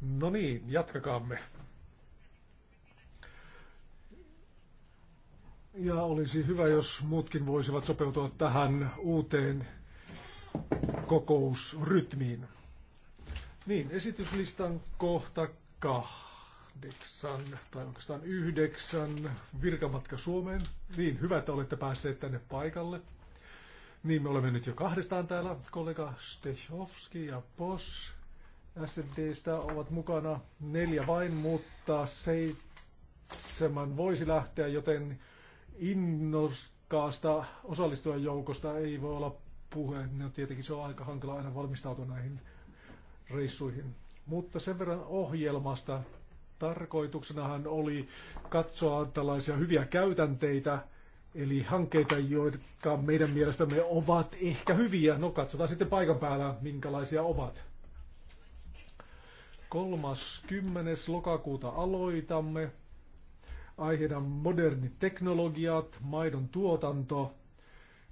No niin, jatkakaamme. Ja olisi hyvä, jos muutkin voisivat sopeutua tähän uuteen kokousrytmiin. Niin, esityslistan kohta kahdeksan, tai oikeastaan yhdeksän, virkamatka Suomeen. Niin, hyvä, että olette päässeet tänne paikalle. Niin, me olemme nyt jo kahdestaan täällä. Kollega Stechowski ja Pos SMDstä ovat mukana neljä vain, mutta seitsemän voisi lähteä, joten innoskaasta osallistujan joukosta ei voi olla puhe. No tietenkin se on aika hankala aina valmistautua näihin reissuihin. Mutta sen verran ohjelmasta tarkoituksenahan oli katsoa tällaisia hyviä käytänteitä – Eli hankkeita, jotka meidän mielestämme ovat ehkä hyviä. No katsotaan sitten paikan päällä, minkälaisia ovat. 30. lokakuuta aloitamme. Aiheena modernit teknologiat, maidon tuotanto.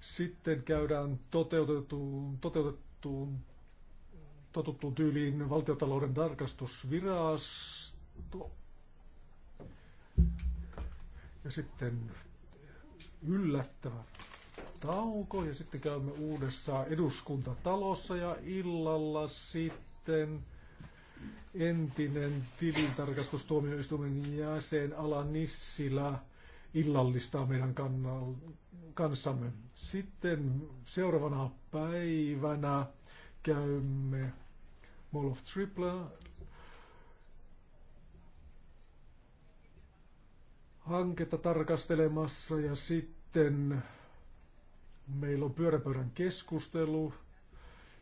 Sitten käydään toteutettuun, toteutettuun totuttuun tyyliin valtiotalouden tarkastusvirasto. Ja sitten yllättävä tauko ja sitten käymme uudessa eduskuntatalossa ja illalla sitten entinen tilintarkastustuomioistuimen jäsen Ala Nissilä illallistaa meidän kanssamme. Sitten seuraavana päivänä käymme Mall of Tripler hanketta tarkastelemassa ja sitten meillä on pyöräpöydän keskustelu.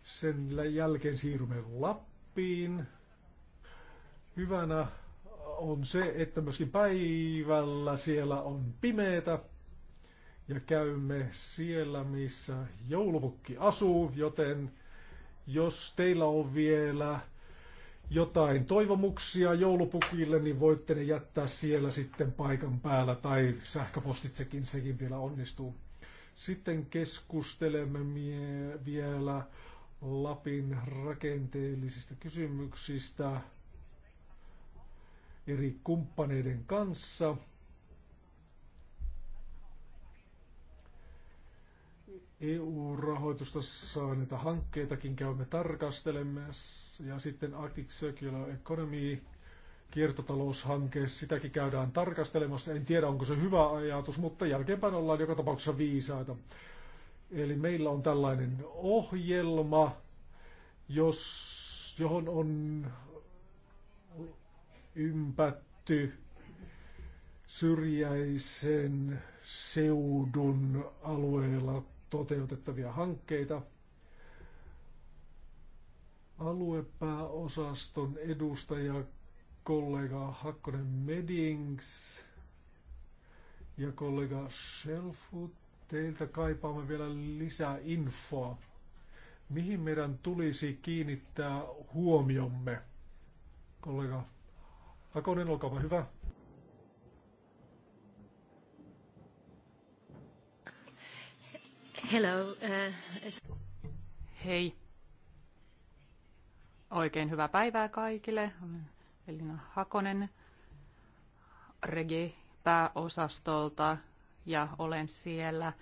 Sen jälkeen siirrymme Lappiin. Hyvänä on se, että myöskin päivällä siellä on pimeetä ja käymme siellä, missä joulupukki asuu, joten jos teillä on vielä jotain toivomuksia joulupukille, niin voitte ne jättää siellä sitten paikan päällä tai sähköpostitsekin, sekin vielä onnistuu. Sitten keskustelemme mie- vielä Lapin rakenteellisista kysymyksistä eri kumppaneiden kanssa. EU-rahoitusta saaneita hankkeitakin käymme tarkastelemassa. Ja sitten Arctic Circular Economy kiertotaloushanke, sitäkin käydään tarkastelemassa. En tiedä, onko se hyvä ajatus, mutta jälkeenpäin ollaan joka tapauksessa viisaita. Eli meillä on tällainen ohjelma, jos, johon on ympätty syrjäisen seudun alueella toteutettavia hankkeita. Aluepääosaston edustaja kollega Hakkonen Medings ja kollega Shelfut, teiltä kaipaamme vielä lisää infoa. Mihin meidän tulisi kiinnittää huomiomme? Kollega Hakonen, olkaa hyvä. Hello. Uh, Hei. Oikein hyvää päivää kaikille. Olen Elina Hakonen Regi-pääosastolta ja olen siellä äh,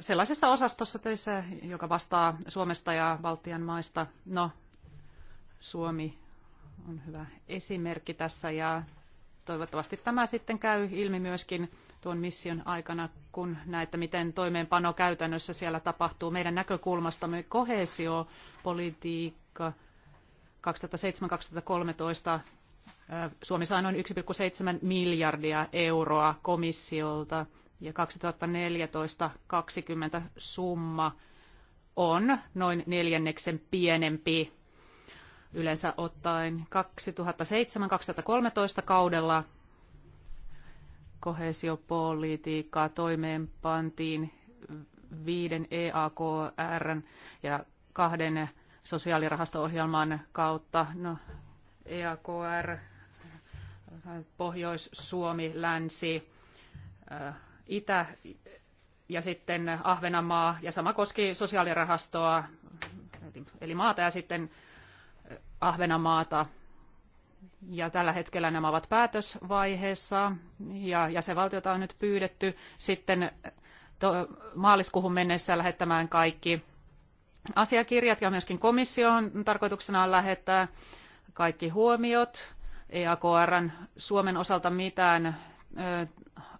sellaisessa osastossa teissä, joka vastaa Suomesta ja Baltian maista. No, Suomi on hyvä esimerkki tässä ja toivottavasti tämä sitten käy ilmi myöskin tuon mission aikana, kun näette, miten toimeenpano käytännössä siellä tapahtuu. Meidän näkökulmastamme kohesiopolitiikka 2007-2013 Suomi sai noin 1,7 miljardia euroa komissiolta ja 2014 20 summa on noin neljänneksen pienempi yleensä ottaen 2007-2013 kaudella kohesiopolitiikkaa toimeenpantiin viiden EAKR ja kahden sosiaalirahasto-ohjelman kautta. No, EAKR, Pohjois-Suomi, Länsi, Itä ja sitten Ahvenanmaa ja sama koski sosiaalirahastoa eli maata ja sitten Ahvenamaata. Ja tällä hetkellä nämä ovat päätösvaiheessa ja jäsenvaltiota on nyt pyydetty sitten maaliskuuhun mennessä lähettämään kaikki asiakirjat ja myöskin komission tarkoituksena on lähettää kaikki huomiot. EAKRn Suomen osalta mitään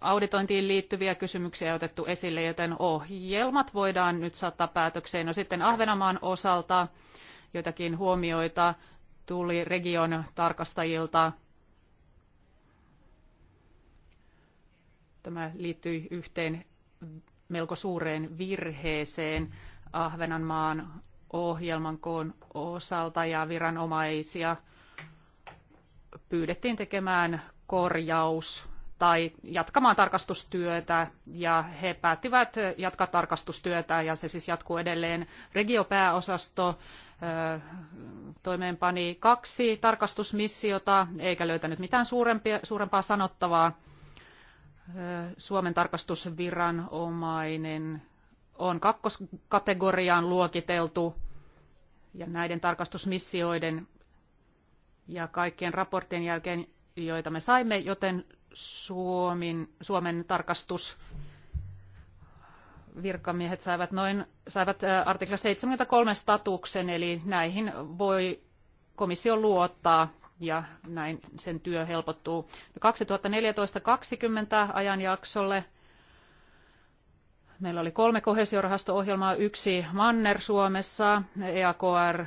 auditointiin liittyviä kysymyksiä ei otettu esille, joten ohjelmat voidaan nyt saattaa päätökseen. No sitten Ahvenamaan osalta joitakin huomioita tuli region tarkastajilta. Tämä liittyi yhteen melko suureen virheeseen Ahvenanmaan ohjelman koon osalta ja viranomaisia pyydettiin tekemään korjaus tai jatkamaan tarkastustyötä ja he päättivät jatkaa tarkastustyötä ja se siis jatkuu edelleen. Regiopääosasto toimeenpani kaksi tarkastusmissiota eikä löytänyt mitään suurempia, suurempaa sanottavaa. Suomen tarkastusviranomainen on kakkoskategoriaan luokiteltu ja näiden tarkastusmissioiden ja kaikkien raporttien jälkeen, joita me saimme, joten Suomen, Suomen tarkastus virkamiehet saivat, noin, saivat artikla 73 statuksen, eli näihin voi komissio luottaa ja näin sen työ helpottuu. 2014-2020 ajanjaksolle meillä oli kolme kohesiorahasto-ohjelmaa, yksi Manner Suomessa, EAKR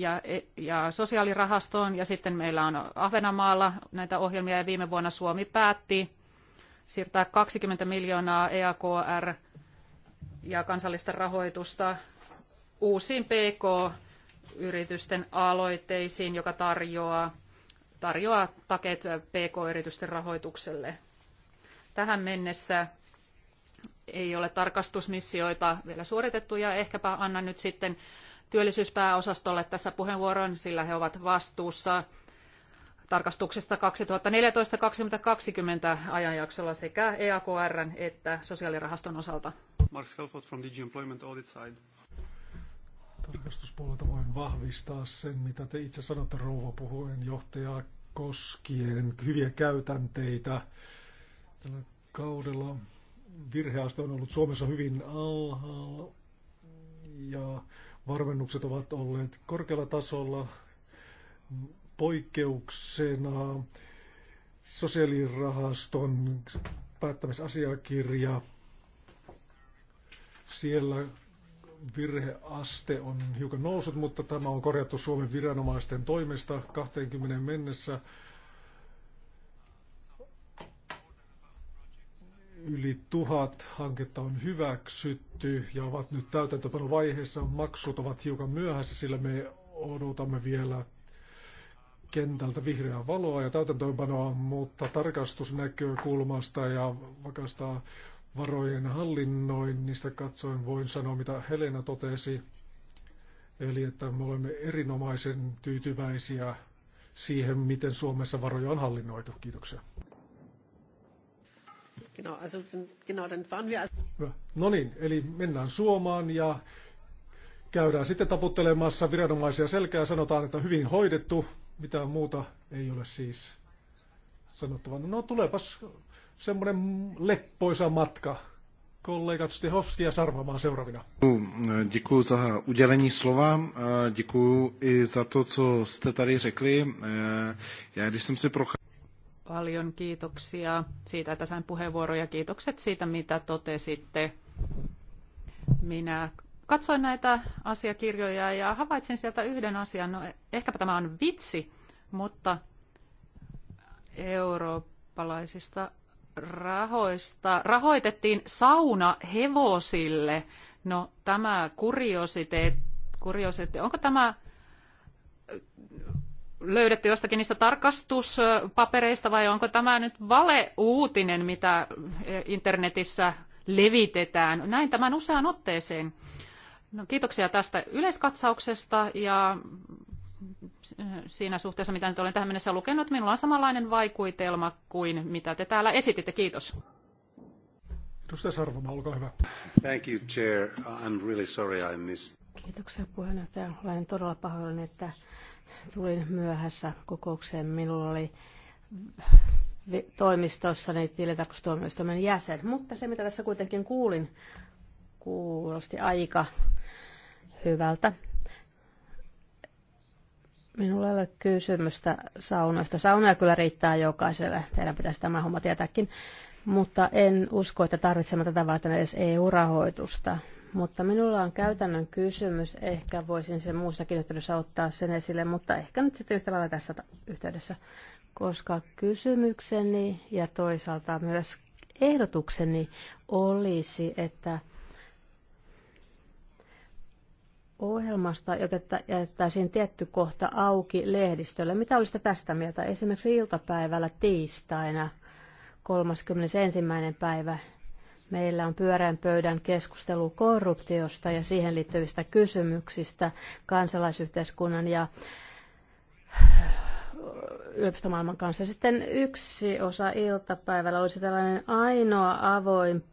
ja, ja sosiaalirahastoon ja sitten meillä on Ahvenanmaalla näitä ohjelmia ja viime vuonna Suomi päätti siirtää 20 miljoonaa EAKR ja kansallista rahoitusta uusiin PK-yritysten aloitteisiin, joka tarjoaa, tarjoaa takeet PK-yritysten rahoitukselle. Tähän mennessä ei ole tarkastusmissioita vielä suoritettu ja ehkäpä annan nyt sitten työllisyyspääosastolle tässä puheenvuoron, sillä he ovat vastuussa tarkastuksesta 2014-2020 ajanjaksolla sekä EAKRn että sosiaalirahaston osalta. Mark Helford from DG Employment Audit Side. Tarkastuspuolelta voin vahvistaa sen, mitä te itse sanotte rouva puheenjohtaja koskien hyviä käytänteitä. Tällä kaudella virheaste on ollut Suomessa hyvin alhaalla ja varmennukset ovat olleet korkealla tasolla poikkeuksena sosiaalirahaston päättämisasiakirja. Siellä virheaste on hiukan noussut, mutta tämä on korjattu Suomen viranomaisten toimesta 20 mennessä Yli tuhat hanketta on hyväksytty ja ovat nyt täytäntöpanovaiheessa. Maksut ovat hiukan myöhässä, sillä me odotamme vielä kentältä vihreää valoa ja täytäntöönpanoa, mutta tarkastusnäkökulmasta ja vakasta varojen hallinnoinnista katsoen voin sanoa, mitä Helena totesi. Eli että me olemme erinomaisen tyytyväisiä siihen, miten Suomessa varoja on hallinnoitu. Kiitoksia. Genau, also, genau, dann fahren wir. No niin, eli mennään Suomaan ja käydään sitten taputtelemassa viranomaisia selkää. Sanotaan, että hyvin hoidettu, mitään muuta ei ole siis sanottavana. No tulepas semmoinen leppoisa matka. Kollegat Stehovski ja Sarvamaa seuraavina. Děkuji za udělení slova, děkuji i za to, co jste tady řekli. Já, když jsem si procházel... Paljon kiitoksia siitä, että sain puheenvuoroja. Kiitokset siitä, mitä totesitte. Minä katsoin näitä asiakirjoja ja havaitsin sieltä yhden asian. No, ehkäpä tämä on vitsi, mutta eurooppalaisista rahoista rahoitettiin sauna hevosille. No tämä kuriositeetti, kuriositeet, onko tämä löydetty jostakin niistä tarkastuspapereista vai onko tämä nyt valeuutinen, mitä e, internetissä levitetään? Näin tämän useaan otteeseen. No, kiitoksia tästä yleiskatsauksesta ja siinä suhteessa, mitä nyt olen tähän mennessä lukenut, minulla on samanlainen vaikutelma kuin mitä te täällä esititte. Kiitos. Edustaja Sarvoma, olkaa hyvä. Thank you, Chair. I'm really sorry I missed. Kiitoksia puheenjohtaja. Olen todella pahoillani, että Tulin myöhässä kokoukseen. Minulla oli toimistossa tilintarkastustuomioistuimen jäsen. Mutta se, mitä tässä kuitenkin kuulin, kuulosti aika hyvältä. Minulla ei ole kysymystä saunoista. Saunoja kyllä riittää jokaiselle. Teidän pitäisi tämä homma tietääkin. Mutta en usko, että tarvitsemme tätä varten edes EU-rahoitusta. Mutta minulla on käytännön kysymys, ehkä voisin sen muussakin yhteydessä ottaa sen esille, mutta ehkä nyt sitten yhtä lailla tässä yhteydessä, koska kysymykseni ja toisaalta myös ehdotukseni olisi, että ohjelmasta jätettäisiin tietty kohta auki lehdistölle. Mitä olisitte tästä mieltä? Esimerkiksi iltapäivällä tiistaina 31. päivä Meillä on pyörän pöydän keskustelu korruptiosta ja siihen liittyvistä kysymyksistä kansalaisyhteiskunnan ja yliopistomaailman kanssa. Sitten yksi osa iltapäivällä olisi tällainen ainoa avoin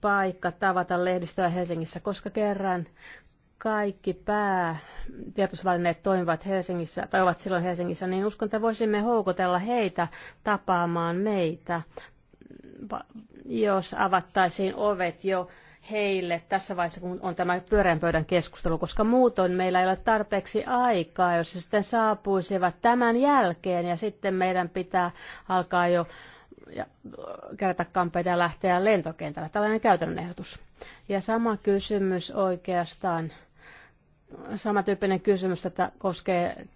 paikka tavata lehdistöä Helsingissä, koska kerran kaikki päätiedotusvälineet toimivat Helsingissä, tai ovat silloin Helsingissä, niin uskon, että voisimme houkutella heitä tapaamaan meitä jos avattaisiin ovet jo heille tässä vaiheessa, kun on tämä pyöreän pöydän keskustelu, koska muutoin meillä ei ole tarpeeksi aikaa, jos he sitten saapuisivat tämän jälkeen ja sitten meidän pitää alkaa jo kerätä kampeita ja lähteä lentokentälle. Tällainen käytännön ehdotus. Ja sama kysymys oikeastaan, samantyyppinen kysymys tätä koskee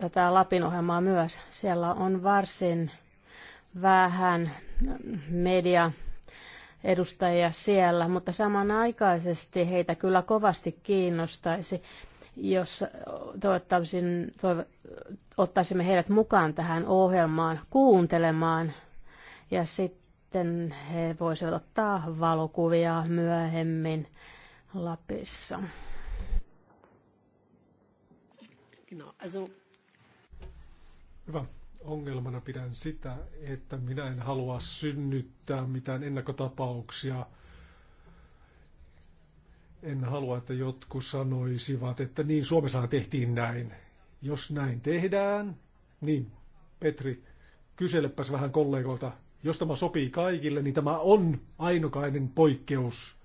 tätä Lapin ohjelmaa myös. Siellä on varsin vähän media edustajia siellä, mutta samanaikaisesti heitä kyllä kovasti kiinnostaisi, jos toiv- ottaisimme heidät mukaan tähän ohjelmaan kuuntelemaan ja sitten he voisivat ottaa valokuvia myöhemmin Lapissa. Hyvä ongelmana pidän sitä, että minä en halua synnyttää mitään ennakkotapauksia. En halua, että jotkut sanoisivat, että niin Suomessa tehtiin näin. Jos näin tehdään, niin Petri, kyselepäs vähän kollegoilta. Jos tämä sopii kaikille, niin tämä on ainokainen poikkeus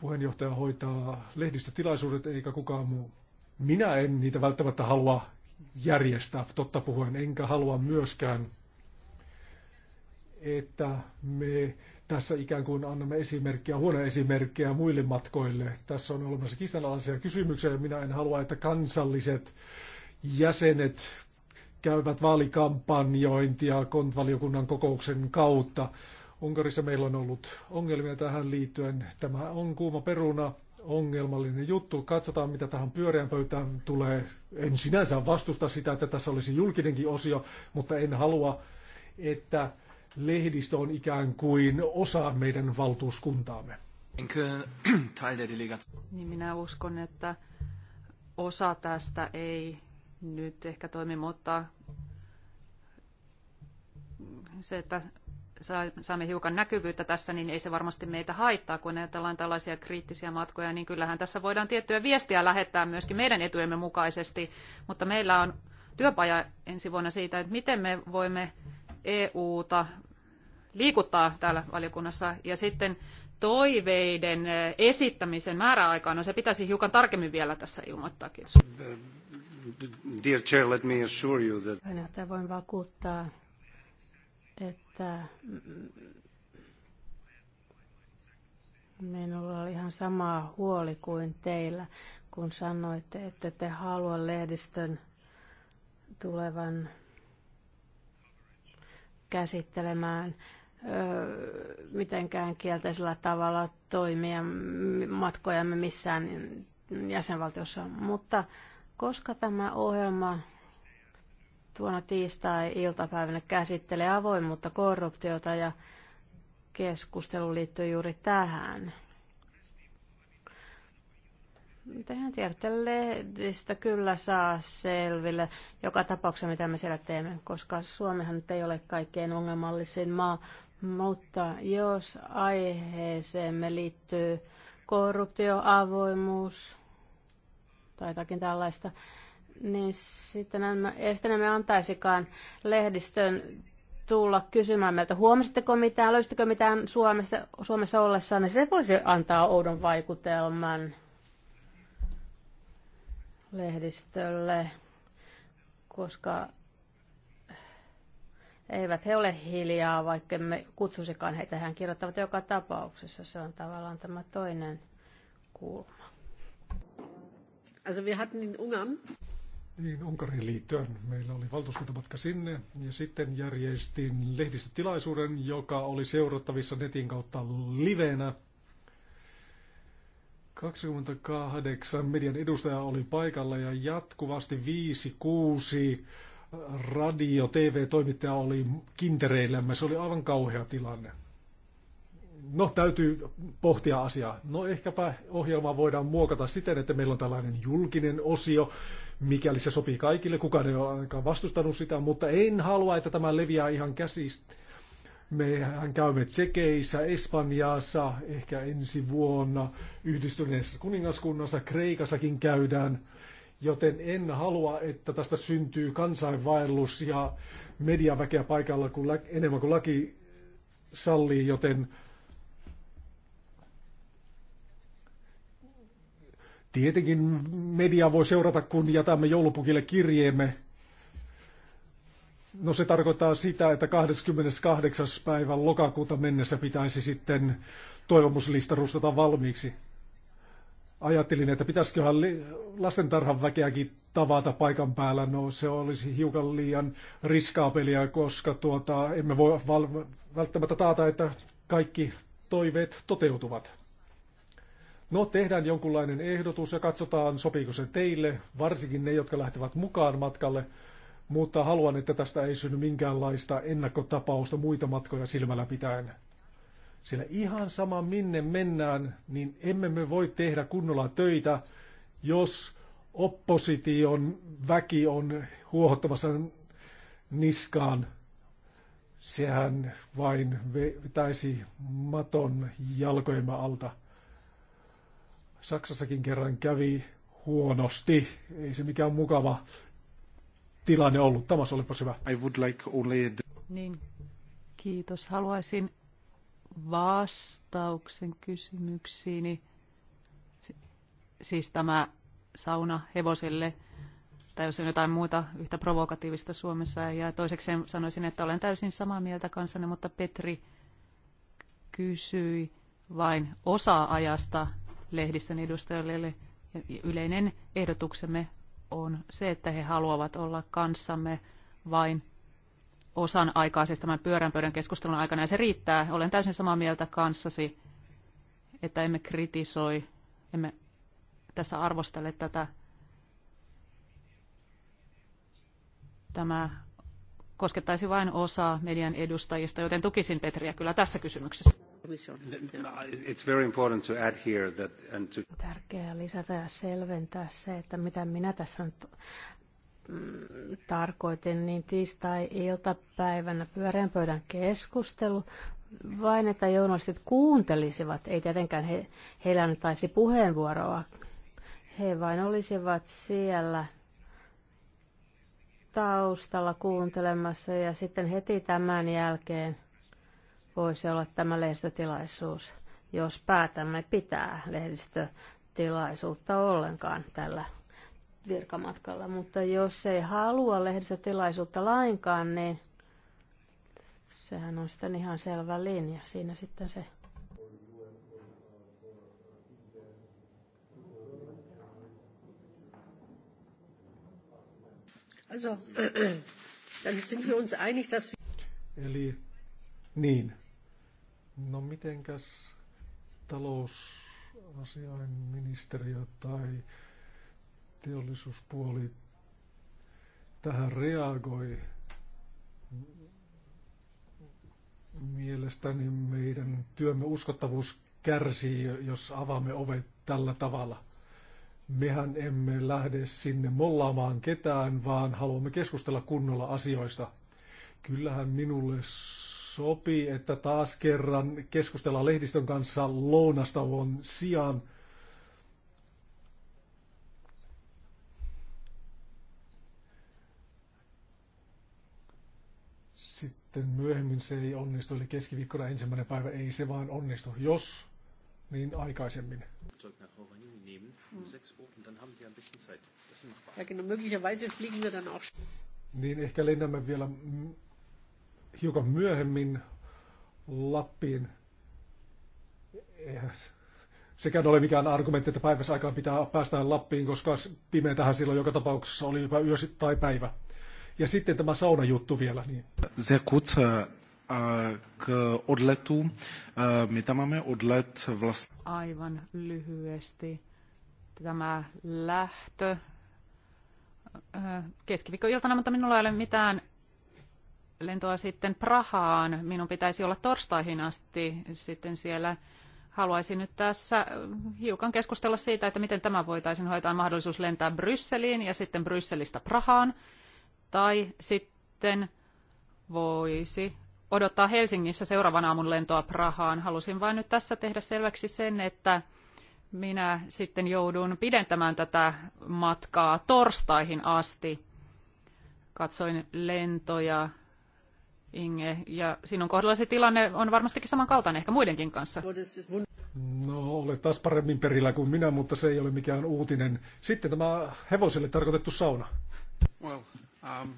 puheenjohtaja hoitaa lehdistötilaisuudet eikä kukaan muu. Minä en niitä välttämättä halua järjestää, totta puhuen. Enkä halua myöskään, että me tässä ikään kuin annamme esimerkkiä, huoneesimerkkejä muille matkoille. Tässä on olemassa kiistanalaisia kysymyksiä ja minä en halua, että kansalliset jäsenet käyvät vaalikampanjointia kontvaliokunnan kokouksen kautta. Unkarissa meillä on ollut ongelmia tähän liittyen. Tämä on kuuma peruna ongelmallinen juttu. Katsotaan, mitä tähän pyöreän pöytään tulee. En sinänsä vastusta sitä, että tässä olisi julkinenkin osio, mutta en halua, että lehdistö on ikään kuin osa meidän valtuuskuntaamme. Niin minä uskon, että osa tästä ei nyt ehkä toimi, mutta se, että saamme hiukan näkyvyyttä tässä, niin ei se varmasti meitä haittaa, kun ajatellaan tällaisia kriittisiä matkoja, niin kyllähän tässä voidaan tiettyä viestiä lähettää myöskin meidän etujemme mukaisesti, mutta meillä on työpaja ensi vuonna siitä, että miten me voimme EUta liikuttaa täällä valiokunnassa ja sitten toiveiden eh, esittämisen määräaikaan, no se pitäisi hiukan tarkemmin vielä tässä ilmoittaa. Kiitos. Dear chair, let me assure you that... Puheenjohtaja, voin vakuuttaa että minulla oli ihan sama huoli kuin teillä, kun sanoitte, että te halua lehdistön tulevan käsittelemään öö, mitenkään kielteisellä tavalla toimia matkojamme missään jäsenvaltiossa. Mutta koska tämä ohjelma tuona tiistai-iltapäivänä käsittelee avoimuutta korruptiota ja keskustelu liittyy juuri tähän. Tehän tiedätte, lehdistä kyllä saa selville joka tapauksessa, mitä me siellä teemme, koska Suomihan nyt ei ole kaikkein ongelmallisin maa, mutta jos aiheeseemme liittyy korruptio, avoimuus tai jotakin tällaista, niin sitten emme, ja sitten emme antaisikaan lehdistön tulla kysymään meiltä, huomasitteko mitään, löysittekö mitään Suomessa, Suomessa ollessaan, niin se voisi antaa oudon vaikutelman lehdistölle, koska eivät he ole hiljaa, vaikka me kutsusikaan heitä, hän kirjoittavat joka tapauksessa. Se on tavallaan tämä toinen kulma. Also wir hatten in Ungarn niin, Unkarin liittyen. Meillä oli valtuuskuntamatka sinne ja sitten järjestin lehdistötilaisuuden, joka oli seurattavissa netin kautta livenä. 28 median edustajaa oli paikalla ja jatkuvasti 5-6 radio, TV-toimittaja oli kintereillämme. Se oli aivan kauhea tilanne no täytyy pohtia asiaa. No ehkäpä ohjelmaa voidaan muokata siten, että meillä on tällainen julkinen osio, mikäli se sopii kaikille. Kukaan ei ole ainakaan vastustanut sitä, mutta en halua, että tämä leviää ihan käsistä. Mehän käymme Tsekeissä, Espanjassa, ehkä ensi vuonna, Yhdistyneessä kuningaskunnassa, Kreikassakin käydään. Joten en halua, että tästä syntyy kansainvaellus ja mediaväkeä paikalla kun, enemmän kuin laki sallii, joten Tietenkin media voi seurata, kun jätämme joulupukille kirjeemme. No se tarkoittaa sitä, että 28. päivän lokakuuta mennessä pitäisi sitten toivomuslista rustata valmiiksi. Ajattelin, että pitäisiköhän lastentarhan väkeäkin tavata paikan päällä. No se olisi hiukan liian riskaapelia, koska tuota, emme voi välttämättä taata, että kaikki toiveet toteutuvat. No, tehdään jonkunlainen ehdotus ja katsotaan, sopiiko se teille, varsinkin ne, jotka lähtevät mukaan matkalle, mutta haluan, että tästä ei synny minkäänlaista ennakkotapausta muita matkoja silmällä pitäen. Sillä ihan sama minne mennään, niin emme me voi tehdä kunnolla töitä, jos opposition väki on huohottamassa niskaan. Sehän vain vetäisi maton jalkojemme alta. Saksassakin kerran kävi huonosti. Ei se mikään mukava tilanne ollut. Tämä olipa hyvä. I would like only... Niin, kiitos. Haluaisin vastauksen kysymyksiini. Siis tämä sauna hevosille tai jos on jotain muuta yhtä provokatiivista Suomessa. Ja toiseksi sanoisin, että olen täysin samaa mieltä kanssanne, mutta Petri kysyi vain osa ajasta lehdistön edustajille. Yleinen ehdotuksemme on se, että he haluavat olla kanssamme vain osan siis tämän pyörän pöydän keskustelun aikana, ja se riittää. Olen täysin samaa mieltä kanssasi, että emme kritisoi, emme tässä arvostele tätä. Tämä koskettaisi vain osaa median edustajista, joten tukisin Petriä kyllä tässä kysymyksessä. Tärkeää lisätä ja selventää se, että mitä minä tässä nyt mm, tarkoitin, niin tiistai-iltapäivänä pyöreän pöydän keskustelu, vain että journalistit kuuntelisivat, ei tietenkään he, heillä annettaisi puheenvuoroa, he vain olisivat siellä taustalla kuuntelemassa ja sitten heti tämän jälkeen voisi olla tämä lehdistötilaisuus, jos päätämme pitää lehdistötilaisuutta ollenkaan tällä virkamatkalla. Mutta jos ei halua lehdistötilaisuutta lainkaan, niin sehän on sitten ihan selvä linja. Siinä sitten se dann sind wir uns einig, dass wir... Eli, niin. No mitenkäs talousasiainministeriö tai teollisuuspuoli tähän reagoi? Mielestäni meidän työmme uskottavuus kärsii, jos avaamme ovet tällä tavalla. Mehän emme lähde sinne mollaamaan ketään, vaan haluamme keskustella kunnolla asioista. Kyllähän minulle sopii, että taas kerran keskustellaan lehdistön kanssa lounastavon sijaan. Sitten myöhemmin se ei onnistu, eli keskiviikkona ensimmäinen päivä ei se vaan onnistu. Jos niin aikaisemmin. Niin ehkä lennämme vielä hiukan myöhemmin Lappiin. Eihän sekään ole mikään argumentti, että päivässä aikaan pitää päästä Lappiin, koska pimeätähän silloin joka tapauksessa oli jopa yö tai päivä. Ja sitten tämä saunajuttu vielä. Niin. Se kurzer k odletu. Mitä máme odlet vlastně? Aivan lyhyesti. Tämä lähtö keskiviikkoiltana, mutta minulla ei ole mitään lentoa sitten Prahaan. Minun pitäisi olla torstaihin asti sitten siellä. Haluaisin nyt tässä hiukan keskustella siitä, että miten tämä voitaisiin hoitaa. mahdollisuus lentää Brysseliin ja sitten Brysselistä Prahaan. Tai sitten voisi odottaa Helsingissä seuraavan aamun lentoa Prahaan. Halusin vain nyt tässä tehdä selväksi sen, että minä sitten joudun pidentämään tätä matkaa torstaihin asti. Katsoin lentoja, Inge, ja sinun kohdalla se tilanne on varmastikin samankaltainen ehkä muidenkin kanssa. No, olet taas paremmin perillä kuin minä, mutta se ei ole mikään uutinen. Sitten tämä hevosille tarkoitettu sauna. Well, um...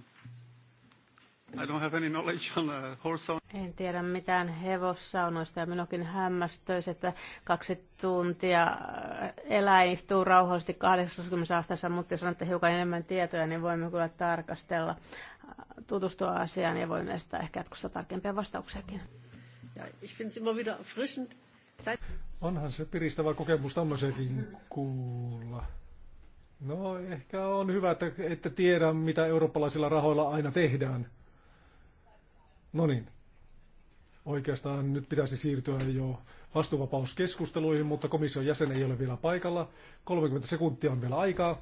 I don't have any knowledge on uh, horse En tiedä mitään hevossaunoista ja minunkin hämmästöisi, että kaksi tuntia äh, eläin istuu rauhallisesti 80 astassa, mutta jos annatte hiukan enemmän tietoja, niin voimme kyllä tarkastella, äh, tutustua asiaan ja voimme estää ehkä jatkossa tarkempia vastauksiakin. Ja, ich immer wieder erfrischend. Onhan se piristävä kokemus tämmöisenkin kuulla. No ehkä on hyvä, että, että tiedän, mitä eurooppalaisilla rahoilla aina tehdään. No niin. Oikeastaan nyt pitäisi siirtyä jo vastuuvapauskeskusteluihin, mutta komission jäsen ei ole vielä paikalla. 30 sekuntia on vielä aikaa.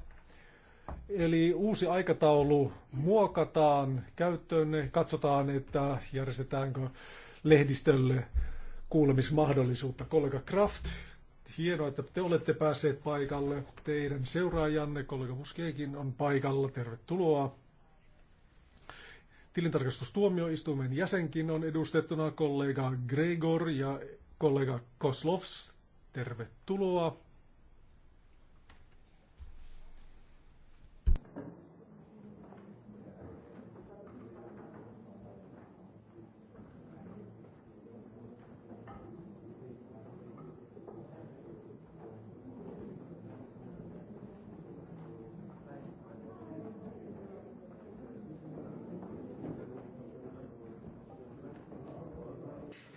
Eli uusi aikataulu muokataan käyttöön, katsotaan, että järjestetäänkö lehdistölle kuulemismahdollisuutta. Kollega Kraft, hienoa, että te olette päässeet paikalle. Teidän seuraajanne, kollega Muskeekin, on paikalla. Tervetuloa. Tilintarkastustuomioistuimen jäsenkin on edustettuna kollega Gregor ja kollega Koslovs. Tervetuloa.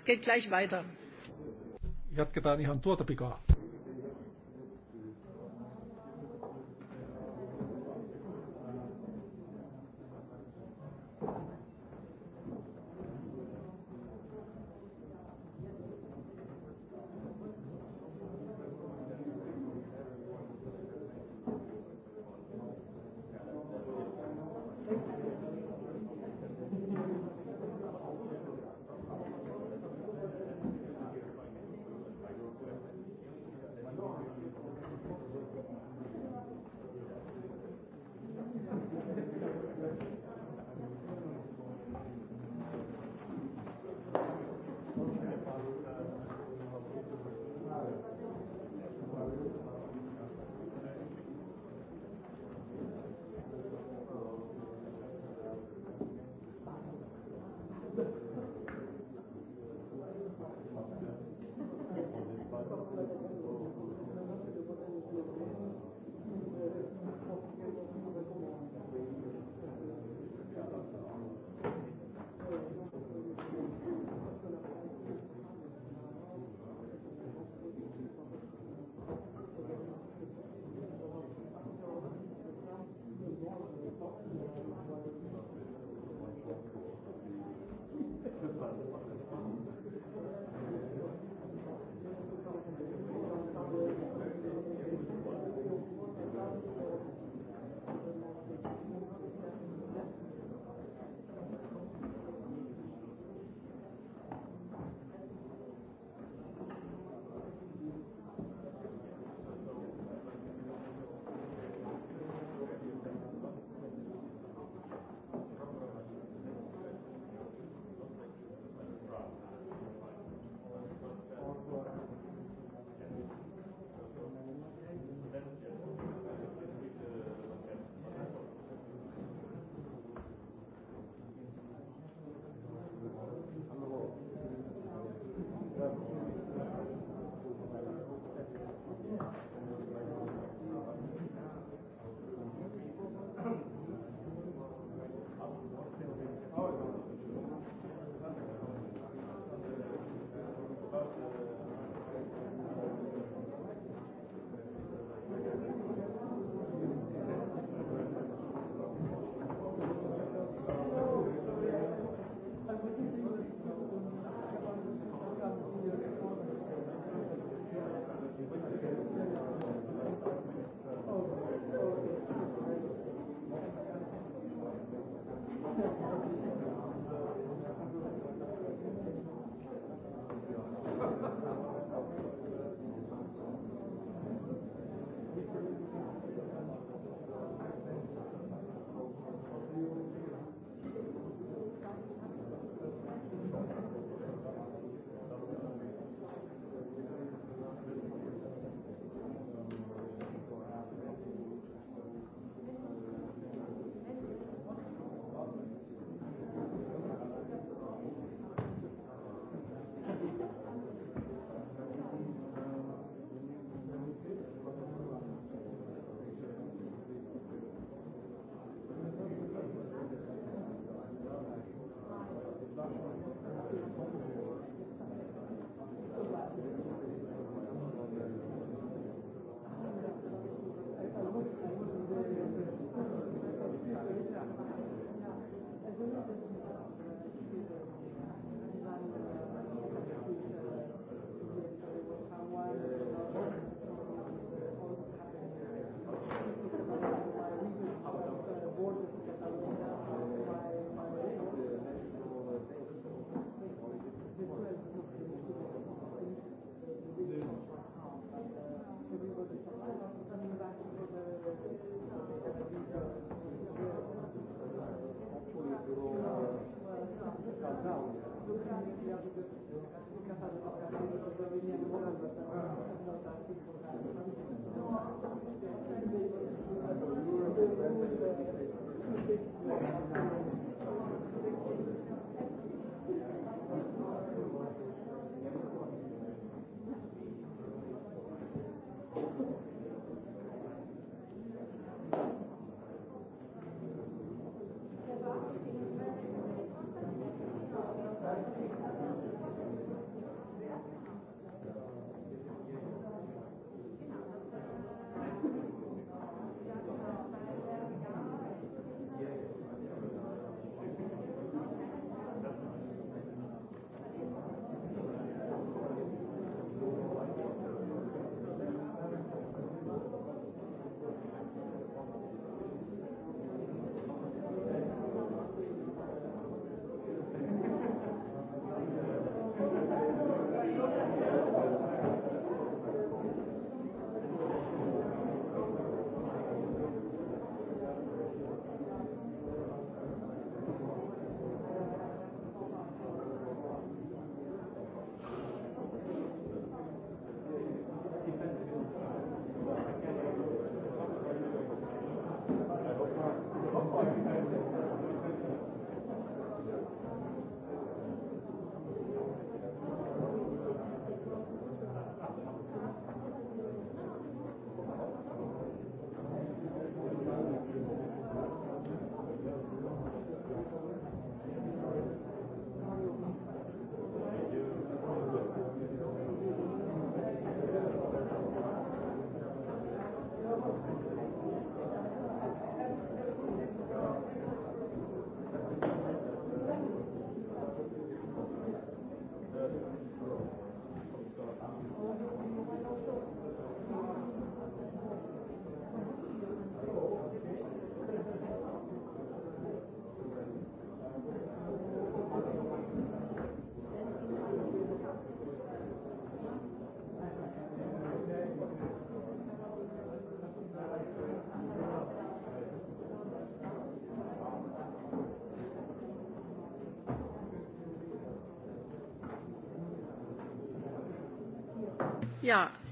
geht gleich weiter. Jatketaan ihan tuota pikaa.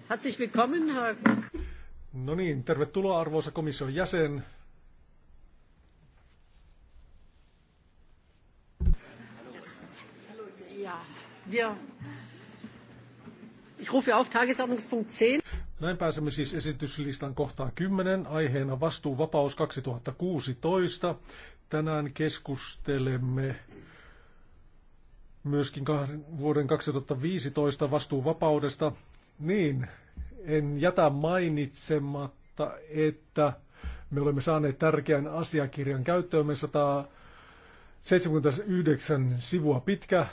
Herzlich willkommen, Herr... No niin, tervetuloa arvoisa komission jäsen. Ja, wir... Ich rufe auf Tagesordnungspunkt 10. Näin pääsemme siis esityslistan kohtaan 10, aiheena vastuuvapaus 2016. Tänään keskustelemme myöskin vuoden 2015 vastuuvapaudesta niin, en jätä mainitsematta, että me olemme saaneet tärkeän asiakirjan käyttöömme 179 sivua pitkä.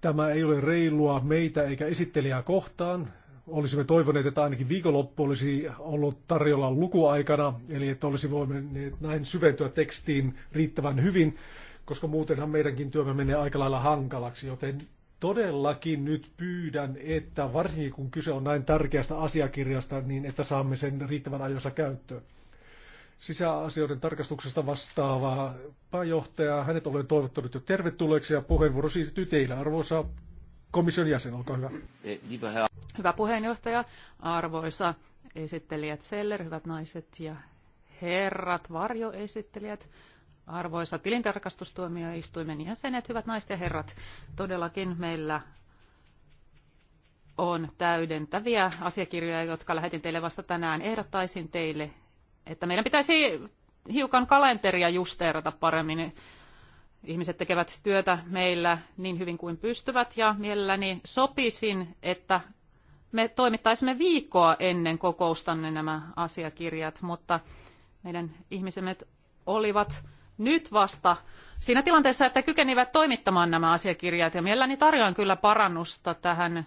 Tämä ei ole reilua meitä eikä esittelijää kohtaan. Olisimme toivoneet, että ainakin viikonloppu olisi ollut tarjolla lukuaikana, eli että olisi voineet näin syventyä tekstiin riittävän hyvin, koska muutenhan meidänkin työmme menee aika lailla hankalaksi, joten todellakin nyt pyydän, että varsinkin kun kyse on näin tärkeästä asiakirjasta, niin että saamme sen riittävän ajoissa käyttöön. Sisäasioiden tarkastuksesta vastaava pääjohtaja, hänet olen toivottanut jo tervetulleeksi ja puheenvuoro siirtyy teille, arvoisa komission jäsen, olkaa hyvä. Hyvä puheenjohtaja, arvoisa esittelijät Seller, hyvät naiset ja herrat, varjoesittelijät, Arvoisa tilintarkastustuomioistuimen jäsenet, hyvät naiset ja herrat, todellakin meillä on täydentäviä asiakirjoja, jotka lähetin teille vasta tänään. Ehdottaisin teille, että meidän pitäisi hiukan kalenteria justeerata paremmin. Ihmiset tekevät työtä meillä niin hyvin kuin pystyvät ja mielelläni sopisin, että me toimittaisimme viikkoa ennen kokoustanne nämä asiakirjat, mutta meidän ihmisemme olivat nyt vasta siinä tilanteessa, että kykenivät toimittamaan nämä asiakirjat. Ja mielelläni tarjoan kyllä parannusta tähän.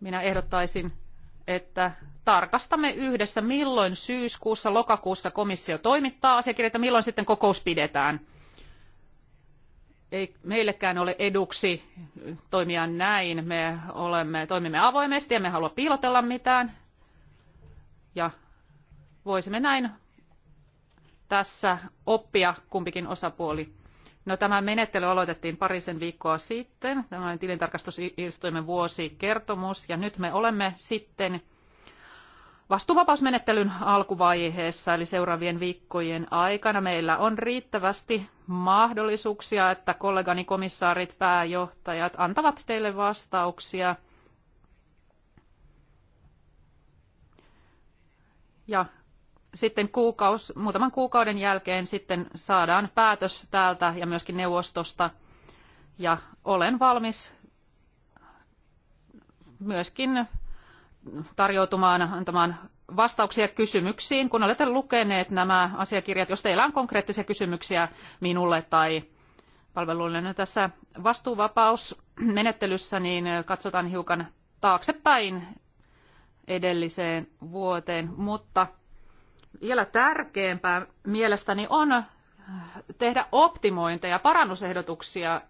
Minä ehdottaisin, että tarkastamme yhdessä, milloin syyskuussa, lokakuussa komissio toimittaa asiakirjat ja milloin sitten kokous pidetään. Ei meillekään ole eduksi toimia näin. Me olemme, toimimme avoimesti ja me halua piilotella mitään. Ja voisimme näin tässä oppia kumpikin osapuoli. No, tämä menettely aloitettiin parisen viikkoa sitten, Tämä on tilintarkastusistuimen vuosikertomus, ja nyt me olemme sitten vastuuvapausmenettelyn alkuvaiheessa, eli seuraavien viikkojen aikana meillä on riittävästi mahdollisuuksia, että kollegani komissaarit, pääjohtajat antavat teille vastauksia. Ja sitten kuukaus, muutaman kuukauden jälkeen sitten saadaan päätös täältä ja myöskin neuvostosta. Ja olen valmis myöskin tarjoutumaan antamaan vastauksia kysymyksiin, kun olette lukeneet nämä asiakirjat. Jos teillä on konkreettisia kysymyksiä minulle tai palveluille no tässä vastuuvapausmenettelyssä, niin katsotaan hiukan taaksepäin edelliseen vuoteen, mutta – vielä tärkeämpää mielestäni on äh, tehdä optimointeja, parannusehdotuksia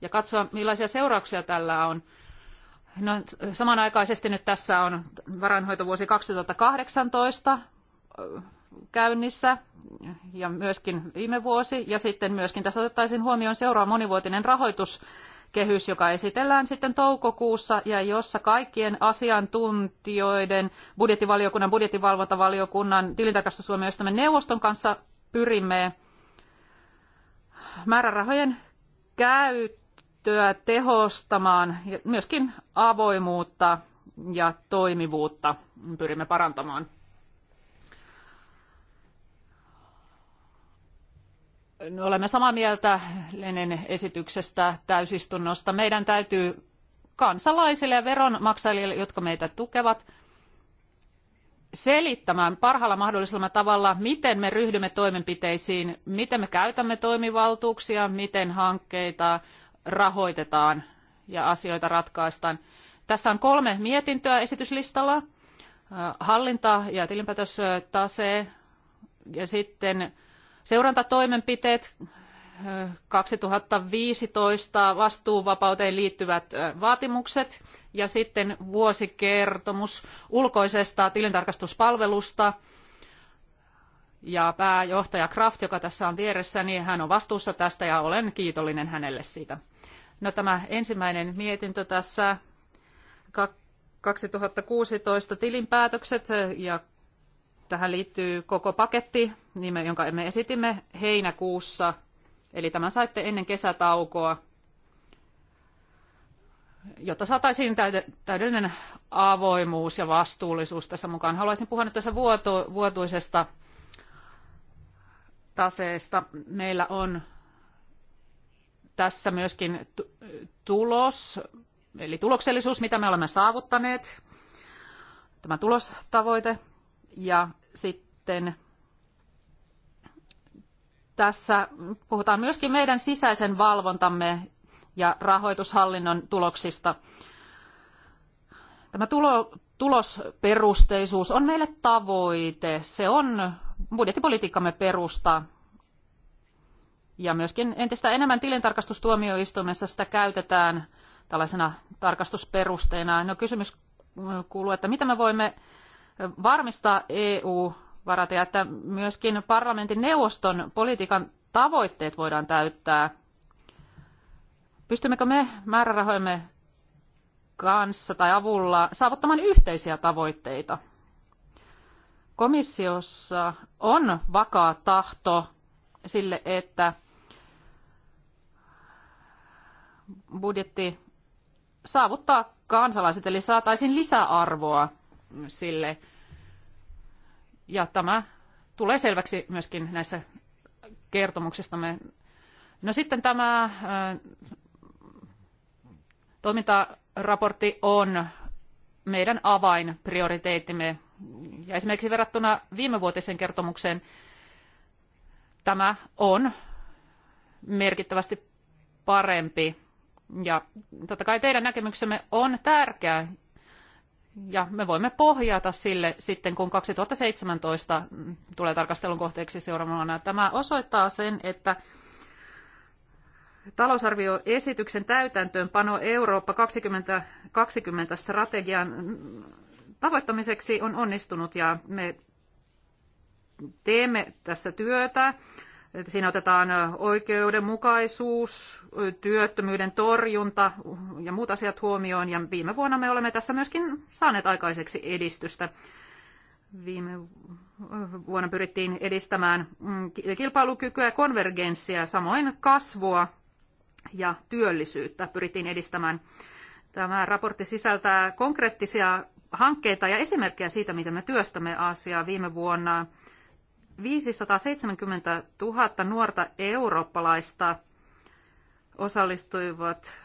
ja katsoa, millaisia seurauksia tällä on. No, samanaikaisesti nyt tässä on varainhoitovuosi 2018 äh, käynnissä ja myöskin viime vuosi. Ja sitten myöskin tässä otettaisiin huomioon seuraava monivuotinen rahoitus kehys, joka esitellään sitten toukokuussa ja jossa kaikkien asiantuntijoiden, budjettivaliokunnan, budjettivalvontavaliokunnan, tilintarkastusuomioistamme neuvoston kanssa pyrimme määrärahojen käyttöä tehostamaan ja myöskin avoimuutta ja toimivuutta pyrimme parantamaan. olemme samaa mieltä Lenin esityksestä täysistunnosta. Meidän täytyy kansalaisille ja veronmaksajille, jotka meitä tukevat, selittämään parhaalla mahdollisella tavalla, miten me ryhdymme toimenpiteisiin, miten me käytämme toimivaltuuksia, miten hankkeita rahoitetaan ja asioita ratkaistaan. Tässä on kolme mietintöä esityslistalla. Hallinta ja tilinpäätöstase ja sitten Seurantatoimenpiteet 2015 vastuuvapauteen liittyvät vaatimukset ja sitten vuosikertomus ulkoisesta tilintarkastuspalvelusta. Ja pääjohtaja Kraft, joka tässä on vieressä, niin hän on vastuussa tästä ja olen kiitollinen hänelle siitä. No tämä ensimmäinen mietintö tässä 2016 tilinpäätökset ja Tähän liittyy koko paketti, jonka me esitimme heinäkuussa, eli tämän saitte ennen kesätaukoa, jotta saataisiin täydellinen avoimuus ja vastuullisuus tässä mukaan. Haluaisin puhua nyt tässä vuotu, vuotuisesta taseesta. Meillä on tässä myöskin tulos, eli tuloksellisuus, mitä me olemme saavuttaneet, tämä tulostavoite, ja sitten tässä puhutaan myöskin meidän sisäisen valvontamme ja rahoitushallinnon tuloksista. Tämä tulo, tulosperusteisuus on meille tavoite. Se on budjettipolitiikkamme perusta. Ja myöskin entistä enemmän tilintarkastustuomioistuimessa sitä käytetään tällaisena tarkastusperusteena. No kysymys kuuluu, että mitä me voimme varmistaa EU-varat ja että myöskin parlamentin neuvoston politiikan tavoitteet voidaan täyttää. Pystymmekö me määrärahojemme kanssa tai avulla saavuttamaan yhteisiä tavoitteita? Komissiossa on vakaa tahto sille, että budjetti saavuttaa kansalaiset, eli saataisiin lisäarvoa sille. Ja tämä tulee selväksi myöskin näissä kertomuksistamme. No sitten tämä äh, toimintaraportti on meidän avainprioriteettimme. Ja esimerkiksi verrattuna viime vuotisen kertomukseen tämä on merkittävästi parempi. Ja totta kai teidän näkemyksemme on tärkeä ja me voimme pohjata sille sitten, kun 2017 tulee tarkastelun kohteeksi seuraavana. Tämä osoittaa sen, että talousarvioesityksen täytäntöönpano Eurooppa 2020 strategian tavoittamiseksi on onnistunut ja me teemme tässä työtä siinä otetaan oikeudenmukaisuus, työttömyyden torjunta ja muut asiat huomioon. Ja viime vuonna me olemme tässä myöskin saaneet aikaiseksi edistystä. Viime vuonna pyrittiin edistämään mm, kilpailukykyä ja konvergenssia, samoin kasvua ja työllisyyttä pyrittiin edistämään. Tämä raportti sisältää konkreettisia hankkeita ja esimerkkejä siitä, miten me työstämme asiaa viime vuonna 570 000 nuorta eurooppalaista osallistuivat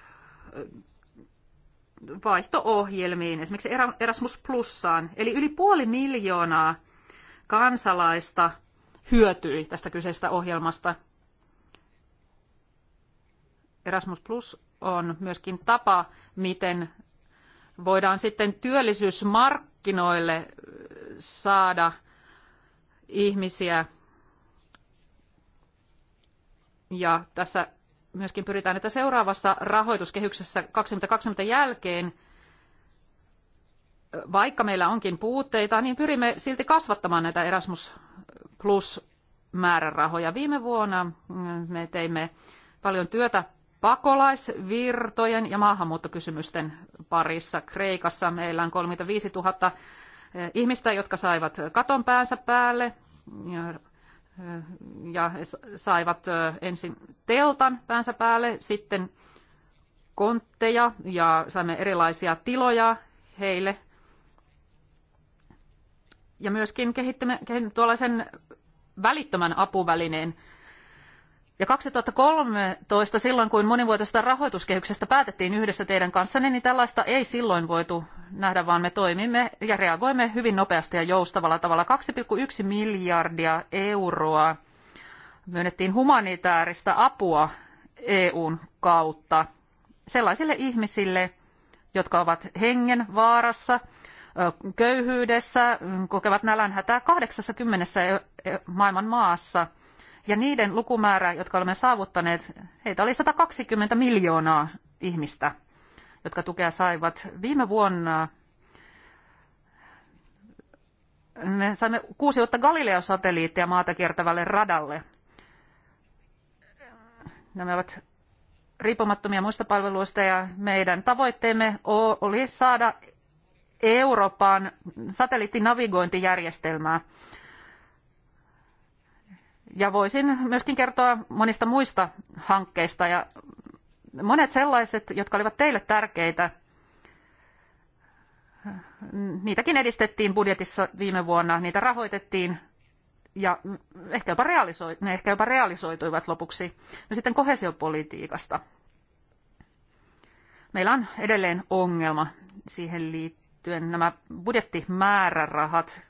vaihto-ohjelmiin, esimerkiksi Erasmus Plussaan. Eli yli puoli miljoonaa kansalaista hyötyi tästä kyseisestä ohjelmasta. Erasmus Plus on myöskin tapa, miten voidaan sitten työllisyysmarkkinoille saada – ihmisiä. Ja tässä myöskin pyritään, että seuraavassa rahoituskehyksessä 2020 jälkeen, vaikka meillä onkin puutteita, niin pyrimme silti kasvattamaan näitä Erasmus Plus-määrärahoja. Viime vuonna mm, me teimme paljon työtä pakolaisvirtojen ja maahanmuuttokysymysten parissa. Kreikassa meillä on 35 000 ihmistä, jotka saivat katon päänsä päälle ja saivat ensin teltan päänsä päälle, sitten kontteja ja saimme erilaisia tiloja heille. Ja myöskin kehittämme kehittimme tuollaisen välittömän apuvälineen, ja 2013, silloin kun monivuotisesta rahoituskehyksestä päätettiin yhdessä teidän kanssanne, niin tällaista ei silloin voitu nähdä, vaan me toimimme ja reagoimme hyvin nopeasti ja joustavalla tavalla. 2,1 miljardia euroa myönnettiin humanitaarista apua EUn kautta sellaisille ihmisille, jotka ovat hengen vaarassa, köyhyydessä, kokevat nälänhätää 80 e- e- maailman maassa – ja niiden lukumäärä, jotka olemme saavuttaneet, heitä oli 120 miljoonaa ihmistä, jotka tukea saivat. Viime vuonna me saimme kuusi uutta Galileo-satelliittia maata kiertävälle radalle. Nämä ovat riippumattomia muista palveluista ja meidän tavoitteemme oli saada Euroopan satelliittinavigointijärjestelmää. Ja voisin myöskin kertoa monista muista hankkeista ja monet sellaiset, jotka olivat teille tärkeitä, niitäkin edistettiin budjetissa viime vuonna, niitä rahoitettiin ja ehkä jopa, realisoi, ne ehkä jopa realisoituivat lopuksi. No sitten kohesiopolitiikasta. Meillä on edelleen ongelma siihen liittyen. Nämä budjettimäärärahat,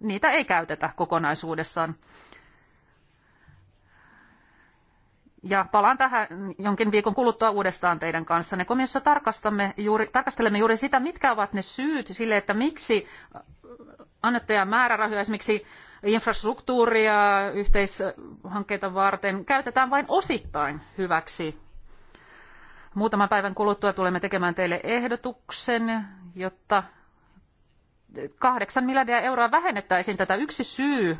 niitä ei käytetä kokonaisuudessaan. Ja palaan tähän jonkin viikon kuluttua uudestaan teidän Ne komissio tarkastamme juuri, tarkastelemme juuri sitä, mitkä ovat ne syyt sille, että miksi annettuja määrärahoja esimerkiksi infrastruktuuria yhteishankkeita varten käytetään vain osittain hyväksi. Muutaman päivän kuluttua tulemme tekemään teille ehdotuksen, jotta kahdeksan miljardia euroa vähennettäisiin tätä. Yksi syy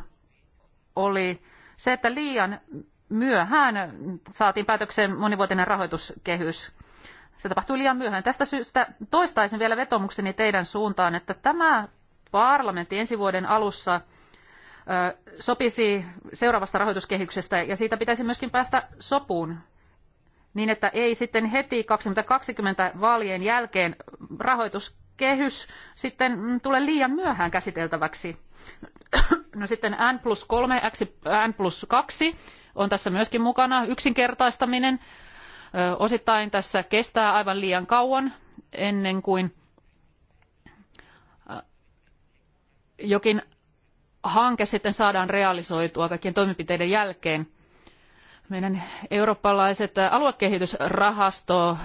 oli se, että liian myöhään saatiin päätökseen monivuotinen rahoituskehys. Se tapahtui liian myöhään. Tästä syystä toistaisin vielä vetomukseni teidän suuntaan, että tämä parlamentti ensi vuoden alussa sopisi seuraavasta rahoituskehyksestä ja siitä pitäisi myöskin päästä sopuun niin, että ei sitten heti 2020 vaalien jälkeen rahoituskehys sitten tule liian myöhään käsiteltäväksi. No sitten N plus 3, N plus 2 on tässä myöskin mukana yksinkertaistaminen. Osittain tässä kestää aivan liian kauan ennen kuin jokin hanke sitten saadaan realisoitua kaikkien toimenpiteiden jälkeen. Meidän eurooppalaiset aluekehitysrahasto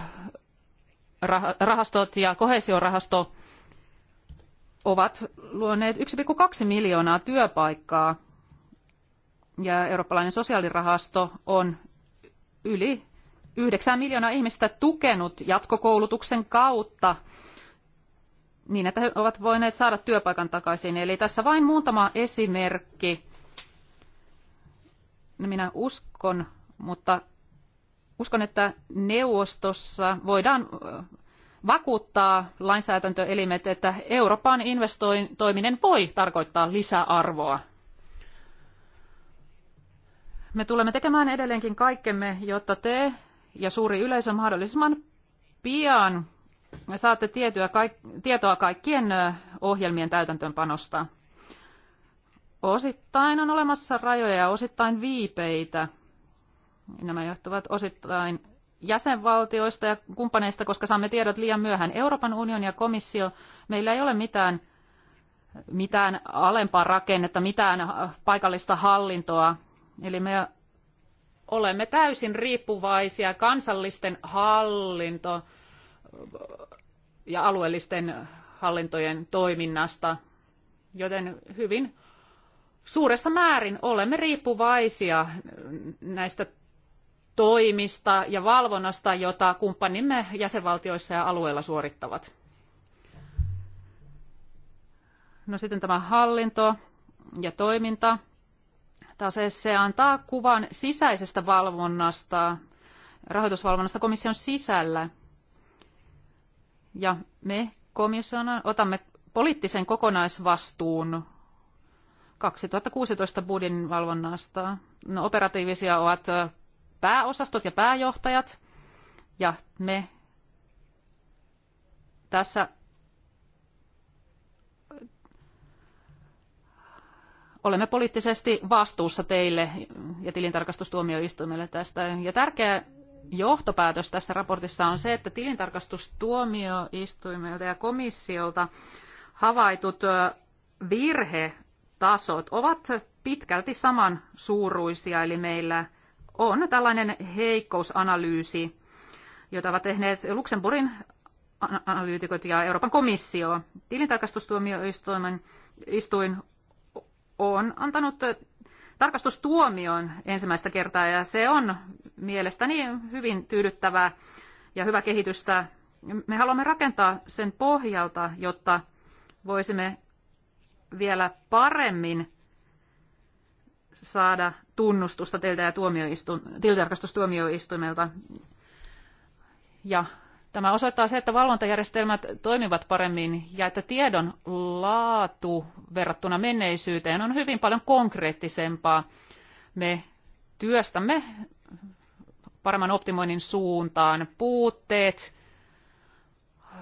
rahastot ja koheesiorahasto ovat luoneet yksi kaksi miljoonaa työpaikkaa ja eurooppalainen sosiaalirahasto on yli 9 miljoonaa ihmistä tukenut jatkokoulutuksen kautta niin, että he ovat voineet saada työpaikan takaisin. Eli tässä vain muutama esimerkki. No, minä uskon, mutta uskon, että neuvostossa voidaan vakuuttaa lainsäädäntöelimet, että Euroopan investoiminen voi tarkoittaa lisäarvoa me tulemme tekemään edelleenkin kaikkemme, jotta te ja suuri yleisö mahdollisimman pian saatte tietoa, kaik- tietoa kaikkien ohjelmien täytäntöönpanosta. Osittain on olemassa rajoja ja osittain viipeitä. Nämä johtuvat osittain jäsenvaltioista ja kumppaneista, koska saamme tiedot liian myöhään. Euroopan unioni ja komissio, meillä ei ole mitään, mitään alempaa rakennetta, mitään paikallista hallintoa. Eli me olemme täysin riippuvaisia kansallisten hallinto- ja alueellisten hallintojen toiminnasta, joten hyvin suuressa määrin olemme riippuvaisia näistä toimista ja valvonnasta, jota kumppanimme jäsenvaltioissa ja alueilla suorittavat. No sitten tämä hallinto ja toiminta taas se antaa kuvan sisäisestä valvonnasta, rahoitusvalvonnasta komission sisällä. Ja me komissiona otamme poliittisen kokonaisvastuun 2016 budin valvonnasta. No, operatiivisia ovat pääosastot ja pääjohtajat, ja me tässä olemme poliittisesti vastuussa teille ja tilintarkastustuomioistuimelle tästä. Ja tärkeä johtopäätös tässä raportissa on se, että tilintarkastustuomioistuimelta ja komissiolta havaitut virhetasot ovat pitkälti saman suuruisia, eli meillä on tällainen heikkousanalyysi, jota ovat tehneet Luxemburgin analyytikot ja Euroopan komissio. Tilintarkastustuomioistuin on antanut tarkastustuomion ensimmäistä kertaa ja se on mielestäni hyvin tyydyttävää ja hyvä kehitystä. Me haluamme rakentaa sen pohjalta, jotta voisimme vielä paremmin saada tunnustusta teiltä ja tilintarkastustuomioistuimelta. Ja Tämä osoittaa se, että valvontajärjestelmät toimivat paremmin ja että tiedon laatu verrattuna menneisyyteen on hyvin paljon konkreettisempaa. Me työstämme paremman optimoinnin suuntaan puutteet,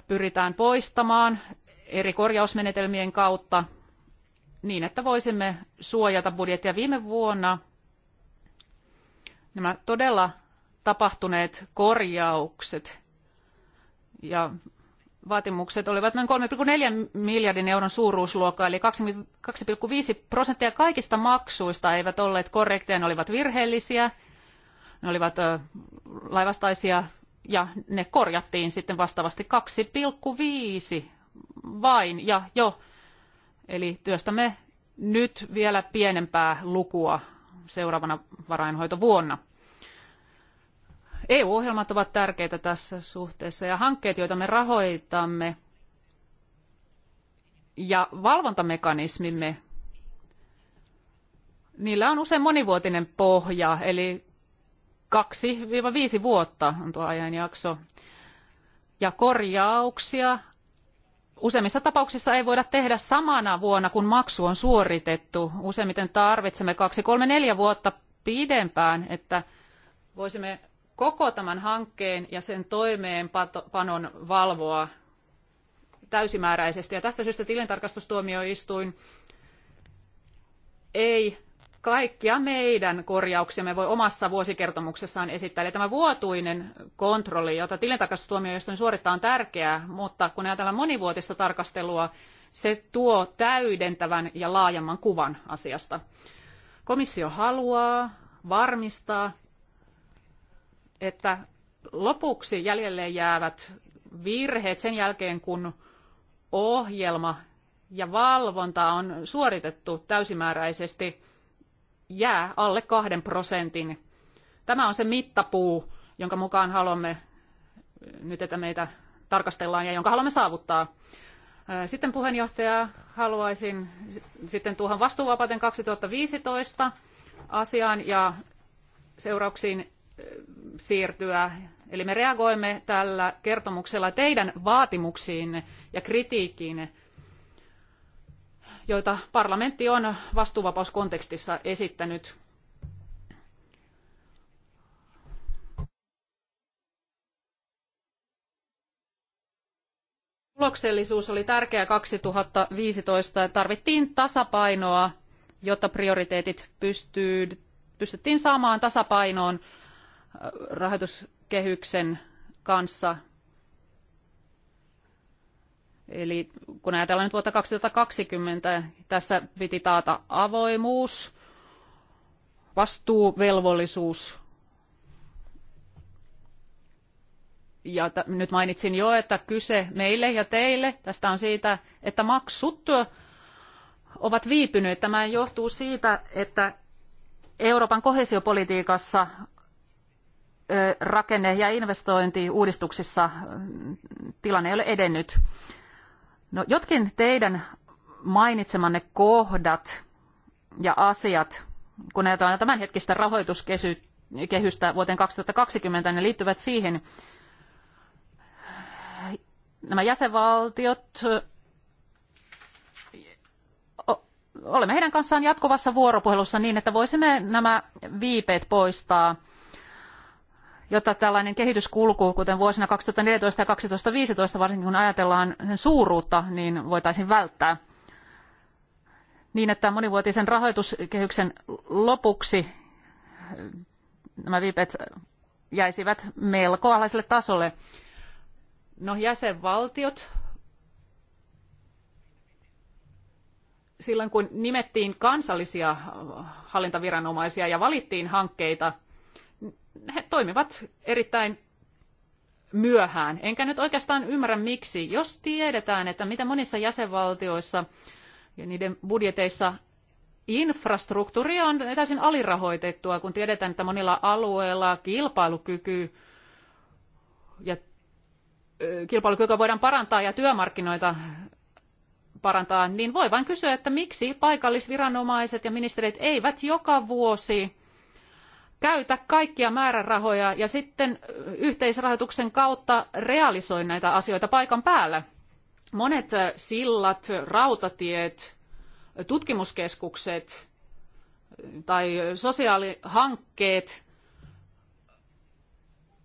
pyritään poistamaan eri korjausmenetelmien kautta niin, että voisimme suojata budjettia. Viime vuonna nämä todella tapahtuneet korjaukset ja vaatimukset olivat noin 3,4 miljardin euron suuruusluokkaa, eli 2,5 prosenttia kaikista maksuista eivät olleet korrekteja, ne olivat virheellisiä, ne olivat laivastaisia ja ne korjattiin sitten vastaavasti 2,5 vain ja jo. Eli työstämme nyt vielä pienempää lukua seuraavana varainhoitovuonna. EU-ohjelmat ovat tärkeitä tässä suhteessa ja hankkeet, joita me rahoitamme ja valvontamekanismimme, niillä on usein monivuotinen pohja, eli 2-5 vuotta on tuo ajanjakso. Ja korjauksia useimmissa tapauksissa ei voida tehdä samana vuonna, kun maksu on suoritettu. Useimmiten tarvitsemme 2-3-4 vuotta pidempään, että voisimme koko tämän hankkeen ja sen toimeenpanon valvoa täysimääräisesti. Ja tästä syystä tilintarkastustuomioistuin ei kaikkia meidän korjauksiamme voi omassa vuosikertomuksessaan esittää. Eli tämä vuotuinen kontrolli, jota tilintarkastustuomioistuin suorittaa, on tärkeää, mutta kun ajatellaan monivuotista tarkastelua, se tuo täydentävän ja laajemman kuvan asiasta. Komissio haluaa varmistaa, että lopuksi jäljelle jäävät virheet sen jälkeen, kun ohjelma ja valvonta on suoritettu täysimääräisesti, jää alle kahden prosentin. Tämä on se mittapuu, jonka mukaan haluamme nyt, että meitä tarkastellaan ja jonka haluamme saavuttaa. Sitten puheenjohtaja haluaisin sitten tuohon vastuuvapauteen 2015 asiaan ja seurauksiin siirtyä. Eli me reagoimme tällä kertomuksella teidän vaatimuksiin ja kritiikkiin, joita parlamentti on vastuuvapauskontekstissa esittänyt. Tuloksellisuus oli tärkeä 2015 ja tarvittiin tasapainoa, jotta prioriteetit pystyttiin saamaan tasapainoon rahoituskehyksen kanssa. Eli kun ajatellaan nyt vuotta 2020, tässä piti taata avoimuus, vastuuvelvollisuus. Ja nyt mainitsin jo, että kyse meille ja teille tästä on siitä, että maksut ovat viipyneet. Tämä johtuu siitä, että Euroopan kohesiopolitiikassa rakenne- ja investointiuudistuksissa tilanne ei ole edennyt. No, jotkin teidän mainitsemanne kohdat ja asiat, kun ajatellaan tämänhetkistä rahoituskehystä vuoteen 2020, ne liittyvät siihen, nämä jäsenvaltiot, olemme heidän kanssaan jatkuvassa vuoropuhelussa niin, että voisimme nämä viipeet poistaa – jotta tällainen kehityskulku, kuten vuosina 2014 ja 2015, varsinkin kun ajatellaan sen suuruutta, niin voitaisiin välttää niin, että monivuotisen rahoituskehyksen lopuksi eh, nämä viipet jäisivät melko alhaiselle tasolle. No jäsenvaltiot, silloin kun nimettiin kansallisia hallintaviranomaisia ja valittiin hankkeita – he toimivat erittäin myöhään. Enkä nyt oikeastaan ymmärrä miksi. Jos tiedetään, että mitä monissa jäsenvaltioissa ja niiden budjeteissa infrastruktuuri on täysin alirahoitettua, kun tiedetään, että monilla alueilla kilpailukyky ja kilpailukykyä voidaan parantaa ja työmarkkinoita parantaa, niin voi vain kysyä, että miksi paikallisviranomaiset ja ministerit eivät joka vuosi käytä kaikkia määrärahoja ja sitten yhteisrahoituksen kautta realisoi näitä asioita paikan päällä. Monet sillat, rautatiet, tutkimuskeskukset tai sosiaalihankkeet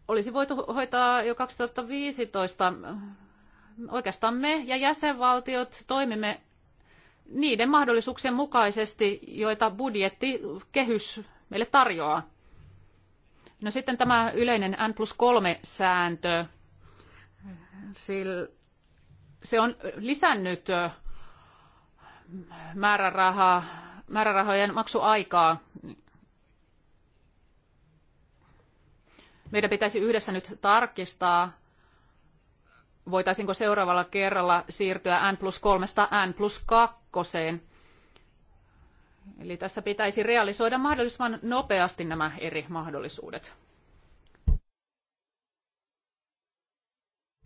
olisi voitu hoitaa jo 2015. Oikeastaan me ja jäsenvaltiot toimimme niiden mahdollisuuksien mukaisesti, joita budjettikehys meille tarjoaa. No sitten tämä yleinen N plus 3 sääntö, se on lisännyt määrärahaa, määrärahojen maksuaikaa. Meidän pitäisi yhdessä nyt tarkistaa, voitaisiinko seuraavalla kerralla siirtyä N plus 3 N plus 2. Eli tässä pitäisi realisoida mahdollisimman nopeasti nämä eri mahdollisuudet.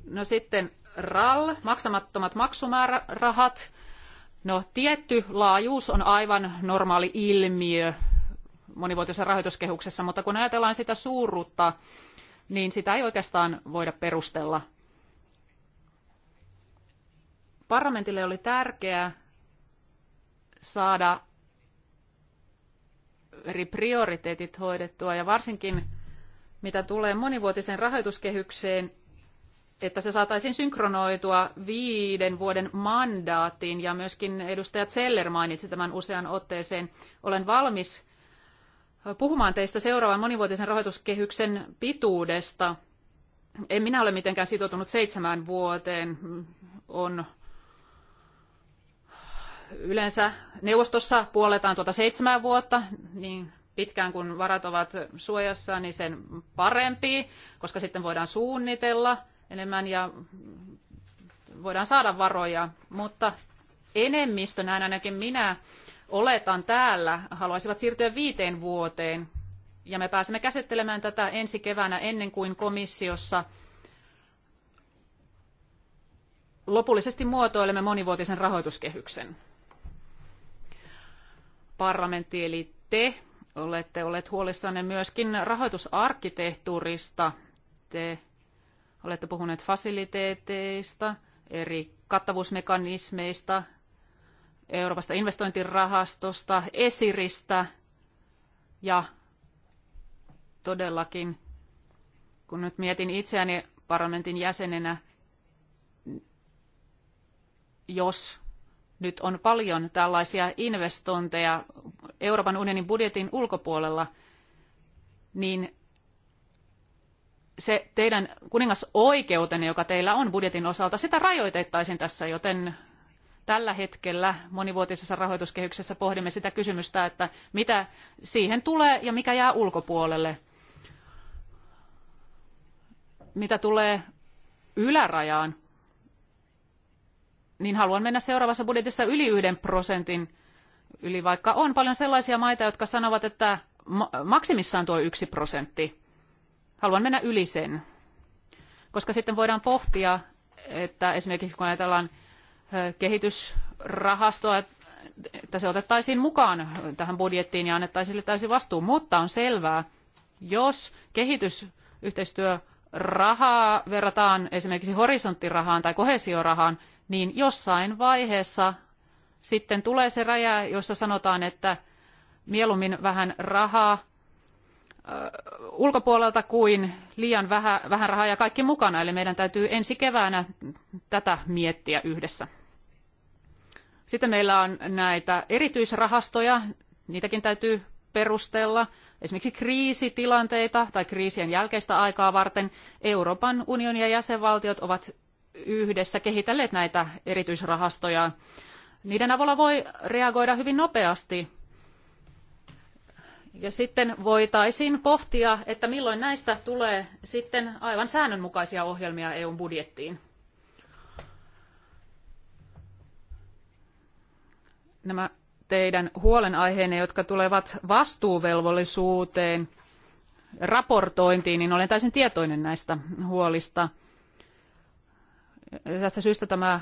No sitten RAL, maksamattomat maksumäärärahat. No tietty laajuus on aivan normaali ilmiö monivuotisessa rahoituskehuksessa, mutta kun ajatellaan sitä suuruutta, niin sitä ei oikeastaan voida perustella. Parlamentille oli tärkeää saada eri prioriteetit hoidettua ja varsinkin mitä tulee monivuotiseen rahoituskehykseen, että se saataisiin synkronoitua viiden vuoden mandaatiin ja myöskin edustaja Zeller mainitsi tämän usean otteeseen. Olen valmis puhumaan teistä seuraavan monivuotisen rahoituskehyksen pituudesta. En minä ole mitenkään sitoutunut seitsemään vuoteen. On yleensä neuvostossa puoletaan tuota seitsemän vuotta, niin pitkään kun varat ovat suojassa, niin sen parempi, koska sitten voidaan suunnitella enemmän ja voidaan saada varoja, mutta enemmistö, näin ainakin minä oletan täällä, haluaisivat siirtyä viiteen vuoteen. Ja me pääsemme käsittelemään tätä ensi keväänä ennen kuin komissiossa lopullisesti muotoilemme monivuotisen rahoituskehyksen parlamentti eli te olette olleet huolissanne myöskin rahoitusarkkitehtuurista. Te olette puhuneet fasiliteeteista, eri kattavuusmekanismeista, Euroopasta investointirahastosta, esiristä ja todellakin, kun nyt mietin itseäni parlamentin jäsenenä, jos nyt on paljon tällaisia investointeja Euroopan unionin budjetin ulkopuolella, niin se teidän kuningasoikeutenne, joka teillä on budjetin osalta, sitä rajoitettaisiin tässä, joten tällä hetkellä monivuotisessa rahoituskehyksessä pohdimme sitä kysymystä, että mitä siihen tulee ja mikä jää ulkopuolelle. Mitä tulee ylärajaan, niin haluan mennä seuraavassa budjetissa yli yhden prosentin yli, vaikka on paljon sellaisia maita, jotka sanovat, että maksimissaan tuo yksi prosentti. Haluan mennä yli sen, koska sitten voidaan pohtia, että esimerkiksi kun ajatellaan kehitysrahastoa, että se otettaisiin mukaan tähän budjettiin ja annettaisiin sille täysin vastuu. Mutta on selvää, jos kehitysyhteistyörahaa verrataan esimerkiksi horisontirahaan tai kohesiorahaan, niin jossain vaiheessa sitten tulee se raja, jossa sanotaan, että mieluummin vähän rahaa ulkopuolelta kuin liian vähän, vähän rahaa ja kaikki mukana. Eli meidän täytyy ensi keväänä tätä miettiä yhdessä. Sitten meillä on näitä erityisrahastoja, niitäkin täytyy perustella. Esimerkiksi kriisitilanteita tai kriisien jälkeistä aikaa varten Euroopan unionin ja jäsenvaltiot ovat yhdessä kehitelleet näitä erityisrahastoja. Niiden avulla voi reagoida hyvin nopeasti. Ja sitten voitaisiin pohtia, että milloin näistä tulee sitten aivan säännönmukaisia ohjelmia EUn budjettiin. Nämä teidän huolenaiheenne, jotka tulevat vastuuvelvollisuuteen, raportointiin, niin olen täysin tietoinen näistä huolista – Tästä syystä tämä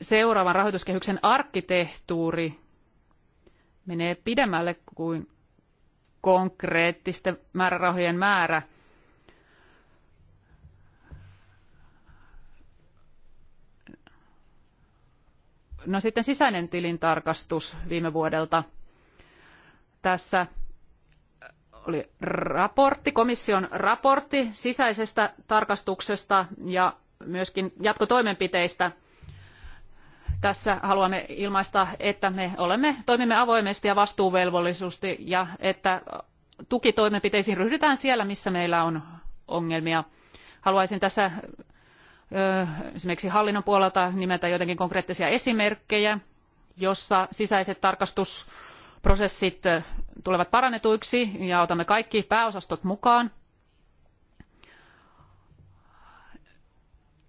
seuraavan rahoituskehyksen arkkitehtuuri menee pidemmälle kuin konkreettisten määrärahojen määrä. No sitten sisäinen tilintarkastus viime vuodelta. Tässä oli raportti, komission raportti sisäisestä tarkastuksesta ja myöskin jatkotoimenpiteistä. Tässä haluamme ilmaista, että me olemme, toimimme avoimesti ja vastuuvelvollisesti ja että tukitoimenpiteisiin ryhdytään siellä, missä meillä on ongelmia. Haluaisin tässä esimerkiksi hallinnon puolelta nimetä jotenkin konkreettisia esimerkkejä, jossa sisäiset tarkastusprosessit tulevat parannetuiksi ja otamme kaikki pääosastot mukaan –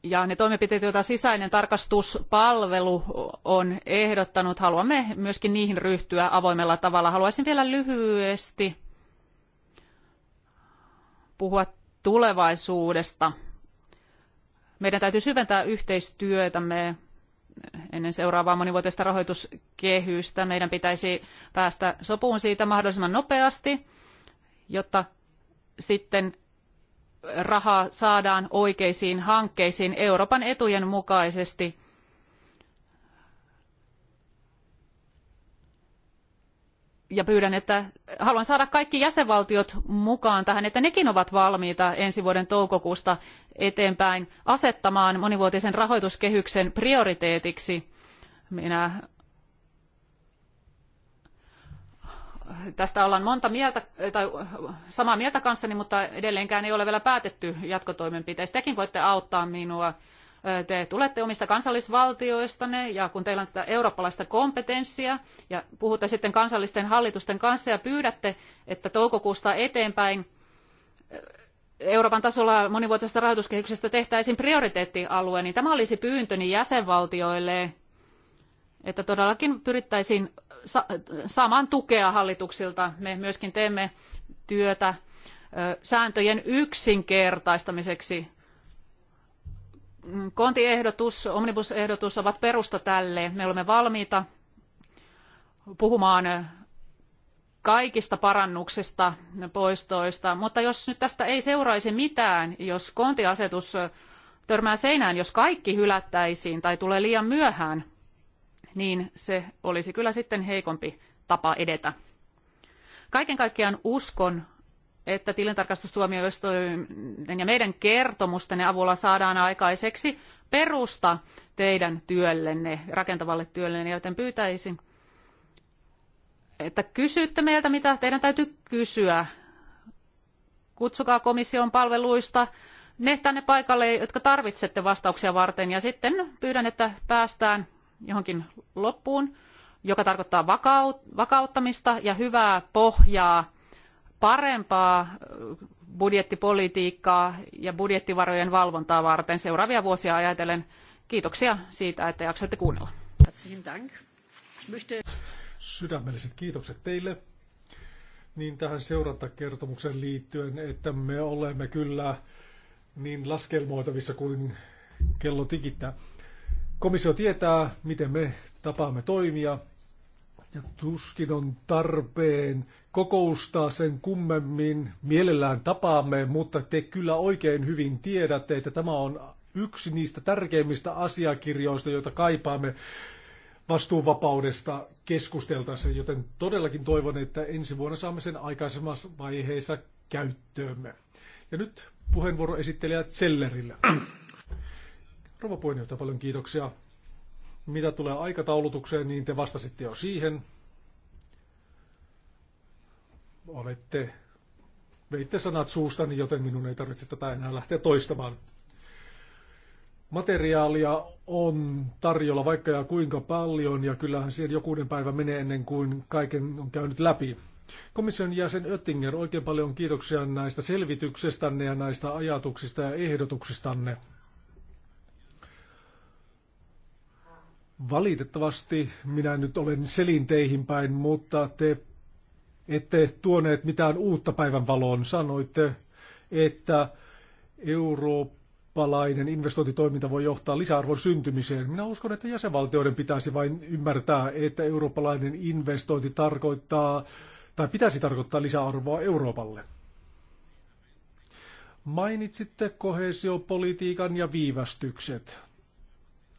ja ne toimenpiteet, joita sisäinen tarkastuspalvelu on ehdottanut, haluamme myöskin niihin ryhtyä avoimella tavalla. Haluaisin vielä lyhyesti puhua tulevaisuudesta. Meidän täytyy syventää yhteistyötämme ennen seuraavaa monivuotista rahoituskehystä. Meidän pitäisi päästä sopuun siitä mahdollisimman nopeasti, jotta sitten rahaa saadaan oikeisiin hankkeisiin Euroopan etujen mukaisesti. Ja pyydän, että haluan saada kaikki jäsenvaltiot mukaan tähän, että nekin ovat valmiita ensi vuoden toukokuusta eteenpäin asettamaan monivuotisen rahoituskehyksen prioriteetiksi. Minä tästä ollaan monta mieltä, tai samaa mieltä kanssani, mutta edelleenkään ei ole vielä päätetty jatkotoimenpiteistä. Tekin voitte auttaa minua. Te tulette omista kansallisvaltioistanne ja kun teillä on tätä eurooppalaista kompetenssia ja puhutte sitten kansallisten hallitusten kanssa ja pyydätte, että toukokuusta eteenpäin Euroopan tasolla monivuotisesta rahoituskehyksestä tehtäisiin prioriteettialue, niin tämä olisi pyyntöni jäsenvaltioille, että todellakin pyrittäisiin saamaan tukea hallituksilta. Me myöskin teemme työtä sääntöjen yksinkertaistamiseksi. Kontiehdotus, omnibusehdotus ovat perusta tälle. Me olemme valmiita puhumaan kaikista parannuksista, poistoista, mutta jos nyt tästä ei seuraisi mitään, jos kontiasetus törmää seinään, jos kaikki hylättäisiin tai tulee liian myöhään, niin se olisi kyllä sitten heikompi tapa edetä. Kaiken kaikkiaan uskon, että tilintarkastustuomioistuimen ja meidän kertomusten avulla saadaan aikaiseksi perusta teidän työllenne, rakentavalle työllenne, joten pyytäisin, että kysytte meiltä, mitä teidän täytyy kysyä. Kutsukaa komission palveluista ne tänne paikalle, jotka tarvitsette vastauksia varten, ja sitten pyydän, että päästään johonkin loppuun, joka tarkoittaa vakauttamista ja hyvää pohjaa, parempaa budjettipolitiikkaa ja budjettivarojen valvontaa varten seuraavia vuosia ajatellen. Kiitoksia siitä, että jaksoitte kuunnella. Sydämelliset kiitokset teille. Niin tähän seurantakertomukseen liittyen, että me olemme kyllä niin laskelmoitavissa kuin kello tikittää. Komissio tietää, miten me tapaamme toimia, ja tuskin on tarpeen kokoustaa sen kummemmin. Mielellään tapaamme, mutta te kyllä oikein hyvin tiedätte, että tämä on yksi niistä tärkeimmistä asiakirjoista, joita kaipaamme vastuuvapaudesta keskusteltaessa, joten todellakin toivon, että ensi vuonna saamme sen aikaisemmassa vaiheessa käyttöömme. Ja nyt puheenvuoro esittelijä Zellerille. Rova puheenjohtaja, paljon kiitoksia. Mitä tulee aikataulutukseen, niin te vastasitte jo siihen. Olette, veitte sanat suustani, joten minun ei tarvitse tätä enää lähteä toistamaan. Materiaalia on tarjolla vaikka ja kuinka paljon, ja kyllähän siihen jokunen päivä menee ennen kuin kaiken on käynyt läpi. Komission jäsen Oettinger, oikein paljon kiitoksia näistä selvityksestänne ja näistä ajatuksista ja ehdotuksistanne. Valitettavasti minä nyt olen selinteihin päin, mutta te ette tuoneet mitään uutta päivän valoon. Sanoitte, että eurooppalainen investointitoiminta voi johtaa lisäarvon syntymiseen. Minä uskon, että jäsenvaltioiden pitäisi vain ymmärtää, että eurooppalainen investointi tarkoittaa tai pitäisi tarkoittaa lisäarvoa Euroopalle. Mainitsitte kohesiopolitiikan ja viivästykset.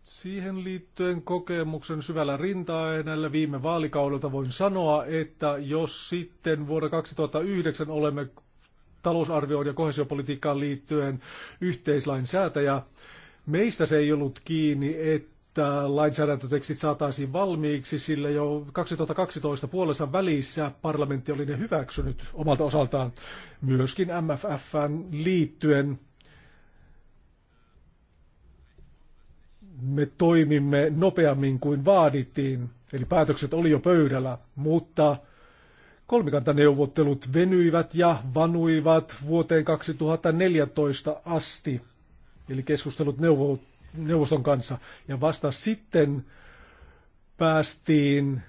Siihen liittyen kokemuksen syvällä rinta-aineella viime vaalikaudelta voin sanoa, että jos sitten vuonna 2009 olemme talousarvioon ja kohesiopolitiikkaan liittyen yhteislainsäätäjä, meistä se ei ollut kiinni, että lainsäädäntötekstit saataisiin valmiiksi, sillä jo 2012 puolessa välissä parlamentti oli ne hyväksynyt omalta osaltaan myöskin MFFn liittyen me toimimme nopeammin kuin vaadittiin, eli päätökset oli jo pöydällä, mutta kolmikantaneuvottelut venyivät ja vanuivat vuoteen 2014 asti, eli keskustelut neuvo, neuvoston kanssa, ja vasta sitten päästiin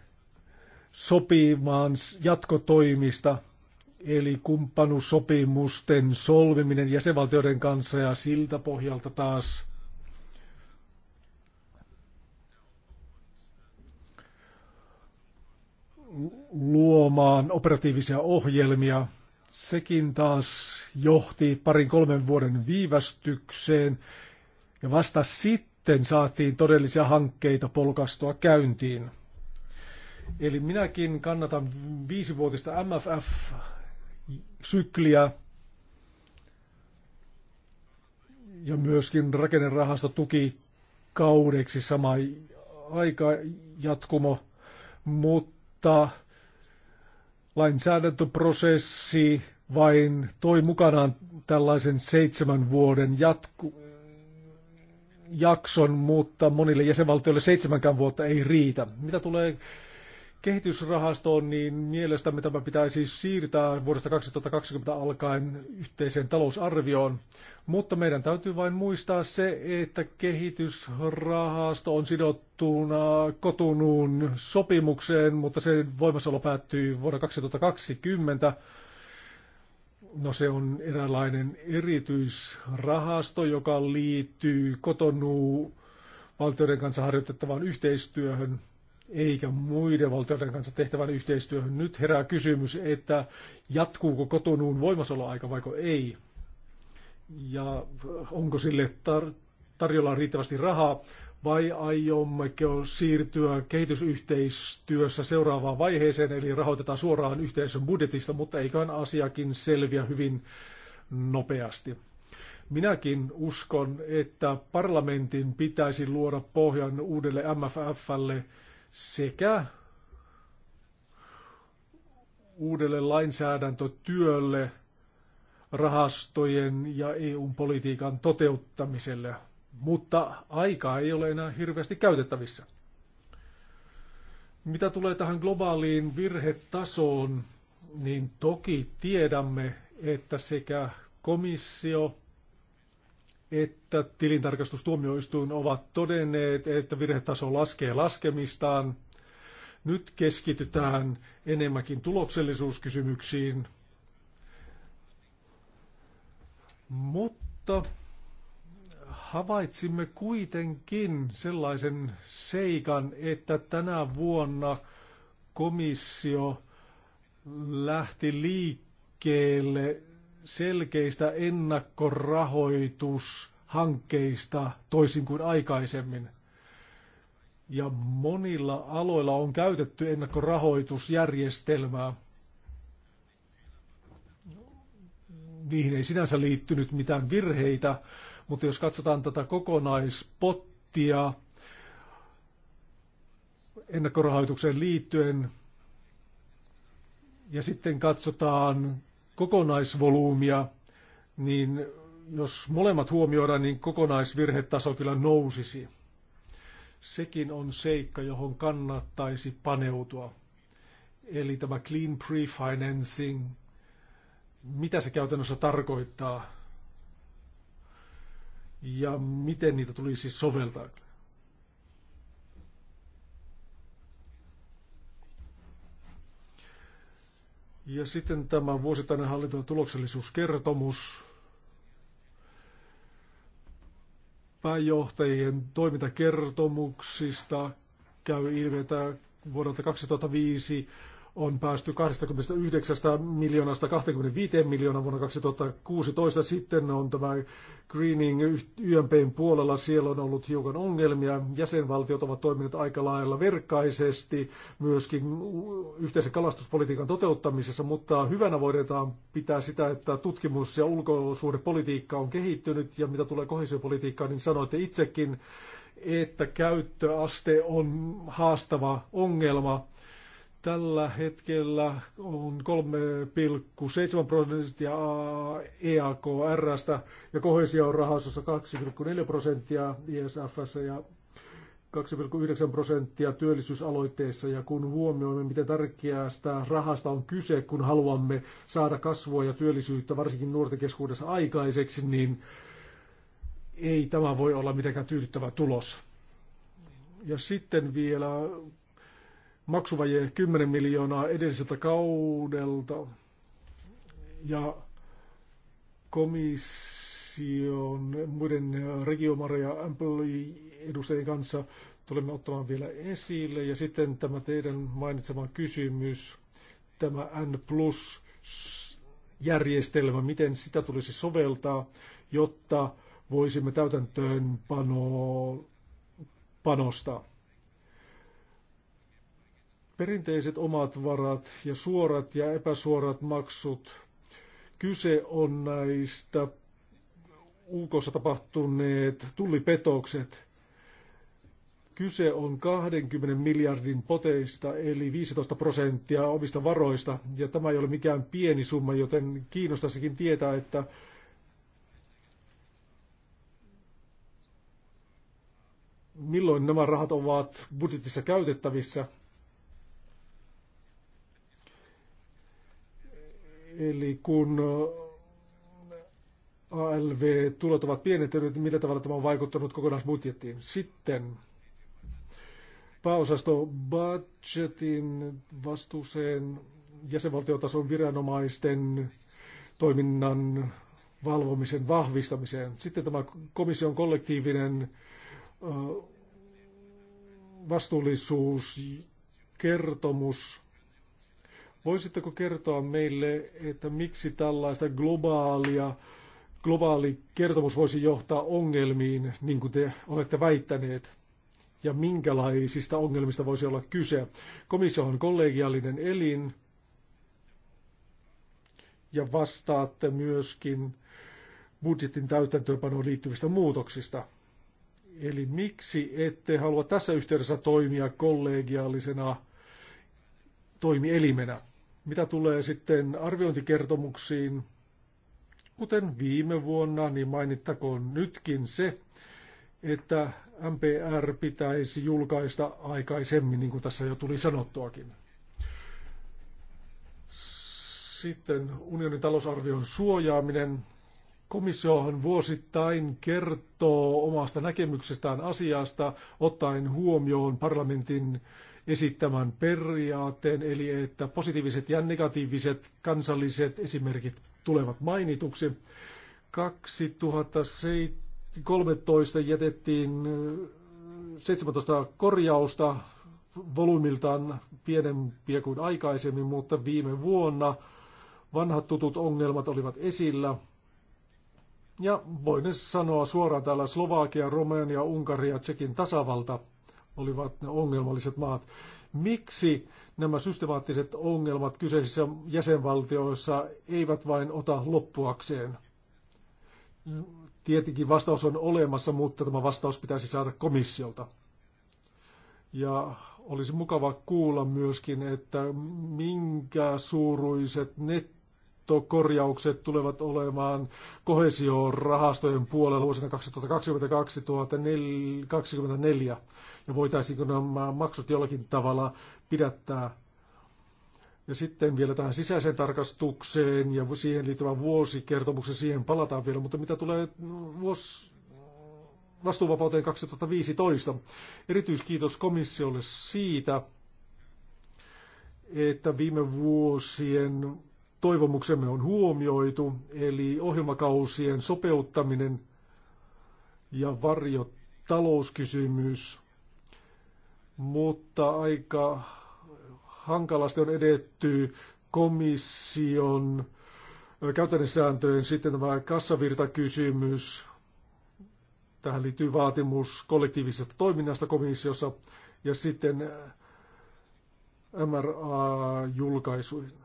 sopimaan jatkotoimista, eli kumppanuussopimusten solviminen jäsenvaltioiden kanssa ja siltä pohjalta taas luomaan operatiivisia ohjelmia. Sekin taas johti parin kolmen vuoden viivästykseen ja vasta sitten saatiin todellisia hankkeita polkastua käyntiin. Eli minäkin kannatan viisivuotista MFF-sykliä ja myöskin rakennerahasto tuki kaudeksi sama aika jatkumo, mutta mutta lainsäädäntöprosessi vain toi mukanaan tällaisen seitsemän vuoden jatku, jakson, mutta monille jäsenvaltioille seitsemänkään vuotta ei riitä. Mitä tulee kehitysrahastoon, niin mielestämme tämä pitäisi siirtää vuodesta 2020 alkaen yhteiseen talousarvioon. Mutta meidän täytyy vain muistaa se, että kehitysrahasto on sidottuna kotunuun sopimukseen, mutta sen voimassaolo päättyy vuonna 2020. No se on eräänlainen erityisrahasto, joka liittyy kotonuun valtioiden kanssa harjoitettavaan yhteistyöhön – eikä muiden valtioiden kanssa tehtävän yhteistyöhön. Nyt herää kysymys, että jatkuuko kotonuun voimassaoloaika vaiko ei. Ja onko sille tar- tarjolla riittävästi rahaa vai aiommeko siirtyä kehitysyhteistyössä seuraavaan vaiheeseen, eli rahoitetaan suoraan yhteisön budjetista, mutta eiköhän asiakin selviä hyvin nopeasti. Minäkin uskon, että parlamentin pitäisi luoda pohjan uudelle MFFlle, sekä uudelle lainsäädäntötyölle, rahastojen ja EU-politiikan toteuttamiselle, mutta aikaa ei ole enää hirveästi käytettävissä. Mitä tulee tähän globaaliin virhetasoon, niin toki tiedämme, että sekä komissio että tilintarkastustuomioistuin ovat todenneet, että virhetaso laskee laskemistaan. Nyt keskitytään enemmänkin tuloksellisuuskysymyksiin. Mutta havaitsimme kuitenkin sellaisen seikan, että tänä vuonna komissio lähti liikkeelle selkeistä ennakkorahoitushankkeista toisin kuin aikaisemmin. Ja monilla aloilla on käytetty ennakkorahoitusjärjestelmää. Niihin ei sinänsä liittynyt mitään virheitä, mutta jos katsotaan tätä kokonaispottia ennakkorahoitukseen liittyen, ja sitten katsotaan kokonaisvolyymia, niin jos molemmat huomioidaan, niin kokonaisvirhetaso kyllä nousisi. Sekin on seikka, johon kannattaisi paneutua. Eli tämä clean prefinancing, mitä se käytännössä tarkoittaa ja miten niitä tulisi soveltaa. Ja sitten tämä vuosittainen hallinton tuloksellisuuskertomus. Pääjohtajien toimintakertomuksista käy ilmi, että vuodelta 2005 on päästy 29 miljoonasta 25 miljoonaa vuonna 2016. Sitten on tämä Greening YMPn puolella. Siellä on ollut hiukan ongelmia. Jäsenvaltiot ovat toimineet aika lailla verkkaisesti myöskin yhteisen kalastuspolitiikan toteuttamisessa, mutta hyvänä voidaan pitää sitä, että tutkimus- ja ulkosuhdepolitiikka on kehittynyt ja mitä tulee kohesiopolitiikkaan, niin sanoitte itsekin, että käyttöaste on haastava ongelma Tällä hetkellä on 3,7 prosenttia EAKR ja on rahastossa 2,4 prosenttia ISF ja 2,9 prosenttia työllisyysaloitteessa ja kun huomioimme, miten tärkeästä rahasta on kyse, kun haluamme saada kasvua ja työllisyyttä varsinkin nuorten keskuudessa aikaiseksi, niin ei tämä voi olla mitenkään tyydyttävä tulos. Ja sitten vielä maksuvaje 10 miljoonaa edelliseltä kaudelta ja komission muiden regiomare- ja edustajien kanssa tulemme ottamaan vielä esille. Ja sitten tämä teidän mainitsema kysymys, tämä N plus järjestelmä, miten sitä tulisi soveltaa, jotta voisimme täytäntöön panostaa. Perinteiset omat varat ja suorat ja epäsuorat maksut. Kyse on näistä ulkossa tapahtuneet tullipetokset. Kyse on 20 miljardin poteista, eli 15 prosenttia omista varoista, ja tämä ei ole mikään pieni summa, joten kiinnostaisikin tietää, että milloin nämä rahat ovat budjetissa käytettävissä – Eli kun ALV-tulot ovat pienentyneet, niin millä tavalla tämä on vaikuttanut kokonaisbudjettiin? Sitten pääosasto budgetin vastuuseen jäsenvaltiotason viranomaisten toiminnan valvomisen vahvistamiseen. Sitten tämä komission kollektiivinen vastuullisuuskertomus Voisitteko kertoa meille, että miksi tällaista globaalia, globaali kertomus voisi johtaa ongelmiin, niin kuin te olette väittäneet, ja minkälaisista ongelmista voisi olla kyse? Komissio on kollegiaalinen elin, ja vastaatte myöskin budjetin täytäntöönpanoon liittyvistä muutoksista. Eli miksi ette halua tässä yhteydessä toimia kollegiaalisena toimielimenä. Mitä tulee sitten arviointikertomuksiin, kuten viime vuonna, niin mainittakoon nytkin se, että MPR pitäisi julkaista aikaisemmin, niin kuin tässä jo tuli sanottuakin. Sitten unionin talousarvion suojaaminen. Komissiohan vuosittain kertoo omasta näkemyksestään asiasta, ottaen huomioon parlamentin esittämän periaatteen, eli että positiiviset ja negatiiviset kansalliset esimerkit tulevat mainituksi. 2013 jätettiin 17 äh, korjausta volyymiltaan pienempiä kuin aikaisemmin, mutta viime vuonna vanhat tutut ongelmat olivat esillä. Ja voin sanoa suoraan täällä Slovakia, Romania, Unkaria, Tsekin tasavalta – olivat ne ongelmalliset maat. Miksi nämä systemaattiset ongelmat kyseisissä jäsenvaltioissa eivät vain ota loppuakseen? Tietenkin vastaus on olemassa, mutta tämä vastaus pitäisi saada komissiolta. Ja olisi mukava kuulla myöskin, että minkä suuruiset net Korjaukset tulevat olemaan kohesiorahastojen puolella vuosina 2022-2024. Ja voitaisiinko nämä maksut jollakin tavalla pidättää ja sitten vielä tähän sisäiseen tarkastukseen ja siihen liittyvän vuosikertomuksen, siihen palataan vielä, mutta mitä tulee vuos, vastuuvapauteen 2015. Erityiskiitos komissiolle siitä, että viime vuosien toivomuksemme on huomioitu, eli ohjelmakausien sopeuttaminen ja varjotalouskysymys, mutta aika hankalasti on edetty komission käytännön sääntöön sitten tämä kassavirtakysymys. Tähän liittyy vaatimus kollektiivisesta toiminnasta komissiossa ja sitten MRA-julkaisuihin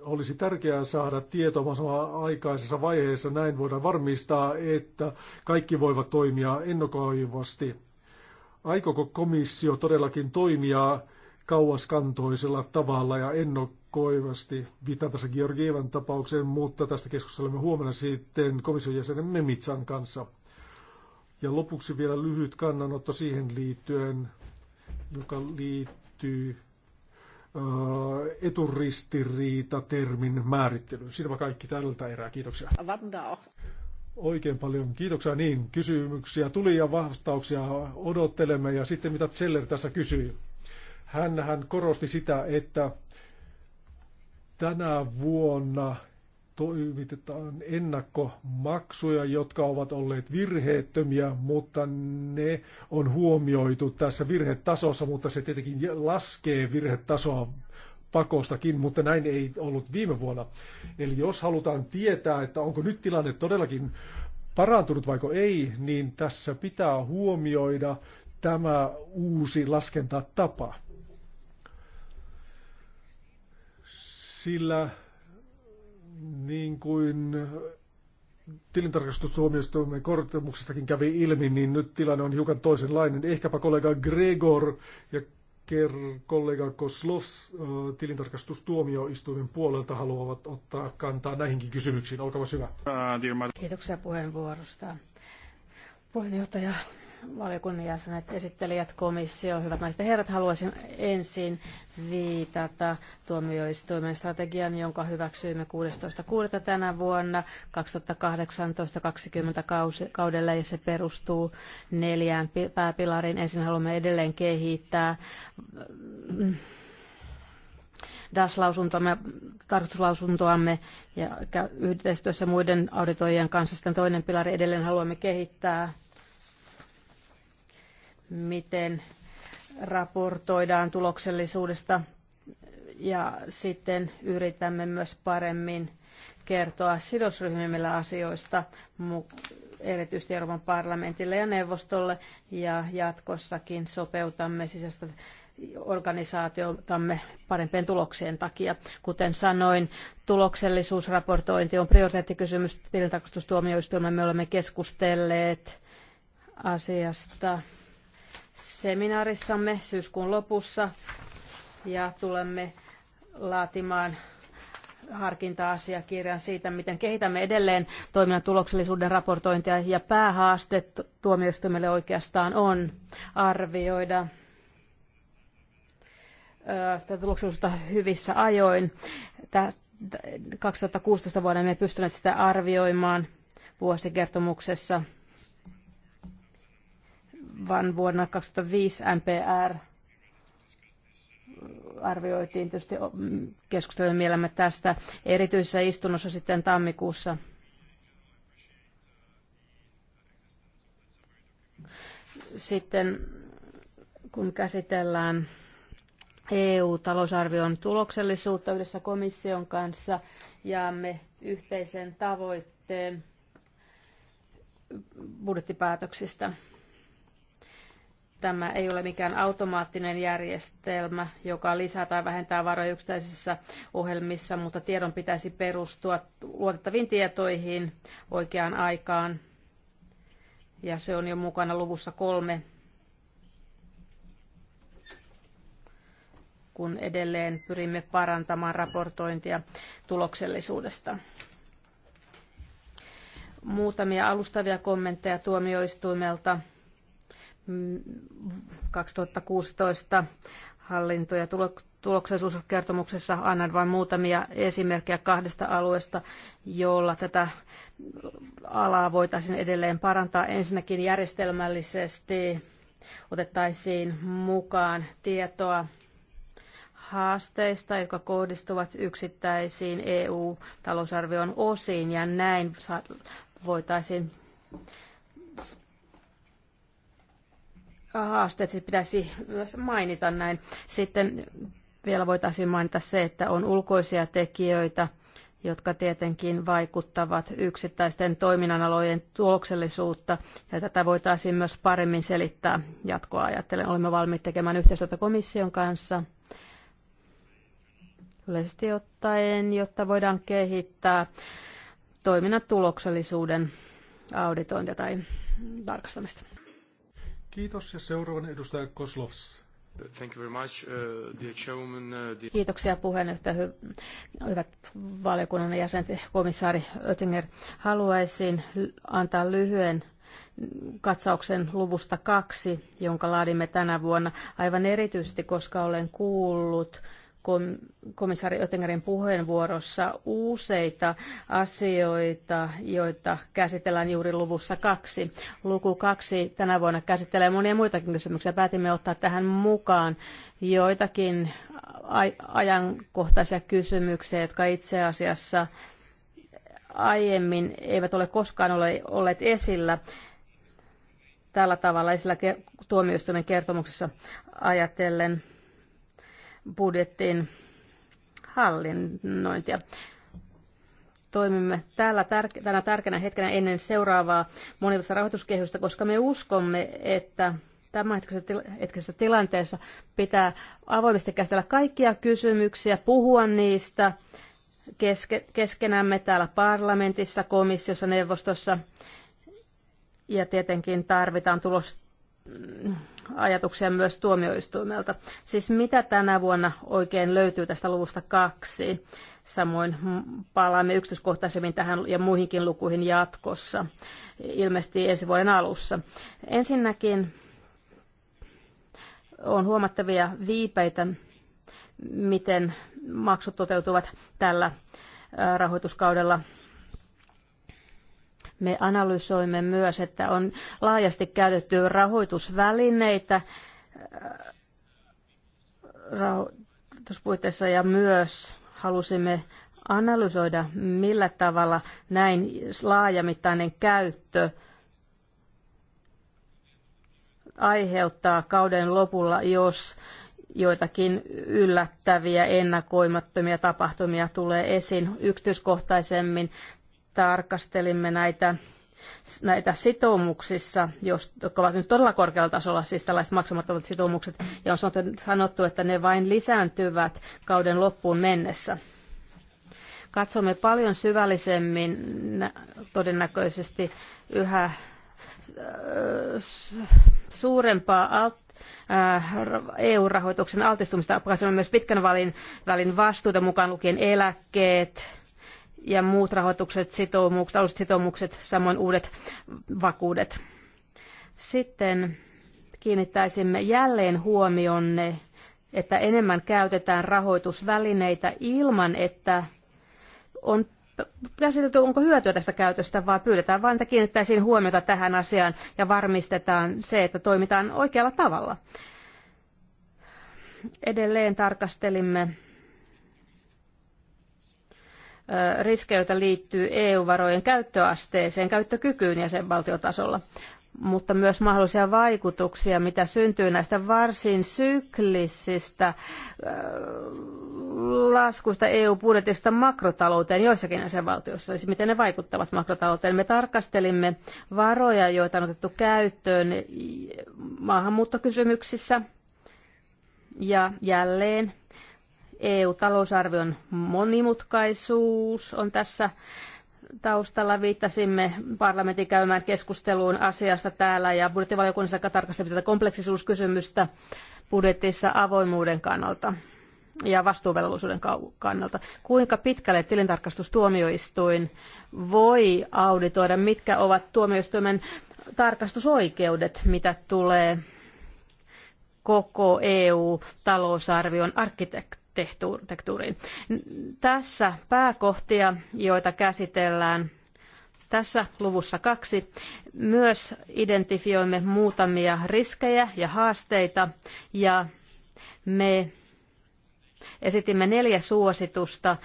olisi tärkeää saada tietoa samalla aikaisessa vaiheessa. Näin voidaan varmistaa, että kaikki voivat toimia ennakoivasti. Aikoko komissio todellakin toimia kauaskantoisella tavalla ja ennakoivasti? Viittaan tässä Georgievan tapaukseen, mutta tästä keskustelemme huomenna sitten komission jäsenen Memitsan kanssa. Ja lopuksi vielä lyhyt kannanotto siihen liittyen, joka liittyy Äh, eturistiriita-termin määrittelyyn. Siinä kaikki tältä erää. Kiitoksia. Oikein paljon kiitoksia. Niin, kysymyksiä tuli ja vastauksia odottelemme. Ja sitten mitä Zeller tässä kysyi. Hän, hän korosti sitä, että tänä vuonna toimitetaan ennakkomaksuja, jotka ovat olleet virheettömiä, mutta ne on huomioitu tässä virhetasossa, mutta se tietenkin laskee virhetasoa pakostakin, mutta näin ei ollut viime vuonna. Eli jos halutaan tietää, että onko nyt tilanne todellakin parantunut vaiko ei, niin tässä pitää huomioida tämä uusi laskentatapa. Sillä niin kuin tilintarkastustuomioistuimen kortemuksestakin kävi ilmi, niin nyt tilanne on hiukan toisenlainen. Ehkäpä kollega Gregor ja kollega Koslovs tilintarkastustuomioistuimen puolelta haluavat ottaa kantaa näihinkin kysymyksiin. Olkaa hyvä. Äh, Kiitoksia puheenvuorosta. Puheenjohtaja, valiokunnan jäsenet, esittelijät, komissio, hyvät naiset ja herrat, haluaisin ensin viitata tuomioistuimen strategian, jonka hyväksyimme 16.6. tänä vuonna 2018-2020 kaudella ja se perustuu neljään pääpilariin. Ensin haluamme edelleen kehittää mm, DAS-lausuntoamme, tarkastuslausuntoamme ja yhteistyössä muiden auditoijien kanssa. Sitten toinen pilari edelleen haluamme kehittää miten raportoidaan tuloksellisuudesta ja sitten yritämme myös paremmin kertoa sidosryhmillä asioista, erityisesti Euroopan parlamentille ja neuvostolle, ja jatkossakin sopeutamme sisäistä organisaatiotamme parempien tuloksien takia. Kuten sanoin, tuloksellisuusraportointi on prioriteettikysymys tilintarkastustuomioistuimen. Me olemme keskustelleet asiasta seminaarissamme syyskuun lopussa ja tulemme laatimaan harkinta-asiakirjan siitä, miten kehitämme edelleen toiminnan tuloksellisuuden raportointia ja päähaaste tuomioistuimelle oikeastaan on arvioida tuloksellisuutta hyvissä ajoin. 2016 vuonna me pystyneet sitä arvioimaan vuosikertomuksessa vaan vuonna 2005 NPR arvioitiin tietysti keskustelujen mielemme tästä erityisessä istunnossa sitten tammikuussa. Sitten kun käsitellään EU-talousarvion tuloksellisuutta yhdessä komission kanssa, jaamme yhteisen tavoitteen budjettipäätöksistä Tämä ei ole mikään automaattinen järjestelmä, joka lisää tai vähentää varoja yksittäisissä ohjelmissa, mutta tiedon pitäisi perustua luotettaviin tietoihin oikeaan aikaan. Ja se on jo mukana luvussa kolme, kun edelleen pyrimme parantamaan raportointia tuloksellisuudesta muutamia alustavia kommentteja tuomioistuimelta 2016 hallinto- ja tuloksellisuuskertomuksessa annan vain muutamia esimerkkejä kahdesta alueesta, jolla tätä alaa voitaisiin edelleen parantaa. Ensinnäkin järjestelmällisesti otettaisiin mukaan tietoa haasteista, jotka kohdistuvat yksittäisiin EU-talousarvion osiin, ja näin voitaisiin haasteet siis pitäisi myös mainita näin. Sitten vielä voitaisiin mainita se, että on ulkoisia tekijöitä, jotka tietenkin vaikuttavat yksittäisten toiminnanalojen tuloksellisuutta, ja tätä voitaisiin myös paremmin selittää jatkoa ajatellen. Olemme valmiit tekemään yhteistyötä komission kanssa yleisesti ottaen, jotta voidaan kehittää toiminnan tuloksellisuuden auditointia tai tarkastamista. Kiitos ja seuraavan edustaja Koslovs. Thank you very much, uh, dear chairman, uh, Kiitoksia puheenjohtaja, hy- hyvät valiokunnan jäsenet, komissaari Oettinger. Haluaisin antaa lyhyen katsauksen luvusta kaksi, jonka laadimme tänä vuonna, aivan erityisesti, koska olen kuullut kom- komissaari Oettingerin puheenvuorossa useita asioita, joita käsitellään juuri luvussa kaksi. Luku kaksi tänä vuonna käsittelee monia muitakin kysymyksiä. Päätimme ottaa tähän mukaan joitakin ajankohtaisia kysymyksiä, jotka itse asiassa aiemmin eivät ole koskaan ole, olleet esillä tällä tavalla esillä tuomioistuimen kertomuksessa ajatellen budjettiin hallinnointia. Toimimme täällä tär- tänä tärkeänä hetkenä ennen seuraavaa monivuotista rahoituskehystä, koska me uskomme, että tämänhetkisessä hetkisessä tilanteessa pitää avoimesti käsitellä kaikkia kysymyksiä, puhua niistä keske- keskenämme täällä parlamentissa, komissiossa, neuvostossa. Ja tietenkin tarvitaan tulosta ajatuksia myös tuomioistuimelta. Siis mitä tänä vuonna oikein löytyy tästä luvusta kaksi? Samoin palaamme yksityiskohtaisemmin tähän ja muihinkin lukuihin jatkossa, ilmeisesti ensi vuoden alussa. Ensinnäkin on huomattavia viipeitä, miten maksut toteutuvat tällä rahoituskaudella me analysoimme myös, että on laajasti käytetty rahoitusvälineitä äh, rahoituspuitteissa ja myös halusimme analysoida, millä tavalla näin laajamittainen käyttö aiheuttaa kauden lopulla, jos joitakin yllättäviä, ennakoimattomia tapahtumia tulee esiin. Yksityiskohtaisemmin tarkastelimme näitä näitä sitoumuksissa, jotka ovat nyt todella korkealla tasolla, siis tällaiset maksamattomat sitoumukset, ja on sanottu, että ne vain lisääntyvät kauden loppuun mennessä. Katsomme paljon syvällisemmin todennäköisesti yhä äh, suurempaa alt, äh, EU-rahoituksen altistumista. Katsomme myös pitkän välin, välin vastuuta mukaan lukien eläkkeet, ja muut rahoitukset, sitoumukset, aluset sitoumukset, samoin uudet vakuudet. Sitten kiinnittäisimme jälleen huomionne, että enemmän käytetään rahoitusvälineitä ilman, että on käsitelty, onko hyötyä tästä käytöstä, vaan pyydetään vain, että kiinnittäisiin huomiota tähän asiaan ja varmistetaan se, että toimitaan oikealla tavalla. Edelleen tarkastelimme riskejä, joita liittyy EU-varojen käyttöasteeseen, käyttökykyyn jäsenvaltiotasolla, mutta myös mahdollisia vaikutuksia, mitä syntyy näistä varsin syklisistä laskuista EU-budjetista makrotalouteen joissakin jäsenvaltioissa, siis miten ne vaikuttavat makrotalouteen. Me tarkastelimme varoja, joita on otettu käyttöön maahanmuuttokysymyksissä ja jälleen EU-talousarvion monimutkaisuus on tässä taustalla. Viittasimme parlamentin käymään keskusteluun asiasta täällä ja budjettivaliokunnassa tarkasteltiin tätä kompleksisuuskysymystä budjetissa avoimuuden kannalta ja vastuuvelvollisuuden kannalta. Kuinka pitkälle tilintarkastustuomioistuin voi auditoida, mitkä ovat tuomioistuimen tarkastusoikeudet, mitä tulee koko EU-talousarvion arkkitehtuuriin? arkkitehtuuriin. Tässä pääkohtia, joita käsitellään tässä luvussa kaksi, myös identifioimme muutamia riskejä ja haasteita ja me esitimme neljä suositusta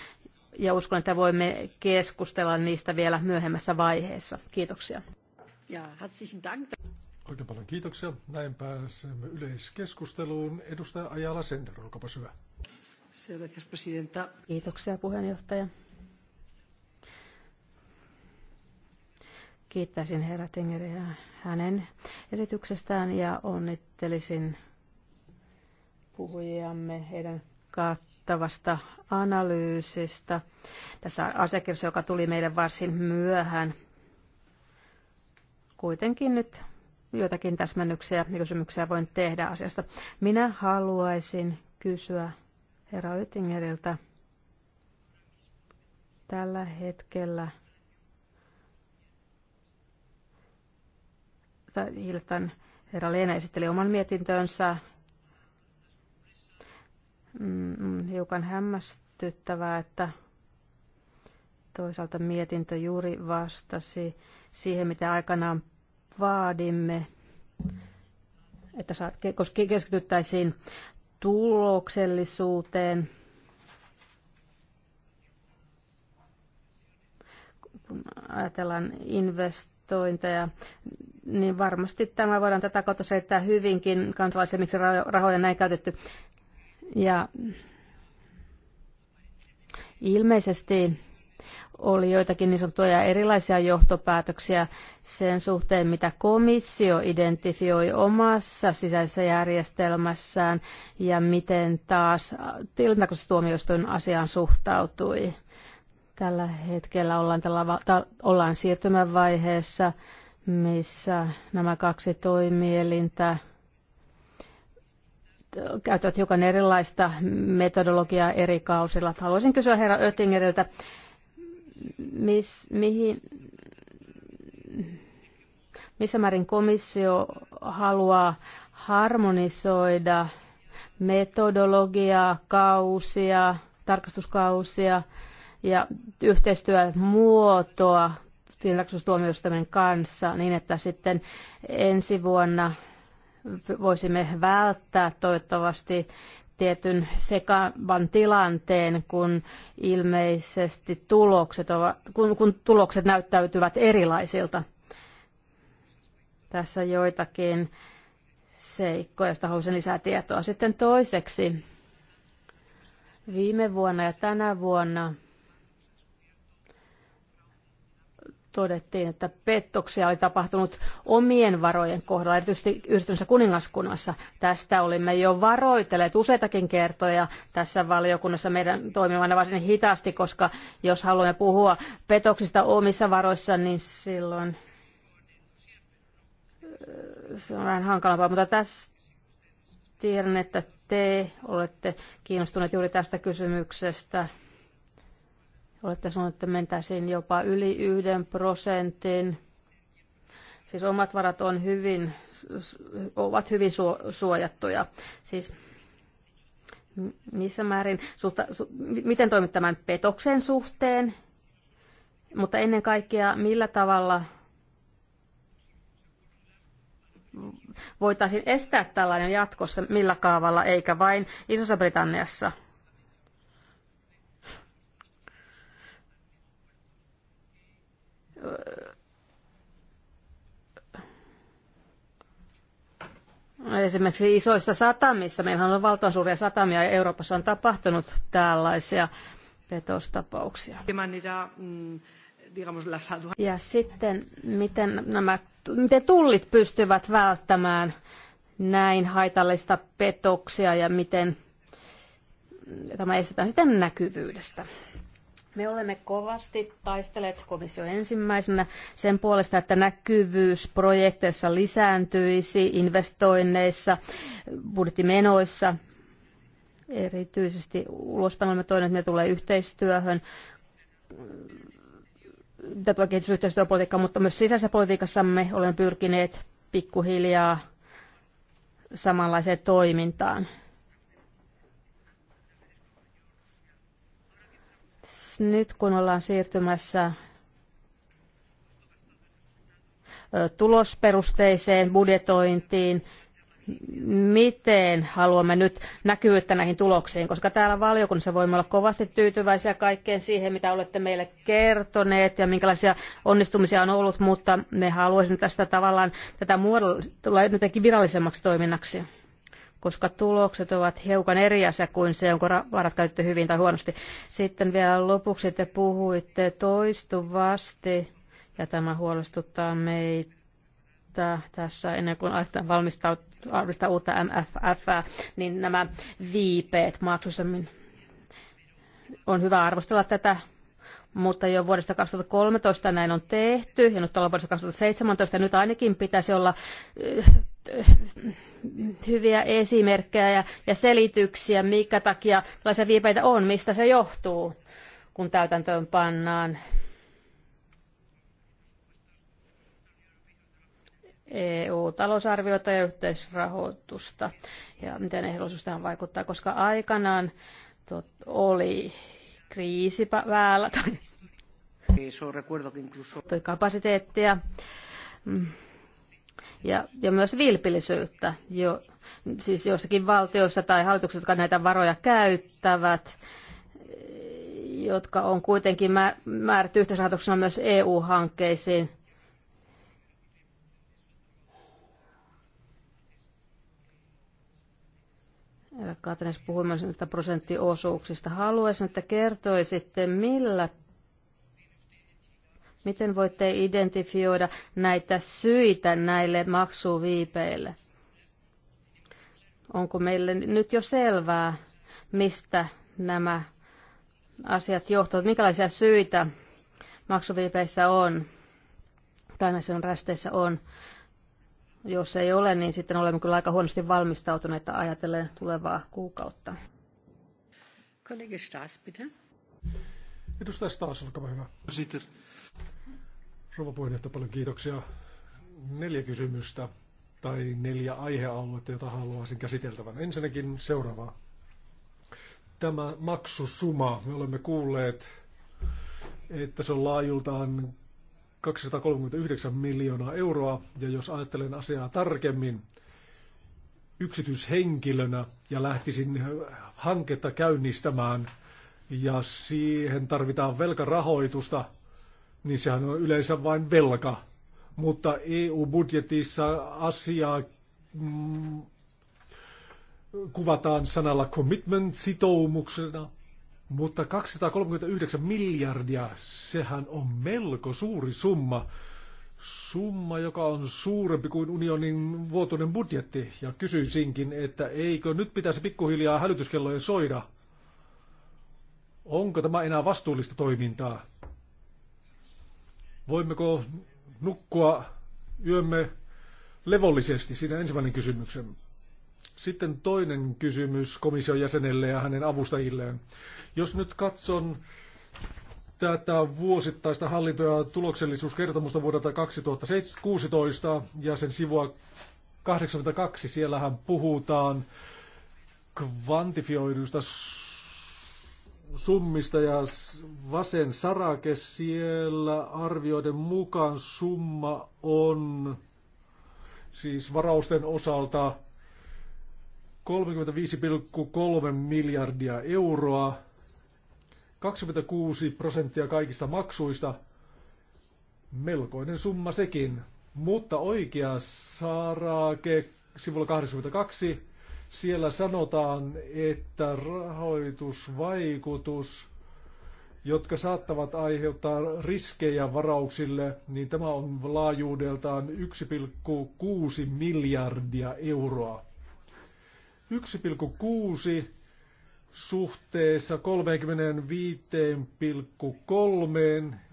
ja uskon, että voimme keskustella niistä vielä myöhemmässä vaiheessa. Kiitoksia. Ja, herzlichen Dank. Oikein paljon kiitoksia. Näin pääsemme yleiskeskusteluun. Edustaja Ajala Sender, olkaapa hyvä. Kiitoksia puheenjohtaja. Kiittäisin herra Tengeriä hänen esityksestään ja onnittelisin puhujiamme heidän kattavasta analyysistä. Tässä asiakirjassa, joka tuli meille varsin myöhään, kuitenkin nyt joitakin täsmennyksiä ja kysymyksiä voin tehdä asiasta. Minä haluaisin kysyä herra Oettingeriltä. Tällä hetkellä hiljattain herra Leena esitteli oman mietintönsä. Mm, mm, hiukan hämmästyttävää, että toisaalta mietintö juuri vastasi siihen, mitä aikanaan vaadimme, että keskityttäisiin tuloksellisuuteen. Kun ajatellaan investointeja, niin varmasti tämä voidaan tätä kautta selittää hyvinkin kansalaisille, miksi rahoja näin käytetty. Ja ilmeisesti oli joitakin niin sanottuja erilaisia johtopäätöksiä sen suhteen, mitä komissio identifioi omassa sisäisessä järjestelmässään ja miten taas tilintarkastustuomioistuin asiaan suhtautui. Tällä hetkellä ollaan, tällä, ta, ollaan siirtymävaiheessa, missä nämä kaksi toimielintä käyttävät hiukan erilaista metodologiaa eri kausilla. Haluaisin kysyä herra Oettingeriltä, mis, mihin, missä määrin komissio haluaa harmonisoida metodologiaa, kausia, tarkastuskausia ja yhteistyömuotoa tilaksustuomioistuimen kanssa niin, että sitten ensi vuonna voisimme välttää toivottavasti tietyn sekavan tilanteen, kun ilmeisesti tulokset, ovat, kun, kun tulokset näyttäytyvät erilaisilta. Tässä joitakin seikkoja, joista haluaisin lisää tietoa. Sitten toiseksi, viime vuonna ja tänä vuonna todettiin, että pettoksia oli tapahtunut omien varojen kohdalla, erityisesti yhdistyneessä kuningaskunnassa. Tästä olimme jo varoitelleet useitakin kertoja tässä valiokunnassa meidän toimivana varsin hitaasti, koska jos haluamme puhua petoksista omissa varoissa, niin silloin äh, se on vähän hankalampaa, mutta tässä tiedän, että te olette kiinnostuneet juuri tästä kysymyksestä. Olette sanoneet, että mentäisiin jopa yli yhden prosentin. Siis omat varat on hyvin, ovat hyvin suojattuja. Siis missä määrin, suhta, su, miten toimit tämän petoksen suhteen, mutta ennen kaikkea millä tavalla voitaisiin estää tällainen jatkossa, millä kaavalla, eikä vain Isossa-Britanniassa – Esimerkiksi isoissa satamissa, meillä on valtavan suuria satamia ja Euroopassa on tapahtunut tällaisia petostapauksia. Ja sitten, miten, nämä, miten tullit pystyvät välttämään näin haitallista petoksia ja miten tämä estetään sitten näkyvyydestä. Me olemme kovasti taistelleet komissio ensimmäisenä sen puolesta, että näkyvyys projekteissa lisääntyisi, investoinneissa, budjettimenoissa, erityisesti ulospäin olemme toineet, että ne tulee yhteistyöhön, tätä kehitysyhteistyöpolitiikkaa, mutta myös sisäisessä politiikassamme olemme pyrkineet pikkuhiljaa samanlaiseen toimintaan. nyt kun ollaan siirtymässä tulosperusteiseen budjetointiin, miten haluamme nyt näkyvyyttä näihin tuloksiin, koska täällä valiokunnassa voimme olla kovasti tyytyväisiä kaikkeen siihen, mitä olette meille kertoneet ja minkälaisia onnistumisia on ollut, mutta me haluaisimme tästä tavallaan tätä muodolla jotenkin virallisemmaksi toiminnaksi koska tulokset ovat hiukan eri asia kuin se, onko varat käytetty hyvin tai huonosti. Sitten vielä lopuksi te puhuitte toistuvasti, ja tämä huolestuttaa meitä tässä ennen kuin aletaan valmistaa uutta MFF, niin nämä viipeet maksussa on hyvä arvostella tätä mutta jo vuodesta 2013 näin on tehty, ja nyt ollaan vuodesta 2017, ja nyt ainakin pitäisi olla eh, hyviä esimerkkejä ja, ja selityksiä, mikä takia tällaisia viipeitä on, mistä se johtuu, kun täytäntöön pannaan EU-talousarviota ja yhteisrahoitusta ja miten ehdollisuus tähän vaikuttaa, koska aikanaan tot, oli kriisi päällä tai kapasiteettia mm. ja, ja myös vilpillisyyttä, jo, siis jossakin valtiossa tai hallitukset, jotka näitä varoja käyttävät, jotka on kuitenkin määrätty yhteisrahoituksena myös EU-hankkeisiin – Katanes puhui myös niistä prosenttiosuuksista. Haluaisin, että kertoisitte, millä Miten voitte identifioida näitä syitä näille maksuviipeille? Onko meille nyt jo selvää, mistä nämä asiat johtuvat? Minkälaisia syitä maksuviipeissä on tai näissä rästeissä on? Jos ei ole, niin sitten olemme kyllä aika huonosti valmistautuneita ajatellen tulevaa kuukautta. Kollega Staas, bitte. Edustaja Staas, olkaa hyvä. Sitten. Rouva puheenjohtaja, paljon kiitoksia. Neljä kysymystä tai neljä aihealuetta, joita haluaisin käsiteltävän. Ensinnäkin seuraavaa. Tämä maksusuma. Me olemme kuulleet, että se on laajultaan 239 miljoonaa euroa, ja jos ajattelen asiaa tarkemmin yksityishenkilönä ja lähtisin hanketta käynnistämään, ja siihen tarvitaan velkarahoitusta, niin sehän on yleensä vain velka. Mutta EU-budjetissa asiaa mm, kuvataan sanalla commitment sitoumuksena – mutta 239 miljardia, sehän on melko suuri summa. Summa, joka on suurempi kuin unionin vuotuinen budjetti. Ja kysyisinkin, että eikö nyt pitäisi pikkuhiljaa hälytyskellojen soida? Onko tämä enää vastuullista toimintaa? Voimmeko nukkua yömme levollisesti? Siinä ensimmäinen kysymyksen. Sitten toinen kysymys komission jäsenelle ja hänen avustajilleen. Jos nyt katson tätä vuosittaista hallinto- ja tuloksellisuuskertomusta vuodelta 2016 ja sen sivua 82, siellähän puhutaan kvantifioiduista summista ja vasen sarake siellä arvioiden mukaan summa on siis varausten osalta 35,3 miljardia euroa, 26 prosenttia kaikista maksuista, melkoinen summa sekin. Mutta oikea saarake sivulla 82, siellä sanotaan, että rahoitusvaikutus, jotka saattavat aiheuttaa riskejä varauksille, niin tämä on laajuudeltaan 1,6 miljardia euroa. 1,6 suhteessa 35,3,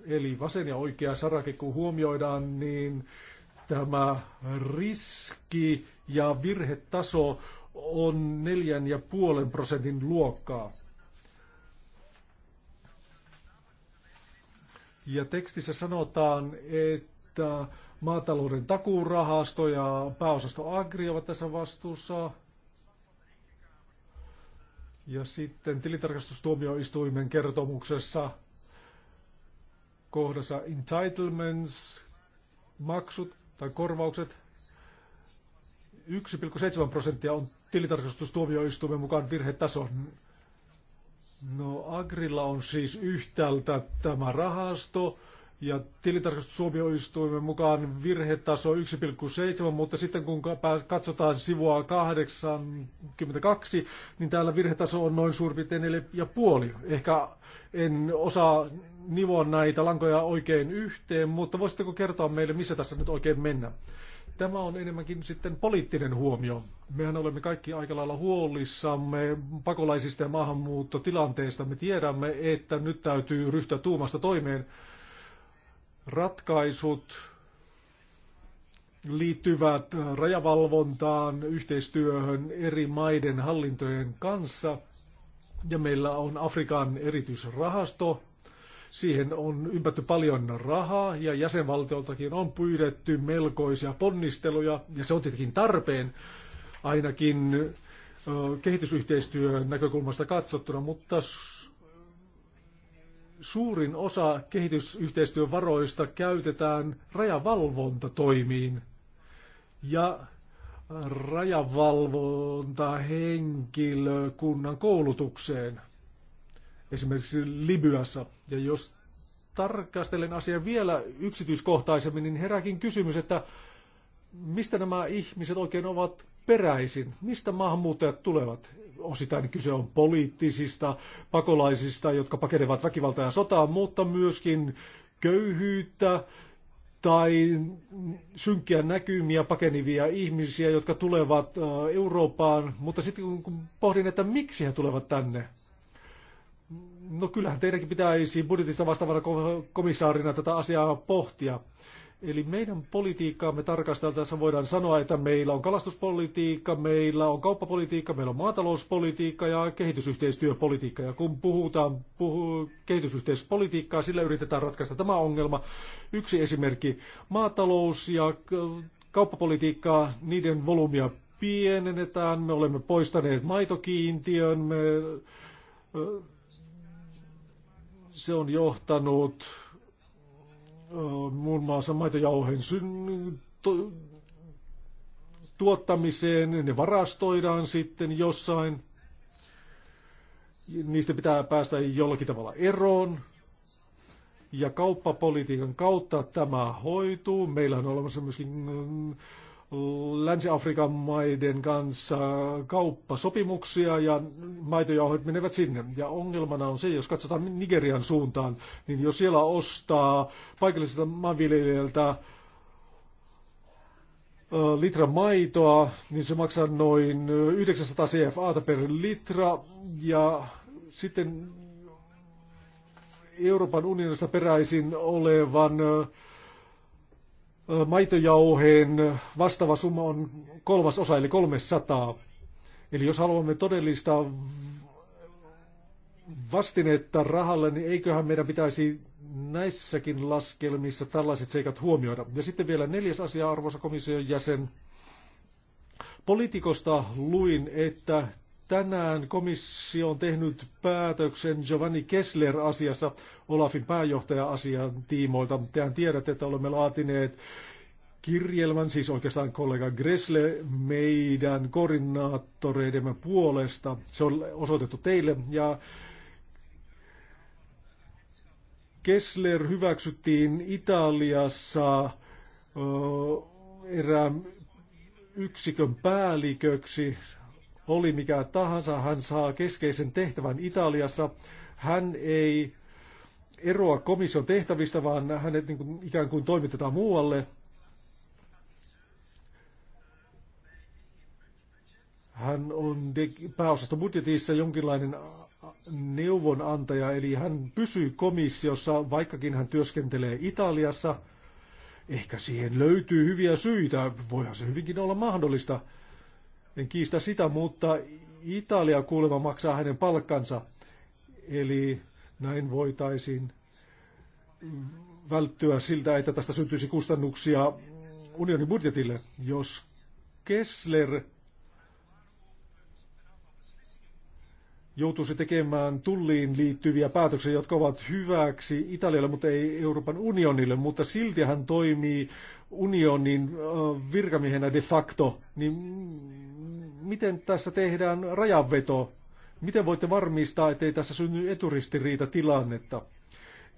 eli vasen ja oikea sarake kun huomioidaan, niin tämä riski ja virhetaso on 4,5 prosentin luokkaa. Ja tekstissä sanotaan, että maatalouden takuurahasto ja pääosasto Agri ovat tässä vastuussa. Ja sitten tilitarkastustuomioistuimen kertomuksessa kohdassa entitlements, maksut tai korvaukset 1,7 prosenttia on tilitarkastustuomioistuimen mukaan virhetaso. No Agrilla on siis yhtäältä tämä rahasto, ja tilintarkastusuomioistuimen mukaan virhetaso 1,7, mutta sitten kun katsotaan sivua 82, niin täällä virhetaso on noin suurin piirtein 4,5. Ehkä en osaa nivoa näitä lankoja oikein yhteen, mutta voisitteko kertoa meille, missä tässä nyt oikein mennä? Tämä on enemmänkin sitten poliittinen huomio. Mehän olemme kaikki aika lailla huolissamme pakolaisista ja maahanmuuttotilanteista. Me tiedämme, että nyt täytyy ryhtyä tuumasta toimeen Ratkaisut liittyvät rajavalvontaan, yhteistyöhön eri maiden hallintojen kanssa. Ja meillä on Afrikan erityisrahasto. Siihen on ympätty paljon rahaa ja jäsenvaltioltakin on pyydetty melkoisia ponnisteluja. Ja se on tietenkin tarpeen ainakin kehitysyhteistyön näkökulmasta katsottuna, mutta Suurin osa kehitysyhteistyön varoista käytetään rajavalvontatoimiin ja rajavalvonta henkilökunnan koulutukseen, esimerkiksi Libyassa. Ja jos tarkastelen asiaa vielä yksityiskohtaisemmin, niin herääkin kysymys, että mistä nämä ihmiset oikein ovat peräisin? Mistä maahanmuuttajat tulevat? osittain kyse on poliittisista pakolaisista, jotka pakenevat väkivaltaa ja sotaa, mutta myöskin köyhyyttä tai synkkiä näkymiä pakenivia ihmisiä, jotka tulevat Eurooppaan, mutta sitten kun pohdin, että miksi he tulevat tänne, No kyllähän teidänkin pitäisi budjetista vastaavana komissaarina tätä asiaa pohtia. Eli meidän politiikkaamme tarkasteltaessa voidaan sanoa, että meillä on kalastuspolitiikka, meillä on kauppapolitiikka, meillä on maatalouspolitiikka ja kehitysyhteistyöpolitiikka. Ja kun puhutaan puhu, kehitysyhteispolitiikkaa, sillä yritetään ratkaista tämä ongelma. Yksi esimerkki, maatalous ja kauppapolitiikkaa, niiden volyymia pienennetään, me olemme poistaneet maitokiintiön, me, se on johtanut muun muassa maitojauhen tuottamiseen, ne varastoidaan sitten jossain. Niistä pitää päästä jollakin tavalla eroon. Ja kauppapolitiikan kautta tämä hoituu. Meillä on olemassa myöskin mm, Länsi-Afrikan maiden kanssa kauppasopimuksia ja maitojauhot menevät sinne. Ja ongelmana on se, jos katsotaan Nigerian suuntaan, niin jos siellä ostaa paikallisilta maanviljelijältä litra maitoa, niin se maksaa noin 900 CFA per litra. Ja sitten Euroopan unionista peräisin olevan maitojauheen vastaava summa on kolmas osa, eli 300. Eli jos haluamme todellista vastinetta rahalle, niin eiköhän meidän pitäisi näissäkin laskelmissa tällaiset seikat huomioida. Ja sitten vielä neljäs asia, arvoisa komission jäsen. poliitikosta luin, että Tänään komissio on tehnyt päätöksen Giovanni Kessler asiassa Olafin pääjohtaja-asian tiimoilta. Tehän tiedätte, että olemme laatineet kirjelmän, siis oikeastaan kollega Gressle, meidän koordinaattoreidemme puolesta. Se on osoitettu teille ja Kessler hyväksyttiin Italiassa erään yksikön päälliköksi oli mikä tahansa, hän saa keskeisen tehtävän Italiassa. Hän ei eroa komission tehtävistä, vaan hänet niin kuin ikään kuin toimitetaan muualle. Hän on pääosasta budjetissa jonkinlainen neuvonantaja, eli hän pysyy komissiossa, vaikkakin hän työskentelee Italiassa. Ehkä siihen löytyy hyviä syitä, voihan se hyvinkin olla mahdollista. En kiistä sitä, mutta Italia kuulemma maksaa hänen palkkansa. Eli näin voitaisiin välttyä siltä, että tästä syntyisi kustannuksia unionin budjetille. Jos Kessler joutuisi tekemään tulliin liittyviä päätöksiä, jotka ovat hyväksi Italialle, mutta ei Euroopan unionille, mutta silti hän toimii unionin virkamiehenä de facto, niin miten tässä tehdään rajanveto? Miten voitte varmistaa, ettei tässä synny eturistiriita tilannetta?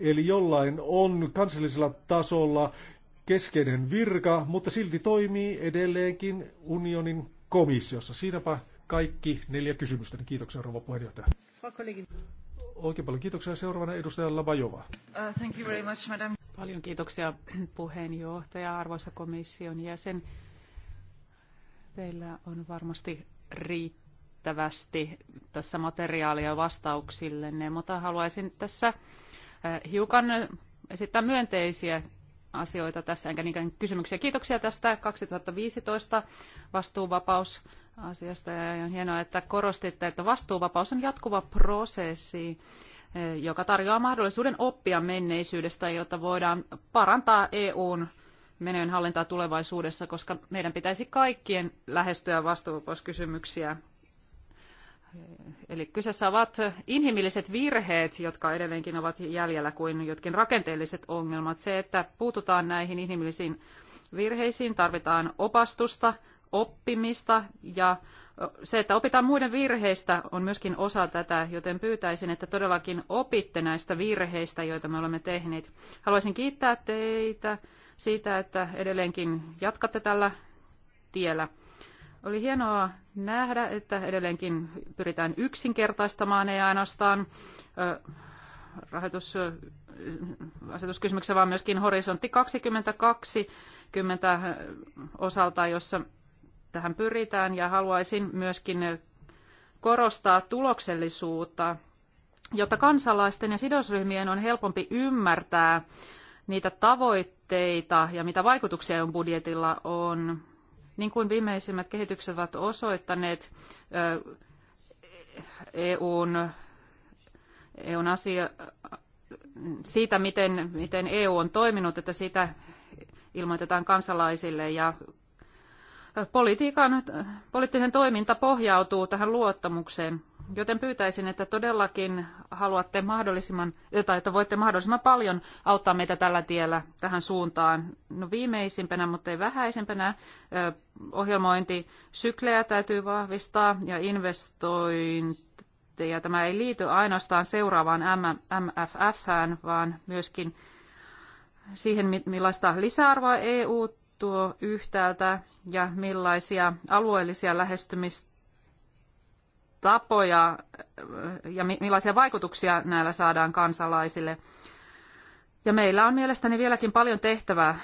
Eli jollain on kansallisella tasolla keskeinen virka, mutta silti toimii edelleenkin unionin komissiossa. Siinäpä kaikki neljä kysymystä. Niin kiitoksia, rouva puheenjohtaja. Oikein paljon kiitoksia. Seuraavana edustaja Labajova. Uh, thank you very much, madam. Paljon kiitoksia puheenjohtaja, arvoisa komission jäsen. Teillä on varmasti riittävästi tässä materiaalia vastauksillenne, mutta haluaisin tässä eh, hiukan esittää myönteisiä asioita tässä, enkä niinkään kysymyksiä. Kiitoksia tästä 2015 vastuuvapaus asiasta ja on hienoa, että korostitte, että vastuuvapaus on jatkuva prosessi joka tarjoaa mahdollisuuden oppia menneisyydestä, jotta voidaan parantaa EUn menojen hallintaa tulevaisuudessa, koska meidän pitäisi kaikkien lähestyä vastuuvapauskysymyksiä. Eli kyseessä ovat inhimilliset virheet, jotka edelleenkin ovat jäljellä kuin jotkin rakenteelliset ongelmat. Se, että puututaan näihin inhimillisiin virheisiin, tarvitaan opastusta, oppimista ja se, että opitaan muiden virheistä, on myöskin osa tätä, joten pyytäisin, että todellakin opitte näistä virheistä, joita me olemme tehneet. Haluaisin kiittää teitä siitä, että edelleenkin jatkatte tällä tiellä. Oli hienoa nähdä, että edelleenkin pyritään yksinkertaistamaan, ei ainoastaan rahoitus asetuskysymyksessä, vaan myöskin horisontti 2020 osalta, jossa tähän pyritään ja haluaisin myöskin korostaa tuloksellisuutta, jotta kansalaisten ja sidosryhmien on helpompi ymmärtää niitä tavoitteita ja mitä vaikutuksia on budjetilla on. Niin kuin viimeisimmät kehitykset ovat osoittaneet, EUn, EUn asia, siitä, miten, miten EU on toiminut, että sitä ilmoitetaan kansalaisille ja politiikan, poliittinen toiminta pohjautuu tähän luottamukseen. Joten pyytäisin, että todellakin haluatte mahdollisimman, tai että voitte mahdollisimman paljon auttaa meitä tällä tiellä tähän suuntaan. No viimeisimpänä, mutta ei vähäisempänä, ohjelmointisyklejä täytyy vahvistaa ja investointeja. Tämä ei liity ainoastaan seuraavaan MFF, vaan myöskin siihen, millaista lisäarvoa EU tuo yhtäältä ja millaisia alueellisia lähestymistapoja äh, ja millaisia vaikutuksia näillä saadaan kansalaisille. Ja meillä on mielestäni vieläkin paljon tehtävää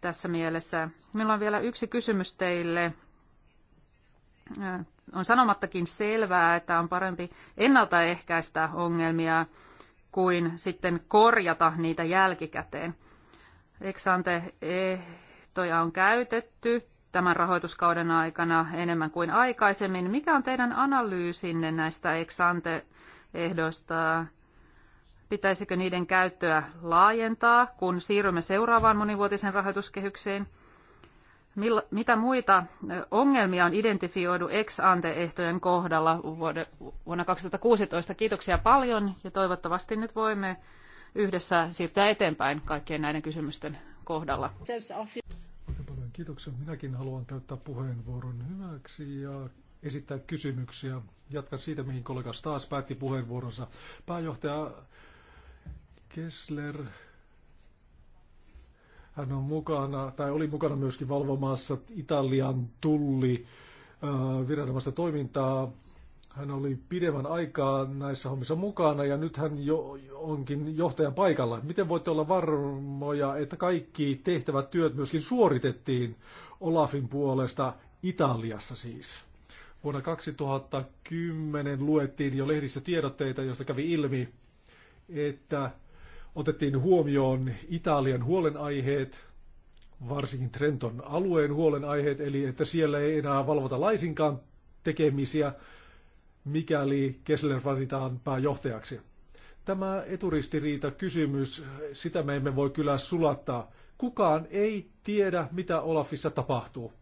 tässä mielessä. Minulla on vielä yksi kysymys teille. Äh, on sanomattakin selvää, että on parempi ennaltaehkäistä ongelmia kuin sitten korjata niitä jälkikäteen. Eksante eh, Varoja on käytetty tämän rahoituskauden aikana enemmän kuin aikaisemmin. Mikä on teidän analyysinne näistä ex ante ehdoista? Pitäisikö niiden käyttöä laajentaa, kun siirrymme seuraavaan monivuotisen rahoituskehykseen? mitä muita ongelmia on identifioidu ex ante ehtojen kohdalla vuonna 2016? Kiitoksia paljon ja toivottavasti nyt voimme yhdessä siirtyä eteenpäin kaikkien näiden kysymysten kohdalla. Paljon kiitoksia. Minäkin haluan käyttää puheenvuoron hyväksi ja esittää kysymyksiä. Jatkan siitä, mihin kollega taas päätti puheenvuoronsa. Pääjohtaja Kessler, hän on mukana, tai oli mukana myöskin valvomassa Italian tulli äh, viranomaista toimintaa hän oli pidemmän aikaa näissä hommissa mukana ja nyt hän jo onkin johtajan paikalla. Miten voitte olla varmoja, että kaikki tehtävät työt myöskin suoritettiin Olafin puolesta Italiassa siis? Vuonna 2010 luettiin jo lehdissä tiedotteita, josta kävi ilmi, että otettiin huomioon Italian huolenaiheet, varsinkin Trenton alueen huolenaiheet, eli että siellä ei enää valvota laisinkaan tekemisiä, mikäli Kessler valitaan pääjohtajaksi. Tämä eturistiriita kysymys, sitä me emme voi kyllä sulattaa. Kukaan ei tiedä, mitä Olafissa tapahtuu.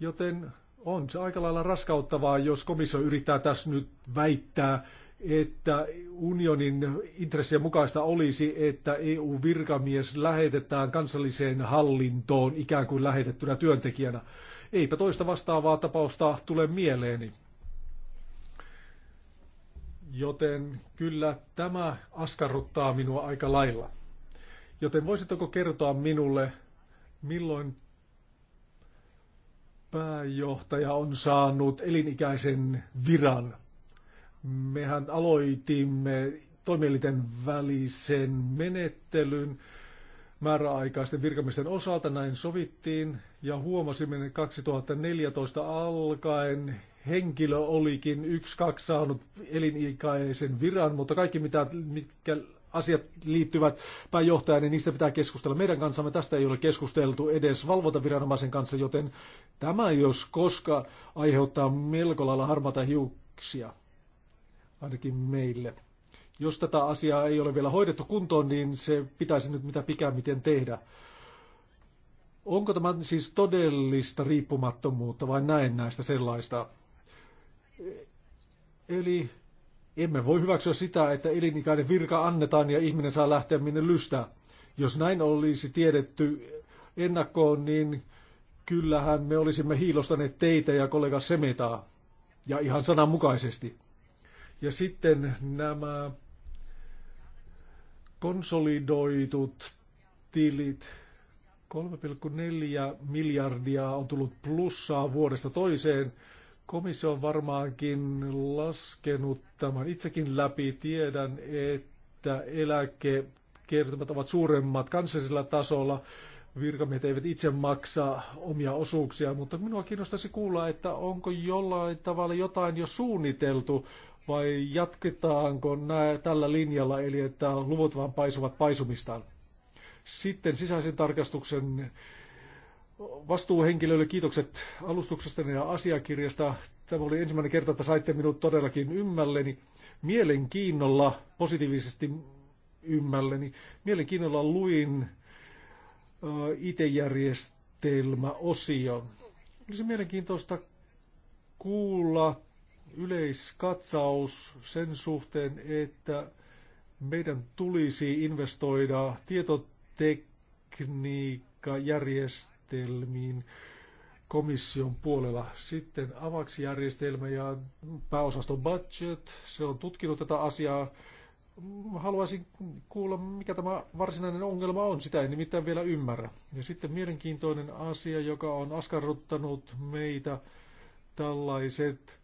Joten on se aika lailla raskauttavaa, jos komissio yrittää tässä nyt väittää, että unionin intressien mukaista olisi, että EU-virkamies lähetetään kansalliseen hallintoon ikään kuin lähetettynä työntekijänä. Eipä toista vastaavaa tapausta tule mieleeni. Joten kyllä tämä askarruttaa minua aika lailla. Joten voisitko kertoa minulle, milloin pääjohtaja on saanut elinikäisen viran? Mehän aloitimme toimielinten välisen menettelyn määräaikaisten virkamiesten osalta, näin sovittiin, ja huomasimme 2014 alkaen henkilö olikin yksi, kaksi saanut elinikäisen viran, mutta kaikki mitä, mitkä asiat liittyvät pääjohtajan, niin niistä pitää keskustella. Meidän kanssamme tästä ei ole keskusteltu edes valvontaviranomaisen kanssa, joten tämä jos koska aiheuttaa melko lailla harmata hiuksia, ainakin meille. Jos tätä asiaa ei ole vielä hoidettu kuntoon, niin se pitäisi nyt mitä miten tehdä. Onko tämä siis todellista riippumattomuutta vai näin näistä sellaista? Eli emme voi hyväksyä sitä, että elinikäinen virka annetaan ja ihminen saa lähteä minne lystää. Jos näin olisi tiedetty ennakkoon, niin kyllähän me olisimme hiilostaneet teitä ja kollega Semetaa. Ja ihan sananmukaisesti. Ja sitten nämä konsolidoitut tilit. 3,4 miljardia on tullut plussaa vuodesta toiseen – Komissio on varmaankin laskenut tämän itsekin läpi. Tiedän, että eläkekertymät ovat suuremmat kansallisella tasolla. Virkamiehet eivät itse maksa omia osuuksia, mutta minua kiinnostaisi kuulla, että onko jollain tavalla jotain jo suunniteltu vai jatketaanko nää, tällä linjalla, eli että luvut vaan paisuvat paisumistaan. Sitten sisäisen tarkastuksen vastuuhenkilöille kiitokset alustuksesta ja asiakirjasta. Tämä oli ensimmäinen kerta, että saitte minut todellakin ymmälleni. Mielenkiinnolla, positiivisesti ymmälleni, mielenkiinnolla luin äh, IT-järjestelmäosion. Olisi mielenkiintoista kuulla yleiskatsaus sen suhteen, että meidän tulisi investoida tietotekniikkajärjestelmään järjestelmiin komission puolella. Sitten AVAX-järjestelmä ja pääosasto budget, se on tutkinut tätä asiaa. Haluaisin kuulla, mikä tämä varsinainen ongelma on, sitä en nimittäin vielä ymmärrä. Ja sitten mielenkiintoinen asia, joka on askarruttanut meitä, tällaiset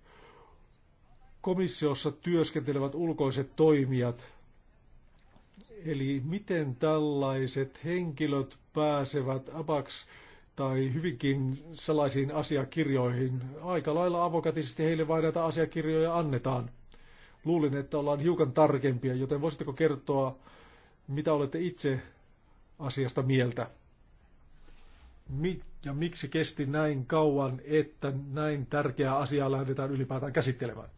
komissiossa työskentelevät ulkoiset toimijat. Eli miten tällaiset henkilöt pääsevät abaks tai hyvinkin sellaisiin asiakirjoihin. Aika lailla avokatisesti heille vain näitä asiakirjoja annetaan. Luulin, että ollaan hiukan tarkempia, joten voisitteko kertoa, mitä olette itse asiasta mieltä? ja miksi kesti näin kauan, että näin tärkeää asiaa lähdetään ylipäätään käsittelemään?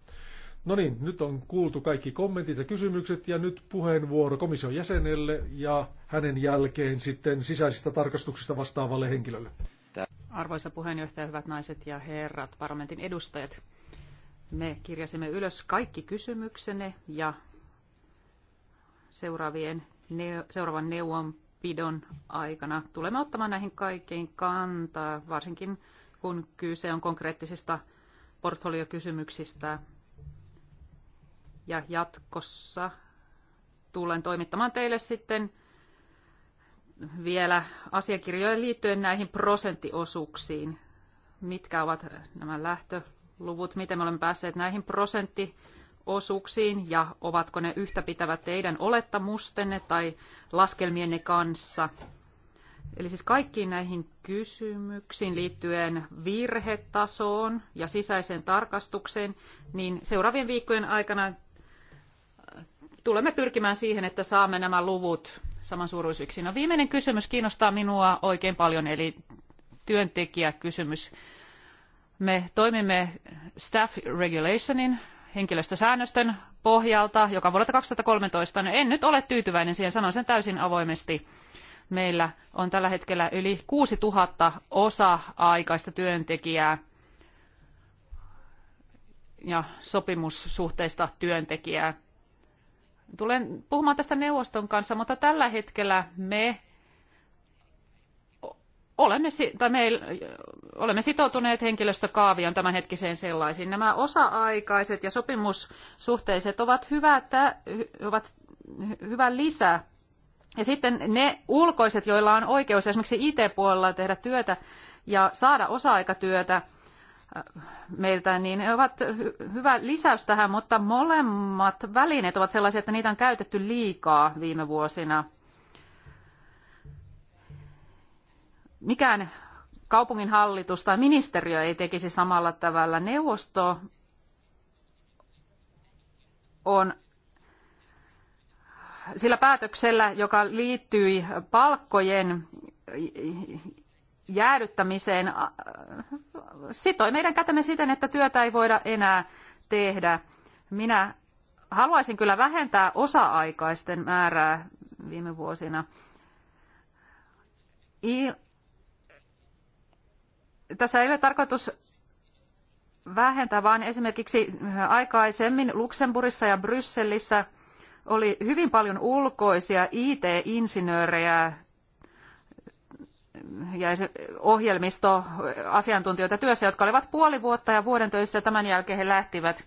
No niin, nyt on kuultu kaikki kommentit ja kysymykset ja nyt puheenvuoro komission jäsenelle ja hänen jälkeen sitten sisäisistä tarkastuksista vastaavalle henkilölle. Arvoisa puheenjohtaja, hyvät naiset ja herrat, parlamentin edustajat. Me kirjasimme ylös kaikki kysymyksenne ja seuraavien ne, seuraavan neuvonpidon aikana tulemme ottamaan näihin kaikkein kantaa, varsinkin kun kyse on konkreettisista portfoliokysymyksistä ja jatkossa tulen toimittamaan teille sitten vielä asiakirjojen liittyen näihin prosenttiosuuksiin. Mitkä ovat nämä lähtöluvut, miten me olemme päässeet näihin prosenttiosuuksiin ja ovatko ne yhtä pitävät teidän olettamustenne tai laskelmienne kanssa. Eli siis kaikkiin näihin kysymyksiin liittyen virhetasoon ja sisäiseen tarkastukseen, niin seuraavien viikkojen aikana tulemme pyrkimään siihen, että saamme nämä luvut samansuuruisiksi. No viimeinen kysymys kiinnostaa minua oikein paljon, eli työntekijäkysymys. Me toimimme staff regulationin henkilöstösäännösten pohjalta, joka vuodelta 2013. No en nyt ole tyytyväinen siihen, sanon sen täysin avoimesti. Meillä on tällä hetkellä yli 6000 osa-aikaista työntekijää ja sopimussuhteista työntekijää. Tulen puhumaan tästä neuvoston kanssa, mutta tällä hetkellä me olemme, tai me olemme sitoutuneet henkilöstökaavion tämänhetkiseen sellaisiin. Nämä osa-aikaiset ja sopimussuhteiset ovat hyvä, tä, ovat hyvä lisä. Ja sitten ne ulkoiset, joilla on oikeus esimerkiksi IT-puolella tehdä työtä ja saada osa-aikatyötä, meiltä, niin ne ovat hyvä lisäys tähän, mutta molemmat välineet ovat sellaisia, että niitä on käytetty liikaa viime vuosina. Mikään kaupungin tai ministeriö ei tekisi samalla tavalla. Neuvosto on sillä päätöksellä, joka liittyi palkkojen jäädyttämiseen sitoi meidän kätemme siten, että työtä ei voida enää tehdä. Minä haluaisin kyllä vähentää osa-aikaisten määrää viime vuosina. I... Tässä ei ole tarkoitus vähentää, vaan esimerkiksi aikaisemmin Luxemburissa ja Brysselissä oli hyvin paljon ulkoisia IT-insinöörejä ja ohjelmisto asiantuntijoita työssä, jotka olivat puoli vuotta ja vuoden töissä. Tämän jälkeen he lähtivät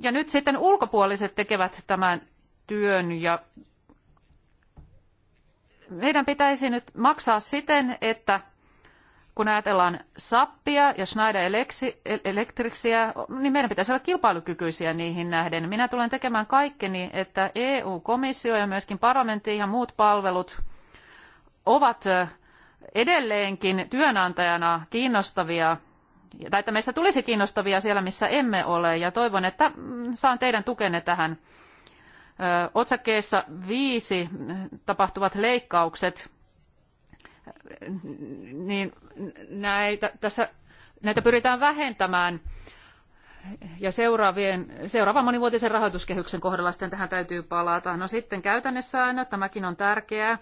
ja nyt sitten ulkopuoliset tekevät tämän työn ja meidän pitäisi nyt maksaa siten, että kun ajatellaan sappia ja Schneider Electricsia, niin meidän pitäisi olla kilpailukykyisiä niihin nähden. Minä tulen tekemään kaikkeni, että EU-komissio ja myöskin parlamentti ja muut palvelut ovat edelleenkin työnantajana kiinnostavia tai että meistä tulisi kiinnostavia siellä, missä emme ole, ja toivon, että mm, saan teidän tukenne tähän. Otsakkeessa viisi mm, tapahtuvat leikkaukset niin näitä, tässä, näitä pyritään vähentämään. Ja seuraavien, seuraavan monivuotisen rahoituskehyksen kohdalla sitten tähän täytyy palata. No sitten käytännössä aina, tämäkin on tärkeää.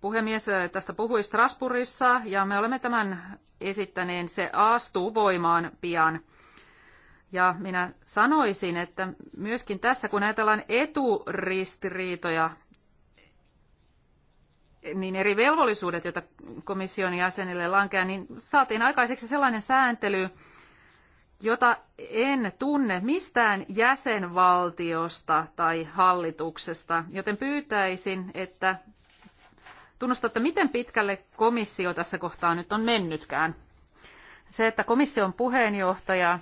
Puhemies tästä puhui Strasbourgissa ja me olemme tämän esittäneen, se astuu voimaan pian. Ja minä sanoisin, että myöskin tässä, kun ajatellaan eturistiriitoja, niin eri velvollisuudet, joita komission jäsenille lankeaa, niin saatiin aikaiseksi sellainen sääntely, jota en tunne mistään jäsenvaltiosta tai hallituksesta, joten pyytäisin, että tunnustatte, miten pitkälle komissio tässä kohtaa nyt on mennytkään. Se, että komission puheenjohtaja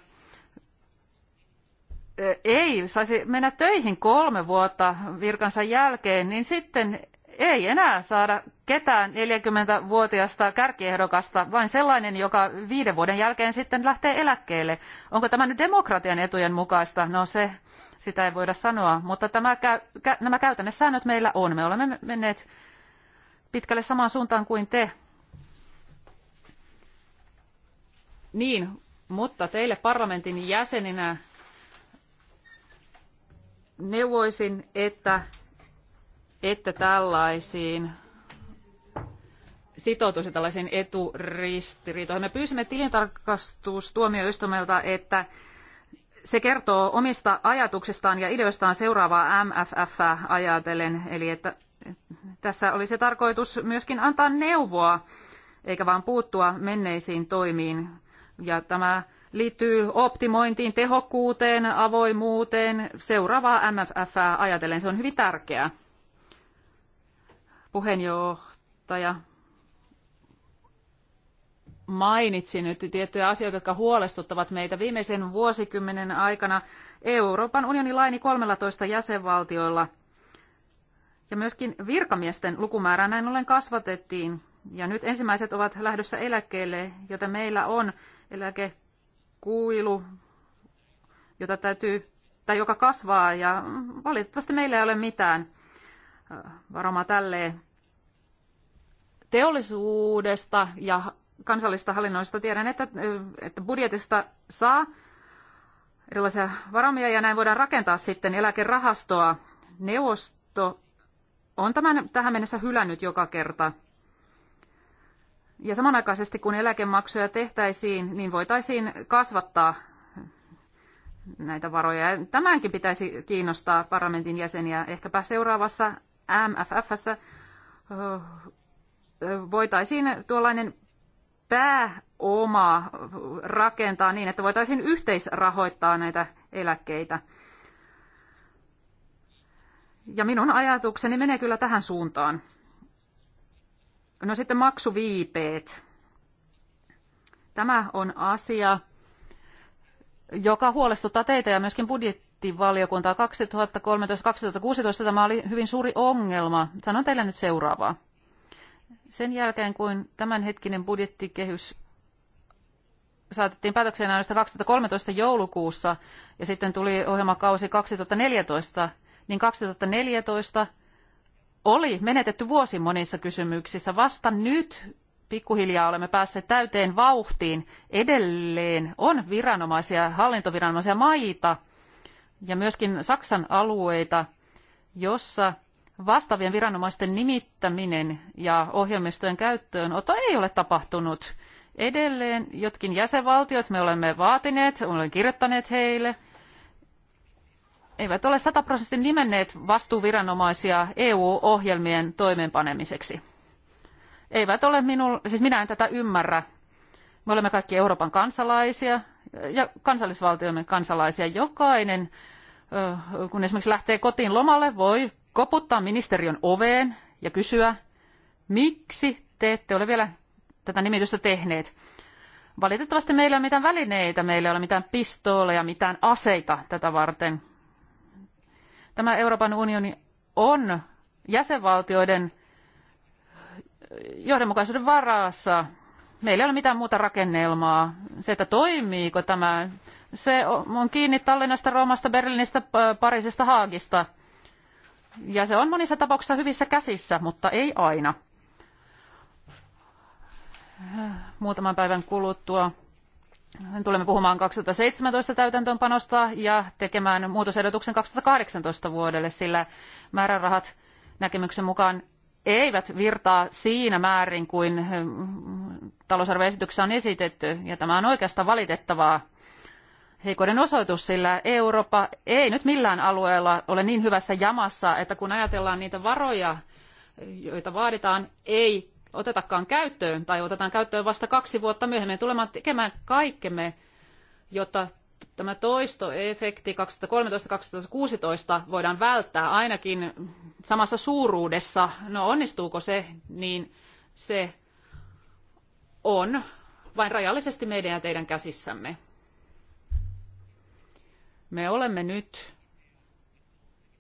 ei saisi mennä töihin kolme vuotta virkansa jälkeen, niin sitten ei enää saada ketään 40-vuotiasta kärkiehdokasta, vain sellainen, joka viiden vuoden jälkeen sitten lähtee eläkkeelle. Onko tämä nyt demokratian etujen mukaista? No se, sitä ei voida sanoa, mutta tämä, nämä käytännössäännöt meillä on. Me olemme menneet pitkälle samaan suuntaan kuin te. Niin, mutta teille parlamentin jäseninä neuvoisin, että että tällaisiin sitoutuisi tällaisiin eturistiriitoihin. Me pyysimme tilintarkastustuomioistumelta, että se kertoo omista ajatuksistaan ja ideoistaan seuraavaa MFF ajatellen, eli että tässä oli se tarkoitus myöskin antaa neuvoa, eikä vaan puuttua menneisiin toimiin. Ja tämä liittyy optimointiin, tehokkuuteen, avoimuuteen, seuraavaa MFF ajatellen. Se on hyvin tärkeää puheenjohtaja mainitsi nyt tiettyjä asioita, jotka huolestuttavat meitä. Viimeisen vuosikymmenen aikana Euroopan unionin laini 13 jäsenvaltioilla ja myöskin virkamiesten lukumäärää näin ollen kasvatettiin. Ja nyt ensimmäiset ovat lähdössä eläkkeelle, joten meillä on eläkekuilu, jota täytyy, tai joka kasvaa ja valitettavasti meillä ei ole mitään varoma tälle teollisuudesta ja kansallista hallinnoista tiedän, että, että budjetista saa erilaisia varomia ja näin voidaan rakentaa sitten eläkerahastoa. Neuvosto on tämän tähän mennessä hylännyt joka kerta. Ja samanaikaisesti kun eläkemaksuja tehtäisiin, niin voitaisiin kasvattaa näitä varoja. Tämänkin pitäisi kiinnostaa parlamentin jäseniä. Ehkäpä seuraavassa MFFssä voitaisiin tuollainen pääoma rakentaa niin, että voitaisiin yhteisrahoittaa näitä eläkkeitä. Ja minun ajatukseni menee kyllä tähän suuntaan. No sitten maksuviipeet. Tämä on asia, joka huolestuttaa teitä ja myöskin budjettia valiokuntaa 2013-2016 tämä oli hyvin suuri ongelma. Sanon teille nyt seuraavaa. Sen jälkeen, kun tämänhetkinen budjettikehys saatettiin päätökseen ainoastaan 2013 joulukuussa ja sitten tuli ohjelmakausi 2014, niin 2014 oli menetetty vuosi monissa kysymyksissä. Vasta nyt pikkuhiljaa olemme päässeet täyteen vauhtiin. Edelleen on viranomaisia, hallintoviranomaisia maita, ja myöskin Saksan alueita, jossa vastaavien viranomaisten nimittäminen ja ohjelmistojen käyttöönotto ei ole tapahtunut. Edelleen jotkin jäsenvaltiot me olemme vaatineet, olemme kirjoittaneet heille, eivät ole sataprosenttisesti nimenneet vastuuviranomaisia EU-ohjelmien toimeenpanemiseksi. Eivät ole minulle, siis minä en tätä ymmärrä. Me olemme kaikki Euroopan kansalaisia, ja kansallisvaltiomme kansalaisia. Jokainen, kun esimerkiksi lähtee kotiin lomalle, voi koputtaa ministeriön oveen ja kysyä, miksi te ette ole vielä tätä nimitystä tehneet. Valitettavasti meillä ei ole mitään välineitä, meillä ei ole mitään pistooleja, mitään aseita tätä varten. Tämä Euroopan unioni on jäsenvaltioiden johdonmukaisuuden varassa Meillä ei ole mitään muuta rakennelmaa. Se, että toimiiko tämä, se on kiinni Tallinnasta, Roomasta, Berliinistä, Pariisista, Haagista. Ja se on monissa tapauksissa hyvissä käsissä, mutta ei aina. Muutaman päivän kuluttua tulemme puhumaan 2017 täytäntöönpanosta ja tekemään muutosehdotuksen 2018 vuodelle, sillä määrärahat näkemyksen mukaan eivät virtaa siinä määrin kuin talousarvioesityksessä on esitetty, ja tämä on oikeastaan valitettavaa heikoiden osoitus, sillä Eurooppa ei nyt millään alueella ole niin hyvässä jamassa, että kun ajatellaan niitä varoja, joita vaaditaan, ei otetakaan käyttöön tai otetaan käyttöön vasta kaksi vuotta myöhemmin. Tulemme tekemään kaikkemme, jotta tämä toistoefekti 2013-2016 voidaan välttää ainakin samassa suuruudessa. No onnistuuko se, niin se on vain rajallisesti meidän ja teidän käsissämme. Me olemme nyt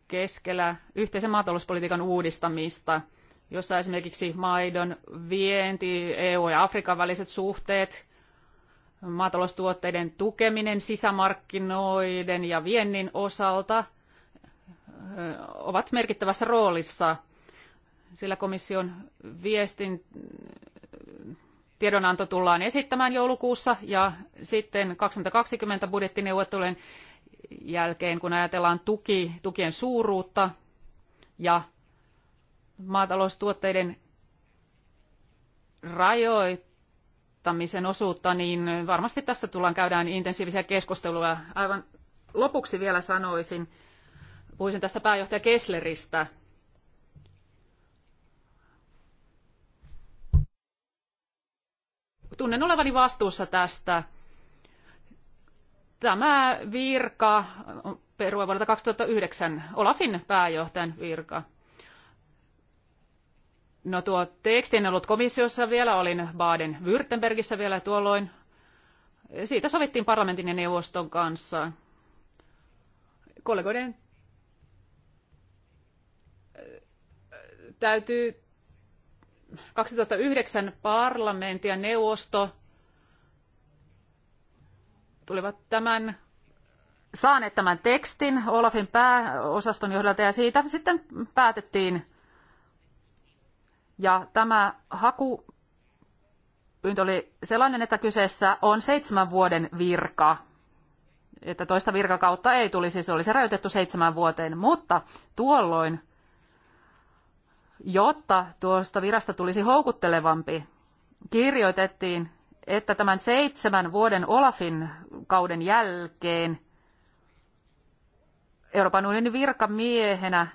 keskellä yhteisen maatalouspolitiikan uudistamista, jossa esimerkiksi maidon vienti, EU ja Afrikan väliset suhteet – maataloustuotteiden tukeminen sisämarkkinoiden ja viennin osalta ovat merkittävässä roolissa, sillä komission viestin tiedonanto tullaan esittämään joulukuussa ja sitten 2020 budjettineuvottelujen jälkeen, kun ajatellaan tuki, tukien suuruutta ja maataloustuotteiden rajoit, auttamisen osuutta, niin varmasti tästä tullaan käydään intensiivisiä keskusteluja. Aivan lopuksi vielä sanoisin, puhuisin tästä pääjohtaja Kessleristä. Tunnen olevani vastuussa tästä. Tämä virka perua vuodelta 2009, Olafin pääjohtajan virka. No tuo teksti en ollut komissiossa vielä, olin Baden-Württembergissä vielä tuolloin. Siitä sovittiin parlamentin ja neuvoston kanssa. Kollegoiden äh, täytyy 2009 parlamentti ja neuvosto tulivat tämän saaneet tämän tekstin Olafin pääosaston johdalta ja siitä sitten päätettiin ja tämä haku pyyntö oli sellainen, että kyseessä on seitsemän vuoden virka, että toista virkakautta ei tulisi, se oli se rajoitettu seitsemän vuoteen, mutta tuolloin, jotta tuosta virasta tulisi houkuttelevampi, kirjoitettiin, että tämän seitsemän vuoden Olafin kauden jälkeen Euroopan unionin virkamiehenä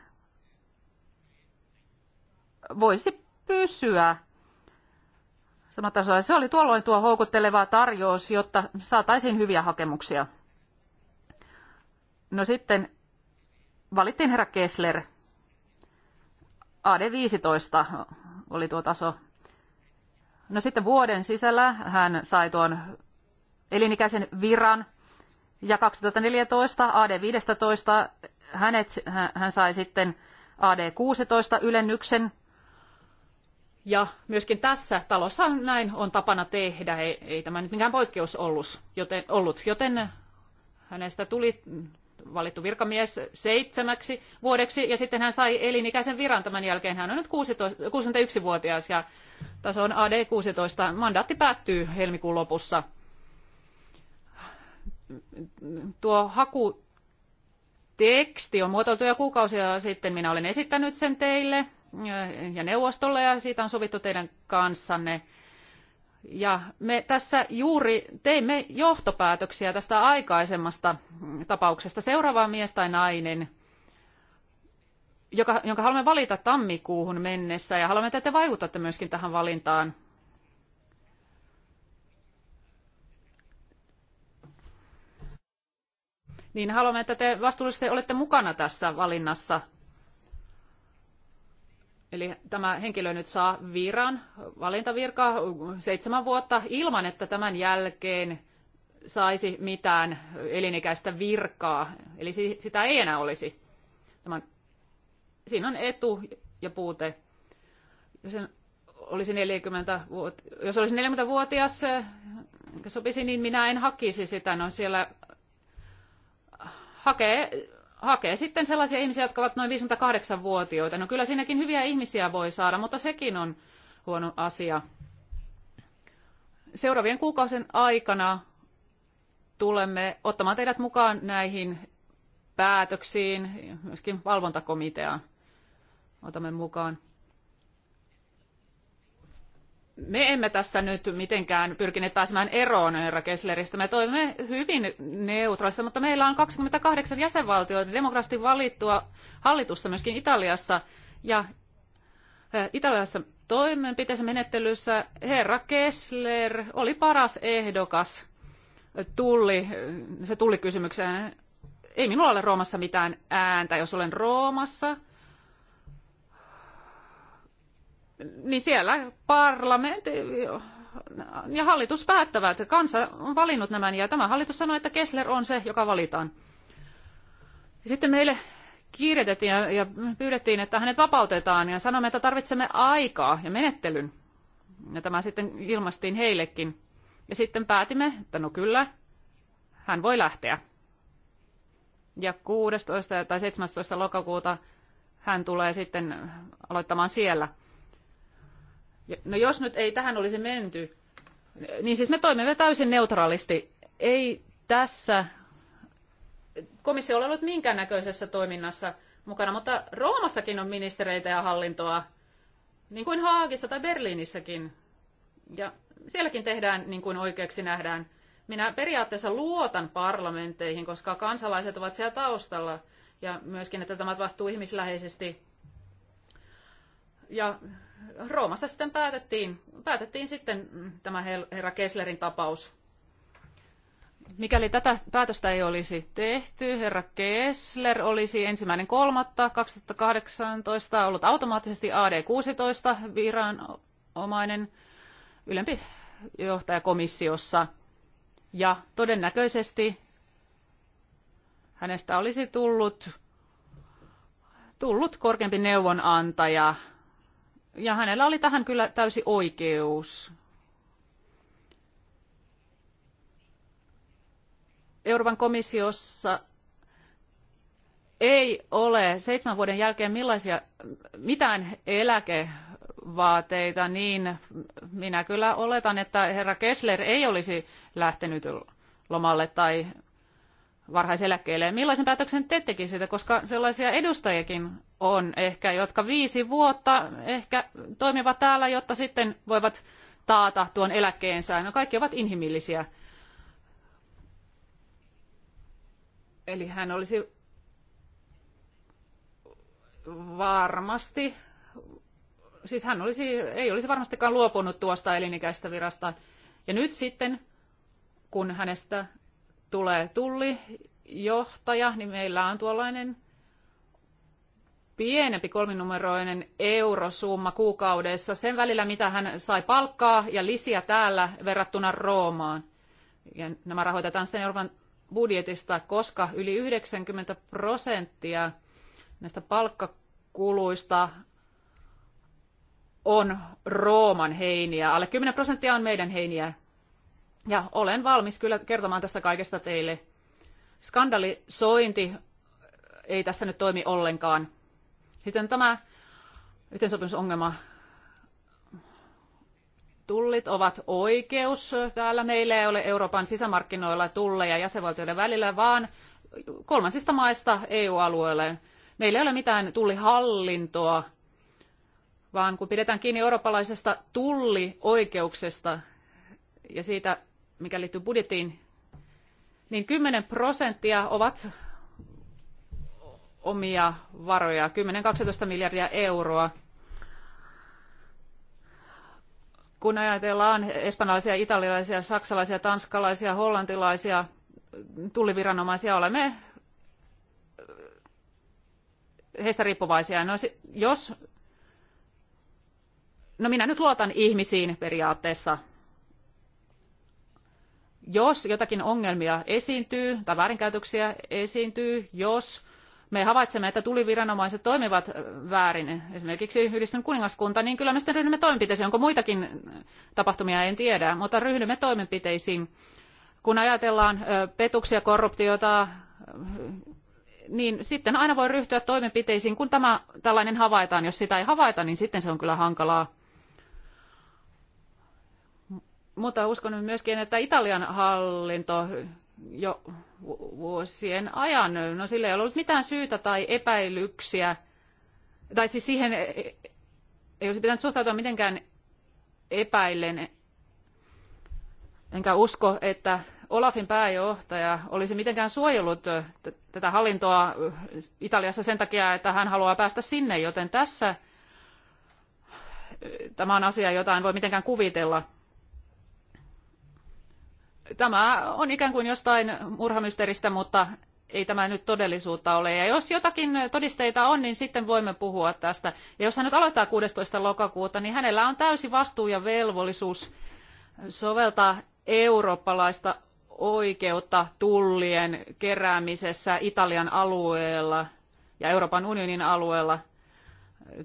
voisi pysyä samatasolla. Se oli tuolloin tuo houkutteleva tarjous, jotta saataisiin hyviä hakemuksia. No sitten valittiin herra Kessler. AD15 oli tuo taso. No sitten vuoden sisällä hän sai tuon elinikäisen viran ja 2014 AD15 hänet, hän sai sitten AD16 ylennyksen – ja myöskin tässä talossa näin on tapana tehdä, ei, ei tämä nyt mikään poikkeus ollut joten, ollut, joten hänestä tuli valittu virkamies seitsemäksi vuodeksi ja sitten hän sai elinikäisen viran tämän jälkeen. Hän on nyt 16, 61-vuotias ja taso on AD16. Mandaatti päättyy helmikuun lopussa. Tuo haku teksti on muotoiltu jo kuukausia sitten. Minä olen esittänyt sen teille ja neuvostolle ja siitä on sovittu teidän kanssanne. Ja me tässä juuri teimme johtopäätöksiä tästä aikaisemmasta tapauksesta. Seuraava mies tai nainen, joka, jonka haluamme valita tammikuuhun mennessä ja haluamme, että te vaikutatte myöskin tähän valintaan. Niin haluamme, että te vastuullisesti olette mukana tässä valinnassa – Eli tämä henkilö nyt saa viran, valintavirka seitsemän vuotta ilman, että tämän jälkeen saisi mitään elinikäistä virkaa. Eli sitä ei enää olisi. Tämän, siinä on etu ja puute. Jos olisi 40 vuot, jos olisi 40-vuotias, eh, sopisi, niin minä en hakisi sitä. No siellä hakee hakee sitten sellaisia ihmisiä, jotka ovat noin 58-vuotiaita. No kyllä siinäkin hyviä ihmisiä voi saada, mutta sekin on huono asia. Seuraavien kuukausien aikana tulemme ottamaan teidät mukaan näihin päätöksiin, myöskin valvontakomiteaan otamme mukaan me emme tässä nyt mitenkään pyrkineet pääsemään eroon Eero Kessleristä. Me toimimme hyvin neutraalista, mutta meillä on 28 jäsenvaltioita demokraattisesti valittua hallitusta myöskin Italiassa. Ja eh, Italiassa toimenpiteessä menettelyssä herra Kessler oli paras ehdokas tulli, se kysymykseen. Ei minulla ole Roomassa mitään ääntä, jos olen Roomassa – niin siellä parlamentti ja hallitus päättävät. Kansa on valinnut nämä ja tämä hallitus sanoi, että Kessler on se, joka valitaan. Sitten meille kiiretettiin ja, ja pyydettiin, että hänet vapautetaan ja sanomme, että tarvitsemme aikaa ja menettelyn. Ja tämä sitten ilmastiin heillekin. Ja sitten päätimme, että no kyllä, hän voi lähteä. Ja 16 tai 17 lokakuuta hän tulee sitten aloittamaan siellä – No jos nyt ei tähän olisi menty, niin siis me toimimme täysin neutraalisti. Ei tässä komissio ole ollut minkäännäköisessä toiminnassa mukana, mutta Roomassakin on ministereitä ja hallintoa, niin kuin Haagissa tai Berliinissäkin. Ja sielläkin tehdään niin kuin oikeaksi nähdään. Minä periaatteessa luotan parlamentteihin, koska kansalaiset ovat siellä taustalla ja myöskin, että tämä tapahtuu ihmisläheisesti. Ja Roomassa sitten päätettiin, päätettiin sitten tämä herra Kesslerin tapaus. Mikäli tätä päätöstä ei olisi tehty, herra Kessler olisi ensimmäinen kolmatta 2018 ollut automaattisesti AD16 viranomainen ylempi johtajakomissiossa. Ja todennäköisesti hänestä olisi tullut, tullut korkeampi neuvonantaja ja hänellä oli tähän kyllä täysi oikeus. Euroopan komissiossa ei ole seitsemän vuoden jälkeen millaisia, mitään eläkevaateita, niin minä kyllä oletan, että herra Kessler ei olisi lähtenyt lomalle tai varhaiseläkkeelle. Millaisen päätöksen te tekisitte, koska sellaisia edustajakin on ehkä, jotka viisi vuotta ehkä toimivat täällä, jotta sitten voivat taata tuon eläkkeensä. No kaikki ovat inhimillisiä. Eli hän olisi varmasti, siis hän olisi, ei olisi varmastikaan luopunut tuosta elinikäistä virasta. Ja nyt sitten, kun hänestä tulee tullijohtaja, niin meillä on tuollainen pienempi kolminumeroinen eurosumma kuukaudessa sen välillä, mitä hän sai palkkaa ja lisiä täällä verrattuna Roomaan. Ja nämä rahoitetaan sitten Euroopan budjetista, koska yli 90 prosenttia näistä palkkakuluista on Rooman heiniä. Alle 10 prosenttia on meidän heiniä. Ja olen valmis kyllä kertomaan tästä kaikesta teille. Skandalisointi ei tässä nyt toimi ollenkaan. Sitten tämä yhteensopimusongelma. Tullit ovat oikeus. Täällä meillä ei ole Euroopan sisämarkkinoilla tulleja jäsenvaltioiden välillä, vaan kolmansista maista EU-alueelle. Meillä ei ole mitään tullihallintoa, vaan kun pidetään kiinni eurooppalaisesta tullioikeuksesta ja siitä mikä liittyy budjettiin, niin 10 prosenttia ovat omia varoja, 10-12 miljardia euroa. Kun ajatellaan espanjalaisia, italialaisia, saksalaisia, tanskalaisia, hollantilaisia tulliviranomaisia, olemme heistä riippuvaisia. No, jos, no minä nyt luotan ihmisiin periaatteessa, jos jotakin ongelmia esiintyy tai väärinkäytöksiä esiintyy, jos me havaitsemme, että tuliviranomaiset toimivat väärin, esimerkiksi yhdistynyt kuningaskunta, niin kyllä me sitten ryhdymme toimenpiteisiin. Onko muitakin tapahtumia, en tiedä, mutta ryhdymme toimenpiteisiin. Kun ajatellaan petuksia, korruptiota, niin sitten aina voi ryhtyä toimenpiteisiin, kun tämä tällainen havaitaan. Jos sitä ei havaita, niin sitten se on kyllä hankalaa. Mutta uskon myöskin, että Italian hallinto jo vuosien ajan, no sillä ei ollut mitään syytä tai epäilyksiä, tai siis siihen e-, e-, ei olisi pitänyt suhtautua mitenkään epäillen, enkä usko, että Olafin pääjohtaja olisi mitenkään suojellut tätä hallintoa Italiassa sen takia, että hän haluaa päästä sinne, joten tässä e, tämä on asia, jota en voi mitenkään kuvitella tämä on ikään kuin jostain murhamysteeristä, mutta ei tämä nyt todellisuutta ole. Ja jos jotakin todisteita on, niin sitten voimme puhua tästä. Ja jos hän nyt aloittaa 16. lokakuuta, niin hänellä on täysi vastuu ja velvollisuus soveltaa eurooppalaista oikeutta tullien keräämisessä Italian alueella ja Euroopan unionin alueella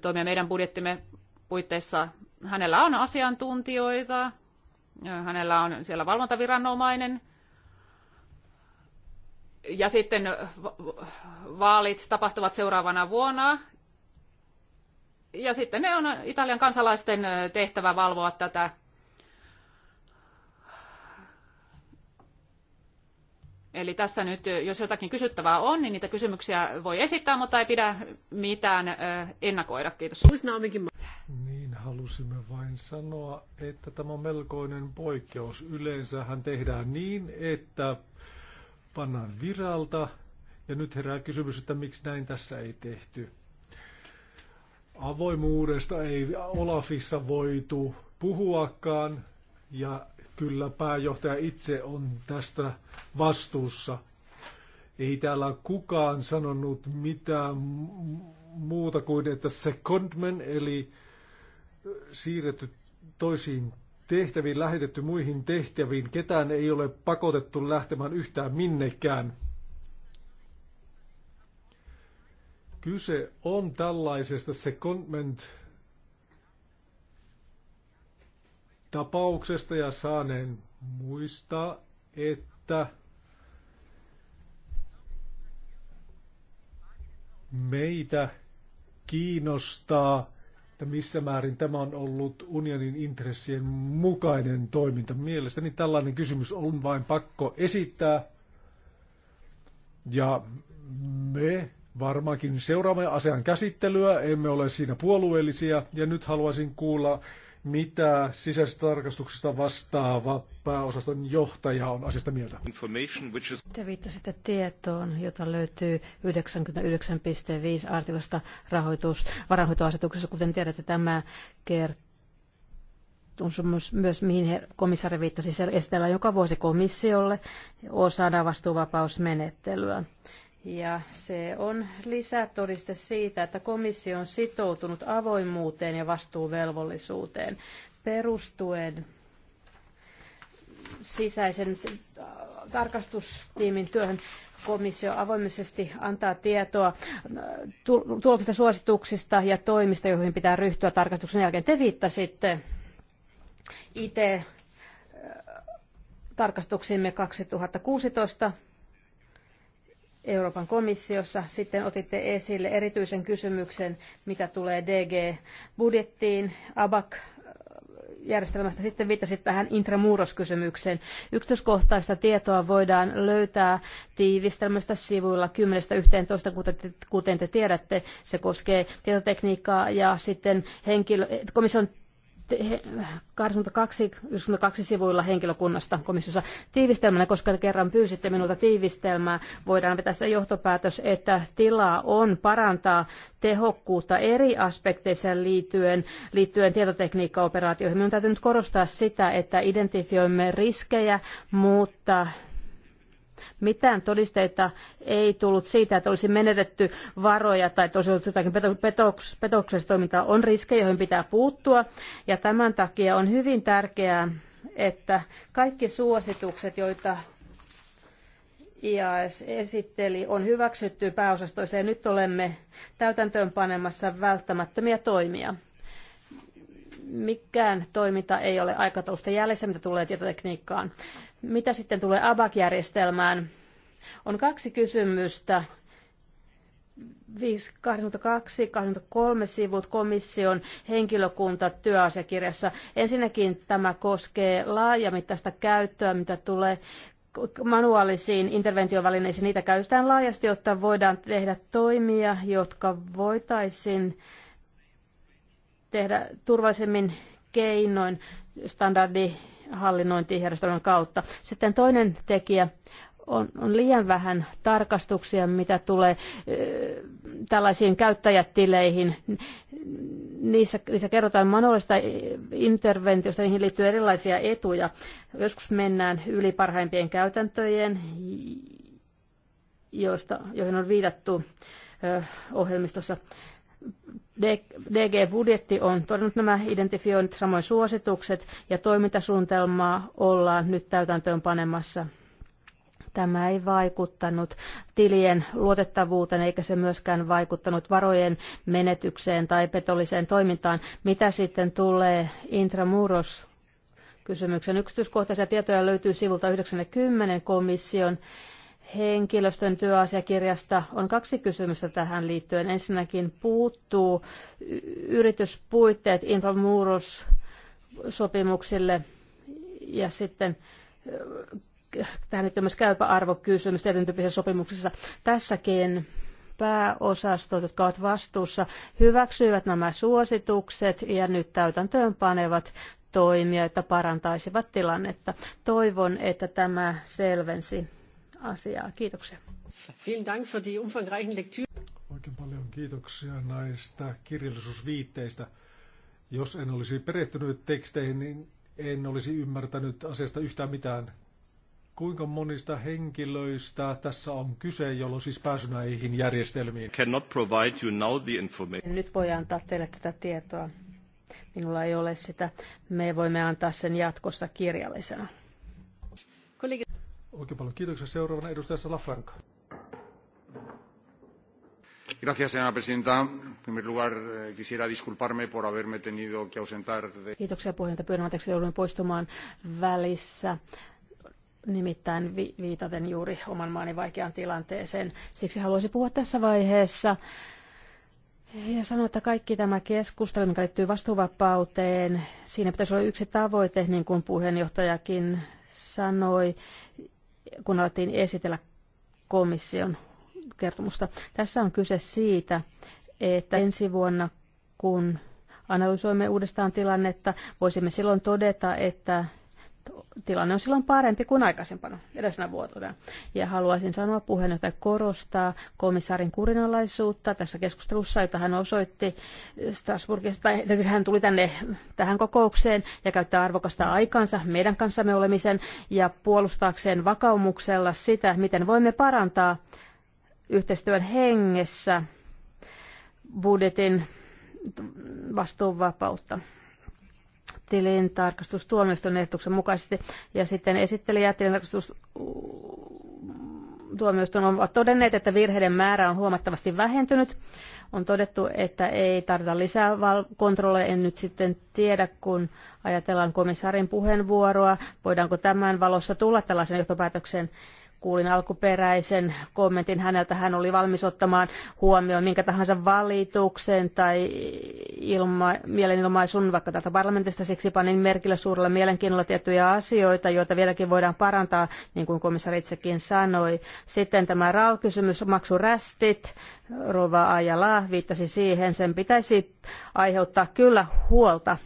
toimia meidän budjettimme puitteissa. Hänellä on asiantuntijoita, Hänellä on siellä valvontaviranomainen, ja sitten vaalit tapahtuvat seuraavana vuonna. Ja sitten ne on Italian kansalaisten tehtävä valvoa tätä Eli tässä nyt, jos jotakin kysyttävää on, niin niitä kysymyksiä voi esittää, mutta ei pidä mitään ennakoida. Kiitos. Niin, halusimme vain sanoa, että tämä on melkoinen poikkeus. Yleensähän tehdään niin, että pannaan viralta, ja nyt herää kysymys, että miksi näin tässä ei tehty. Avoimuudesta ei Olafissa voitu puhuakaan, ja kyllä pääjohtaja itse on tästä vastuussa. Ei täällä kukaan sanonut mitään muuta kuin, että secondman, eli siirretty toisiin tehtäviin, lähetetty muihin tehtäviin. Ketään ei ole pakotettu lähtemään yhtään minnekään. Kyse on tällaisesta secondment tapauksesta ja saaneen muistaa, että meitä kiinnostaa, että missä määrin tämä on ollut unionin intressien mukainen toiminta. Mielestäni tällainen kysymys on vain pakko esittää. Ja me varmaankin seuraamme asian käsittelyä, emme ole siinä puolueellisia. Ja nyt haluaisin kuulla mitä sisäisestä tarkastuksesta vastaava pääosaston johtaja on asiasta mieltä? Te viittasitte tietoon, jota löytyy 99.5 artiklasta rahoitus, varanhoitoasetuksessa. Kuten tiedätte, tämä kertoo myös, myös mihin komissaari viittasi, esitellään joka vuosi komissiolle osana vastuuvapausmenettelyä. Ja se on lisätodiste siitä, että komissio on sitoutunut avoimuuteen ja vastuuvelvollisuuteen perustuen sisäisen tarkastustiimin työhön komissio avoimisesti antaa tietoa äh, tuloksista suosituksista ja toimista, joihin pitää ryhtyä tarkastuksen jälkeen. Te viittasitte IT-tarkastuksiimme äh, 2016 Euroopan komissiossa. Sitten otitte esille erityisen kysymyksen, mitä tulee DG-budjettiin, ABAC eh, järjestelmästä. Sitten viittasit tähän intramuuroskysymykseen. Yksityiskohtaista tietoa voidaan löytää tiivistelmästä sivuilla 10-11, kuten te tiedätte. Se koskee tietotekniikkaa ja sitten henkilö, eh, komission 82, sivuilla henkilökunnasta komissiossa tiivistelmänä, koska kerran pyysitte minulta tiivistelmää. Voidaan vetää se johtopäätös, että tilaa on parantaa tehokkuutta eri aspekteissa liittyen, liittyen tietotekniikkaoperaatioihin. Minun täytyy nyt korostaa sitä, että identifioimme riskejä, mutta mitään todisteita ei tullut siitä, että olisi menetetty varoja tai että olisi ollut jotakin petoks, petoksessa toimintaa. On riskejä, joihin pitää puuttua ja tämän takia on hyvin tärkeää, että kaikki suositukset, joita IAS esitteli, on hyväksytty pääosastoissa ja nyt olemme täytäntöönpanemassa välttämättömiä toimia mikään toiminta ei ole aikataulusta jäljessä, mitä tulee tietotekniikkaan. Mitä sitten tulee ABAC-järjestelmään? On kaksi kysymystä. 82-83 sivut komission henkilökunta työasiakirjassa. Ensinnäkin tämä koskee laajamittaista käyttöä, mitä tulee manuaalisiin interventiovälineisiin. Niitä käytetään laajasti, jotta voidaan tehdä toimia, jotka voitaisiin tehdä turvallisemmin keinoin standardihallinnointijärjestelmän kautta. Sitten toinen tekijä on, on liian vähän tarkastuksia, mitä tulee ö, tällaisiin käyttäjätileihin. Niissä, niissä kerrotaan manuaalista interventiosta, niihin liittyy erilaisia etuja. Joskus mennään yli parhaimpien käytäntöjen, joista, joihin on viitattu ö, ohjelmistossa. DG-budjetti on todennut nämä identifioinnit, samoin suositukset ja toimintasuunnitelmaa ollaan nyt täytäntöön panemassa. Tämä ei vaikuttanut tilien luotettavuuteen eikä se myöskään vaikuttanut varojen menetykseen tai petolliseen toimintaan. Mitä sitten tulee intramuros kysymyksen yksityiskohtaisia tietoja löytyy sivulta 90 komission henkilöstön työasiakirjasta on kaksi kysymystä tähän liittyen. Ensinnäkin puuttuu yrityspuitteet Inframurus sopimuksille ja sitten tähän liittyy myös käypä arvokysymys tietyn tyyppisissä sopimuksissa. Tässäkin pääosastot, jotka ovat vastuussa, hyväksyivät nämä suositukset ja nyt täytäntöön panevat toimia, jotta parantaisivat tilannetta. Toivon, että tämä selvensi asiaa. Kiitoksia. Vielen Dank für die umfangreichen Lektüre. Oikein paljon kiitoksia näistä kirjallisuusviitteistä. Jos en olisi perehtynyt teksteihin, niin en olisi ymmärtänyt asiasta yhtään mitään. Kuinka monista henkilöistä tässä on kyse, jolloin siis pääsy näihin järjestelmiin? Cannot provide you now the information. Nyt voi antaa teille tätä tietoa. Minulla ei ole sitä. Me voimme antaa sen jatkossa kirjallisena. Oikein paljon kiitoksia. Seuraavana edustaja Salafranca. Gracias, señora presidenta. En primer lugar, eh, quisiera disculparme por haberme tenido que ausentar. De... Kiitoksia puheenjohtaja. Pyydän anteeksi, jouduin poistumaan välissä nimittäin vi- viitaten juuri oman maani vaikeaan tilanteeseen. Siksi haluaisin puhua tässä vaiheessa ja sanoa, että kaikki tämä keskustelu, mikä liittyy vastuuvapauteen, siinä pitäisi olla yksi tavoite, niin kuin puheenjohtajakin sanoi kun alettiin esitellä komission kertomusta. Tässä on kyse siitä, että ensi vuonna, kun analysoimme uudestaan tilannetta, voisimme silloin todeta, että tilanne on silloin parempi kuin aikaisempana edellisenä vuotena. Ja haluaisin sanoa puheenjohtaja korostaa komissaarin kurinalaisuutta tässä keskustelussa, jota hän osoitti että Hän tuli tänne tähän kokoukseen ja käyttää arvokasta aikansa meidän kanssamme olemisen ja puolustaakseen vakaumuksella sitä, miten voimme parantaa yhteistyön hengessä budjetin vastuunvapautta tilintarkastustuomioistuimen ehdotuksen mukaisesti. Ja sitten esittelijä ja tilintarkastustuomioistuin on todenneet, että virheiden määrä on huomattavasti vähentynyt. On todettu, että ei tarvita lisää kontrolleja. En nyt sitten tiedä, kun ajatellaan komissaarin puheenvuoroa, voidaanko tämän valossa tulla tällaisen johtopäätöksen kuulin alkuperäisen kommentin häneltä, hän oli valmis ottamaan huomioon minkä tahansa valituksen tai ilma, mielenilmaisun vaikka tältä parlamentista. Siksi panin merkille suurella mielenkiinnolla tiettyjä asioita, joita vieläkin voidaan parantaa, niin kuin komissaari itsekin sanoi. Sitten tämä RAL-kysymys, maksurästit, Rova Ajala viittasi siihen, sen pitäisi aiheuttaa kyllä huolta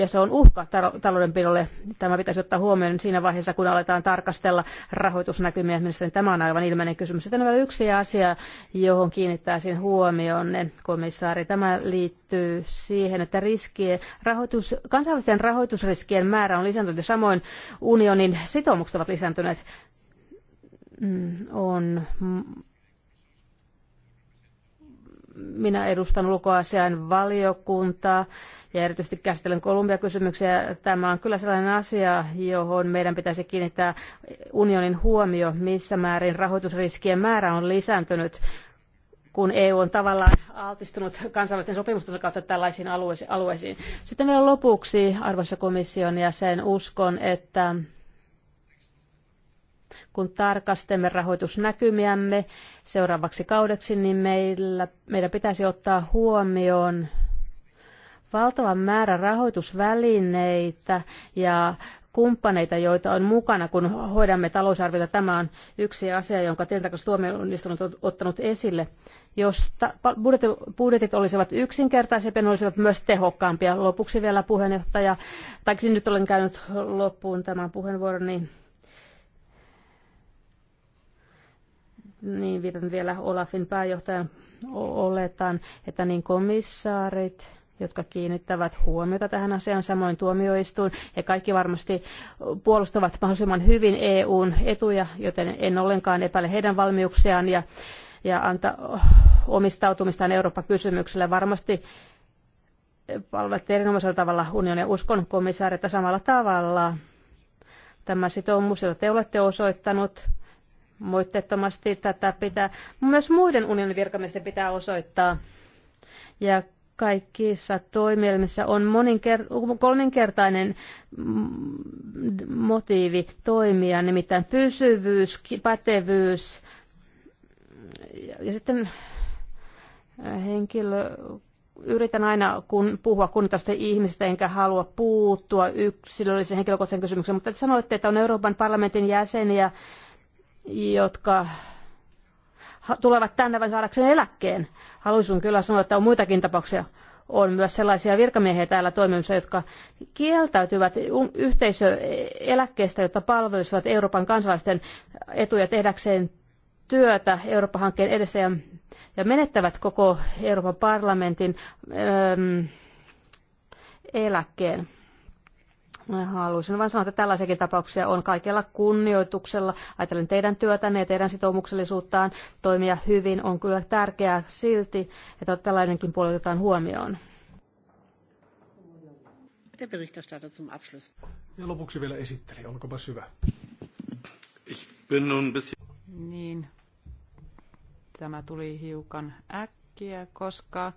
ja se on uhka taloudenpidolle. Tämä pitäisi ottaa huomioon siinä vaiheessa, kun aletaan tarkastella rahoitusnäkymiä. Mielestäni tämä on aivan ilmeinen kysymys. Sitten vielä yksi asia, johon kiinnittäisin huomionne, komissaari. Tämä liittyy siihen, että riskien, rahoitus, kansainvälisten rahoitusriskien määrä on lisääntynyt ja samoin unionin sitoumukset ovat lisääntyneet mm, on minä edustan ulkoasian valiokuntaa ja erityisesti käsittelen Kolumbia-kysymyksiä. Tämä on kyllä sellainen asia, johon meidän pitäisi kiinnittää unionin huomio, missä määrin rahoitusriskien määrä on lisääntynyt kun EU on tavallaan altistunut kansainvälisten sopimusten kautta tällaisiin alueisiin. Sitten vielä lopuksi, arvoisa komission jäsen, uskon, että kun tarkastamme rahoitusnäkymiämme seuraavaksi kaudeksi, niin meillä, meidän pitäisi ottaa huomioon valtavan määrä rahoitusvälineitä ja kumppaneita, joita on mukana, kun hoidamme talousarviota. Tämä on yksi asia, jonka tilintarkastustuomioistuin on ottanut esille. Jos budjetit olisivat yksinkertaisempia, ne olisivat myös tehokkaampia. Lopuksi vielä puheenjohtaja, tai nyt olen käynyt loppuun tämän puheenvuoron, niin Niin viitan vielä Olafin pääjohtajan oletan, että niin komissaarit, jotka kiinnittävät huomiota tähän asiaan, samoin tuomioistuin. He kaikki varmasti puolustavat mahdollisimman hyvin EUn etuja, joten en ollenkaan epäile heidän valmiuksiaan ja, ja anta, oh, omistautumistaan Eurooppa-kysymykselle. Varmasti palvelet erinomaisella tavalla unionin Uskon komissaarita samalla tavalla tämä sitoumus, jota te olette osoittanut, moitteettomasti. Tätä pitää, myös muiden unionin virkamiesten pitää osoittaa. Ja kaikissa toimielmissä on moninker- kolminkertainen motiivi toimia, nimittäin pysyvyys, pätevyys ja sitten henkilö, yritän aina kun puhua kunnioitusten ihmistä, enkä halua puuttua yksilöllisen henkilökohtaisen kysymykseen, mutta sanoitte, että on Euroopan parlamentin jäseniä, jotka tulevat tänne vain saadakseen eläkkeen. Haluaisin kyllä sanoa, että on muitakin tapauksia. On myös sellaisia virkamiehiä täällä toimimassa, jotka kieltäytyvät um-, yhteisöeläkkeestä, jotta palvelisivat Euroopan kansalaisten etuja tehdäkseen työtä Euroopan hankkeen edessä ja, ja menettävät koko Euroopan parlamentin äm, öö, eläkkeen. Haluaisin vain sanoa, että tällaisiakin tapauksia on kaikella kunnioituksella. Ajattelen teidän työtänne ja teidän sitoumuksellisuuttaan toimia hyvin. On kyllä tärkeää silti, että tällainenkin puoli otetaan huomioon. Ja lopuksi vielä esitteli, olkoonpa hyvä. Niin, tämä tuli hiukan äkkiä, koska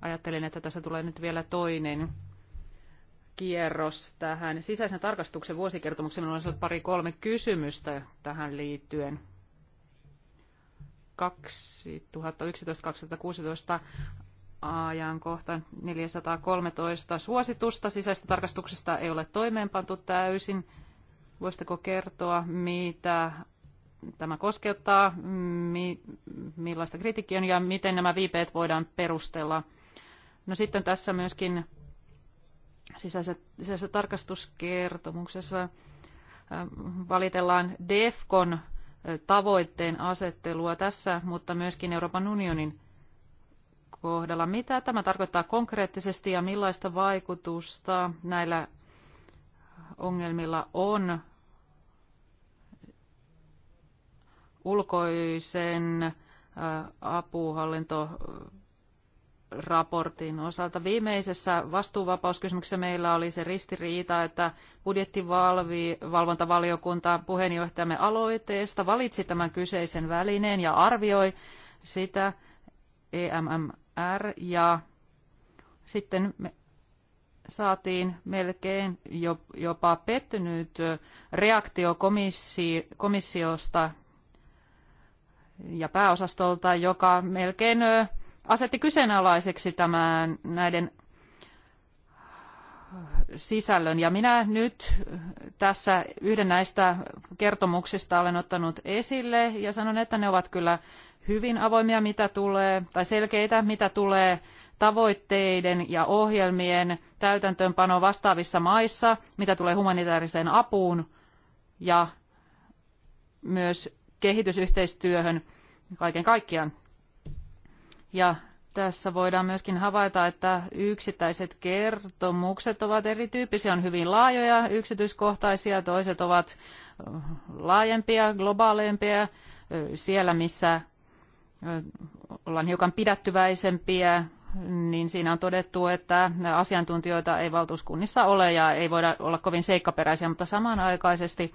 ajattelin, että tässä tulee nyt vielä toinen kierros tähän sisäisen tarkastuksen vuosikertomukseen. Minulla on pari-kolme kysymystä tähän liittyen. 2011-2016 ajankohtaan 413 suositusta sisäistä tarkastuksesta ei ole toimeenpantu täysin. Voisitteko kertoa, mitä tämä koskettaa, mi, millaista kritiikkiä on ja miten nämä viipeet voidaan perustella? No sitten tässä myöskin sisäisessä tarkastuskertomuksessa valitellaan DEFCON tavoitteen asettelua tässä, mutta myöskin Euroopan unionin kohdalla. Mitä tämä tarkoittaa konkreettisesti ja millaista vaikutusta näillä ongelmilla on ulkoisen apuhallinto raportin osalta. Viimeisessä vastuuvapauskysymyksessä meillä oli se ristiriita, että budjettivalvontavaliokunta puheenjohtajamme aloitteesta valitsi tämän kyseisen välineen ja arvioi sitä EMMR ja sitten me saatiin melkein jopa pettynyt reaktio komissi, komissiosta ja pääosastolta, joka melkein asetti kyseenalaiseksi tämän näiden sisällön. Ja minä nyt tässä yhden näistä kertomuksista olen ottanut esille ja sanon, että ne ovat kyllä hyvin avoimia, mitä tulee, tai selkeitä, mitä tulee tavoitteiden ja ohjelmien täytäntöönpano vastaavissa maissa, mitä tulee humanitaariseen apuun ja myös kehitysyhteistyöhön kaiken kaikkiaan. Ja tässä voidaan myöskin havaita, että yksittäiset kertomukset ovat erityyppisiä, on hyvin laajoja, yksityiskohtaisia, toiset ovat laajempia, globaaleimpia, siellä missä ollaan hiukan pidättyväisempiä, niin siinä on todettu, että asiantuntijoita ei valtuuskunnissa ole ja ei voida olla kovin seikkaperäisiä, mutta samanaikaisesti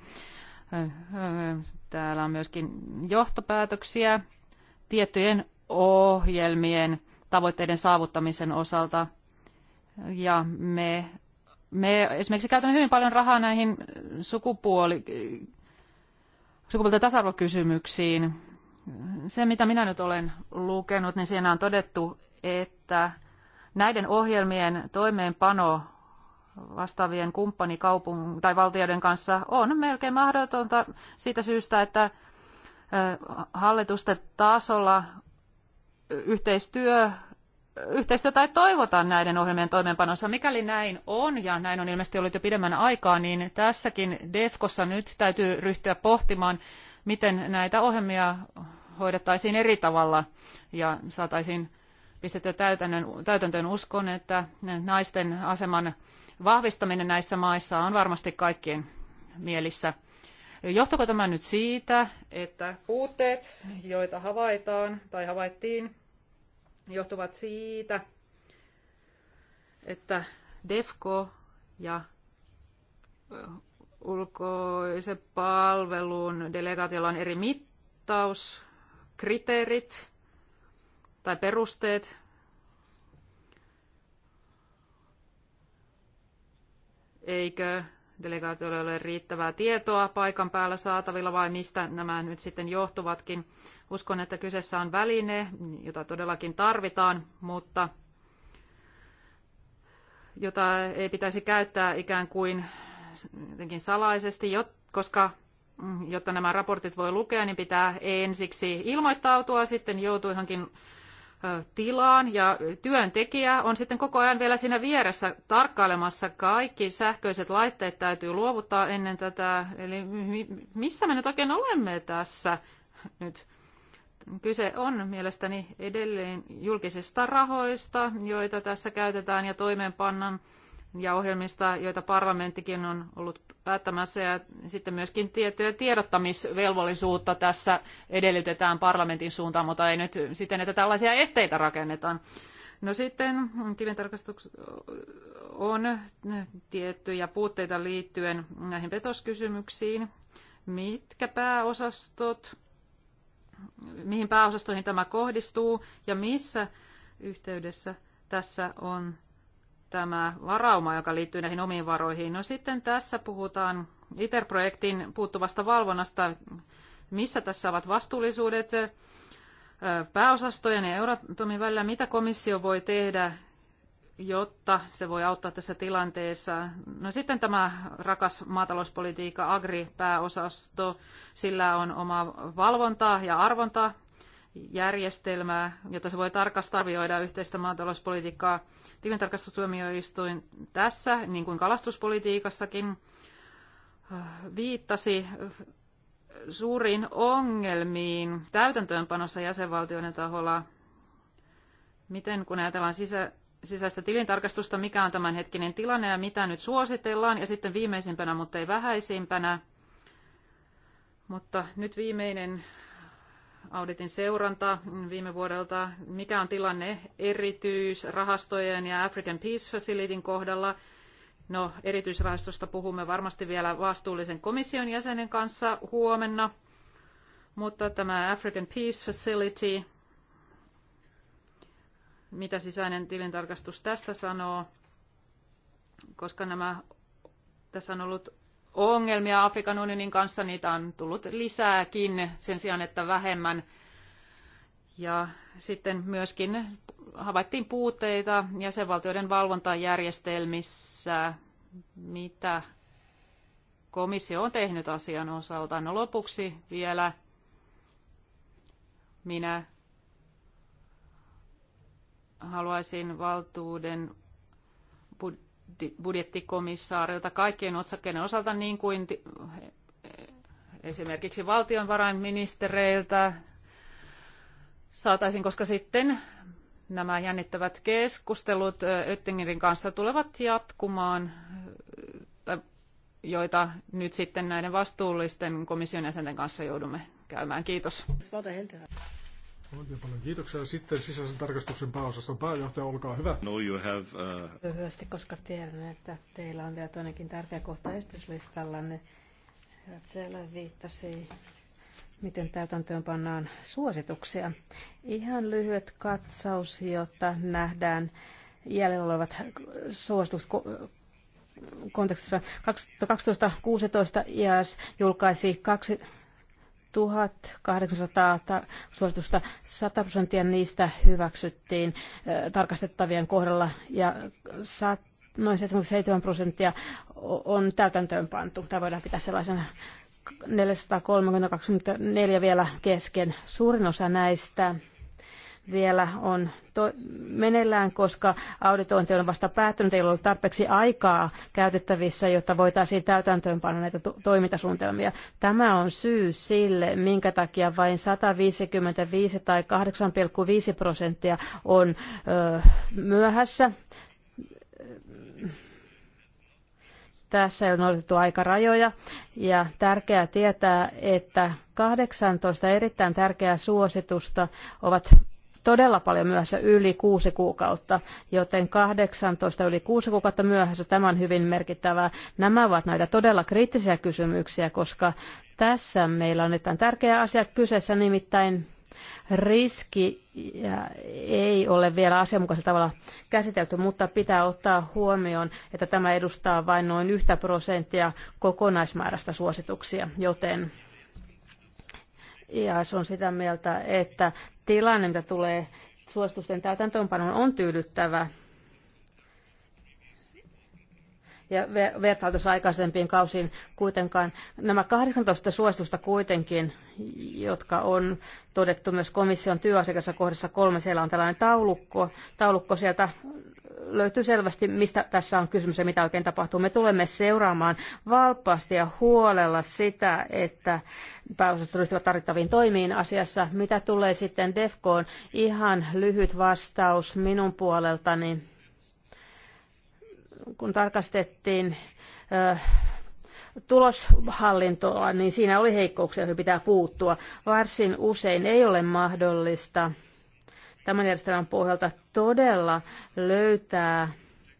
täällä on myöskin johtopäätöksiä tiettyjen ohjelmien tavoitteiden saavuttamisen osalta. Ja me, me esimerkiksi käytämme hyvin paljon rahaa näihin sukupuoli, sukupuolten tasa-arvokysymyksiin. Se, mitä minä nyt olen lukenut, niin siinä on todettu, että näiden ohjelmien toimeenpano vastaavien kumppanikaupungin tai valtioiden kanssa on melkein mahdotonta siitä syystä, että hallitusten tasolla yhteistyö, yhteistyö tai toivotaan näiden ohjelmien toimeenpanossa. Mikäli näin on, ja näin on ilmeisesti ollut jo pidemmän aikaa, niin tässäkin DEFKossa nyt täytyy ryhtyä pohtimaan, miten näitä ohjelmia hoidettaisiin eri tavalla ja saataisiin pistettyä täytäntöön. Uskon, että naisten aseman vahvistaminen näissä maissa on varmasti kaikkien mielissä. Johtuuko tämä nyt siitä, että puutteet, joita havaitaan tai havaittiin johtuvat siitä, että DEFCO ja ulkoisen palvelun delegaatiolla on eri mittauskriteerit tai perusteet. Eikö delegaatioilla ole riittävää tietoa paikan päällä saatavilla vai mistä nämä nyt sitten johtuvatkin. Uskon, että kyseessä on väline, jota todellakin tarvitaan, mutta jota ei pitäisi käyttää ikään kuin jotenkin salaisesti, koska jotta nämä raportit voi lukea, niin pitää ensiksi ilmoittautua, sitten joutuu johonkin tilaan ja työntekijä on sitten koko ajan vielä siinä vieressä tarkkailemassa. Kaikki sähköiset laitteet täytyy luovuttaa ennen tätä. Eli missä me nyt oikein olemme tässä nyt? Kyse on mielestäni edelleen julkisista rahoista, joita tässä käytetään ja toimeenpannan ja ohjelmista, joita parlamenttikin on ollut päättämässä, ja sitten myöskin tiettyä tiedottamisvelvollisuutta tässä edellytetään parlamentin suuntaan, mutta ei nyt siten, että tällaisia esteitä rakennetaan. No sitten tilintarkastus on tiettyjä puutteita liittyen näihin petoskysymyksiin. Mitkä pääosastot, mihin pääosastoihin tämä kohdistuu ja missä yhteydessä tässä on tämä varauma, joka liittyy näihin omiin varoihin. No sitten tässä puhutaan ITER-projektin puuttuvasta valvonnasta, missä tässä ovat vastuullisuudet pääosastojen ja Euratomin välillä, mitä komissio voi tehdä, jotta se voi auttaa tässä tilanteessa. No sitten tämä rakas maatalouspolitiikka, agri-pääosasto, sillä on oma valvontaa ja arvontaa järjestelmää, jota se voi tarkastaa arvioida yhteistä maatalouspolitiikkaa. Tilintarkastustuomioistuin tässä, niin kuin kalastuspolitiikassakin, viittasi suuriin ongelmiin täytäntöönpanossa jäsenvaltioiden taholla. Miten kun ajatellaan sisä, sisäistä tilintarkastusta, mikä on tämänhetkinen tilanne ja mitä nyt suositellaan, ja sitten viimeisimpänä, mutta ei vähäisimpänä, mutta nyt viimeinen auditin seuranta viime vuodelta, mikä on tilanne erityisrahastojen ja African Peace Facilityn kohdalla. No, erityisrahastosta puhumme varmasti vielä vastuullisen komission jäsenen kanssa huomenna, mutta tämä African Peace Facility, mitä sisäinen tilintarkastus tästä sanoo, koska nämä, tässä on ollut ongelmia Afrikan unionin kanssa, niitä on tullut lisääkin sen sijaan, että vähemmän. Ja sitten myöskin havaittiin puutteita jäsenvaltioiden valvontajärjestelmissä, mitä komissio on tehnyt asian osalta. No lopuksi vielä minä haluaisin valtuuden budjettikomissaarilta kaikkien otsakkeiden osalta, niin kuin esimerkiksi valtionvarainministereiltä saataisiin, koska sitten nämä jännittävät keskustelut Öttingerin kanssa tulevat jatkumaan, joita nyt sitten näiden vastuullisten komission jäsenten kanssa joudumme käymään. Kiitos. Oikein paljon kiitoksia. Sitten sisäisen tarkastuksen pääosaston pääjohtaja, olkaa hyvä. No you have, uh... Lyhyesti, koska tiedän, että teillä on vielä toinenkin tärkeä kohta esityslistallanne. Siellä viittasi, miten täytäntöön pannaan suosituksia. Ihan lyhyet katsaus, jotta nähdään jäljellä olevat suositukset kontekstissa 2016 IAS julkaisi kaksi 1800 suositusta 100 prosenttia niistä hyväksyttiin tarkastettavien kohdalla ja noin 77 prosenttia on täytäntöön pantu. Tämä voidaan pitää sellaisena 430 vielä kesken. Suurin osa näistä vielä on to- meneillään, koska auditointi on vasta päättynyt, ei ollut tarpeeksi aikaa käytettävissä, jotta voitaisiin täytäntöönpanna näitä to- toimintasuunnitelmia. Tämä on syy sille, minkä takia vain 155 tai 8,5 prosenttia on öö, myöhässä tässä on ole noudatettu aikarajoja. Ja tärkeää tietää, että 18 erittäin tärkeää suositusta ovat todella paljon myöhässä yli kuusi kuukautta, joten 18 yli kuusi kuukautta myöhässä tämä on hyvin merkittävää. Nämä ovat näitä todella kriittisiä kysymyksiä, koska tässä meillä on nyt tärkeä asia kyseessä, nimittäin riski ei ole vielä asianmukaisella tavalla käsitelty, mutta pitää ottaa huomioon, että tämä edustaa vain noin yhtä prosenttia kokonaismäärästä suosituksia, joten ja se on sitä mieltä, että tilanne, mitä tulee suositusten täytäntöönpanoon, on tyydyttävä ja vertailtus aikaisempiin kausiin kuitenkaan. Nämä 18 suositusta kuitenkin, jotka on todettu myös komission työasiakassa kohdassa kolme, siellä on tällainen taulukko, taulukko sieltä löytyy selvästi, mistä tässä on kysymys ja mitä oikein tapahtuu. Me tulemme seuraamaan valppaasti ja huolella sitä, että pääosat ryhtyvät tarvittaviin toimiin asiassa. Mitä tulee sitten DEFKoon Ihan lyhyt vastaus minun puoleltani kun tarkastettiin tuloshallintoa, niin siinä oli heikkouksia, joihin pitää puuttua. Varsin usein ei ole mahdollista tämän järjestelmän pohjalta todella löytää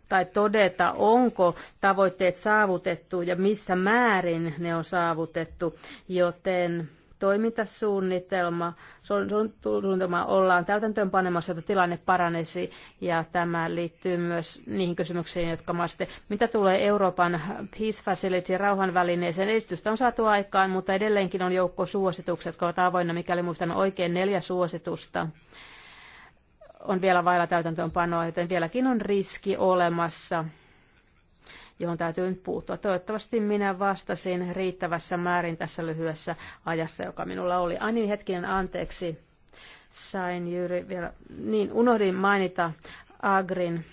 tai todeta, onko tavoitteet saavutettu ja missä määrin ne on saavutettu, joten toimintasuunnitelma, suunnitelma ollaan täytäntöön panemassa, jotta tilanne paranesi ja tämä liittyy myös niihin kysymyksiin, jotka maasti. Mitä tulee Euroopan Peace Facility rauhanvälineeseen, esitystä on saatu aikaan, mutta edelleenkin on joukko suositukset, jotka ovat avoinna, mikäli muistan oikein neljä suositusta on vielä vailla täytäntöönpanoa, joten vieläkin on riski olemassa johon täytyy nyt puuttua. Toivottavasti minä vastasin riittävässä määrin tässä lyhyessä ajassa, joka minulla oli. Ai niin, hetkinen, anteeksi. Sain juuri vielä, niin unohdin mainita Agrin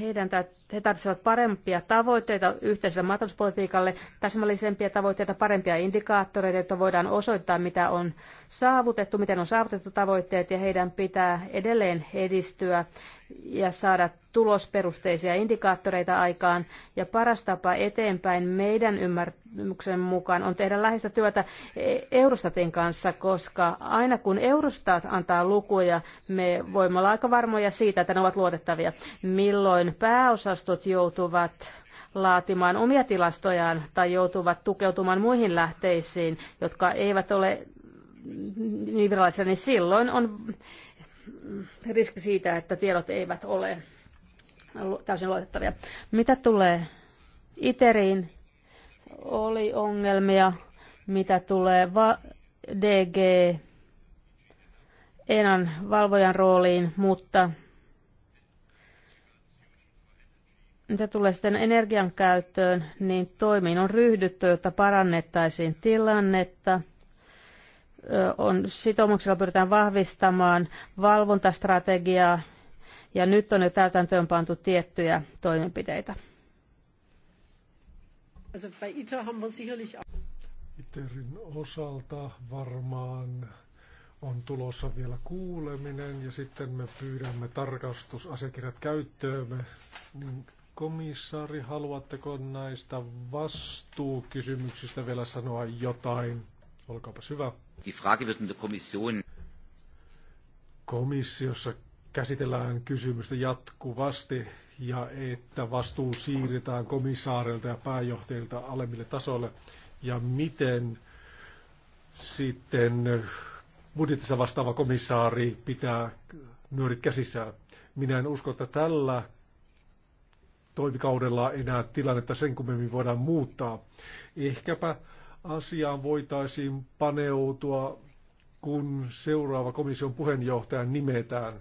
heidän he tarvitsevat parempia tavoitteita yhteiselle maatalouspolitiikalle, täsmällisempiä tavoitteita, parempia indikaattoreita, jotta voidaan osoittaa, mitä on saavutettu, miten on saavutettu tavoitteet, ja heidän pitää edelleen edistyä ja saada tulosperusteisia indikaattoreita aikaan. Ja paras tapa eteenpäin meidän ymmärryksen mukaan on tehdä läheistä työtä e- Eurostatin kanssa, koska aina kun Eurostat antaa lukuja, me voimme olla aika varmoja siitä, että ne ovat luotettavia. Milloin pääosastot joutuvat laatimaan omia tilastojaan tai joutuvat tukeutumaan muihin lähteisiin, jotka eivät ole niin virallisia, niin silloin on riski siitä, että tiedot eivät ole täysin luotettavia. Mitä tulee ITERiin? Oli ongelmia, mitä tulee va- DG Enan valvojan rooliin, mutta mitä tulee sitten energian käyttöön, niin toimiin on ryhdytty, jotta parannettaisiin tilannetta – on sitoumuksella pyritään vahvistamaan valvontastrategiaa ja nyt on jo täytäntöön pantu tiettyjä toimenpiteitä. ITERin osalta varmaan on tulossa vielä kuuleminen ja sitten me pyydämme tarkastusasiakirjat käyttöömme. Niin komissaari, haluatteko näistä vastuukysymyksistä vielä sanoa jotain? Olkaapa hyvä. Die Frage wird in der Kommission. Komissiossa käsitellään kysymystä jatkuvasti ja että vastuu siirretään komissaareilta ja pääjohtajilta alemmille tasoille ja miten sitten budjetissa vastaava komissaari pitää nyörit käsissään. Minä en usko, että tällä toimikaudella enää tilannetta sen kummemmin voidaan muuttaa. Ehkäpä asiaan voitaisiin paneutua, kun seuraava komission puheenjohtaja nimetään.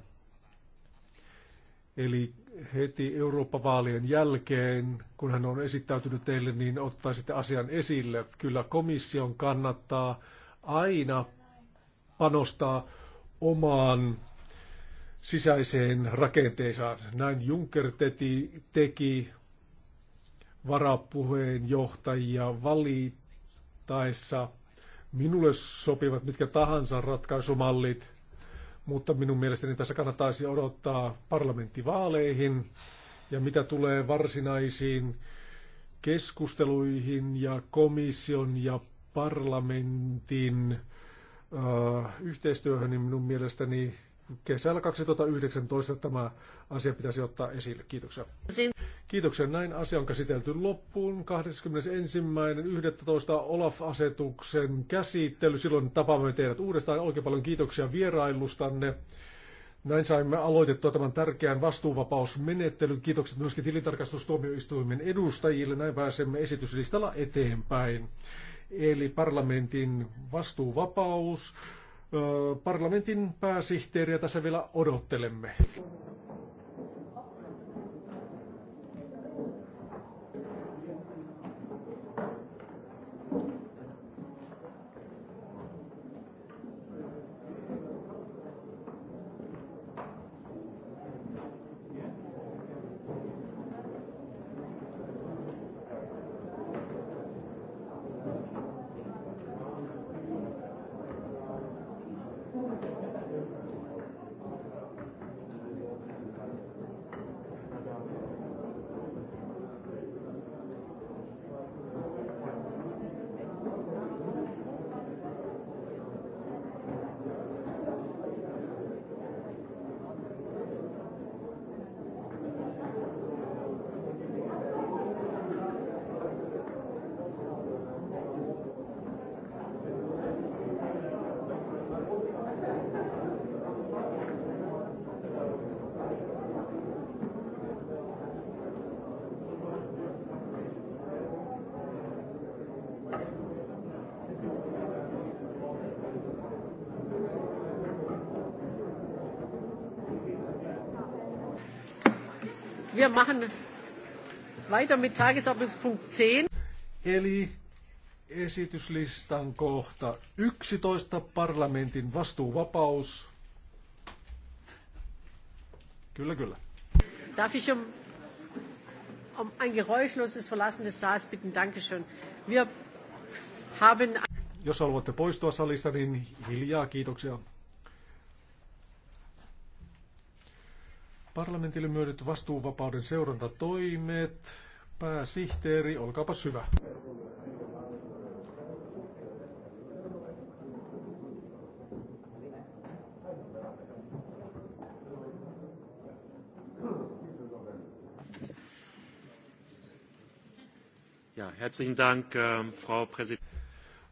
Eli heti Eurooppa-vaalien jälkeen, kun hän on esittäytynyt teille, niin ottaisitte asian esille. Kyllä komission kannattaa aina panostaa omaan sisäiseen rakenteeseen. Näin Juncker teki, teki varapuheenjohtajia valit, tarvittaessa minulle sopivat mitkä tahansa ratkaisumallit, mutta minun mielestäni tässä kannattaisi odottaa parlamenttivaaleihin ja mitä tulee varsinaisiin keskusteluihin ja komission ja parlamentin ö, äh, yhteistyöhön, niin minun mielestäni kesällä 2019 tämä asia pitäisi ottaa esille. Kiitoksia. Kiitoksia. Näin asia on käsitelty loppuun. 21.11. Olaf-asetuksen käsittely. Silloin tapaamme teidät uudestaan. Oikein paljon kiitoksia vierailustanne. Näin saimme aloitettua tämän tärkeän vastuuvapausmenettelyn. Kiitokset myöskin tilintarkastustuomioistuimen edustajille. Näin pääsemme esityslistalla eteenpäin. Eli parlamentin vastuuvapaus parlamentin pääsihteeriä tässä vielä odottelemme. machen weiter mit Tagesordnungspunkt 10. Eli esityslistan kohta 11 parlamentin vastuuvapaus. Kyllä, kyllä. Darf ich um, um ein geräuschloses Verlassen des Saals bitten? Dankeschön. Wir haben... Jos haluatte poistua salista, niin hiljaa, kiitoksia. Parlamentille myödyt vastuuvapauden seurantatoimet. Pääsihteeri, olkaapa syvä. Ja, herzlichen Dank, ähm, Frau Präsidentin.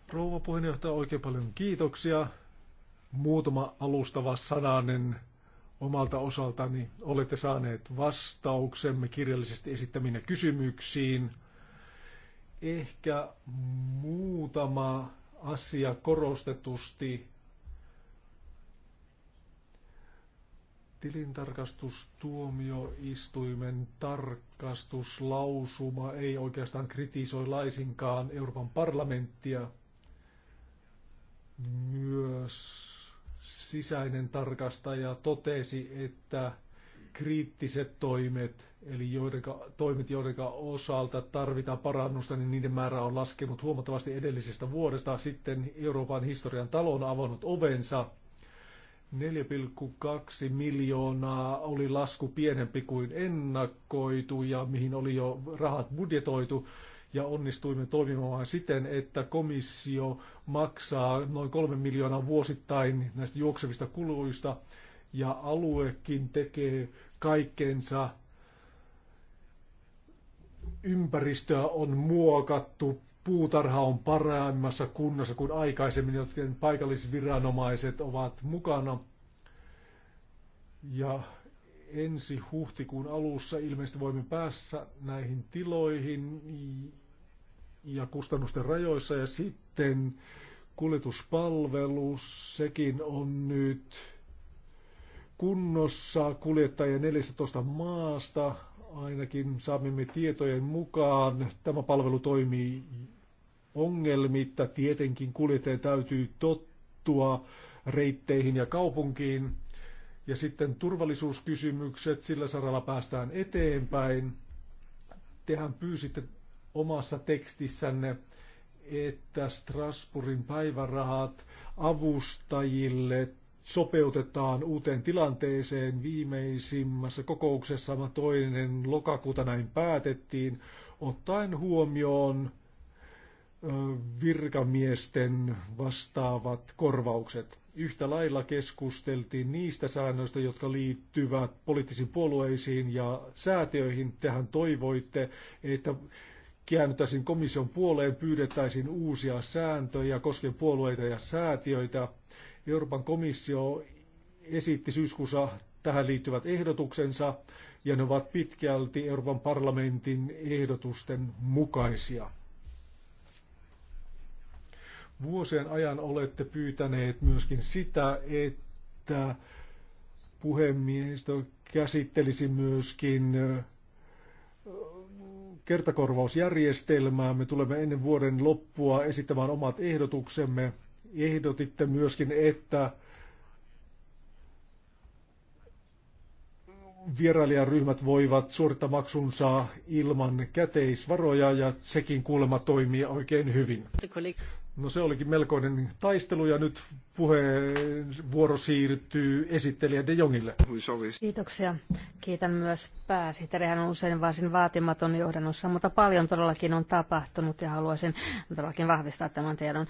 Rouva puheenjohtaja, oikein paljon kiitoksia. Muutama alustava sananen omalta osaltani olette saaneet vastauksemme kirjallisesti esittäminä kysymyksiin. Ehkä muutama asia korostetusti. Tilintarkastustuomioistuimen tarkastuslausuma ei oikeastaan kritisoi laisinkaan Euroopan parlamenttia. Myös sisäinen tarkastaja totesi, että kriittiset toimet, eli joidenka, toimet, joiden osalta tarvitaan parannusta, niin niiden määrä on laskenut huomattavasti edellisestä vuodesta. Sitten Euroopan historian talo on avannut ovensa. 4,2 miljoonaa oli lasku pienempi kuin ennakoitu ja mihin oli jo rahat budjetoitu ja onnistuimme toimimaan siten, että komissio maksaa noin kolme miljoonaa vuosittain näistä juoksevista kuluista ja aluekin tekee kaikkensa. Ympäristöä on muokattu, puutarha on paremmassa kunnossa kuin aikaisemmin, joten paikallisviranomaiset ovat mukana. Ja ensi huhtikuun alussa ilmeisesti voimme päässä näihin tiloihin ja kustannusten rajoissa. Ja sitten kuljetuspalvelu, sekin on nyt kunnossa kuljettajia 14 maasta. Ainakin saamme tietojen mukaan tämä palvelu toimii ongelmitta. Tietenkin kuljettajan täytyy tottua reitteihin ja kaupunkiin. Ja sitten turvallisuuskysymykset, sillä saralla päästään eteenpäin. Tehän pyysitte omassa tekstissänne, että Strasbourgin päivärahat avustajille sopeutetaan uuteen tilanteeseen. Viimeisimmässä kokouksessa toinen lokakuuta näin päätettiin, ottaen huomioon virkamiesten vastaavat korvaukset. Yhtä lailla keskusteltiin niistä säännöistä, jotka liittyvät poliittisiin puolueisiin ja säätiöihin. Tähän toivoitte, että käännyttäisiin komission puoleen, pyydettäisiin uusia sääntöjä koskien puolueita ja säätiöitä. Euroopan komissio esitti syyskuussa tähän liittyvät ehdotuksensa, ja ne ovat pitkälti Euroopan parlamentin ehdotusten mukaisia. Vuosien ajan olette pyytäneet myöskin sitä, että puhemiehistö käsittelisi myöskin kertakorvausjärjestelmää. Me tulemme ennen vuoden loppua esittämään omat ehdotuksemme. Ehdotitte myöskin, että vierailijaryhmät voivat suorittaa maksunsa ilman käteisvaroja ja sekin kuulemma toimii oikein hyvin. No se olikin melkoinen taistelu ja nyt puheenvuoro siirtyy esittelijä De Jongille. Kiitoksia. Kiitän myös pääsihteeri. Hän on usein varsin vaatimaton johdannossa, mutta paljon todellakin on tapahtunut ja haluaisin todellakin vahvistaa tämän tiedon.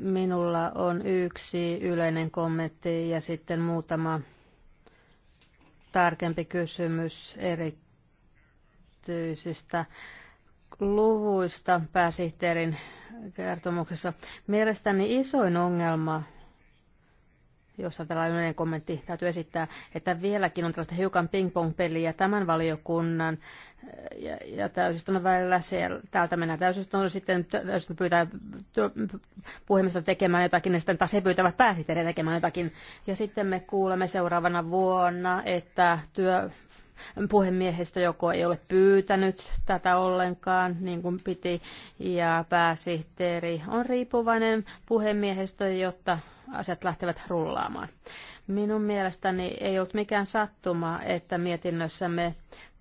Minulla on yksi yleinen kommentti ja sitten muutama tarkempi kysymys erityisistä luvuista pääsihteerin kertomuksessa. Mielestäni isoin ongelma, jossa tällainen kommentti täytyy esittää, että vieläkin on tällaista hiukan ping-pong-peliä tämän valiokunnan ja, ja täysistunnon välillä. Siellä, täältä mennään täysistunnon, sitten täysistunnon pyytää puhemista tekemään jotakin, ja sitten taas he pyytävät pääsihteeriä tekemään jotakin. Ja sitten me kuulemme seuraavana vuonna, että työ, puhemiehistä joko ei ole pyytänyt tätä ollenkaan, niin kuin piti, ja pääsihteeri on riippuvainen puhemiehistä, jotta asiat lähtevät rullaamaan. Minun mielestäni ei ollut mikään sattuma, että mietinnössämme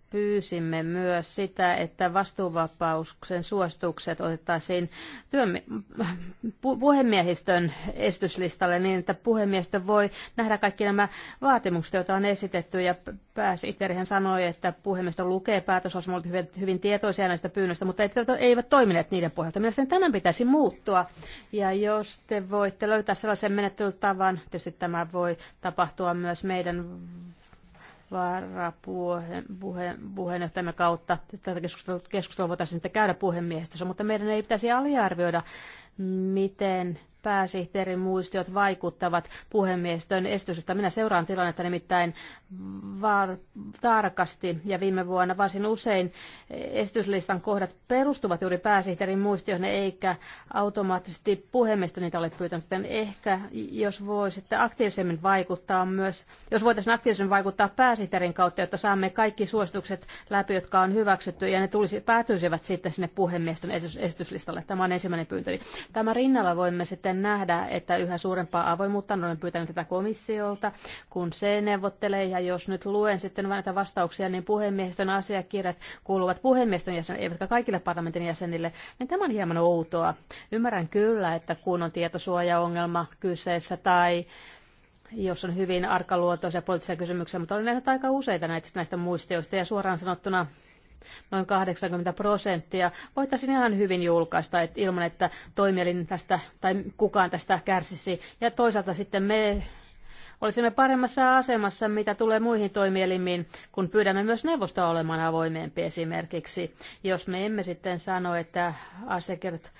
pyysimme myös sitä, että vastuuvapauksen suostukset otettaisiin työmi- pu- puhemiehistön esityslistalle niin, että puhemiestö voi nähdä kaikki nämä vaatimukset, joita on esitetty. Ja pääsihteerihän sanoi, että puhemiehistö lukee on hyvin, hyvin tietoisia näistä pyynnöistä, mutta eivät toimineet niiden pohjalta. Mielestäni tämän pitäisi muuttua. Ja jos te voitte löytää sellaisen menettelytavan, tietysti tämä voi tapahtua myös meidän varapuheenjohtajamme kautta. Tätä keskustelua, keskustelua voitaisiin sitten käydä puhemiehistössä, mutta meidän ei pitäisi aliarvioida, miten pääsihteerin muistiot vaikuttavat puhemiestön estysestä. Minä seuraan tilannetta nimittäin var- tarkasti ja viime vuonna varsin usein estyslistan kohdat perustuvat juuri pääsihteerin muistioihin eikä automaattisesti puhemiestö niitä ole pyytänyt. Joten ehkä jos voisitte aktiivisemmin vaikuttaa myös, jos voitaisiin aktiivisemmin vaikuttaa pääsihteerin kautta, jotta saamme kaikki suositukset läpi, jotka on hyväksytty ja ne tulisi, päätyisivät sitten sinne puhemiestön estyslistalle Tämä on ensimmäinen pyyntö. Tämä rinnalla voimme sitten sitten nähdä, että yhä suurempaa avoimuutta olen pyytänyt tätä komissiolta, kun se neuvottelee. Ja jos nyt luen sitten näitä vastauksia, niin puhemiehistön asiakirjat kuuluvat puhemiehistön jäsenille, eivätkä kaikille parlamentin jäsenille. Niin tämä on hieman outoa. Ymmärrän kyllä, että kun on tietosuojaongelma kyseessä tai jos on hyvin arkaluontoisia poliittisia kysymyksiä, mutta olen nähnyt aika useita näistä, näistä muistioista ja suoraan sanottuna noin 80 prosenttia, voitaisiin ihan hyvin julkaista et ilman, että toimielin tästä tai kukaan tästä kärsisi. Ja toisaalta sitten me olisimme paremmassa asemassa, mitä tulee muihin toimielimiin, kun pyydämme myös neuvostoa olemaan avoimempi esimerkiksi. Jos me emme sitten sano, että asiakirjat,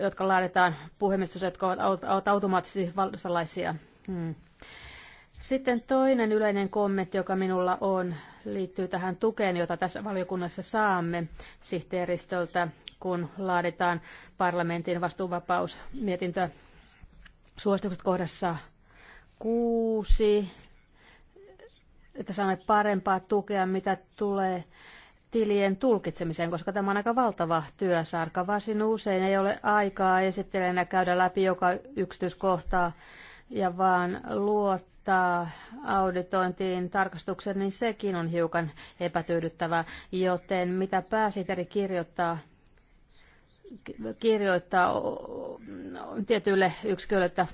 jotka laaditaan puhemistossa, jotka ovat automaattisesti valsalaisia, hmm. Sitten toinen yleinen kommentti, joka minulla on, liittyy tähän tukeen, jota tässä valiokunnassa saamme sihteeristöltä, kun laaditaan parlamentin vastuuvapausmietintö suositukset kohdassa kuusi, että saamme parempaa tukea, mitä tulee tilien tulkitsemiseen, koska tämä on aika valtava työsarka. Varsin usein ei ole aikaa esittelijänä käydä läpi joka yksityiskohtaa ja vaan luottaa ottaa auditointiin tarkastuksen, niin sekin on hiukan epätyydyttävä, Joten mitä pääsihteeri kirjoittaa, kirjoittaa tietyille yksiköille, että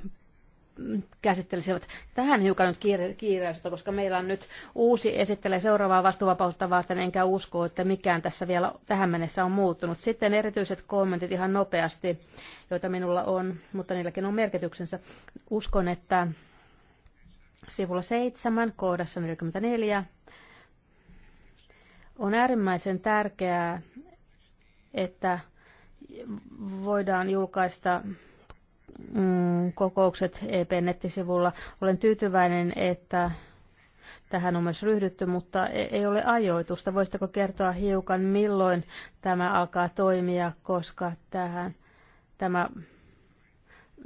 käsittelisivät tähän hiukan nyt kiireistä, koska meillä on nyt uusi esittelee seuraavaa vastuuvapautta varten, enkä usko, että mikään tässä vielä tähän mennessä on muuttunut. Sitten erityiset kommentit ihan nopeasti, joita minulla on, mutta niilläkin on merkityksensä. Uskon, että sivulla 7 kohdassa 44 on äärimmäisen tärkeää, että voidaan julkaista mm, kokoukset EP-nettisivulla. Olen tyytyväinen, että tähän on myös ryhdytty, mutta e- ei ole ajoitusta. Voisitteko kertoa hiukan, milloin tämä alkaa toimia, koska tähän, tämä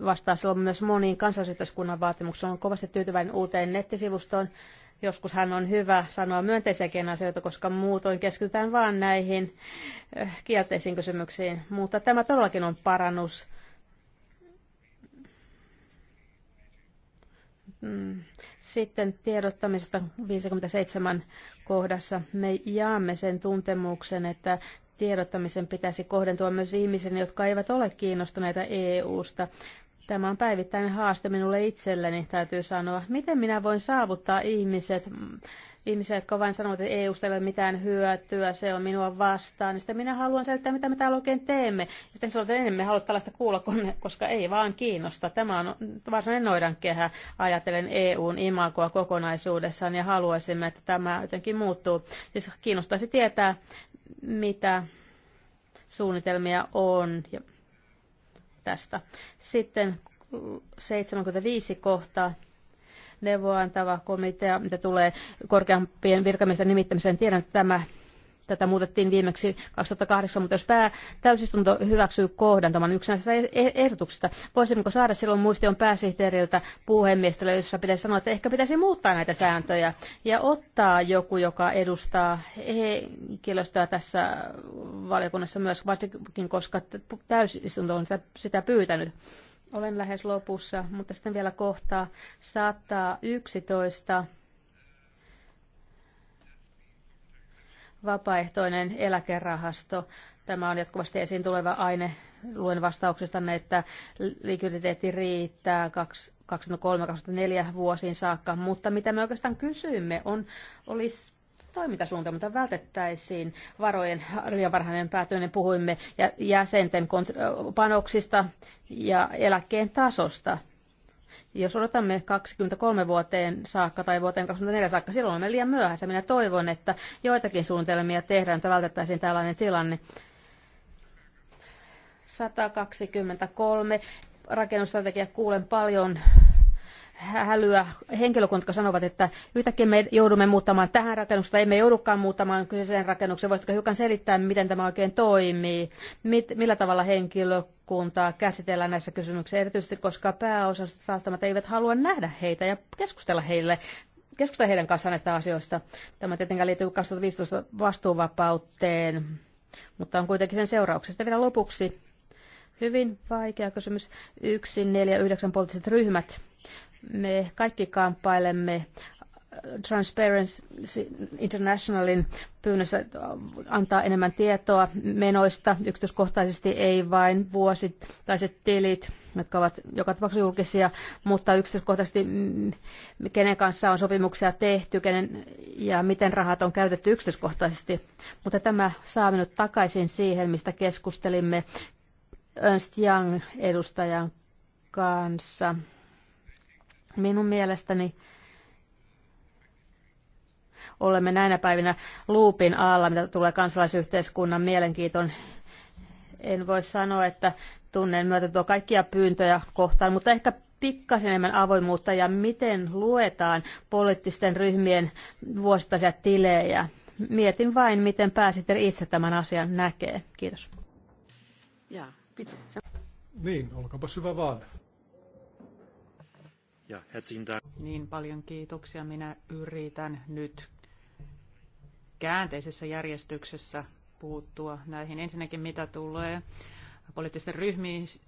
vastaa silloin myös moniin kansalaisyhteiskunnan vaatimuksiin. on kovasti tyytyväinen uuteen nettisivustoon. Joskus hän on hyvä sanoa myönteisiäkin asioita, koska muutoin keskitytään vain näihin eh, kielteisiin kysymyksiin. Mutta tämä todellakin on parannus. Mm. Sitten tiedottamisesta 57 kohdassa me jaamme sen tuntemuksen, että tiedottamisen pitäisi kohdentua myös ihmisiin, jotka eivät ole kiinnostuneita EU-sta. Tämä on päivittäinen haaste minulle itselleni, täytyy sanoa. Miten minä voin saavuttaa ihmiset, ihmisiä, jotka vain sanovat, että e ei ole mitään hyötyä, se on minua vastaan, niin sitten minä haluan selittää, mitä me täällä oikein teemme. Ja sitten sanotaan, että me halua tällaista kuulla, koska ei vaan kiinnosta. Tämä on varsinainen kehä ajatellen EUn imagoa kokonaisuudessaan, ja haluaisimme, että tämä jotenkin muuttuu. Siis kiinnostaisi tietää, mitä suunnitelmia on. Ja tästä. Sitten 75 kohtaa neuvoantava komitea, mitä tulee korkeampien virkamiesten nimittämiseen. Tiedän, että tämä Tätä muutettiin viimeksi 2008, mutta jos pää täysistunto hyväksyy kohdan tämän yksinäisestä e-, e-, ehdotuksesta, voisimmeko saada silloin muistion pääsihteeriltä puhemiestölle, jossa pitäisi sanoa, että ehkä pitäisi muuttaa näitä sääntöjä ja ottaa joku, joka edustaa henkilöstöä tässä valiokunnassa myös, varsinkin koska täysistunto on sitä, sitä pyytänyt. Olen lähes lopussa, mutta sitten vielä kohtaa 111 vapaaehtoinen eläkerahasto. Tämä on jatkuvasti esiin tuleva aine. Luen vastauksestanne, että likviditeetti riittää 2003-2004 vuosiin saakka, mutta mitä me oikeastaan kysymme on, olisi toimintasuunta, mutta vältettäisiin varojen liian varhainen päätöinen. Puhuimme jäsenten panoksista ja eläkkeen tasosta. Jos odotamme 23 vuoteen saakka tai vuoteen 24 saakka, silloin olemme liian myöhässä. Minä toivon, että joitakin suunnitelmia tehdään, että vältettäisiin tällainen tilanne. 123 rakennusstrategia kuulen paljon hälyä henkilökunta, jotka sanovat, että yhtäkkiä me joudumme muuttamaan tähän rakennukseen tai emme joudukaan muuttamaan kyseiseen rakennukseen. Voisitko hiukan selittää, miten tämä oikein toimii? Mit, millä tavalla henkilökuntaa käsitellään näissä kysymyksissä, erityisesti koska pääosastot välttämättä eivät halua nähdä heitä ja keskustella heille keskustella heidän kanssaan näistä asioista. Tämä tietenkään liittyy 2015 vastuuvapauteen, mutta on kuitenkin sen seurauksesta. Vielä lopuksi hyvin vaikea kysymys. Yksi, neljä, yhdeksän poliittiset ryhmät me kaikki kamppailemme Transparency Internationalin pyynnössä antaa enemmän tietoa menoista, yksityiskohtaisesti ei vain vuosittaiset tilit, jotka ovat joka tapauksessa julkisia, mutta yksityiskohtaisesti mm, kenen kanssa on sopimuksia tehty kenen, ja miten rahat on käytetty yksityiskohtaisesti. Mutta tämä saa minut takaisin siihen, mistä keskustelimme Ernst Young-edustajan kanssa. Minun mielestäni olemme näinä päivinä luupin alla, mitä tulee kansalaisyhteiskunnan mielenkiiton. En voi sanoa, että tunnen myötä tuo kaikkia pyyntöjä kohtaan, mutta ehkä pikkasen enemmän avoimuutta ja miten luetaan poliittisten ryhmien vuosittaisia tilejä. Mietin vain, miten pääsitte itse tämän asian näkee. Kiitos. Ja, Niin, olkaapa hyvä vaan. Ja Niin paljon kiitoksia. Minä yritän nyt käänteisessä järjestyksessä puuttua näihin. Ensinnäkin mitä tulee poliittisten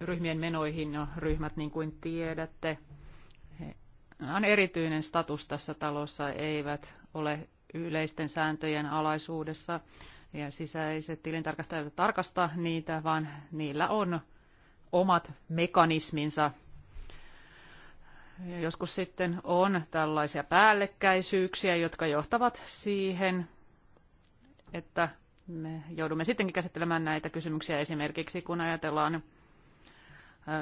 ryhmien menoihin, no ryhmät niin kuin tiedätte, on erityinen status tässä talossa, eivät ole yleisten sääntöjen alaisuudessa ja sisäiset tilintarkastajat tarkasta niitä, vaan niillä on omat mekanisminsa Joskus sitten on tällaisia päällekkäisyyksiä, jotka johtavat siihen, että me joudumme sittenkin käsittelemään näitä kysymyksiä esimerkiksi, kun ajatellaan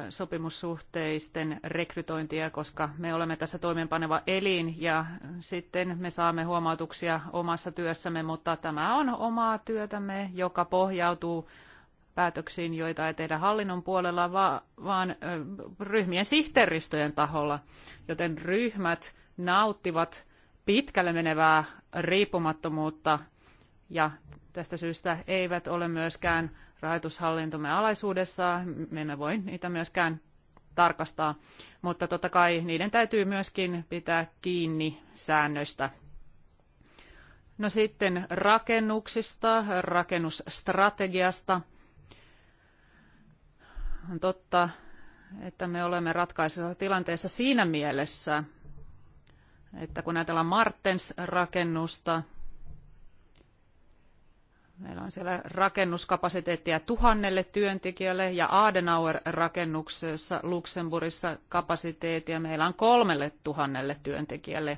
sopimussuhteisten rekrytointia, koska me olemme tässä toimeenpaneva elin ja sitten me saamme huomautuksia omassa työssämme, mutta tämä on omaa työtämme, joka pohjautuu päätöksiin, joita ei tehdä hallinnon puolella, vaan ryhmien sihteeristöjen taholla, joten ryhmät nauttivat pitkälle menevää riippumattomuutta ja tästä syystä eivät ole myöskään rahoitushallintomme alaisuudessa. Me emme voi niitä myöskään tarkastaa, mutta totta kai niiden täytyy myöskin pitää kiinni säännöistä. No sitten rakennuksista, rakennusstrategiasta – on totta, että me olemme ratkaisevassa tilanteessa siinä mielessä, että kun ajatellaan Martens-rakennusta, meillä on siellä rakennuskapasiteettia tuhannelle työntekijälle ja Adenauer-rakennuksessa Luxemburgissa kapasiteettia meillä on kolmelle tuhannelle työntekijälle.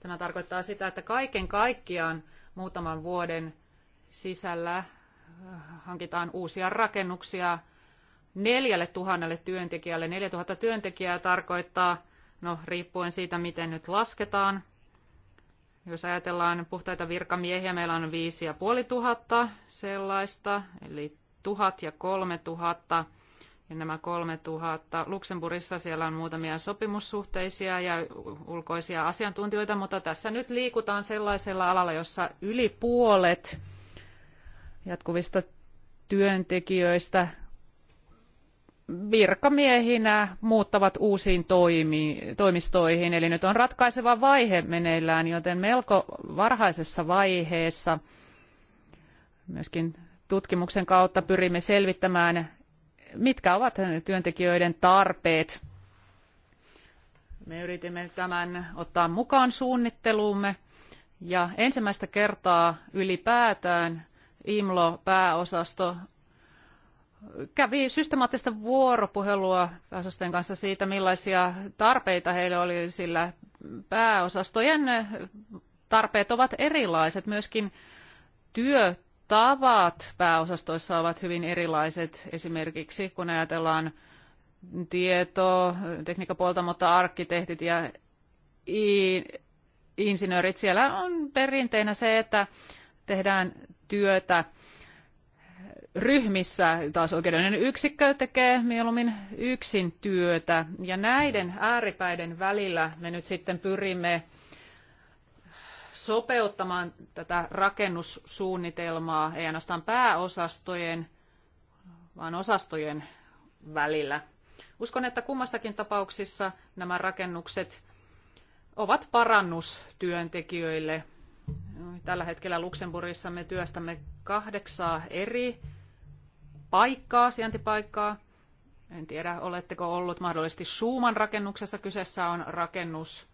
Tämä tarkoittaa sitä, että kaiken kaikkiaan muutaman vuoden sisällä hankitaan uusia rakennuksia – neljälle tuhannelle työntekijälle. Neljä tuhatta työntekijää tarkoittaa, no riippuen siitä, miten nyt lasketaan, jos ajatellaan puhtaita virkamiehiä, meillä on viisi ja puoli tuhatta sellaista, eli tuhat ja kolme tuhatta. Ja nämä kolme tuhatta, Luxemburgissa siellä on muutamia sopimussuhteisia ja ulkoisia asiantuntijoita, mutta tässä nyt liikutaan sellaisella alalla, jossa yli puolet jatkuvista työntekijöistä virkamiehinä muuttavat uusiin toimi, toimistoihin. Eli nyt on ratkaiseva vaihe meneillään, joten melko varhaisessa vaiheessa myöskin tutkimuksen kautta pyrimme selvittämään, mitkä ovat työntekijöiden tarpeet. Me yritimme tämän ottaa mukaan suunnitteluumme ja ensimmäistä kertaa ylipäätään IMLO-pääosasto kävi systemaattista vuoropuhelua pääosastojen kanssa siitä, millaisia tarpeita heillä oli, sillä pääosastojen tarpeet ovat erilaiset. Myöskin työtavat pääosastoissa ovat hyvin erilaiset, esimerkiksi kun ajatellaan tietoa, tekniikkapuolta, mutta arkkitehtit ja insinöörit, siellä on perinteinä se, että tehdään työtä ryhmissä taas oikeudellinen yksikkö tekee mieluummin yksin työtä. Ja näiden ääripäiden välillä me nyt sitten pyrimme sopeuttamaan tätä rakennussuunnitelmaa, ei ainoastaan pääosastojen, vaan osastojen välillä. Uskon, että kummassakin tapauksessa nämä rakennukset ovat parannus työntekijöille. Tällä hetkellä Luxemburgissa me työstämme kahdeksaa eri paikkaa, sijaintipaikkaa. En tiedä, oletteko ollut mahdollisesti Suuman rakennuksessa. Kyseessä on rakennus,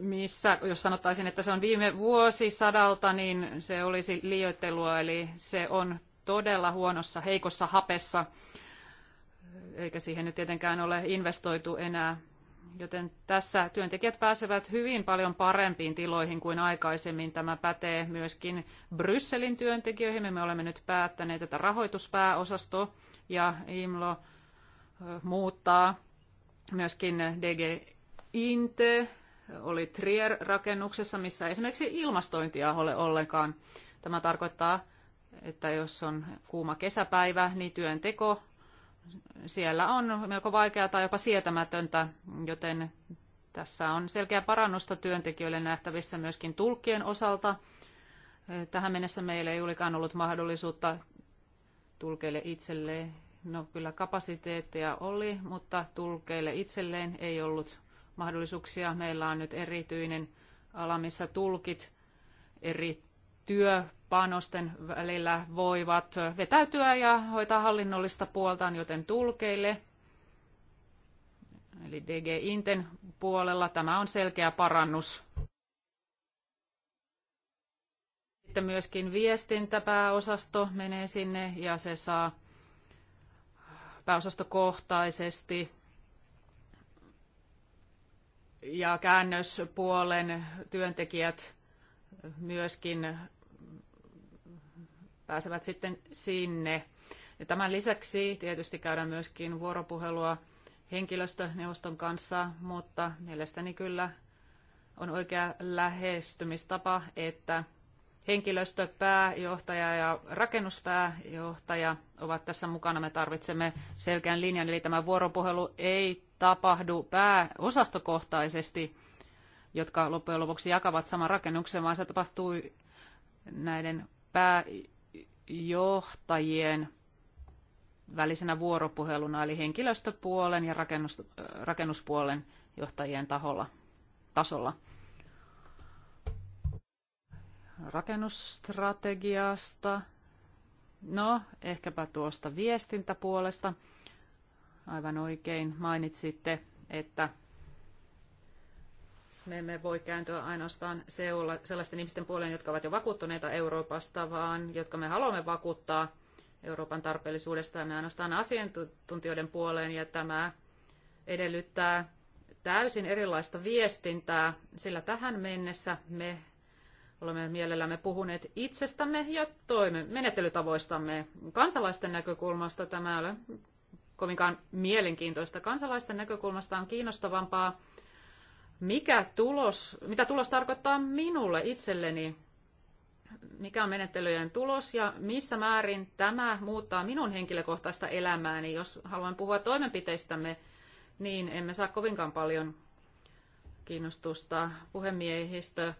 missä, jos sanottaisin, että se on viime vuosisadalta, niin se olisi liioittelua, eli se on todella huonossa, heikossa hapessa, eikä siihen nyt tietenkään ole investoitu enää Joten tässä työntekijät pääsevät hyvin paljon parempiin tiloihin kuin aikaisemmin. Tämä pätee myöskin Brysselin työntekijöihin. Me olemme nyt päättäneet, että rahoituspääosasto ja IMLO muuttaa myöskin DG Inte oli Trier-rakennuksessa, missä esimerkiksi ilmastointia ole ollenkaan. Tämä tarkoittaa, että jos on kuuma kesäpäivä, niin työnteko siellä on melko vaikeaa tai jopa sietämätöntä, joten tässä on selkeä parannusta työntekijöille nähtävissä myöskin tulkkien osalta. Tähän mennessä meillä ei olikaan ollut mahdollisuutta tulkeille itselleen. No kyllä kapasiteetteja oli, mutta tulkeille itselleen ei ollut mahdollisuuksia. Meillä on nyt erityinen ala, missä tulkit eri työpanosten välillä voivat vetäytyä ja hoitaa hallinnollista puoltaan, joten tulkeille, eli DG Inten puolella, tämä on selkeä parannus. Sitten myöskin viestintäpääosasto menee sinne ja se saa pääosastokohtaisesti ja käännöspuolen työntekijät myöskin pääsevät sitten sinne. Ja tämän lisäksi tietysti käydään myöskin vuoropuhelua henkilöstöneuvoston kanssa, mutta mielestäni kyllä on oikea lähestymistapa, että henkilöstöpääjohtaja ja rakennuspääjohtaja ovat tässä mukana. Me tarvitsemme selkeän linjan, eli tämä vuoropuhelu ei tapahdu pääosastokohtaisesti, jotka loppujen lopuksi jakavat saman rakennuksen, vaan se tapahtui näiden pääjohtajien välisenä vuoropuheluna, eli henkilöstöpuolen ja rakennus, rakennuspuolen johtajien taholla, tasolla. Rakennusstrategiasta, no ehkäpä tuosta viestintäpuolesta. Aivan oikein mainitsitte, että me emme voi kääntyä ainoastaan seula, sellaisten ihmisten puoleen, jotka ovat jo vakuuttuneita Euroopasta, vaan jotka me haluamme vakuuttaa Euroopan tarpeellisuudesta ja me ainoastaan asiantuntijoiden puoleen ja tämä edellyttää täysin erilaista viestintää, sillä tähän mennessä me olemme mielellämme puhuneet itsestämme ja toime- menettelytavoistamme. Kansalaisten näkökulmasta tämä ei ole kovinkaan mielenkiintoista. Kansalaisten näkökulmasta on kiinnostavampaa mikä tulos, mitä tulos tarkoittaa minulle itselleni, mikä on menettelyjen tulos ja missä määrin tämä muuttaa minun henkilökohtaista elämääni. Jos haluan puhua toimenpiteistämme, niin emme saa kovinkaan paljon kiinnostusta. Puhemiehistö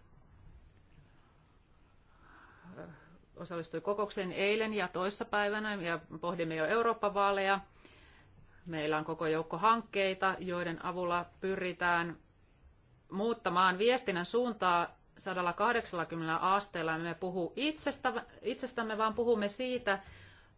osallistui kokoukseen eilen ja toissapäivänä ja pohdimme jo Eurooppa-vaaleja. Meillä on koko joukko hankkeita, joiden avulla pyritään muuttamaan viestinnän suuntaa 180 asteella. Me puhu itsestämme, vaan puhumme siitä,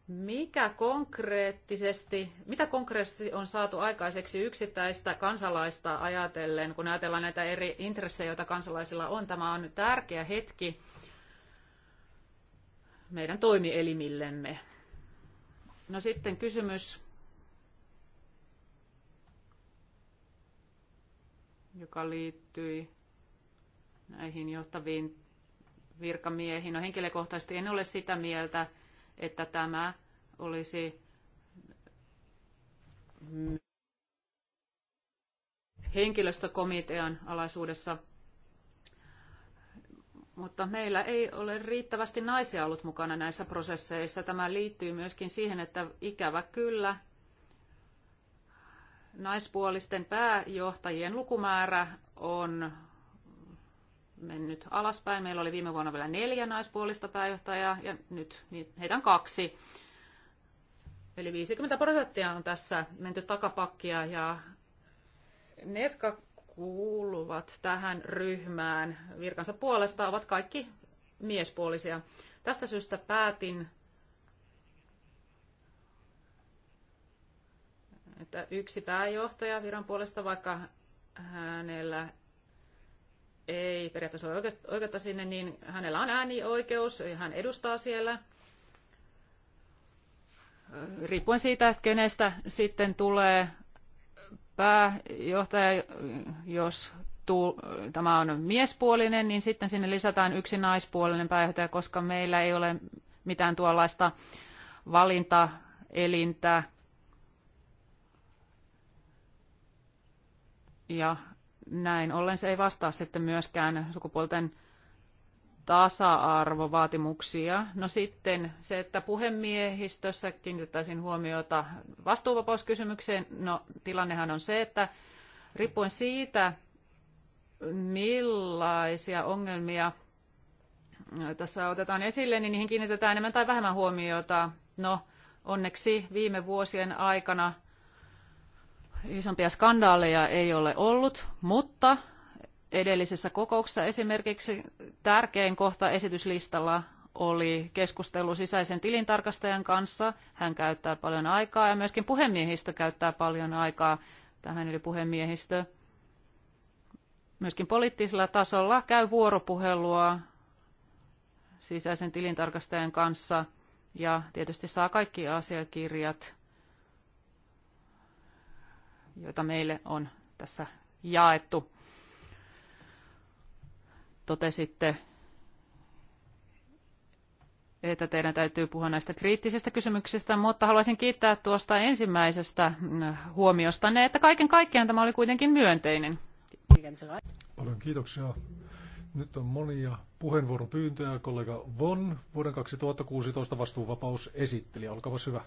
mikä konkreettisesti, mitä konkreettisesti on saatu aikaiseksi yksittäistä kansalaista ajatellen, kun ajatellaan näitä eri intressejä, joita kansalaisilla on. Tämä on tärkeä hetki meidän toimielimillemme. No sitten kysymys joka liittyi näihin johtaviin virkamiehiin. No henkilökohtaisesti en ole sitä mieltä, että tämä olisi henkilöstökomitean alaisuudessa, mutta meillä ei ole riittävästi naisia ollut mukana näissä prosesseissa. Tämä liittyy myöskin siihen, että ikävä kyllä naispuolisten pääjohtajien lukumäärä on mennyt alaspäin. Meillä oli viime vuonna vielä neljä naispuolista pääjohtajaa ja nyt niin heitä on kaksi. Eli 50 prosenttia on tässä menty takapakkia ja ne, jotka kuuluvat tähän ryhmään virkansa puolesta, ovat kaikki miespuolisia. Tästä syystä päätin että yksi pääjohtaja viran puolesta, vaikka hänellä ei periaatteessa ole oikeutta sinne, niin hänellä on äänioikeus, hän edustaa siellä. Riippuen siitä, että kenestä sitten tulee pääjohtaja, jos tuu, tämä on miespuolinen, niin sitten sinne lisätään yksi naispuolinen pääjohtaja, koska meillä ei ole mitään tuollaista valintaelintä, Ja näin ollen se ei vastaa sitten myöskään sukupuolten tasa-arvovaatimuksia. No sitten se, että puhemiehistössä kiinnitettäisiin huomiota vastuuvapauskysymykseen. No tilannehan on se, että riippuen siitä, millaisia ongelmia tässä otetaan esille, niin niihin kiinnitetään enemmän tai vähemmän huomiota. No onneksi viime vuosien aikana – isompia skandaaleja ei ole ollut, mutta edellisessä kokouksessa esimerkiksi tärkein kohta esityslistalla oli keskustelu sisäisen tilintarkastajan kanssa. Hän käyttää paljon aikaa ja myöskin puhemiehistö käyttää paljon aikaa. Tähän yli puhemiehistö myöskin poliittisella tasolla käy vuoropuhelua sisäisen tilintarkastajan kanssa ja tietysti saa kaikki asiakirjat joita meille on tässä jaettu. Totesitte, että teidän täytyy puhua näistä kriittisistä kysymyksistä, mutta haluaisin kiittää tuosta ensimmäisestä mm, huomiostanne, että kaiken kaikkiaan tämä oli kuitenkin myönteinen. Paljon kiitoksia. Nyt on monia puheenvuoropyyntöjä. Kollega Von, vuoden 2016 vastuuvapaus esitteli. Olkaa hyvä.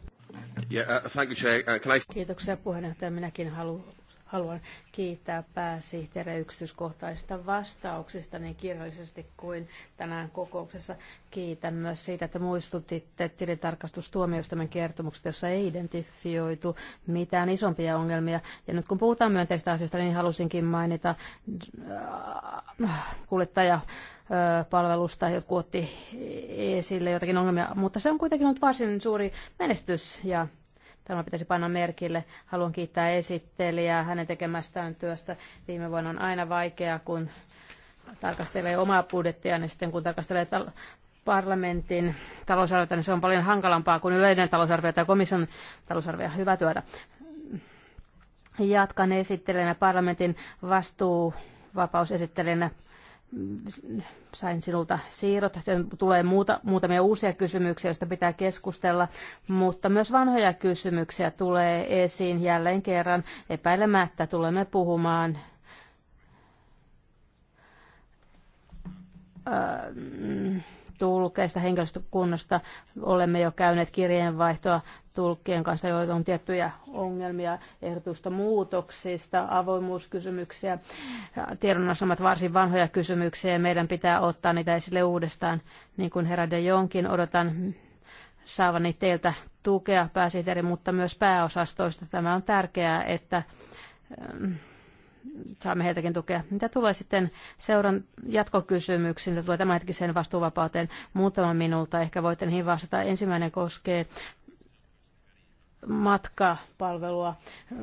Yeah, uh, thank you, Chair. Uh, can I... Kiitoksia puheenjohtaja. Minäkin halu, Haluan kiittää pääsihteeriä yksityiskohtaisista vastauksista niin kirjallisesti kuin tänään kokouksessa. Kiitän myös siitä, että muistutitte tilintarkastustuomioistuimen kertomuksesta, jossa ei identifioitu mitään isompia ongelmia. Ja nyt kun puhutaan myönteistä asioista, niin halusinkin mainita äh, kuljettaja äh, palvelusta, jotkut otti esille jotakin ongelmia, mutta se on kuitenkin ollut varsin suuri menestys ja Tämä pitäisi panna merkille. Haluan kiittää esittelijää hänen tekemästään työstä. Viime vuonna on aina vaikeaa, kun tarkastelee omaa budjettia, niin sitten kun tarkastelee tal- parlamentin talousarviota, niin se on paljon hankalampaa kuin yleinen talousarvio tai komission talousarvio. Hyvä työtä. Jatkan esittelijänä parlamentin vastuuvapausesittelijänä sain sinulta siirrot. Tulee muuta, muutamia uusia kysymyksiä, joista pitää keskustella, mutta myös vanhoja kysymyksiä tulee esiin jälleen kerran. Epäilemättä tulemme puhumaan äh, mm, tulkeista henkilöstökunnasta. Olemme jo käyneet kirjeenvaihtoa tulkkien kanssa, joita on tiettyjä ongelmia, ehdotusta muutoksista, avoimuuskysymyksiä. Tiedonannossa ovat varsin vanhoja kysymyksiä ja meidän pitää ottaa niitä esille uudestaan. Niin kuin herra de Jonkin, odotan saavani teiltä tukea pääsihteeri, mutta myös pääosastoista. Tämä on tärkeää, että ähm, saamme heiltäkin tukea. Mitä tulee sitten seuran jatkokysymyksiin, mitä tulee tämänhetkiseen vastuuvapauteen muutama minulta, ehkä voitte niihin vastata. Ensimmäinen koskee matkapalvelua.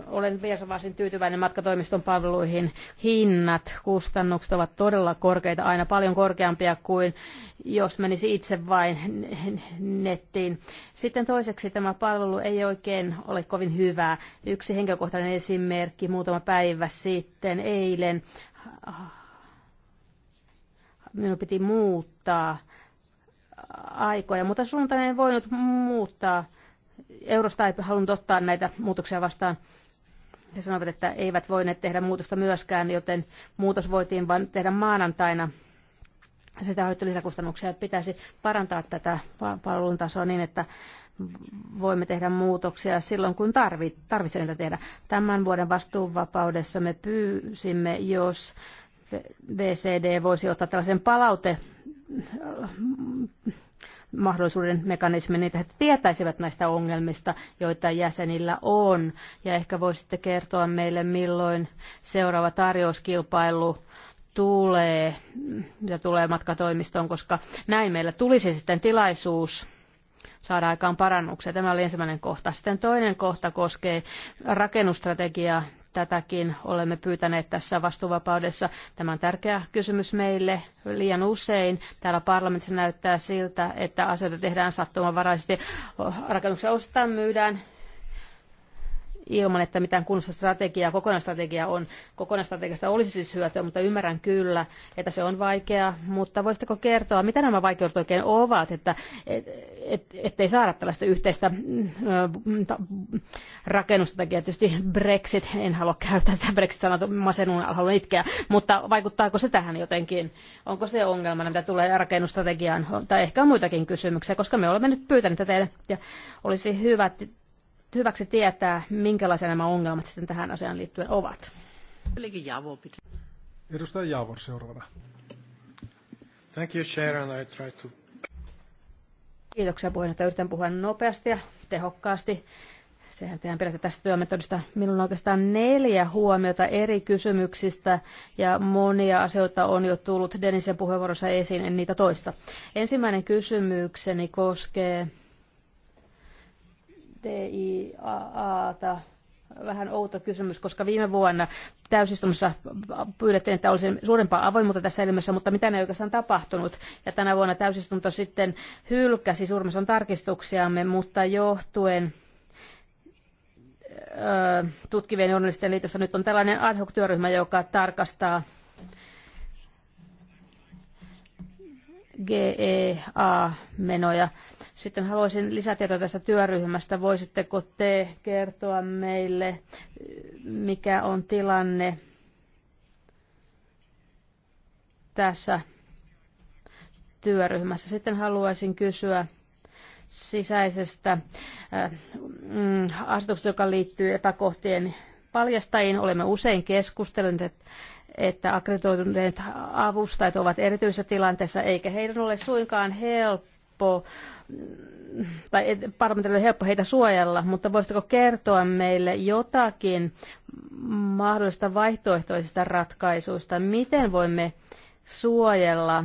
Olen vielä varsin tyytyväinen matkatoimiston palveluihin. Hinnat, kustannukset ovat todella korkeita, aina paljon korkeampia kuin jos menisi itse vain nettiin. Sitten toiseksi tämä palvelu ei oikein ole kovin hyvää. Yksi henkilökohtainen esimerkki muutama päivä sitten, eilen, minun piti muuttaa aikoja, mutta suuntaan en voinut muuttaa Eurosta ei halunnut ottaa näitä muutoksia vastaan. He sanoivat, että eivät voineet tehdä muutosta myöskään, joten muutos voitiin vain tehdä maanantaina. Sitä hoitolisäkustannuksia pitäisi parantaa tätä palvelun tasoa niin, että voimme tehdä muutoksia silloin, kun tarvitsee niitä tehdä. Tämän vuoden vastuuvapaudessa me pyysimme, jos VCD voisi ottaa tällaisen palaute mahdollisuuden mekanismi, niin että he tietäisivät näistä ongelmista, joita jäsenillä on. Ja ehkä voisitte kertoa meille, milloin seuraava tarjouskilpailu tulee ja tulee matkatoimistoon, koska näin meillä tulisi sitten tilaisuus saada aikaan parannuksia. Tämä oli ensimmäinen kohta. Sitten toinen kohta koskee rakennustrategiaa. Tätäkin olemme pyytäneet tässä vastuuvapaudessa. Tämä on tärkeä kysymys meille. Liian usein täällä parlamentissa näyttää siltä, että asioita tehdään sattumanvaraisesti. Rakennuksia ostetaan, myydään, ilman, että mitään kunnossa strategiaa, kokonaistrategiaa on. Kokonaistrategiasta olisi siis hyötyä, mutta ymmärrän kyllä, että se on vaikeaa. Mutta voisitteko kertoa, mitä nämä vaikeudet oikein ovat, että et, et, ettei saada tällaista yhteistä äh, rakennustrategiaa. Tietysti Brexit, en halua käyttää tätä Brexit-sanaa, masennun haluan itkeä, mutta vaikuttaako se tähän jotenkin? Onko se ongelma, mitä tulee rakennustrategiaan, tai ehkä on muitakin kysymyksiä, koska me olemme nyt pyytäneet tätä ja olisi hyvä hyväksi tietää, minkälaisia nämä ongelmat sitten tähän asiaan liittyen ovat. Edustaja Javor seuraavana. Thank you, Chair, and I try to... Kiitoksia puheenjohtaja. Yritän puhua nopeasti ja tehokkaasti. Sehän tehän pidätte tästä työmetodista. Minulla on oikeastaan neljä huomiota eri kysymyksistä ja monia asioita on jo tullut Denisen puheenvuorossa esiin, en niitä toista. Ensimmäinen kysymykseni koskee TIAAta vähän outo kysymys, koska viime vuonna täysistunnossa pyydettiin, että olisi suurempaa avoimuutta tässä elämässä, mutta mitä ne oikeastaan tapahtunut. Ja tänä vuonna täysistunto sitten hylkäsi on tarkistuksiamme, mutta johtuen tutkivien journalistien liitossa nyt on tällainen ad hoc työryhmä, joka tarkastaa GEA-menoja sitten haluaisin lisätietoa tästä työryhmästä. Voisitteko te kertoa meille, mikä on tilanne tässä työryhmässä? Sitten haluaisin kysyä sisäisestä äh, mm, asetuksesta, joka liittyy epäkohtien paljastajiin. Olemme usein keskustelleet, että akkreditoituneet avustajat ovat erityisessä tilanteessa, eikä heidän ole suinkaan helppo helppo, tai parlamentille helppo heitä suojella, mutta voisitko kertoa meille jotakin mahdollisista vaihtoehtoisista ratkaisuista? Miten voimme suojella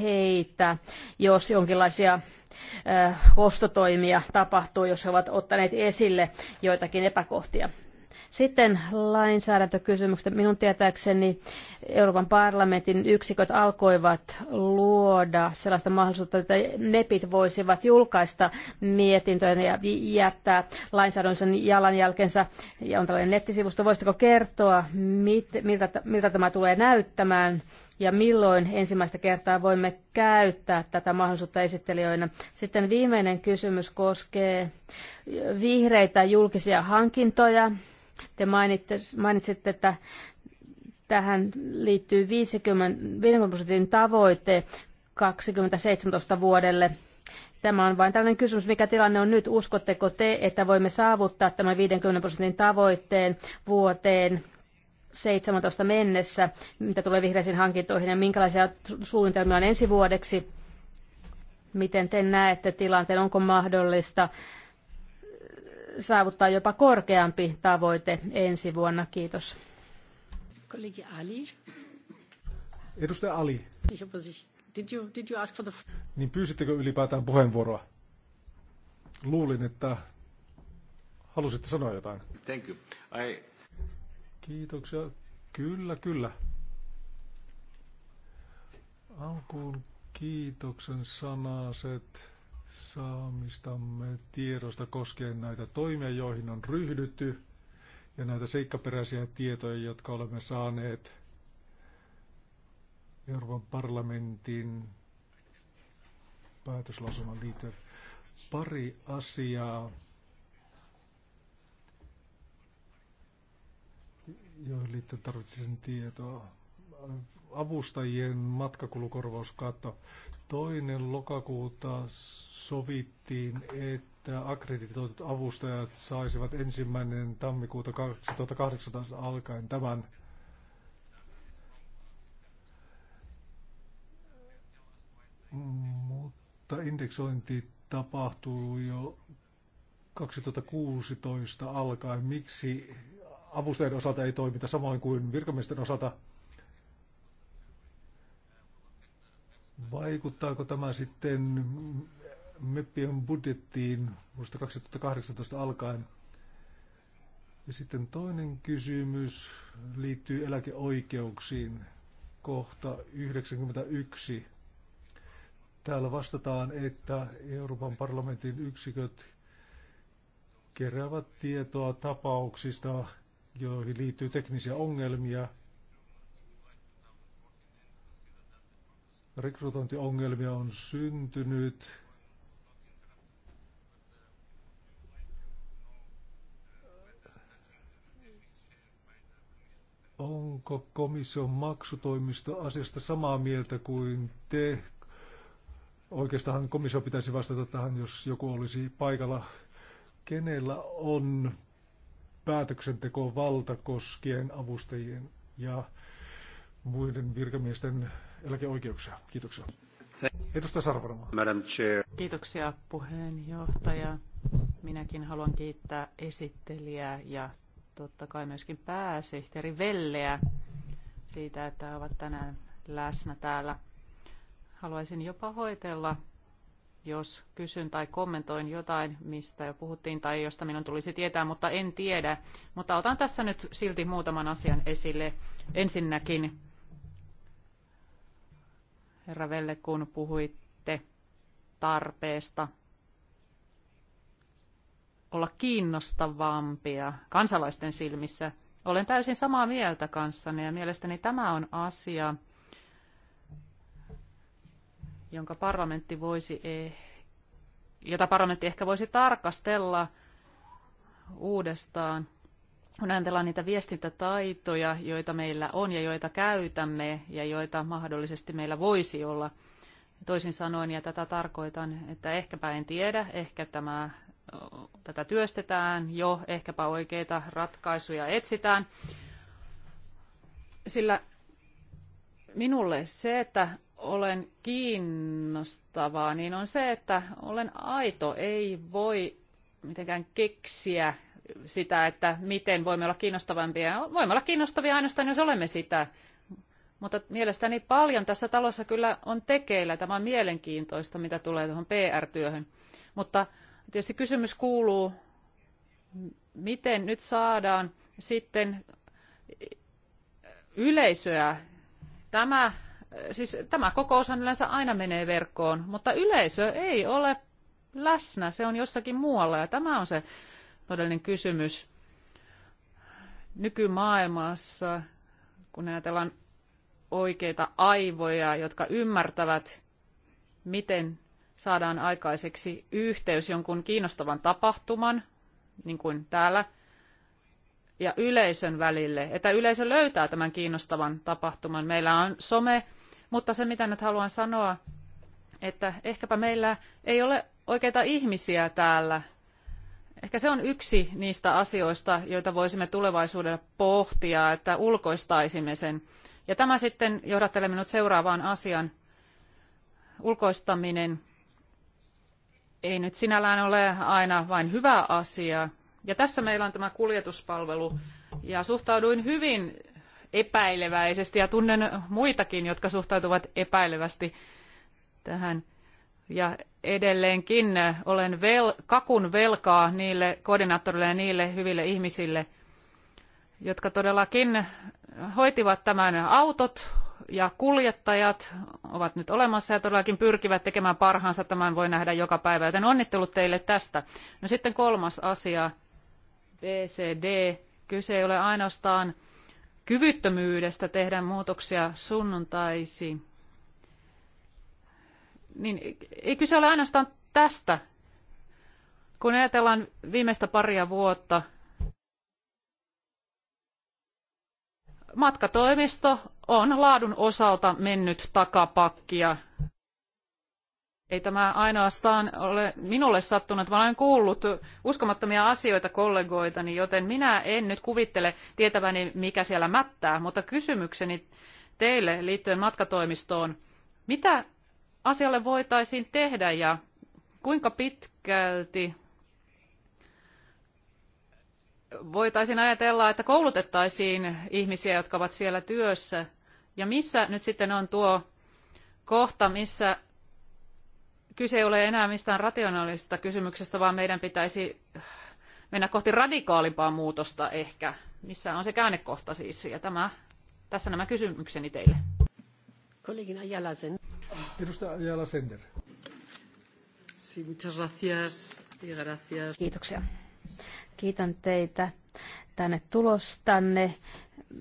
heitä, jos jonkinlaisia kostotoimia tapahtuu, jos he ovat ottaneet esille joitakin epäkohtia sitten lainsäädäntökysymykset. Minun tietääkseni Euroopan parlamentin yksiköt alkoivat luoda sellaista mahdollisuutta, että nepit voisivat julkaista mietintöjä ja jättää lainsäädännön jalanjälkensä. Ja on tällainen nettisivusto. Voisitko kertoa, mit, miltä, miltä tämä tulee näyttämään? ja milloin ensimmäistä kertaa voimme käyttää tätä mahdollisuutta esittelijöinä. Sitten viimeinen kysymys koskee vihreitä julkisia hankintoja. Te mainitsitte, että tähän liittyy 50, 50 prosentin tavoite 2017 vuodelle. Tämä on vain tällainen kysymys, mikä tilanne on nyt. Uskotteko te, että voimme saavuttaa tämän 50 prosentin tavoitteen vuoteen 17 mennessä, mitä tulee vihreisiin hankintoihin ja minkälaisia suunnitelmia on ensi vuodeksi? Miten te näette tilanteen? Onko mahdollista saavuttaa jopa korkeampi tavoite ensi vuonna. Kiitos. Kollegi Ali. Edustaja Ali. Did you, did you ask for the... Niin pyysittekö ylipäätään puheenvuoroa? Luulin, että halusitte sanoa jotain. Thank you. I... Kiitoksia. Kyllä, kyllä. Alkuun kiitoksen sanaset saamistamme tiedosta koskien näitä toimia, joihin on ryhdytty, ja näitä seikkaperäisiä tietoja, jotka olemme saaneet Euroopan parlamentin päätöslausuman liittyen. Pari asiaa, joihin liittyen tarvitsisin tietoa avustajien matkakulukorvauskatto. Toinen lokakuuta sovittiin, että akkreditoidut avustajat saisivat ensimmäinen tammikuuta 2018 alkaen tämän mutta indeksointi tapahtuu jo 2016 alkaen. Miksi avustajien osalta ei toimita samoin kuin virkamiesten osalta? Vaikuttaako tämä sitten MEPPien budjettiin vuodesta 2018 alkaen? Ja sitten toinen kysymys liittyy eläkeoikeuksiin. Kohta 91. Täällä vastataan, että Euroopan parlamentin yksiköt keräävät tietoa tapauksista, joihin liittyy teknisiä ongelmia – rekrytointiongelmia on syntynyt. Onko komission maksutoimisto asiasta samaa mieltä kuin te? Oikeastaan komissio pitäisi vastata tähän, jos joku olisi paikalla. Kenellä on päätöksenteko valta koskien avustajien ja muiden virkamiesten eläkeoikeuksia. Kiitoksia. Edustaja Sarvarma. Madam Chair. Kiitoksia puheenjohtaja. Minäkin haluan kiittää esittelijää ja totta kai myöskin pääsihteeri Velleä siitä, että ovat tänään läsnä täällä. Haluaisin jopa hoitella, jos kysyn tai kommentoin jotain, mistä jo puhuttiin tai josta minun tulisi tietää, mutta en tiedä. Mutta otan tässä nyt silti muutaman asian esille. Ensinnäkin herra Velle, kun puhuitte tarpeesta olla kiinnostavampia kansalaisten silmissä. Olen täysin samaa mieltä kanssanne ja mielestäni tämä on asia, jonka parlamentti voisi, eh- jota parlamentti ehkä voisi tarkastella uudestaan kun ajatellaan niitä viestintätaitoja, joita meillä on ja joita käytämme ja joita mahdollisesti meillä voisi olla, toisin sanoen, ja tätä tarkoitan, että ehkäpä en tiedä, ehkä tämä, tätä työstetään jo, ehkäpä oikeita ratkaisuja etsitään, sillä minulle se, että olen kiinnostavaa, niin on se, että olen aito, ei voi mitenkään keksiä sitä, että miten voimme olla kiinnostavampia. Voimme olla kiinnostavia ainoastaan, jos olemme sitä. Mutta mielestäni paljon tässä talossa kyllä on tekeillä. Tämä on mielenkiintoista, mitä tulee tuohon PR-työhön. Mutta tietysti kysymys kuuluu, miten nyt saadaan sitten yleisöä. Tämä, siis tämä osa yleensä aina menee verkkoon, mutta yleisö ei ole läsnä, se on jossakin muualla ja tämä on se todellinen kysymys. Nykymaailmassa, kun ajatellaan oikeita aivoja, jotka ymmärtävät, miten saadaan aikaiseksi yhteys jonkun kiinnostavan tapahtuman, niin kuin täällä, ja yleisön välille, että yleisö löytää tämän kiinnostavan tapahtuman. Meillä on some, mutta se mitä nyt haluan sanoa, että ehkäpä meillä ei ole oikeita ihmisiä täällä, Ehkä se on yksi niistä asioista, joita voisimme tulevaisuudessa pohtia, että ulkoistaisimme sen. Ja tämä sitten johdattelee minut seuraavaan asian. Ulkoistaminen ei nyt sinällään ole aina vain hyvä asia. Ja tässä meillä on tämä kuljetuspalvelu. Ja suhtauduin hyvin epäileväisesti ja tunnen muitakin, jotka suhtautuvat epäilevästi tähän ja edelleenkin olen vel, kakun velkaa niille koordinaattorille ja niille hyville ihmisille, jotka todellakin hoitivat tämän autot ja kuljettajat ovat nyt olemassa ja todellakin pyrkivät tekemään parhaansa. Tämän voi nähdä joka päivä, joten onnittelut teille tästä. No sitten kolmas asia, BCD. Kyse ei ole ainoastaan kyvyttömyydestä tehdä muutoksia sunnuntaisiin niin ei kyse ole ainoastaan tästä. Kun ajatellaan viimeistä paria vuotta, matkatoimisto on laadun osalta mennyt takapakkia. Ei tämä ainoastaan ole minulle sattunut, vaan olen kuullut uskomattomia asioita kollegoitani, joten minä en nyt kuvittele tietäväni, mikä siellä mättää. Mutta kysymykseni teille liittyen matkatoimistoon, mitä asialle voitaisiin tehdä ja kuinka pitkälti voitaisiin ajatella, että koulutettaisiin ihmisiä, jotka ovat siellä työssä. Ja missä nyt sitten on tuo kohta, missä kyse ei ole enää mistään rationaalisesta kysymyksestä, vaan meidän pitäisi mennä kohti radikaalimpaa muutosta ehkä. Missä on se käännekohta siis? Ja tämä, tässä nämä kysymykseni teille. Kollegina Jäläsen. Edustaja Ajala Sender. Sí, muchas gracias y gracias. Kiitoksia. Kiitän teitä tänne tulostanne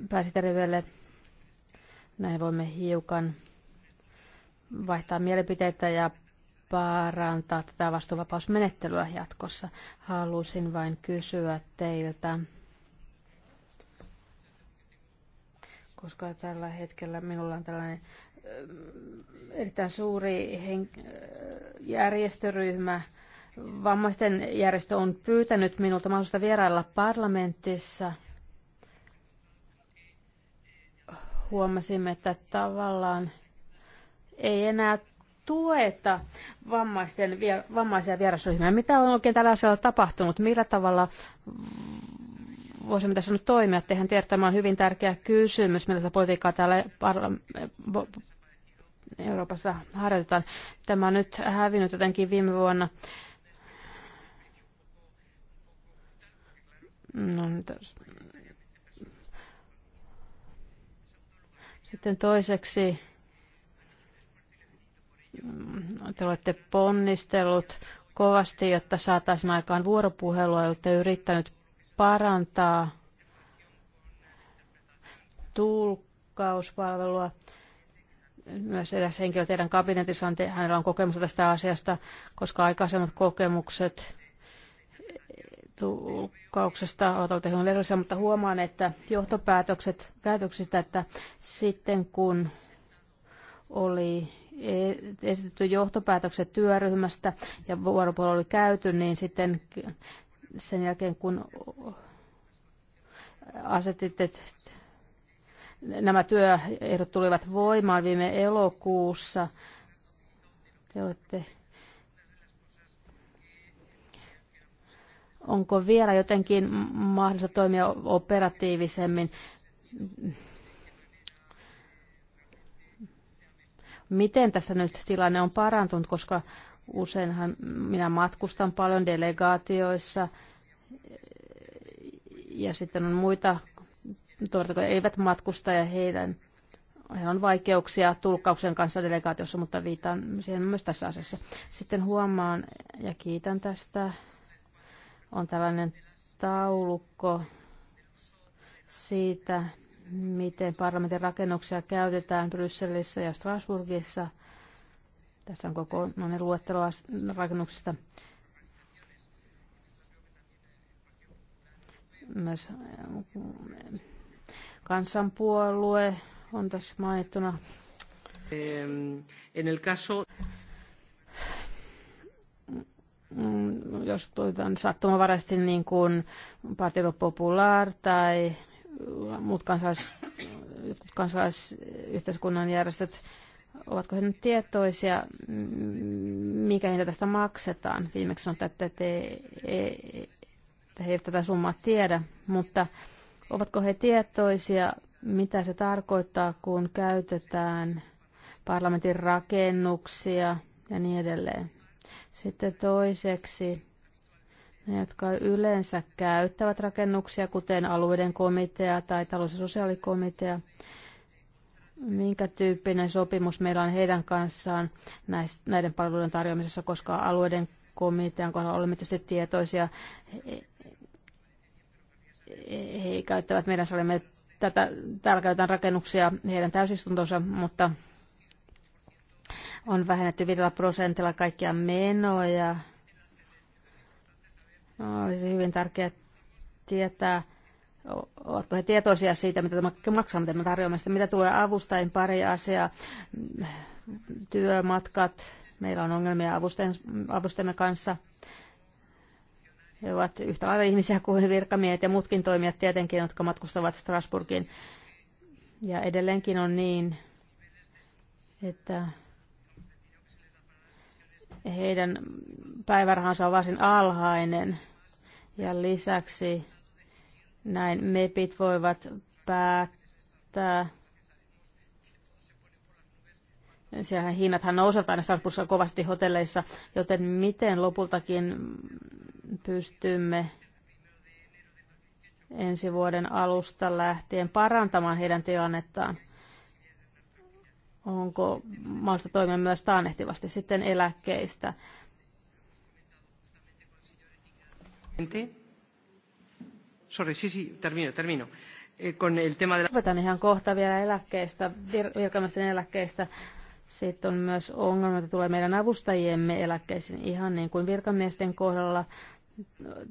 pääsiterveelle. Näin voimme hiukan vaihtaa mielipiteitä ja parantaa tätä vastuuvapausmenettelyä jatkossa. Halusin vain kysyä teiltä, koska tällä hetkellä minulla on tällainen erittäin suuri hen- järjestöryhmä. Vammaisten järjestö on pyytänyt minulta mahdollisuutta vierailla parlamentissa. Huomasimme, että tavallaan ei enää tueta vammaisten, vammaisia vierasryhmiä. Mitä on oikein tällä asialla tapahtunut? Millä tavalla voisimme tässä nyt toimia. Tehän tiedät, tämä on hyvin tärkeä kysymys, millaista politiikkaa täällä Euroopassa harjoitetaan. Tämä on nyt hävinnyt jotenkin viime vuonna. No, Sitten toiseksi mm, te olette ponnistellut kovasti, jotta saataisiin aikaan vuoropuhelua, olette yrittänyt parantaa tulkkauspalvelua. Myös eräs henkilö teidän kabinetissa on, hänellä on kokemusta tästä asiasta, koska aikaisemmat kokemukset tulkkauksesta ovat olleet hyvin erilaisia, mutta huomaan, että johtopäätökset päätöksistä, että sitten kun oli e- esitetty johtopäätökset työryhmästä ja vuoropuolella oli käyty, niin sitten sen jälkeen, kun että nämä työehdot tulivat voimaan viime elokuussa. Te olette Onko vielä jotenkin mahdollista toimia operatiivisemmin? Miten tässä nyt tilanne on parantunut, koska Useinhan minä matkustan paljon delegaatioissa ja sitten on muita, jotka eivät matkusta ja heidän he on vaikeuksia tulkkauksen kanssa delegaatiossa, mutta viitaan siihen myös tässä asiassa. Sitten huomaan ja kiitän tästä. On tällainen taulukko siitä, miten parlamentin rakennuksia käytetään Brysselissä ja Strasbourgissa – tässä on koko luettelo rakennuksista. Myös eh, kansanpuolue on tässä mainittuna. En el caso... Mm, jos tuotan sattumavaraisesti niin kuin Partido Popular tai muut kansalais, kansalaisyhteiskunnan järjestöt, Ovatko he nyt tietoisia, mikä heitä tästä maksetaan? Viimeksi on, että, te, e, että he eivät tätä summaa tiedä, mutta ovatko he tietoisia, mitä se tarkoittaa, kun käytetään parlamentin rakennuksia ja niin edelleen. Sitten toiseksi, ne, jotka yleensä käyttävät rakennuksia, kuten alueiden komitea tai talous- ja sosiaalikomitea, minkä tyyppinen sopimus meillä on heidän kanssaan näiden palveluiden tarjoamisessa, koska alueiden komitean kohdalla olemme tietysti tietoisia. He, he, he käyttävät meidän salimme tätä, täällä käytetään rakennuksia heidän täysistuntonsa, mutta on vähennetty 5 prosentilla kaikkia menoja. No, olisi hyvin tärkeää tietää, ovatko he tietoisia siitä, mitä tämä maksaa, mitä me tarjoamme. sitä, mitä tulee avustajien pari asiaa, työmatkat, meillä on ongelmia avustajamme kanssa. He ovat yhtä lailla ihmisiä kuin virkamiehet ja muutkin toimijat tietenkin, jotka matkustavat Strasburgiin. Ja edelleenkin on niin, että heidän päivärahansa on varsin alhainen ja lisäksi näin MEPit voivat päättää. Siellähän hinnathan nousevat aina Strasbourgissa kovasti hotelleissa, joten miten lopultakin pystymme ensi vuoden alusta lähtien parantamaan heidän tilannettaan? Onko mahdollista toimia myös taannehtivasti sitten eläkkeistä? Entä? sorry, sí, sí, termino, termino. Eh, con el tema de... Lopetan ihan kohta vielä eläkkeestä, vir- virkamiesten eläkkeestä. Sitten on myös ongelma, että tulee meidän avustajiemme eläkkeisiin, ihan niin kuin virkamiesten kohdalla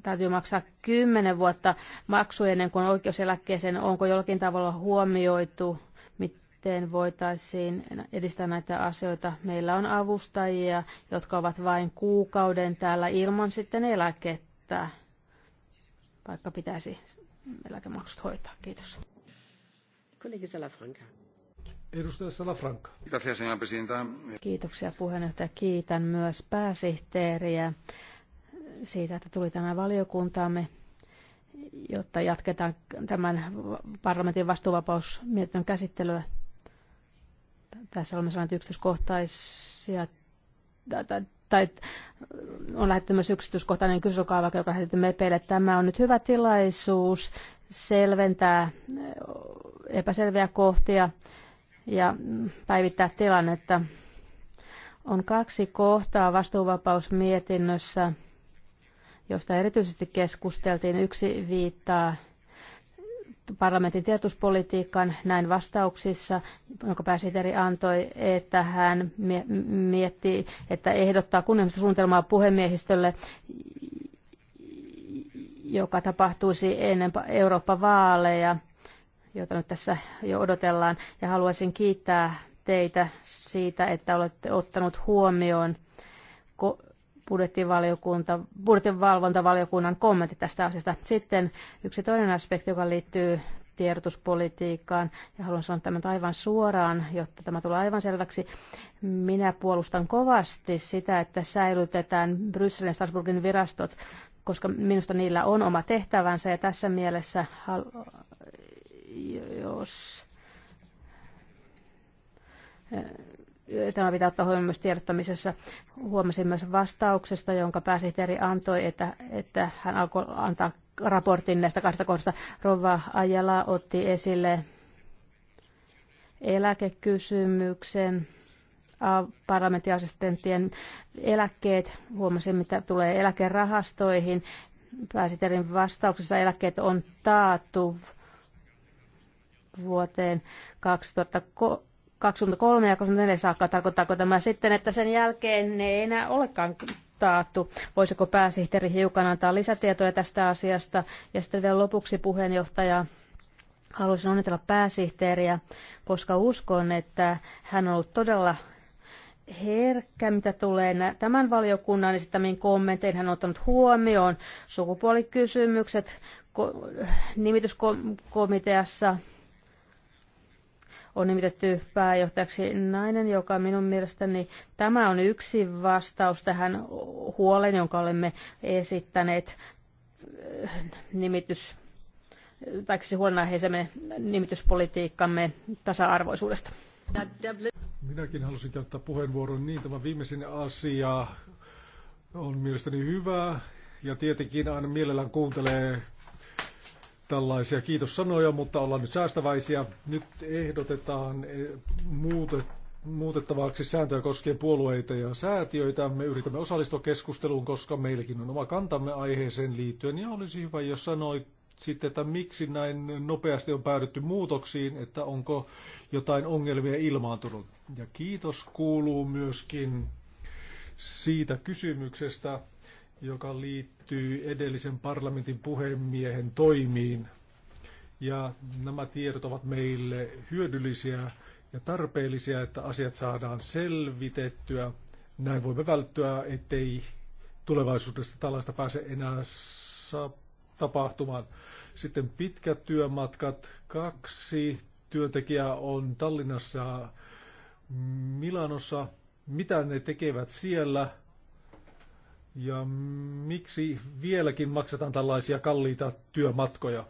täytyy maksaa kymmenen vuotta maksu ennen kuin oikeuseläkkeeseen. Onko jollakin tavalla huomioitu, miten voitaisiin edistää näitä asioita? Meillä on avustajia, jotka ovat vain kuukauden täällä ilman sitten eläkettä vaikka pitäisi eläkemaksut hoitaa. Kiitos. Kollegi Salafranca. Edustaja Salafranca. Kiitoksia puheenjohtaja. Kiitän myös pääsihteeriä siitä, että tuli tämä valiokuntaamme, jotta jatketaan tämän parlamentin vastuuvapausmietinnön käsittelyä. Tässä olemme saaneet yksityiskohtaisia tai on lähetetty myös yksityiskohtainen kysykaava, joka lähetetty MEPEille. Tämä on nyt hyvä tilaisuus selventää epäselviä kohtia ja päivittää tilannetta. On kaksi kohtaa vastuuvapausmietinnössä, josta erityisesti keskusteltiin. Yksi viittaa parlamentin tiedotuspolitiikan näin vastauksissa, jonka pääsihteeri antoi, että hän miettii, että ehdottaa kunnianhimoista suunnitelmaa puhemiehistölle, joka tapahtuisi ennen Euroopan vaaleja, joita nyt tässä jo odotellaan. Ja haluaisin kiittää teitä siitä, että olette ottanut huomioon budjettivaliokunta, budjettivalvontavaliokunnan kommentti tästä asiasta. Sitten yksi toinen aspekti, joka liittyy tiedotuspolitiikkaan. Ja haluan sanoa tämän aivan suoraan, jotta tämä tulee aivan selväksi. Minä puolustan kovasti sitä, että säilytetään Brysselin ja Strasbourgin virastot, koska minusta niillä on oma tehtävänsä. Ja tässä mielessä, jos tämä pitää ottaa huomioon myös tiedottamisessa. Huomasin myös vastauksesta, jonka pääsihteeri antoi, että, että hän alkoi antaa raportin näistä kahdesta kohdasta. Rova Ajala otti esille eläkekysymyksen parlamenttiasistenttien eläkkeet. Huomasin, mitä tulee eläkerahastoihin. Pääsihteerin vastauksessa eläkkeet on taattu vuoteen 2003 23 ja 24 saakka. Tarkoittaako tämä sitten, että sen jälkeen ne ei enää olekaan taattu? Voisiko pääsihteeri hiukan antaa lisätietoja tästä asiasta? Ja sitten vielä lopuksi puheenjohtaja haluaisin onnitella pääsihteeriä, koska uskon, että hän on ollut todella herkkä, mitä tulee tämän valiokunnan esittämiin kommentteihin. Hän on ottanut huomioon sukupuolikysymykset nimityskomiteassa on nimitetty pääjohtajaksi nainen, joka minun mielestäni tämä on yksi vastaus tähän huolen, jonka olemme esittäneet eh, nimitys tai siis huolenaiheisemme nimityspolitiikkamme tasa-arvoisuudesta. Minäkin halusin käyttää puheenvuoron niin. Tämä viimeisin asia on mielestäni hyvä ja tietenkin aina mielellään kuuntelee tällaisia kiitos sanoja, mutta ollaan nyt säästäväisiä. Nyt ehdotetaan eh, muutettavaksi sääntöjä koskien puolueita ja säätiöitä. Me yritämme osallistua keskusteluun, koska meilläkin on oma kantamme aiheeseen liittyen. Ja olisi hyvä, jos sanoit sitten, että miksi näin nopeasti on päädytty muutoksiin, että onko jotain ongelmia ilmaantunut. Ja kiitos kuuluu myöskin siitä kysymyksestä, joka liittyy edellisen parlamentin puhemiehen toimiin. Ja nämä tiedot ovat meille hyödyllisiä ja tarpeellisia, että asiat saadaan selvitettyä. Näin voimme välttyä, ettei tulevaisuudessa tällaista pääse enää tapahtumaan. Sitten pitkät työmatkat. Kaksi työntekijää on Tallinnassa Milanossa. Mitä ne tekevät siellä? Ja miksi vieläkin maksetaan tällaisia kalliita työmatkoja?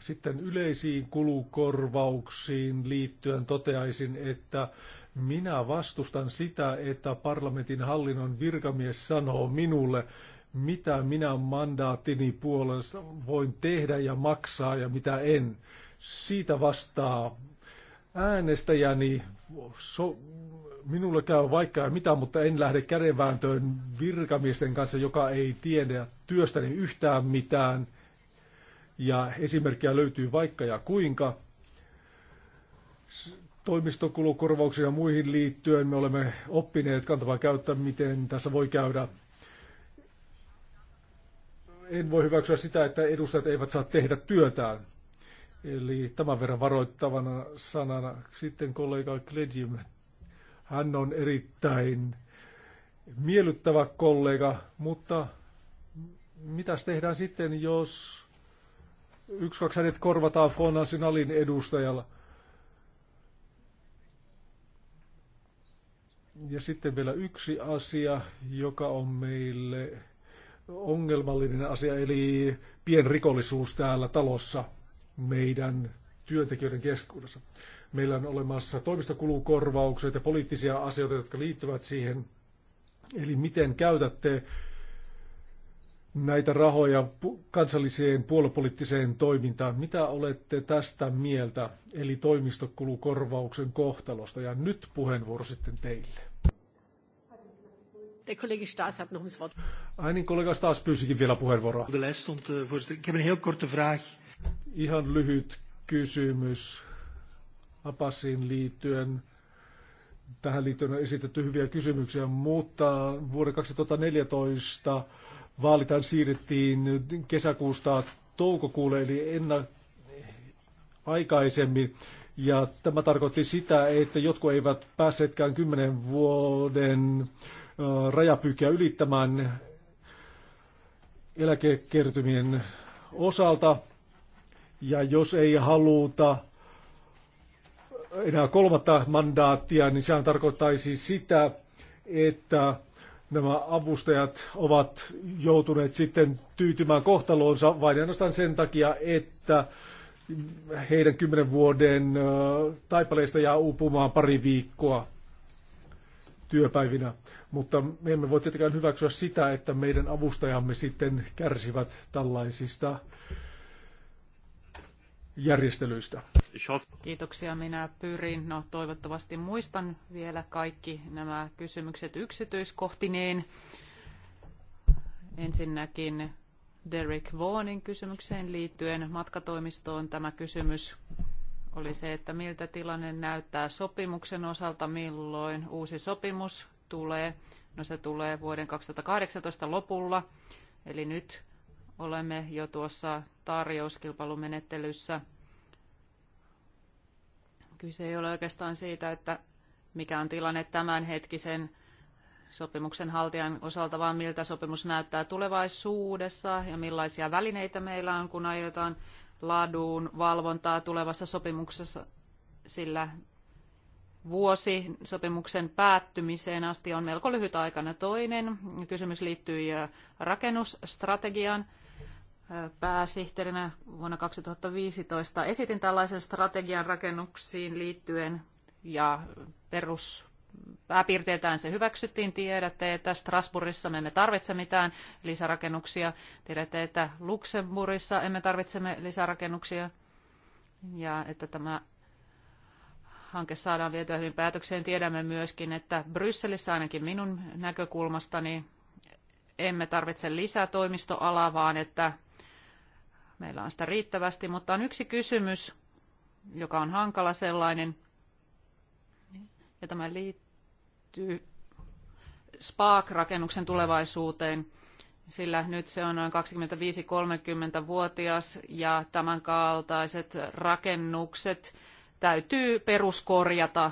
Sitten yleisiin kulukorvauksiin liittyen toteaisin, että minä vastustan sitä, että parlamentin hallinnon virkamies sanoo minulle, mitä minä mandaattini puolesta voin tehdä ja maksaa ja mitä en. Siitä vastaa äänestäjäni so, minulle käy vaikka ja mitä, mutta en lähde kädenvääntöön virkamiesten kanssa, joka ei tiedä työstäni yhtään mitään. Ja esimerkkiä löytyy vaikka ja kuinka. Toimistokulukorvauksiin ja muihin liittyen me olemme oppineet kantavaa käyttää, miten tässä voi käydä. En voi hyväksyä sitä, että edustajat eivät saa tehdä työtään. Eli tämän verran varoittavana sanana. Sitten kollega Kledjim, hän on erittäin miellyttävä kollega, mutta mitäs tehdään sitten, jos yksi, kaksi hänet korvataan Fonasin alin edustajalla? Ja sitten vielä yksi asia, joka on meille ongelmallinen asia, eli pienrikollisuus täällä talossa – meidän työntekijöiden keskuudessa. Meillä on olemassa toimistokulukorvaukset ja poliittisia asioita, jotka liittyvät siihen. Eli miten käytätte näitä rahoja kansalliseen puoluepoliittiseen toimintaan. Mitä olette tästä mieltä, eli toimistokulukorvauksen kohtalosta? Ja nyt puheenvuoro sitten teille. De collega Staes had nog eens niin, pyysikin vielä puheenvuoroa. De lijst stond, eh, voorzitter. Ik heb Ihan lyhyt kysymys Apasiin liittyen. Tähän liittyen on esitetty hyviä kysymyksiä, mutta vuoden 2014 vaalitaan siirrettiin kesäkuusta toukokuulle, eli enna aikaisemmin. Ja tämä tarkoitti sitä, että jotkut eivät päässeetkään kymmenen vuoden rajapykiä ylittämään eläkekertymien osalta. Ja jos ei haluta enää kolmatta mandaattia, niin sehän tarkoittaisi sitä, että nämä avustajat ovat joutuneet sitten tyytymään kohtaloonsa vain ainoastaan sen takia, että heidän kymmenen vuoden taipaleista jää uupumaan pari viikkoa työpäivinä. Mutta me emme voi tietenkään hyväksyä sitä, että meidän avustajamme sitten kärsivät tällaisista järjestelyistä. Kiitoksia. Minä pyrin, no toivottavasti muistan vielä kaikki nämä kysymykset yksityiskohtineen. Ensinnäkin Derek Vaughanin kysymykseen liittyen matkatoimistoon tämä kysymys oli se, että miltä tilanne näyttää sopimuksen osalta, milloin uusi sopimus tulee. No se tulee vuoden 2018 lopulla, eli nyt olemme jo tuossa tarjouskilpailumenettelyssä. Kyse ei ole oikeastaan siitä, että mikä on tilanne tämänhetkisen sopimuksen haltijan osalta, vaan miltä sopimus näyttää tulevaisuudessa ja millaisia välineitä meillä on, kun aiotaan laaduun valvontaa tulevassa sopimuksessa, sillä vuosi sopimuksen päättymiseen asti on melko lyhyt aikana. Toinen kysymys liittyy äh, rakennusstrategiaan pääsihteerinä vuonna 2015 esitin tällaisen strategian rakennuksiin liittyen ja perus pääpiirteetään se hyväksyttiin. Tiedätte, että Strasbourgissa me emme tarvitse mitään lisärakennuksia. Tiedätte, että Luxemburgissa emme tarvitse lisärakennuksia. Ja että tämä hanke saadaan vietyä hyvin päätökseen. Tiedämme myöskin, että Brysselissä ainakin minun näkökulmastani emme tarvitse lisää toimistoalaa, vaan että Meillä on sitä riittävästi, mutta on yksi kysymys, joka on hankala sellainen, ja tämä liittyy SPAAK-rakennuksen tulevaisuuteen, sillä nyt se on noin 25-30-vuotias ja tämän kaltaiset rakennukset täytyy peruskorjata.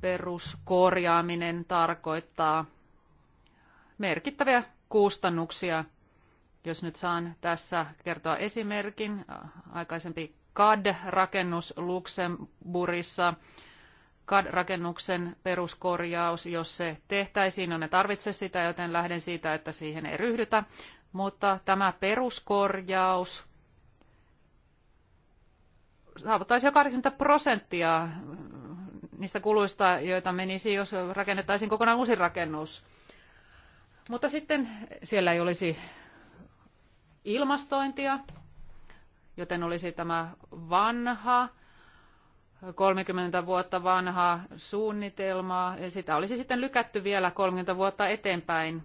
Peruskorjaaminen tarkoittaa merkittäviä kustannuksia jos nyt saan tässä kertoa esimerkin, aikaisempi CAD-rakennus Luxemburissa, CAD-rakennuksen peruskorjaus, jos se tehtäisiin, on no me tarvitse sitä, joten lähden siitä, että siihen ei ryhdytä. Mutta tämä peruskorjaus saavuttaisi jo 80 prosenttia niistä kuluista, joita menisi, jos rakennettaisiin kokonaan uusi rakennus. Mutta sitten siellä ei olisi ilmastointia, joten olisi tämä vanha, 30 vuotta vanha suunnitelma, ja sitä olisi sitten lykätty vielä 30 vuotta eteenpäin.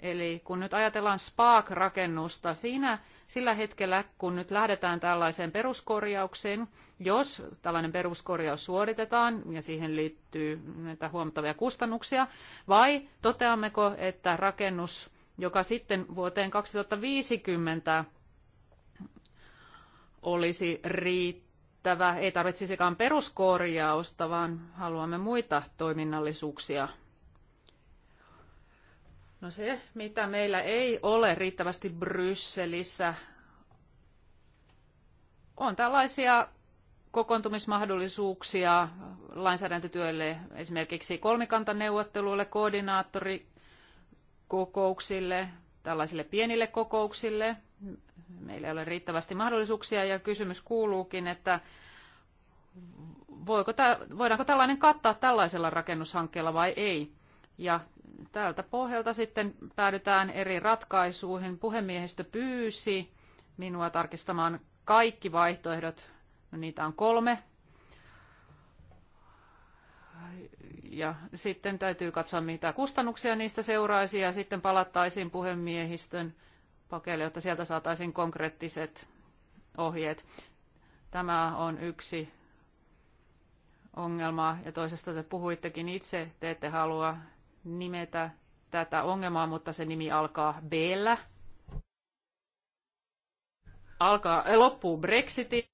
Eli kun nyt ajatellaan Spark-rakennusta, siinä sillä hetkellä, kun nyt lähdetään tällaiseen peruskorjaukseen, jos tällainen peruskorjaus suoritetaan ja siihen liittyy näitä huomattavia kustannuksia, vai toteammeko, että rakennus joka sitten vuoteen 2050 olisi riittävä. Ei tarvitsisikaan peruskorjausta, vaan haluamme muita toiminnallisuuksia. No se, mitä meillä ei ole riittävästi Brysselissä, on tällaisia kokoontumismahdollisuuksia lainsäädäntötyölle, esimerkiksi kolmikantaneuvotteluille, koordinaattori, kokouksille, tällaisille pienille kokouksille. Meillä ei ole riittävästi mahdollisuuksia ja kysymys kuuluukin, että voiko ta, voidaanko tällainen kattaa tällaisella rakennushankkeella vai ei. Ja tältä pohjalta sitten päädytään eri ratkaisuihin. Puhemiehistö pyysi minua tarkistamaan kaikki vaihtoehdot, no niitä on kolme, ja sitten täytyy katsoa, mitä kustannuksia niistä seuraisi, ja sitten palattaisiin puhemiehistön pakeille, jotta sieltä saataisiin konkreettiset ohjeet. Tämä on yksi ongelma, ja toisesta te puhuittekin itse, te ette halua nimetä tätä ongelmaa, mutta se nimi alkaa b -llä. Alkaa, loppuu Brexiti.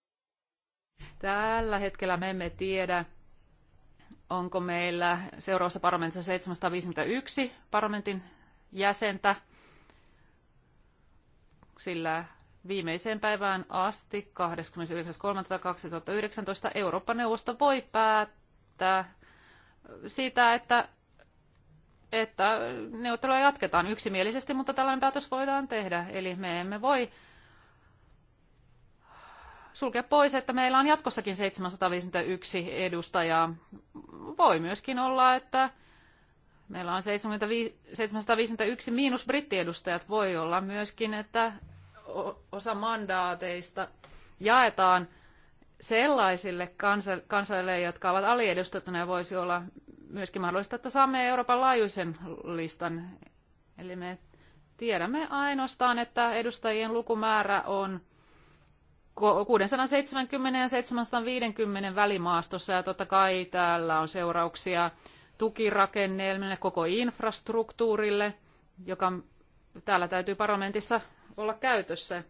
Tällä hetkellä me emme tiedä, onko meillä seuraavassa parlamentissa 751 parlamentin jäsentä, sillä viimeiseen päivään asti 29.3.2019 Eurooppa-neuvosto voi päättää siitä, että, että neuvotteluja jatketaan yksimielisesti, mutta tällainen päätös voidaan tehdä. Eli me emme voi sulkea pois, että meillä on jatkossakin 751 edustajaa. Voi myöskin olla, että meillä on 75, 751 miinus brittiedustajat. Voi olla myöskin, että osa mandaateista jaetaan sellaisille kansalle, jotka ovat aliedustettuna ja voisi olla myöskin mahdollista, että saamme Euroopan laajuisen listan. Eli me tiedämme ainoastaan, että edustajien lukumäärä on 670 ja 750 välimaastossa ja totta kai täällä on seurauksia tukirakennelmille, koko infrastruktuurille, joka täällä täytyy parlamentissa olla käytössä.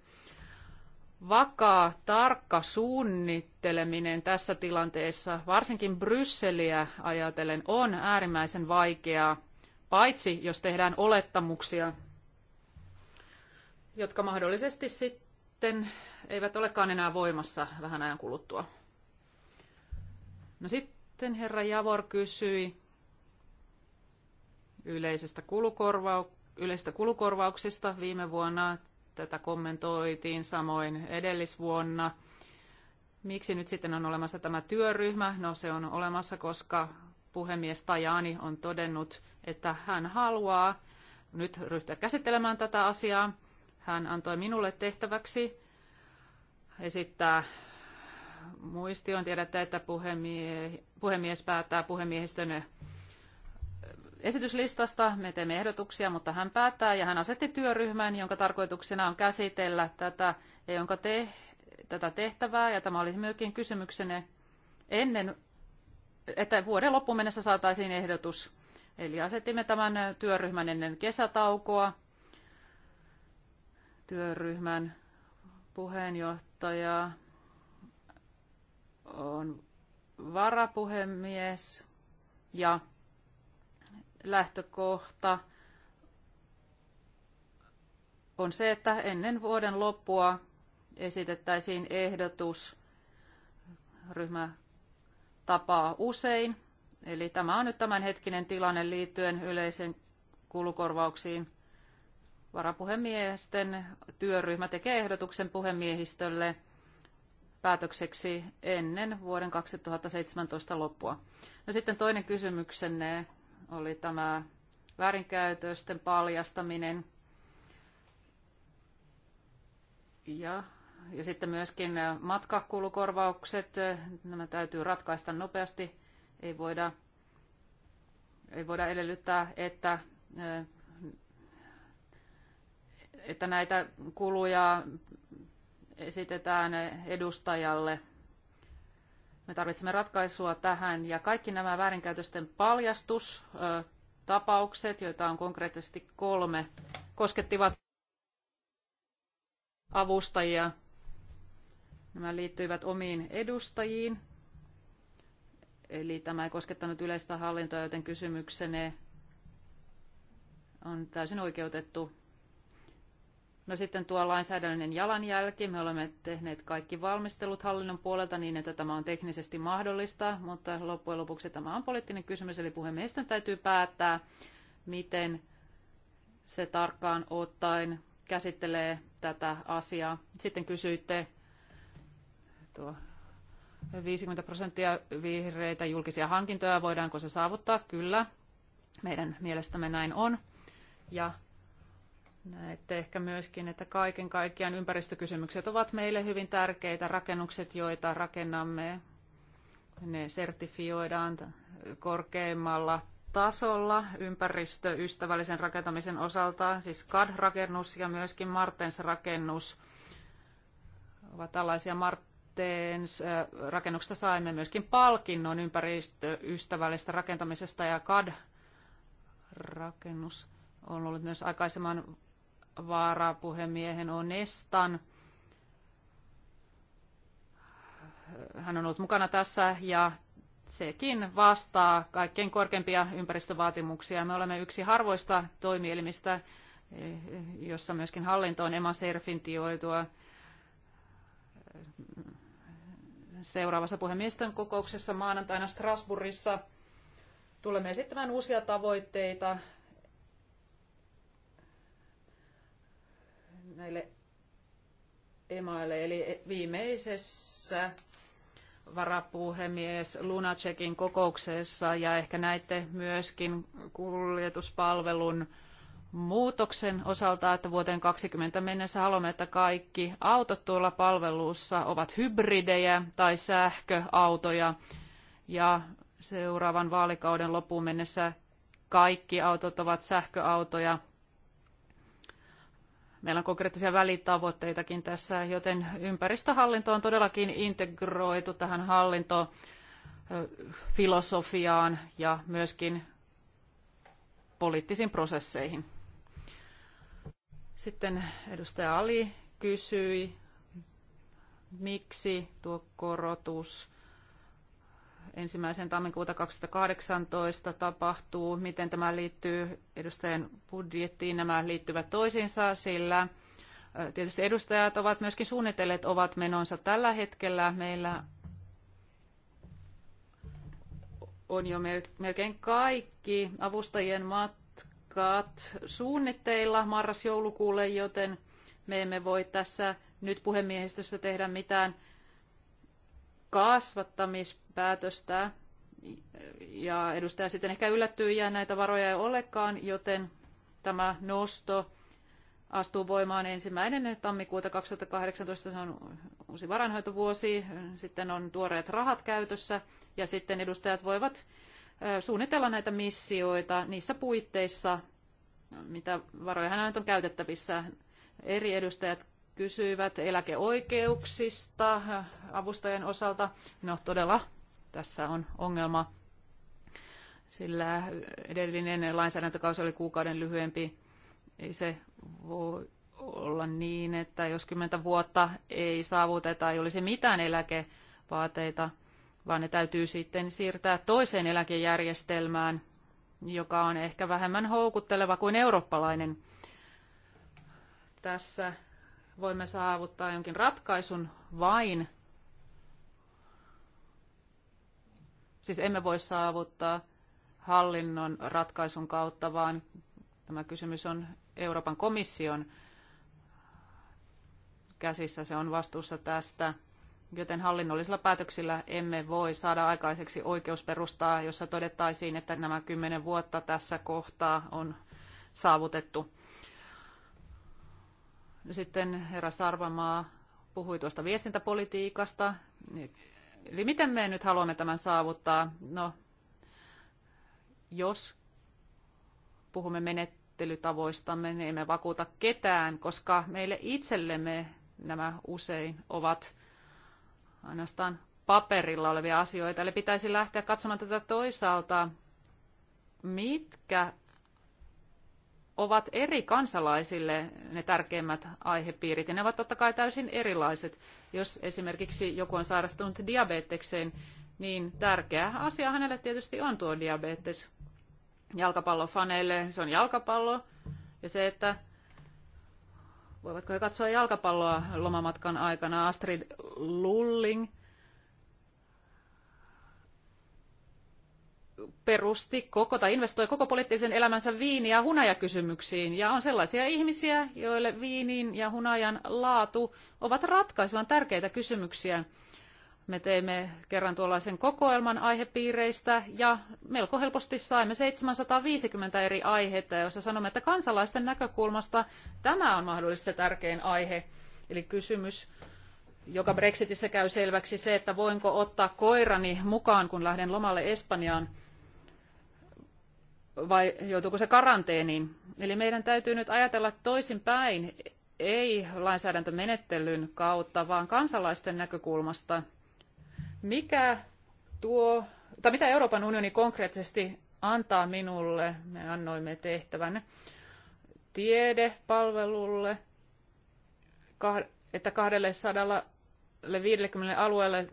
Vakaa, tarkka suunnitteleminen tässä tilanteessa, varsinkin Brysseliä ajatellen, on äärimmäisen vaikeaa, paitsi jos tehdään olettamuksia, jotka mahdollisesti sitten eivät olekaan enää voimassa vähän ajan kuluttua. No sitten herra Javor kysyi yleisestä, kulukorvau- yleisestä kulukorvauksesta viime vuonna. Tätä kommentoitiin samoin edellisvuonna. Miksi nyt sitten on olemassa tämä työryhmä? No se on olemassa, koska puhemies Tajani on todennut, että hän haluaa nyt ryhtyä käsittelemään tätä asiaa. Hän antoi minulle tehtäväksi esittää muistion. Tiedätte, että puhemie, puhemies päättää puhemiehistön esityslistasta. Me teemme ehdotuksia, mutta hän päättää ja hän asetti työryhmän, jonka tarkoituksena on käsitellä tätä, ja jonka te, tätä tehtävää. Ja tämä oli myöskin kysymyksenne ennen, että vuoden loppuun mennessä saataisiin ehdotus. Eli asetimme tämän työryhmän ennen kesätaukoa. Työryhmän puheenjohtaja puheenjohtaja on varapuhemies ja lähtökohta on se, että ennen vuoden loppua esitettäisiin ehdotus. Ryhmä tapaa usein, eli tämä on nyt tämänhetkinen tilanne liittyen yleisen kulukorvauksiin – Varapuhemiesten työryhmä tekee ehdotuksen puhemiehistölle päätökseksi ennen vuoden 2017 loppua. No sitten toinen kysymyksenne oli tämä väärinkäytösten paljastaminen ja, ja sitten myöskin matkakulukorvaukset. Nämä täytyy ratkaista nopeasti. Ei voida, ei voida edellyttää, että että näitä kuluja esitetään edustajalle. Me tarvitsemme ratkaisua tähän ja kaikki nämä väärinkäytösten paljastustapaukset, joita on konkreettisesti kolme, koskettivat avustajia. Nämä liittyivät omiin edustajiin, eli tämä ei koskettanut yleistä hallintoa, joten kysymyksenne on täysin oikeutettu. No sitten tuo lainsäädännön jalanjälki. Me olemme tehneet kaikki valmistelut hallinnon puolelta niin, että tämä on teknisesti mahdollista, mutta loppujen lopuksi tämä on poliittinen kysymys, eli puhemiesten täytyy päättää, miten se tarkkaan ottaen käsittelee tätä asiaa. Sitten kysyitte tuo 50 prosenttia vihreitä julkisia hankintoja, voidaanko se saavuttaa? Kyllä, meidän mielestämme näin on. Ja Näette ehkä myöskin, että kaiken kaikkiaan ympäristökysymykset ovat meille hyvin tärkeitä. Rakennukset, joita rakennamme, ne sertifioidaan korkeimmalla tasolla ympäristöystävällisen rakentamisen osalta, siis CAD-rakennus ja myöskin Martens-rakennus ovat tällaisia Martens rakennuksesta saimme myöskin palkinnon ympäristöystävällisestä rakentamisesta ja CAD-rakennus on ollut myös aikaisemman varapuhemiehen Onestan. Hän on ollut mukana tässä ja sekin vastaa kaikkein korkeimpia ympäristövaatimuksia. Me olemme yksi harvoista toimielimistä, jossa myöskin hallinto on emaserfintioitua. Seuraavassa puhemiesten kokouksessa maanantaina Strasbourgissa tulemme esittämään uusia tavoitteita näille emaille. Eli viimeisessä varapuhemies Lunacekin kokouksessa ja ehkä näitte myöskin kuljetuspalvelun muutoksen osalta, että vuoteen 2020 mennessä haluamme, että kaikki autot tuolla palvelussa ovat hybridejä tai sähköautoja ja seuraavan vaalikauden loppuun mennessä kaikki autot ovat sähköautoja Meillä on konkreettisia välitavoitteitakin tässä, joten ympäristöhallinto on todellakin integroitu tähän hallintofilosofiaan ja myöskin poliittisiin prosesseihin. Sitten edustaja Ali kysyi, miksi tuo korotus ensimmäisen tammikuuta 2018 tapahtuu, miten tämä liittyy edustajien budjettiin. Nämä liittyvät toisiinsa, sillä tietysti edustajat ovat myöskin suunnitelleet ovat menonsa tällä hetkellä. Meillä on jo melkein kaikki avustajien matkat suunnitteilla marras-joulukuulle, joten me emme voi tässä nyt puhemiehistössä tehdä mitään kasvattamispäätöstä. Ja edustaja sitten ehkä yllättyy ja näitä varoja ei olekaan, joten tämä nosto astuu voimaan ensimmäinen tammikuuta 2018, se on uusi varainhoitovuosi, sitten on tuoreet rahat käytössä ja sitten edustajat voivat suunnitella näitä missioita niissä puitteissa, mitä varoja hän on käytettävissä. Eri edustajat kysyivät eläkeoikeuksista avustajien osalta. No todella tässä on ongelma, sillä edellinen lainsäädäntökausi oli kuukauden lyhyempi. Ei se voi olla niin, että jos kymmentä vuotta ei saavuteta, ei olisi mitään eläkevaateita, vaan ne täytyy sitten siirtää toiseen eläkejärjestelmään, joka on ehkä vähemmän houkutteleva kuin eurooppalainen. Tässä voimme saavuttaa jonkin ratkaisun vain, siis emme voi saavuttaa hallinnon ratkaisun kautta, vaan tämä kysymys on Euroopan komission käsissä, se on vastuussa tästä, joten hallinnollisilla päätöksillä emme voi saada aikaiseksi oikeusperustaa, jossa todettaisiin, että nämä kymmenen vuotta tässä kohtaa on saavutettu. Sitten herra Sarvamaa puhui tuosta viestintäpolitiikasta. Eli miten me nyt haluamme tämän saavuttaa? No, jos puhumme menettelytavoistamme, niin emme vakuuta ketään, koska meille itsellemme nämä usein ovat ainoastaan paperilla olevia asioita. Eli pitäisi lähteä katsomaan tätä toisaalta, mitkä ovat eri kansalaisille ne tärkeimmät aihepiirit, ja ne ovat totta kai täysin erilaiset. Jos esimerkiksi joku on sairastunut diabetekseen, niin tärkeä asia hänelle tietysti on tuo diabetes. Jalkapallofaneille se on jalkapallo, ja se, että voivatko he katsoa jalkapalloa lomamatkan aikana. Astrid Lulling – perusti koko tai investoi koko poliittisen elämänsä viini- ja hunajakysymyksiin. Ja on sellaisia ihmisiä, joille viinin ja hunajan laatu ovat ratkaisevan tärkeitä kysymyksiä. Me teimme kerran tuollaisen kokoelman aihepiireistä ja melko helposti saimme 750 eri aihetta, joissa sanomme, että kansalaisten näkökulmasta tämä on mahdollisesti se tärkein aihe. Eli kysymys, joka Brexitissä käy selväksi se, että voinko ottaa koirani mukaan, kun lähden lomalle Espanjaan vai joutuuko se karanteeniin. Eli meidän täytyy nyt ajatella toisinpäin, ei lainsäädäntömenettelyn kautta, vaan kansalaisten näkökulmasta. Mikä tuo, tai mitä Euroopan unioni konkreettisesti antaa minulle, me annoimme tehtävän tiedepalvelulle, että 250 alueelle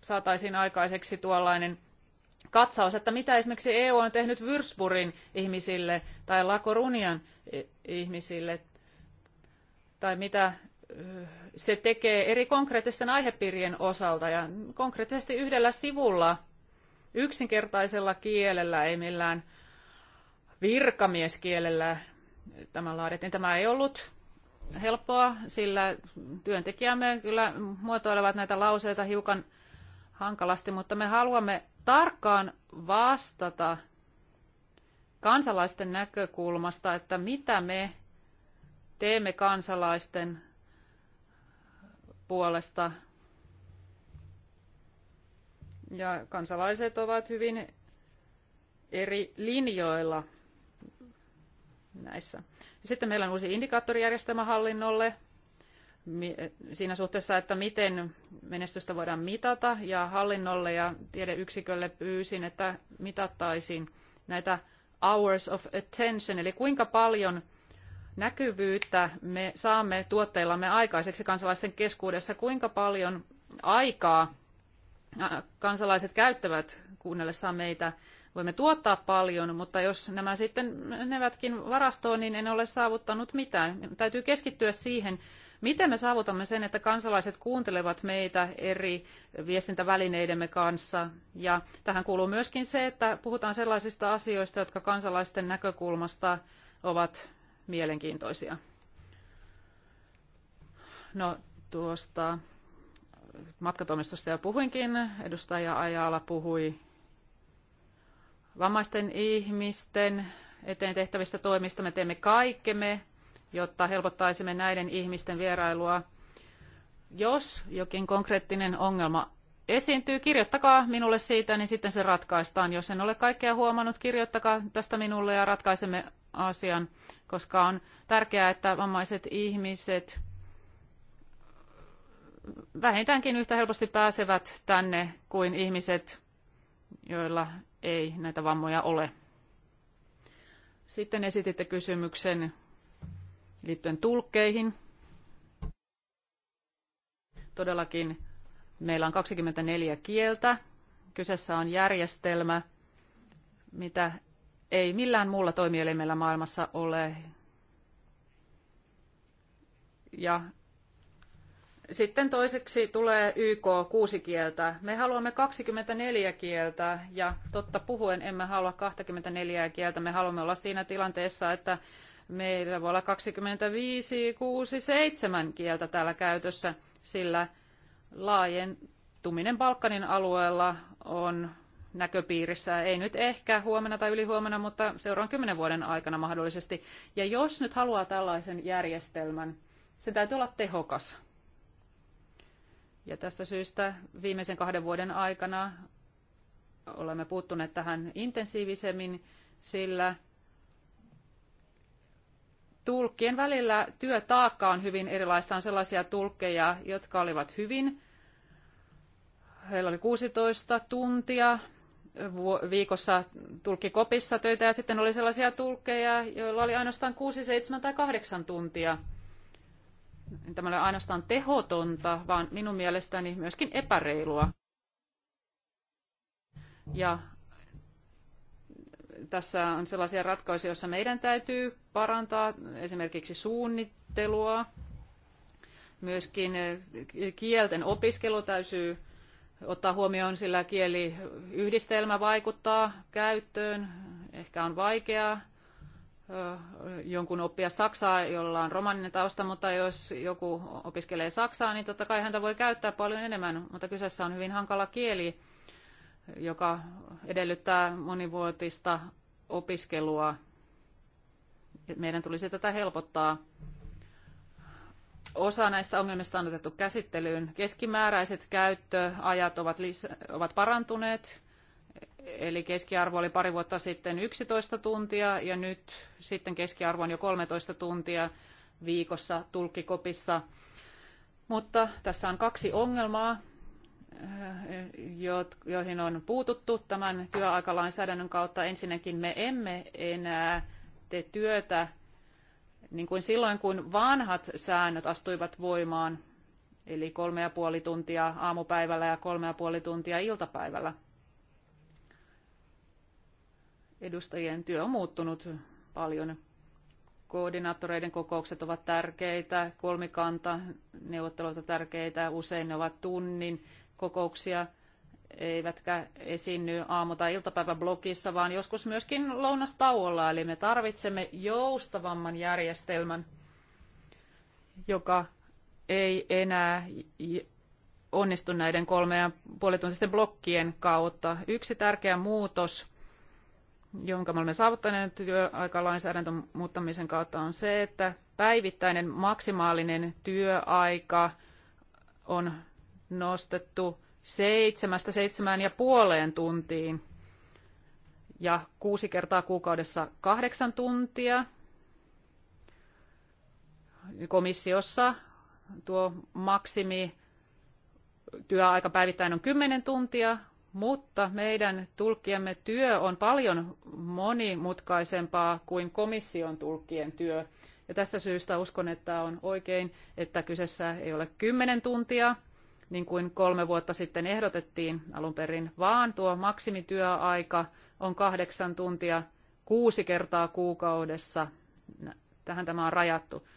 saataisiin aikaiseksi tuollainen katsaus, että mitä esimerkiksi EU on tehnyt Würzburgin ihmisille tai La Corunian ihmisille, tai mitä eh, se tekee eri konkreettisten aihepiirien osalta ja konkreettisesti yhdellä sivulla yksinkertaisella kielellä, ei millään virkamieskielellä tämä laadittiin. Tämä ei ollut helppoa, sillä työntekijämme kyllä muotoilevat näitä lauseita hiukan hankalasti, mutta me haluamme tarkkaan vastata kansalaisten näkökulmasta, että mitä me teemme kansalaisten puolesta. Ja kansalaiset ovat hyvin eri linjoilla näissä. Sitten meillä on uusi indikaattorijärjestelmä hallinnolle, siinä suhteessa, että miten menestystä voidaan mitata ja hallinnolle ja tiedeyksikölle pyysin, että mitattaisiin näitä hours of attention, eli kuinka paljon näkyvyyttä me saamme tuotteillamme aikaiseksi kansalaisten keskuudessa, kuinka paljon aikaa kansalaiset käyttävät kuunnellessaan meitä. Voimme tuottaa paljon, mutta jos nämä sitten menevätkin varastoon, niin en ole saavuttanut mitään. Täytyy keskittyä siihen, Miten me saavutamme sen, että kansalaiset kuuntelevat meitä eri viestintävälineidemme kanssa? Ja tähän kuuluu myöskin se, että puhutaan sellaisista asioista, jotka kansalaisten näkökulmasta ovat mielenkiintoisia. No tuosta matkatoimistosta jo puhuinkin. Edustaja Ajala puhui vammaisten ihmisten eteen tehtävistä toimista. Me teemme kaikkemme jotta helpottaisimme näiden ihmisten vierailua. Jos jokin konkreettinen ongelma esiintyy, kirjoittakaa minulle siitä, niin sitten se ratkaistaan. Jos en ole kaikkea huomannut, kirjoittakaa tästä minulle ja ratkaisemme asian, koska on tärkeää, että vammaiset ihmiset vähintäänkin yhtä helposti pääsevät tänne kuin ihmiset, joilla ei näitä vammoja ole. Sitten esititte kysymyksen liittyen tulkkeihin. Todellakin meillä on 24 kieltä. Kyseessä on järjestelmä, mitä ei millään muulla toimielimellä maailmassa ole. Ja sitten toiseksi tulee YK kuusi kieltä. Me haluamme 24 kieltä ja totta puhuen emme halua 24 kieltä. Me haluamme olla siinä tilanteessa, että Meillä voi olla 25, 6, 7 kieltä täällä käytössä, sillä laajentuminen Balkanin alueella on näköpiirissä, ei nyt ehkä huomenna tai ylihuomenna, mutta seuraavan kymmenen vuoden aikana mahdollisesti. Ja jos nyt haluaa tällaisen järjestelmän, se täytyy olla tehokas. Ja tästä syystä viimeisen kahden vuoden aikana olemme puuttuneet tähän intensiivisemmin, sillä tulkkien välillä työtaakka on hyvin erilaista. On sellaisia tulkkeja, jotka olivat hyvin. Heillä oli 16 tuntia viikossa tulkkikopissa töitä ja sitten oli sellaisia tulkkeja, joilla oli ainoastaan 6, 7 tai 8 tuntia. Tämä oli ainoastaan tehotonta, vaan minun mielestäni myöskin epäreilua. Ja tässä on sellaisia ratkaisuja, joissa meidän täytyy parantaa esimerkiksi suunnittelua, myöskin eh, kielten opiskelu täytyy ottaa huomioon, sillä kieliyhdistelmä vaikuttaa käyttöön. Ehkä on vaikeaa eh, jonkun oppia saksaa, jolla on romaninen tausta, mutta jos joku opiskelee saksaa, niin totta kai häntä voi käyttää paljon enemmän, mutta kyseessä on hyvin hankala kieli joka edellyttää monivuotista opiskelua. Meidän tulisi tätä helpottaa. Osa näistä ongelmista on otettu käsittelyyn. Keskimääräiset käyttöajat ovat, ovat parantuneet, eli keskiarvo oli pari vuotta sitten 11 tuntia ja nyt sitten keskiarvo on jo 13 tuntia viikossa tulkkikopissa. Mutta tässä on kaksi ongelmaa joihin on puututtu tämän työaikalainsäädännön kautta. Ensinnäkin me emme enää tee työtä niin kuin silloin, kun vanhat säännöt astuivat voimaan, eli kolme ja puoli tuntia aamupäivällä ja kolme ja puoli tuntia iltapäivällä. Edustajien työ on muuttunut paljon. Koordinaattoreiden kokoukset ovat tärkeitä, kolmikanta neuvottelut ovat tärkeitä, usein ne ovat tunnin kokouksia eivätkä esiinny aamu- tai iltapäiväblogissa, vaan joskus myöskin lounastauolla. Eli me tarvitsemme joustavamman järjestelmän, joka ei enää onnistu näiden kolme ja puolituntisten blokkien kautta. Yksi tärkeä muutos, jonka me olemme saavuttaneet työaikalainsäädännön muuttamisen kautta, on se, että päivittäinen maksimaalinen työaika on nostettu seitsemästä seitsemään ja puoleen tuntiin ja kuusi kertaa kuukaudessa kahdeksan tuntia. Komissiossa tuo maksimi työaika päivittäin on 10 tuntia, mutta meidän tulkkiemme työ on paljon monimutkaisempaa kuin komission tulkkien työ. Ja tästä syystä uskon, että on oikein, että kyseessä ei ole 10 tuntia, niin kuin kolme vuotta sitten ehdotettiin alun perin, vaan tuo maksimityöaika on kahdeksan tuntia kuusi kertaa kuukaudessa. Tähän tämä on rajattu.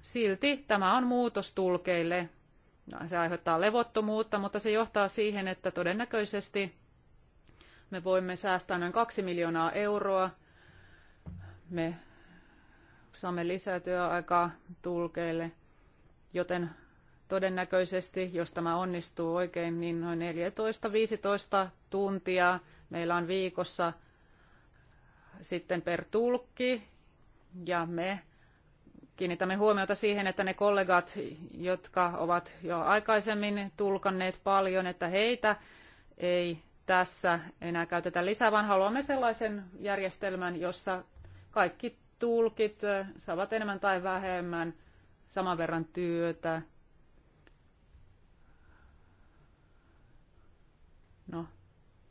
Silti tämä on muutos tulkeille. No, se aiheuttaa levottomuutta, mutta se johtaa siihen, että todennäköisesti me voimme säästää noin kaksi miljoonaa euroa. Me saamme lisää työaikaa tulkeille, joten todennäköisesti, jos tämä onnistuu oikein, niin noin 14-15 tuntia meillä on viikossa sitten per tulkki, ja me kiinnitämme huomiota siihen, että ne kollegat, jotka ovat jo aikaisemmin tulkanneet paljon, että heitä ei tässä enää käytetä lisää, vaan haluamme sellaisen järjestelmän, jossa kaikki tulkit saavat enemmän tai vähemmän saman verran työtä No,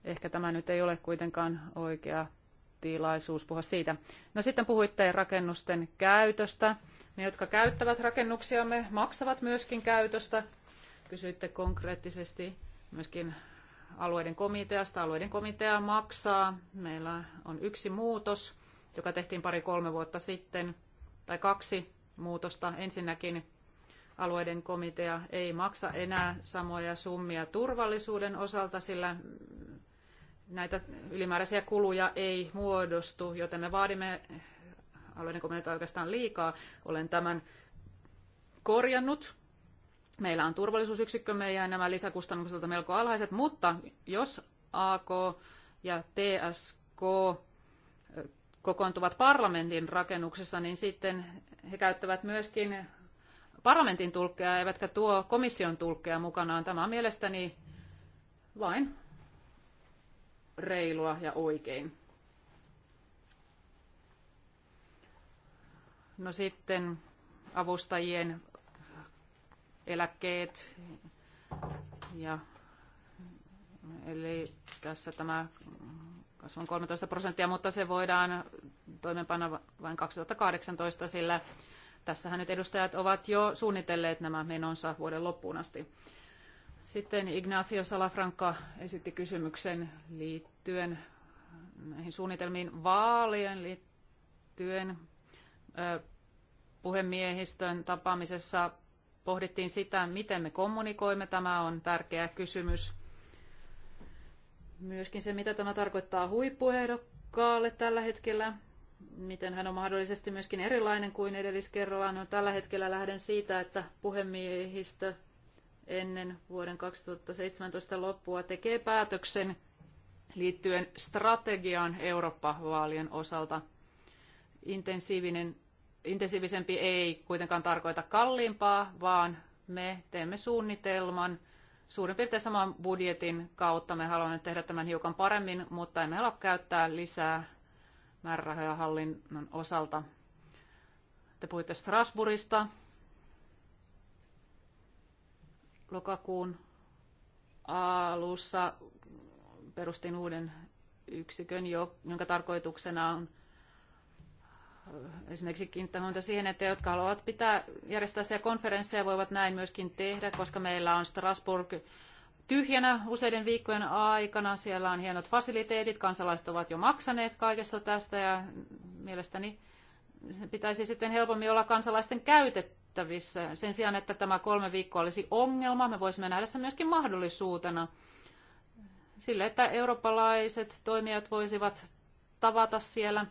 ehkä tämä nyt ei ole kuitenkaan oikea tilaisuus puhua siitä. No sitten puhuitte rakennusten käytöstä. Ne, jotka käyttävät rakennuksiamme, maksavat myöskin käytöstä. Kysyitte konkreettisesti myöskin alueiden komiteasta. Alueiden komitea maksaa. Meillä on yksi muutos, joka tehtiin pari-kolme vuotta sitten, tai kaksi muutosta. Ensinnäkin alueiden komitea ei maksa enää samoja summia turvallisuuden osalta, sillä näitä ylimääräisiä kuluja ei muodostu, joten me vaadimme alueiden komitealta oikeastaan liikaa. Olen tämän korjannut. Meillä on turvallisuusyksikkömme ja nämä lisäkustannukset ovat melko alhaiset, mutta jos AK ja TSK eh, kokoontuvat parlamentin rakennuksessa, niin sitten he käyttävät myöskin parlamentin tulkkeja eivätkä tuo komission tulkkeja mukanaan. Tämä on mielestäni vain reilua ja oikein. No sitten avustajien eläkkeet ja eli tässä tämä kasvu on 13 prosenttia, mutta se voidaan toimeenpanna vain 2018, sillä Tässähän nyt edustajat ovat jo suunnitelleet nämä menonsa vuoden loppuun asti. Sitten Ignacio Salafranca esitti kysymyksen liittyen näihin suunnitelmiin vaalien liittyen. Puhemiehistön tapaamisessa pohdittiin sitä, miten me kommunikoimme. Tämä on tärkeä kysymys. Myöskin se, mitä tämä tarkoittaa huippuehdokkaalle tällä hetkellä miten hän on mahdollisesti myöskin erilainen kuin edelliskerralla. No, tällä hetkellä lähden siitä, että puhemiehistö ennen vuoden 2017 loppua tekee päätöksen liittyen strategiaan Eurooppa-vaalien osalta. Intensiivinen, intensiivisempi ei kuitenkaan tarkoita kalliimpaa, vaan me teemme suunnitelman suurin piirtein saman budjetin kautta. Me haluamme tehdä tämän hiukan paremmin, mutta emme halua käyttää lisää määrärahoja hallinnon osalta. Te puhuitte Strasbourgista lokakuun alussa perustin uuden yksikön, jonka tarkoituksena on äh, esimerkiksi kiinnittää huomiota siihen, että jotka haluavat pitää järjestää konferensseja voivat näin myöskin tehdä, koska meillä on Strasbourg tyhjänä useiden viikkojen aikana. Siellä on hienot fasiliteetit, kansalaiset ovat jo maksaneet kaikesta tästä ja mielestäni pitäisi sitten helpommin olla kansalaisten käytettävissä. Sen sijaan, että tämä kolme viikkoa olisi ongelma, me voisimme nähdä sen myöskin mahdollisuutena sille, että eurooppalaiset toimijat voisivat tavata siellä.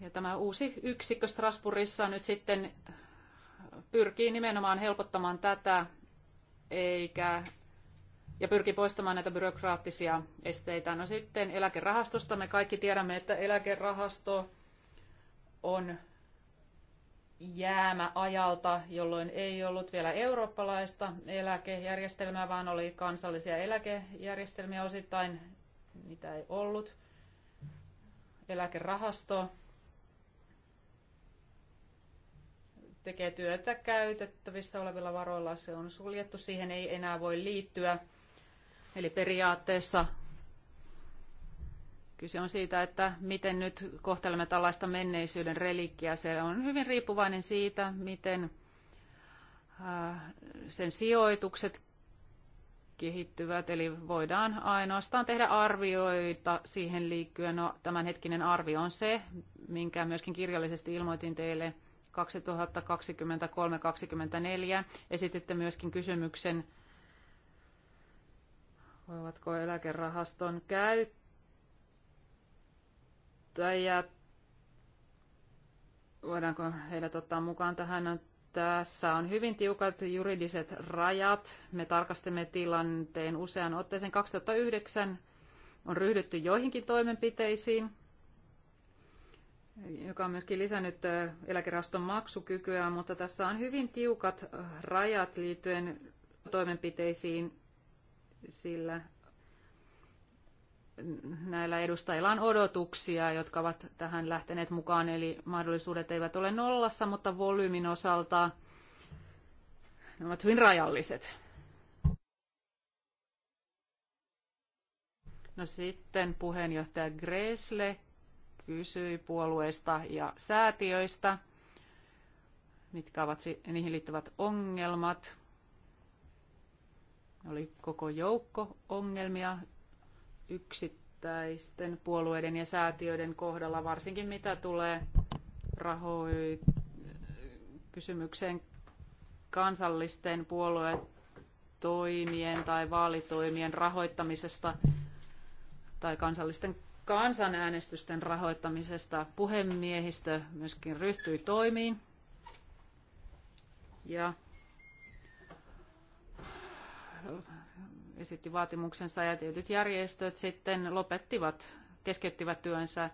Ja tämä uusi yksikkö Strasbourgissa nyt sitten pyrkii nimenomaan helpottamaan tätä eikä, ja pyrki poistamaan näitä byrokraattisia esteitä. No sitten eläkerahastosta. Me kaikki tiedämme, että eläkerahasto on jäämä ajalta, jolloin ei ollut vielä eurooppalaista eläkejärjestelmää, vaan oli kansallisia eläkejärjestelmiä osittain, mitä ei ollut. Eläkerahasto tekee työtä käytettävissä olevilla varoilla. Se on suljettu, siihen ei enää voi liittyä. Eli periaatteessa kyse on siitä, että miten nyt kohtelemme tällaista menneisyyden relikkiä. Se on hyvin riippuvainen siitä, miten sen sijoitukset kehittyvät, eli voidaan ainoastaan tehdä arvioita siihen liikkyen. No, tämänhetkinen arvio on se, minkä myöskin kirjallisesti ilmoitin teille – 2023-2024. Esititte myöskin kysymyksen, voivatko eläkerahaston käyttäjät, voidaanko heidät ottaa mukaan tähän no, tässä on hyvin tiukat juridiset rajat. Me tarkastimme tilanteen usean otteeseen. 2009 on ryhdytty joihinkin toimenpiteisiin, joka on myöskin lisännyt eläkerahaston maksukykyä, mutta tässä on hyvin tiukat rajat liittyen toimenpiteisiin, sillä näillä edustajilla on odotuksia, jotka ovat tähän lähteneet mukaan, eli mahdollisuudet eivät ole nollassa, mutta volyymin osalta ne ovat hyvin rajalliset. No sitten puheenjohtaja Gresle kysyi puolueista ja säätiöistä, mitkä ovat niihin liittyvät ongelmat. Oli koko joukko ongelmia yksittäisten puolueiden ja säätiöiden kohdalla, varsinkin mitä tulee rahoi kysymykseen kansallisten puoluetoimien tai vaalitoimien rahoittamisesta tai kansallisten kansanäänestysten rahoittamisesta puhemiehistö myöskin ryhtyi toimiin. Ja esitti vaatimuksensa ja tietyt järjestöt sitten lopettivat, keskeyttivät työnsä.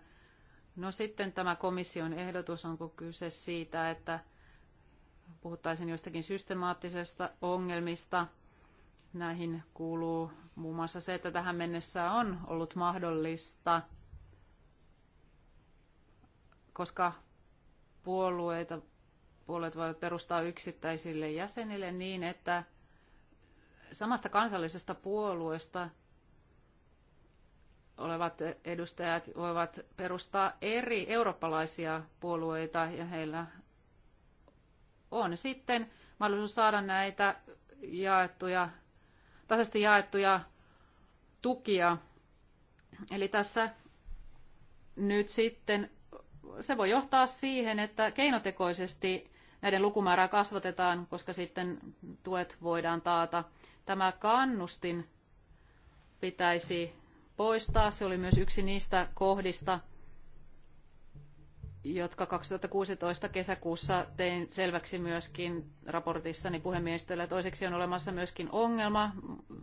No sitten tämä komission ehdotus, onko kyse siitä, että puhuttaisiin jostakin systemaattisesta ongelmista – Näihin kuuluu muun muassa se, että tähän mennessä on ollut mahdollista, koska puolueita, puolueet voivat perustaa yksittäisille jäsenille niin, että samasta kansallisesta puolueesta olevat edustajat voivat perustaa eri eurooppalaisia puolueita ja heillä on sitten mahdollisuus saada näitä jaettuja tasaisesti jaettuja tukia. Eli tässä nyt sitten se voi johtaa siihen, että keinotekoisesti näiden lukumäärää kasvatetaan, koska sitten tuet voidaan taata. Tämä kannustin pitäisi poistaa. Se oli myös yksi niistä kohdista, jotka 2016 kesäkuussa tein selväksi myöskin raportissani puhemiehistöllä. Toiseksi on olemassa myöskin ongelma,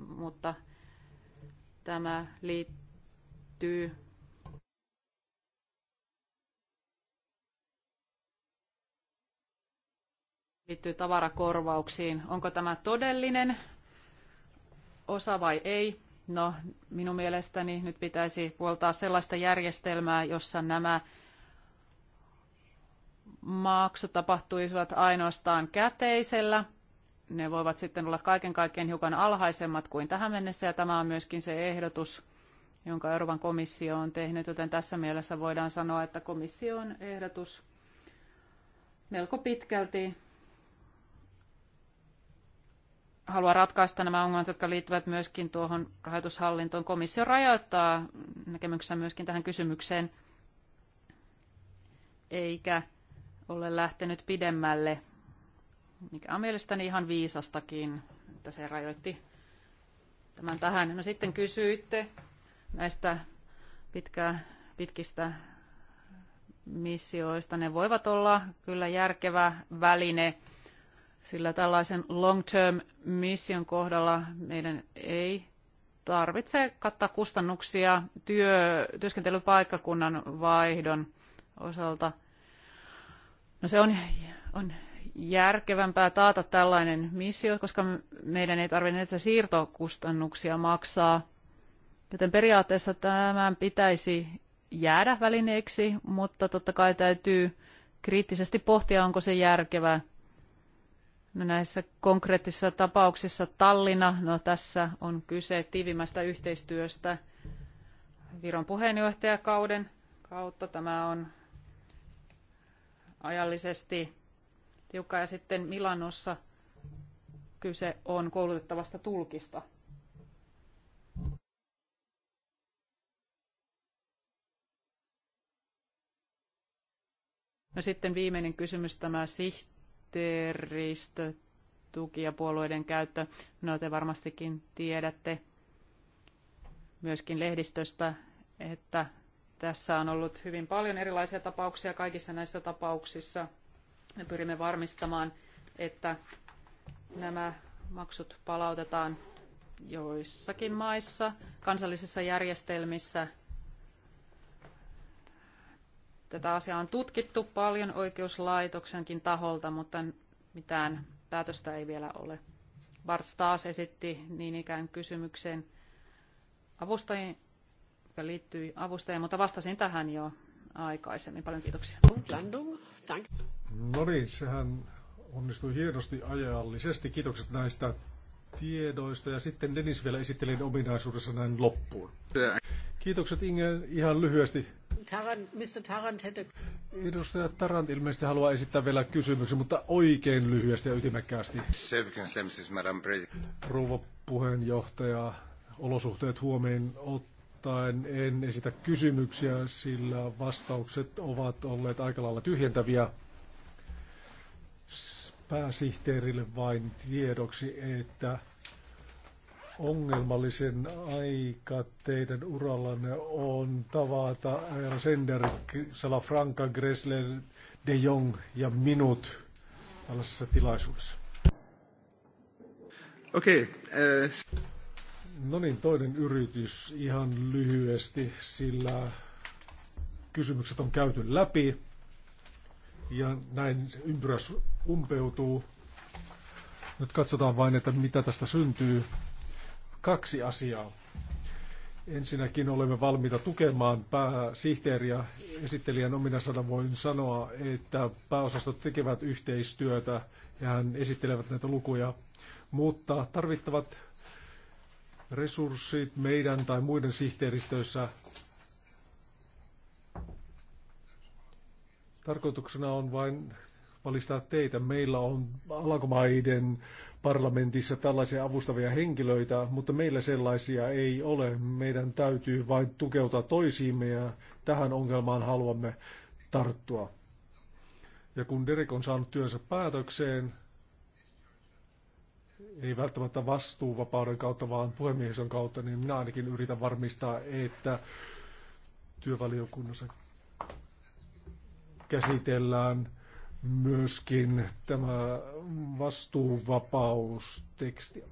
mutta tämä liittyy liittyy tavarakorvauksiin. Onko tämä todellinen osa vai ei? No, minun mielestäni nyt pitäisi puoltaa sellaista järjestelmää, jossa nämä maksut tapahtuisivat ainoastaan käteisellä. Ne voivat sitten olla kaiken kaikkiaan hiukan alhaisemmat kuin tähän mennessä, ja tämä on myöskin se ehdotus, jonka Euroopan komissio on tehnyt, joten tässä mielessä voidaan sanoa, että komission ehdotus melko pitkälti haluaa ratkaista nämä ongelmat, jotka liittyvät myöskin tuohon rahoitushallintoon. Komissio rajoittaa näkemyksessä myöskin tähän kysymykseen, eikä ole lähtenyt pidemmälle, mikä on mielestäni ihan viisastakin, että se rajoitti tämän tähän. No sitten kysyitte näistä pitkä, pitkistä missioista. Ne voivat olla kyllä järkevä väline, sillä tällaisen long-term mission kohdalla meidän ei tarvitse kattaa kustannuksia työ, työskentelypaikkakunnan vaihdon osalta – No se on, on järkevämpää taata tällainen missio, koska meidän ei tarvitse näitä siirtokustannuksia maksaa. Joten periaatteessa tämän pitäisi jäädä välineeksi, mutta totta kai täytyy kriittisesti pohtia, onko se järkevää. No näissä konkreettisissa tapauksissa Tallinna, no tässä on kyse tiivimästä yhteistyöstä Viron puheenjohtajakauden kautta. Tämä on ajallisesti tiukka Ja sitten Milanossa kyse on koulutettavasta tulkista. No sitten viimeinen kysymys, tämä sihteeristö, tuki ja puolueiden käyttö. No te varmastikin tiedätte myöskin lehdistöstä, että tässä on ollut hyvin paljon erilaisia tapauksia kaikissa näissä tapauksissa. Me pyrimme varmistamaan, että nämä maksut palautetaan joissakin maissa, kansallisissa järjestelmissä. Tätä asiaa on tutkittu paljon oikeuslaitoksenkin taholta, mutta mitään päätöstä ei vielä ole. Bart taas esitti niin ikään kysymyksen avustajien jotka liittyy avustajaan, mutta vastasin tähän jo aikaisemmin. Paljon kiitoksia. No niin, sehän onnistui hienosti ajallisesti. Kiitokset näistä tiedoista ja sitten Dennis vielä esittelin ominaisuudessa näin loppuun. Kiitokset Inge ihan lyhyesti. Tarant, Mr. Tarant Edustaja Tarant ilmeisesti haluaa esittää vielä kysymyksen, mutta oikein lyhyesti ja ytimekkäästi. Rouva puheenjohtaja, olosuhteet huomioon ottaa ottaen en esitä kysymyksiä, sillä vastaukset ovat olleet aika lailla tyhjentäviä. Pääsihteerille vain tiedoksi, että ongelmallisen aika teidän urallanne on tavata Aira Sender, Salafranca, Gressler, De Jong ja minut tällaisessa tilaisuudessa. Okei. Okay, uh... Eh, No niin, toinen yritys ihan lyhyesti, sillä kysymykset on käyty läpi ja näin ympyrä umpeutuu. Nyt katsotaan vain, että mitä tästä syntyy. Kaksi asiaa. Ensinnäkin olemme valmiita tukemaan pääsihteeriä. Esittelijän ominaisena voin sanoa, että pääosastot tekevät yhteistyötä ja hän esittelevät näitä lukuja, mutta tarvittavat resurssit meidän tai muiden sihteeristöissä. Tarkoituksena on vain valistaa teitä. Meillä on Alankomaiden parlamentissa tällaisia avustavia henkilöitä, mutta meillä sellaisia ei ole. Meidän täytyy vain tukeutua toisiimme ja tähän ongelmaan haluamme tarttua. Ja kun Derek on saanut työnsä päätökseen, ei välttämättä vastuuvapauden kautta, vaan puhemiehisön kautta, niin minä ainakin yritän varmistaa, että työvaliokunnassa käsitellään myöskin tämä vastuuvapausteksti.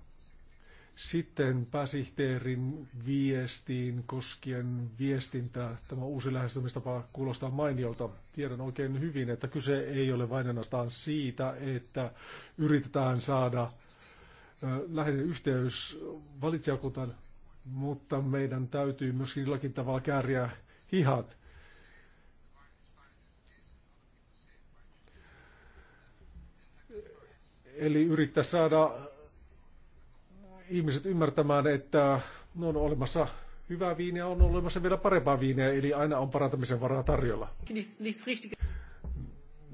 Sitten pääsihteerin viestiin koskien viestintää. Tämä uusi lähestymistapa kuulostaa mainiolta. Tiedän oikein hyvin, että kyse ei ole vain ainoastaan siitä, että yritetään saada läheinen yhteys valitsijakuntaan, mutta meidän täytyy myöskin jollakin tavalla kääriä hihat. Eli yrittää saada ihmiset ymmärtämään, että no on olemassa hyvää viiniä, on olemassa vielä parempaa viiniä, eli aina on parantamisen varaa tarjolla.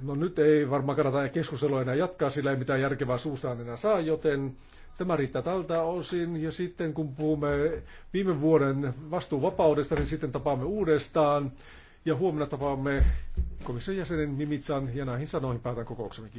No nyt ei varmaan kannata keskustelua enää jatkaa, sillä ei mitään järkevää suustaan enää saa, joten tämä riittää tältä osin. Ja sitten kun puhumme viime vuoden vastuuvapaudesta, niin sitten tapaamme uudestaan. Ja huomenna tapaamme komission jäsenen mimitsan ja näihin sanoihin päätän kokouksemme. Kiitos.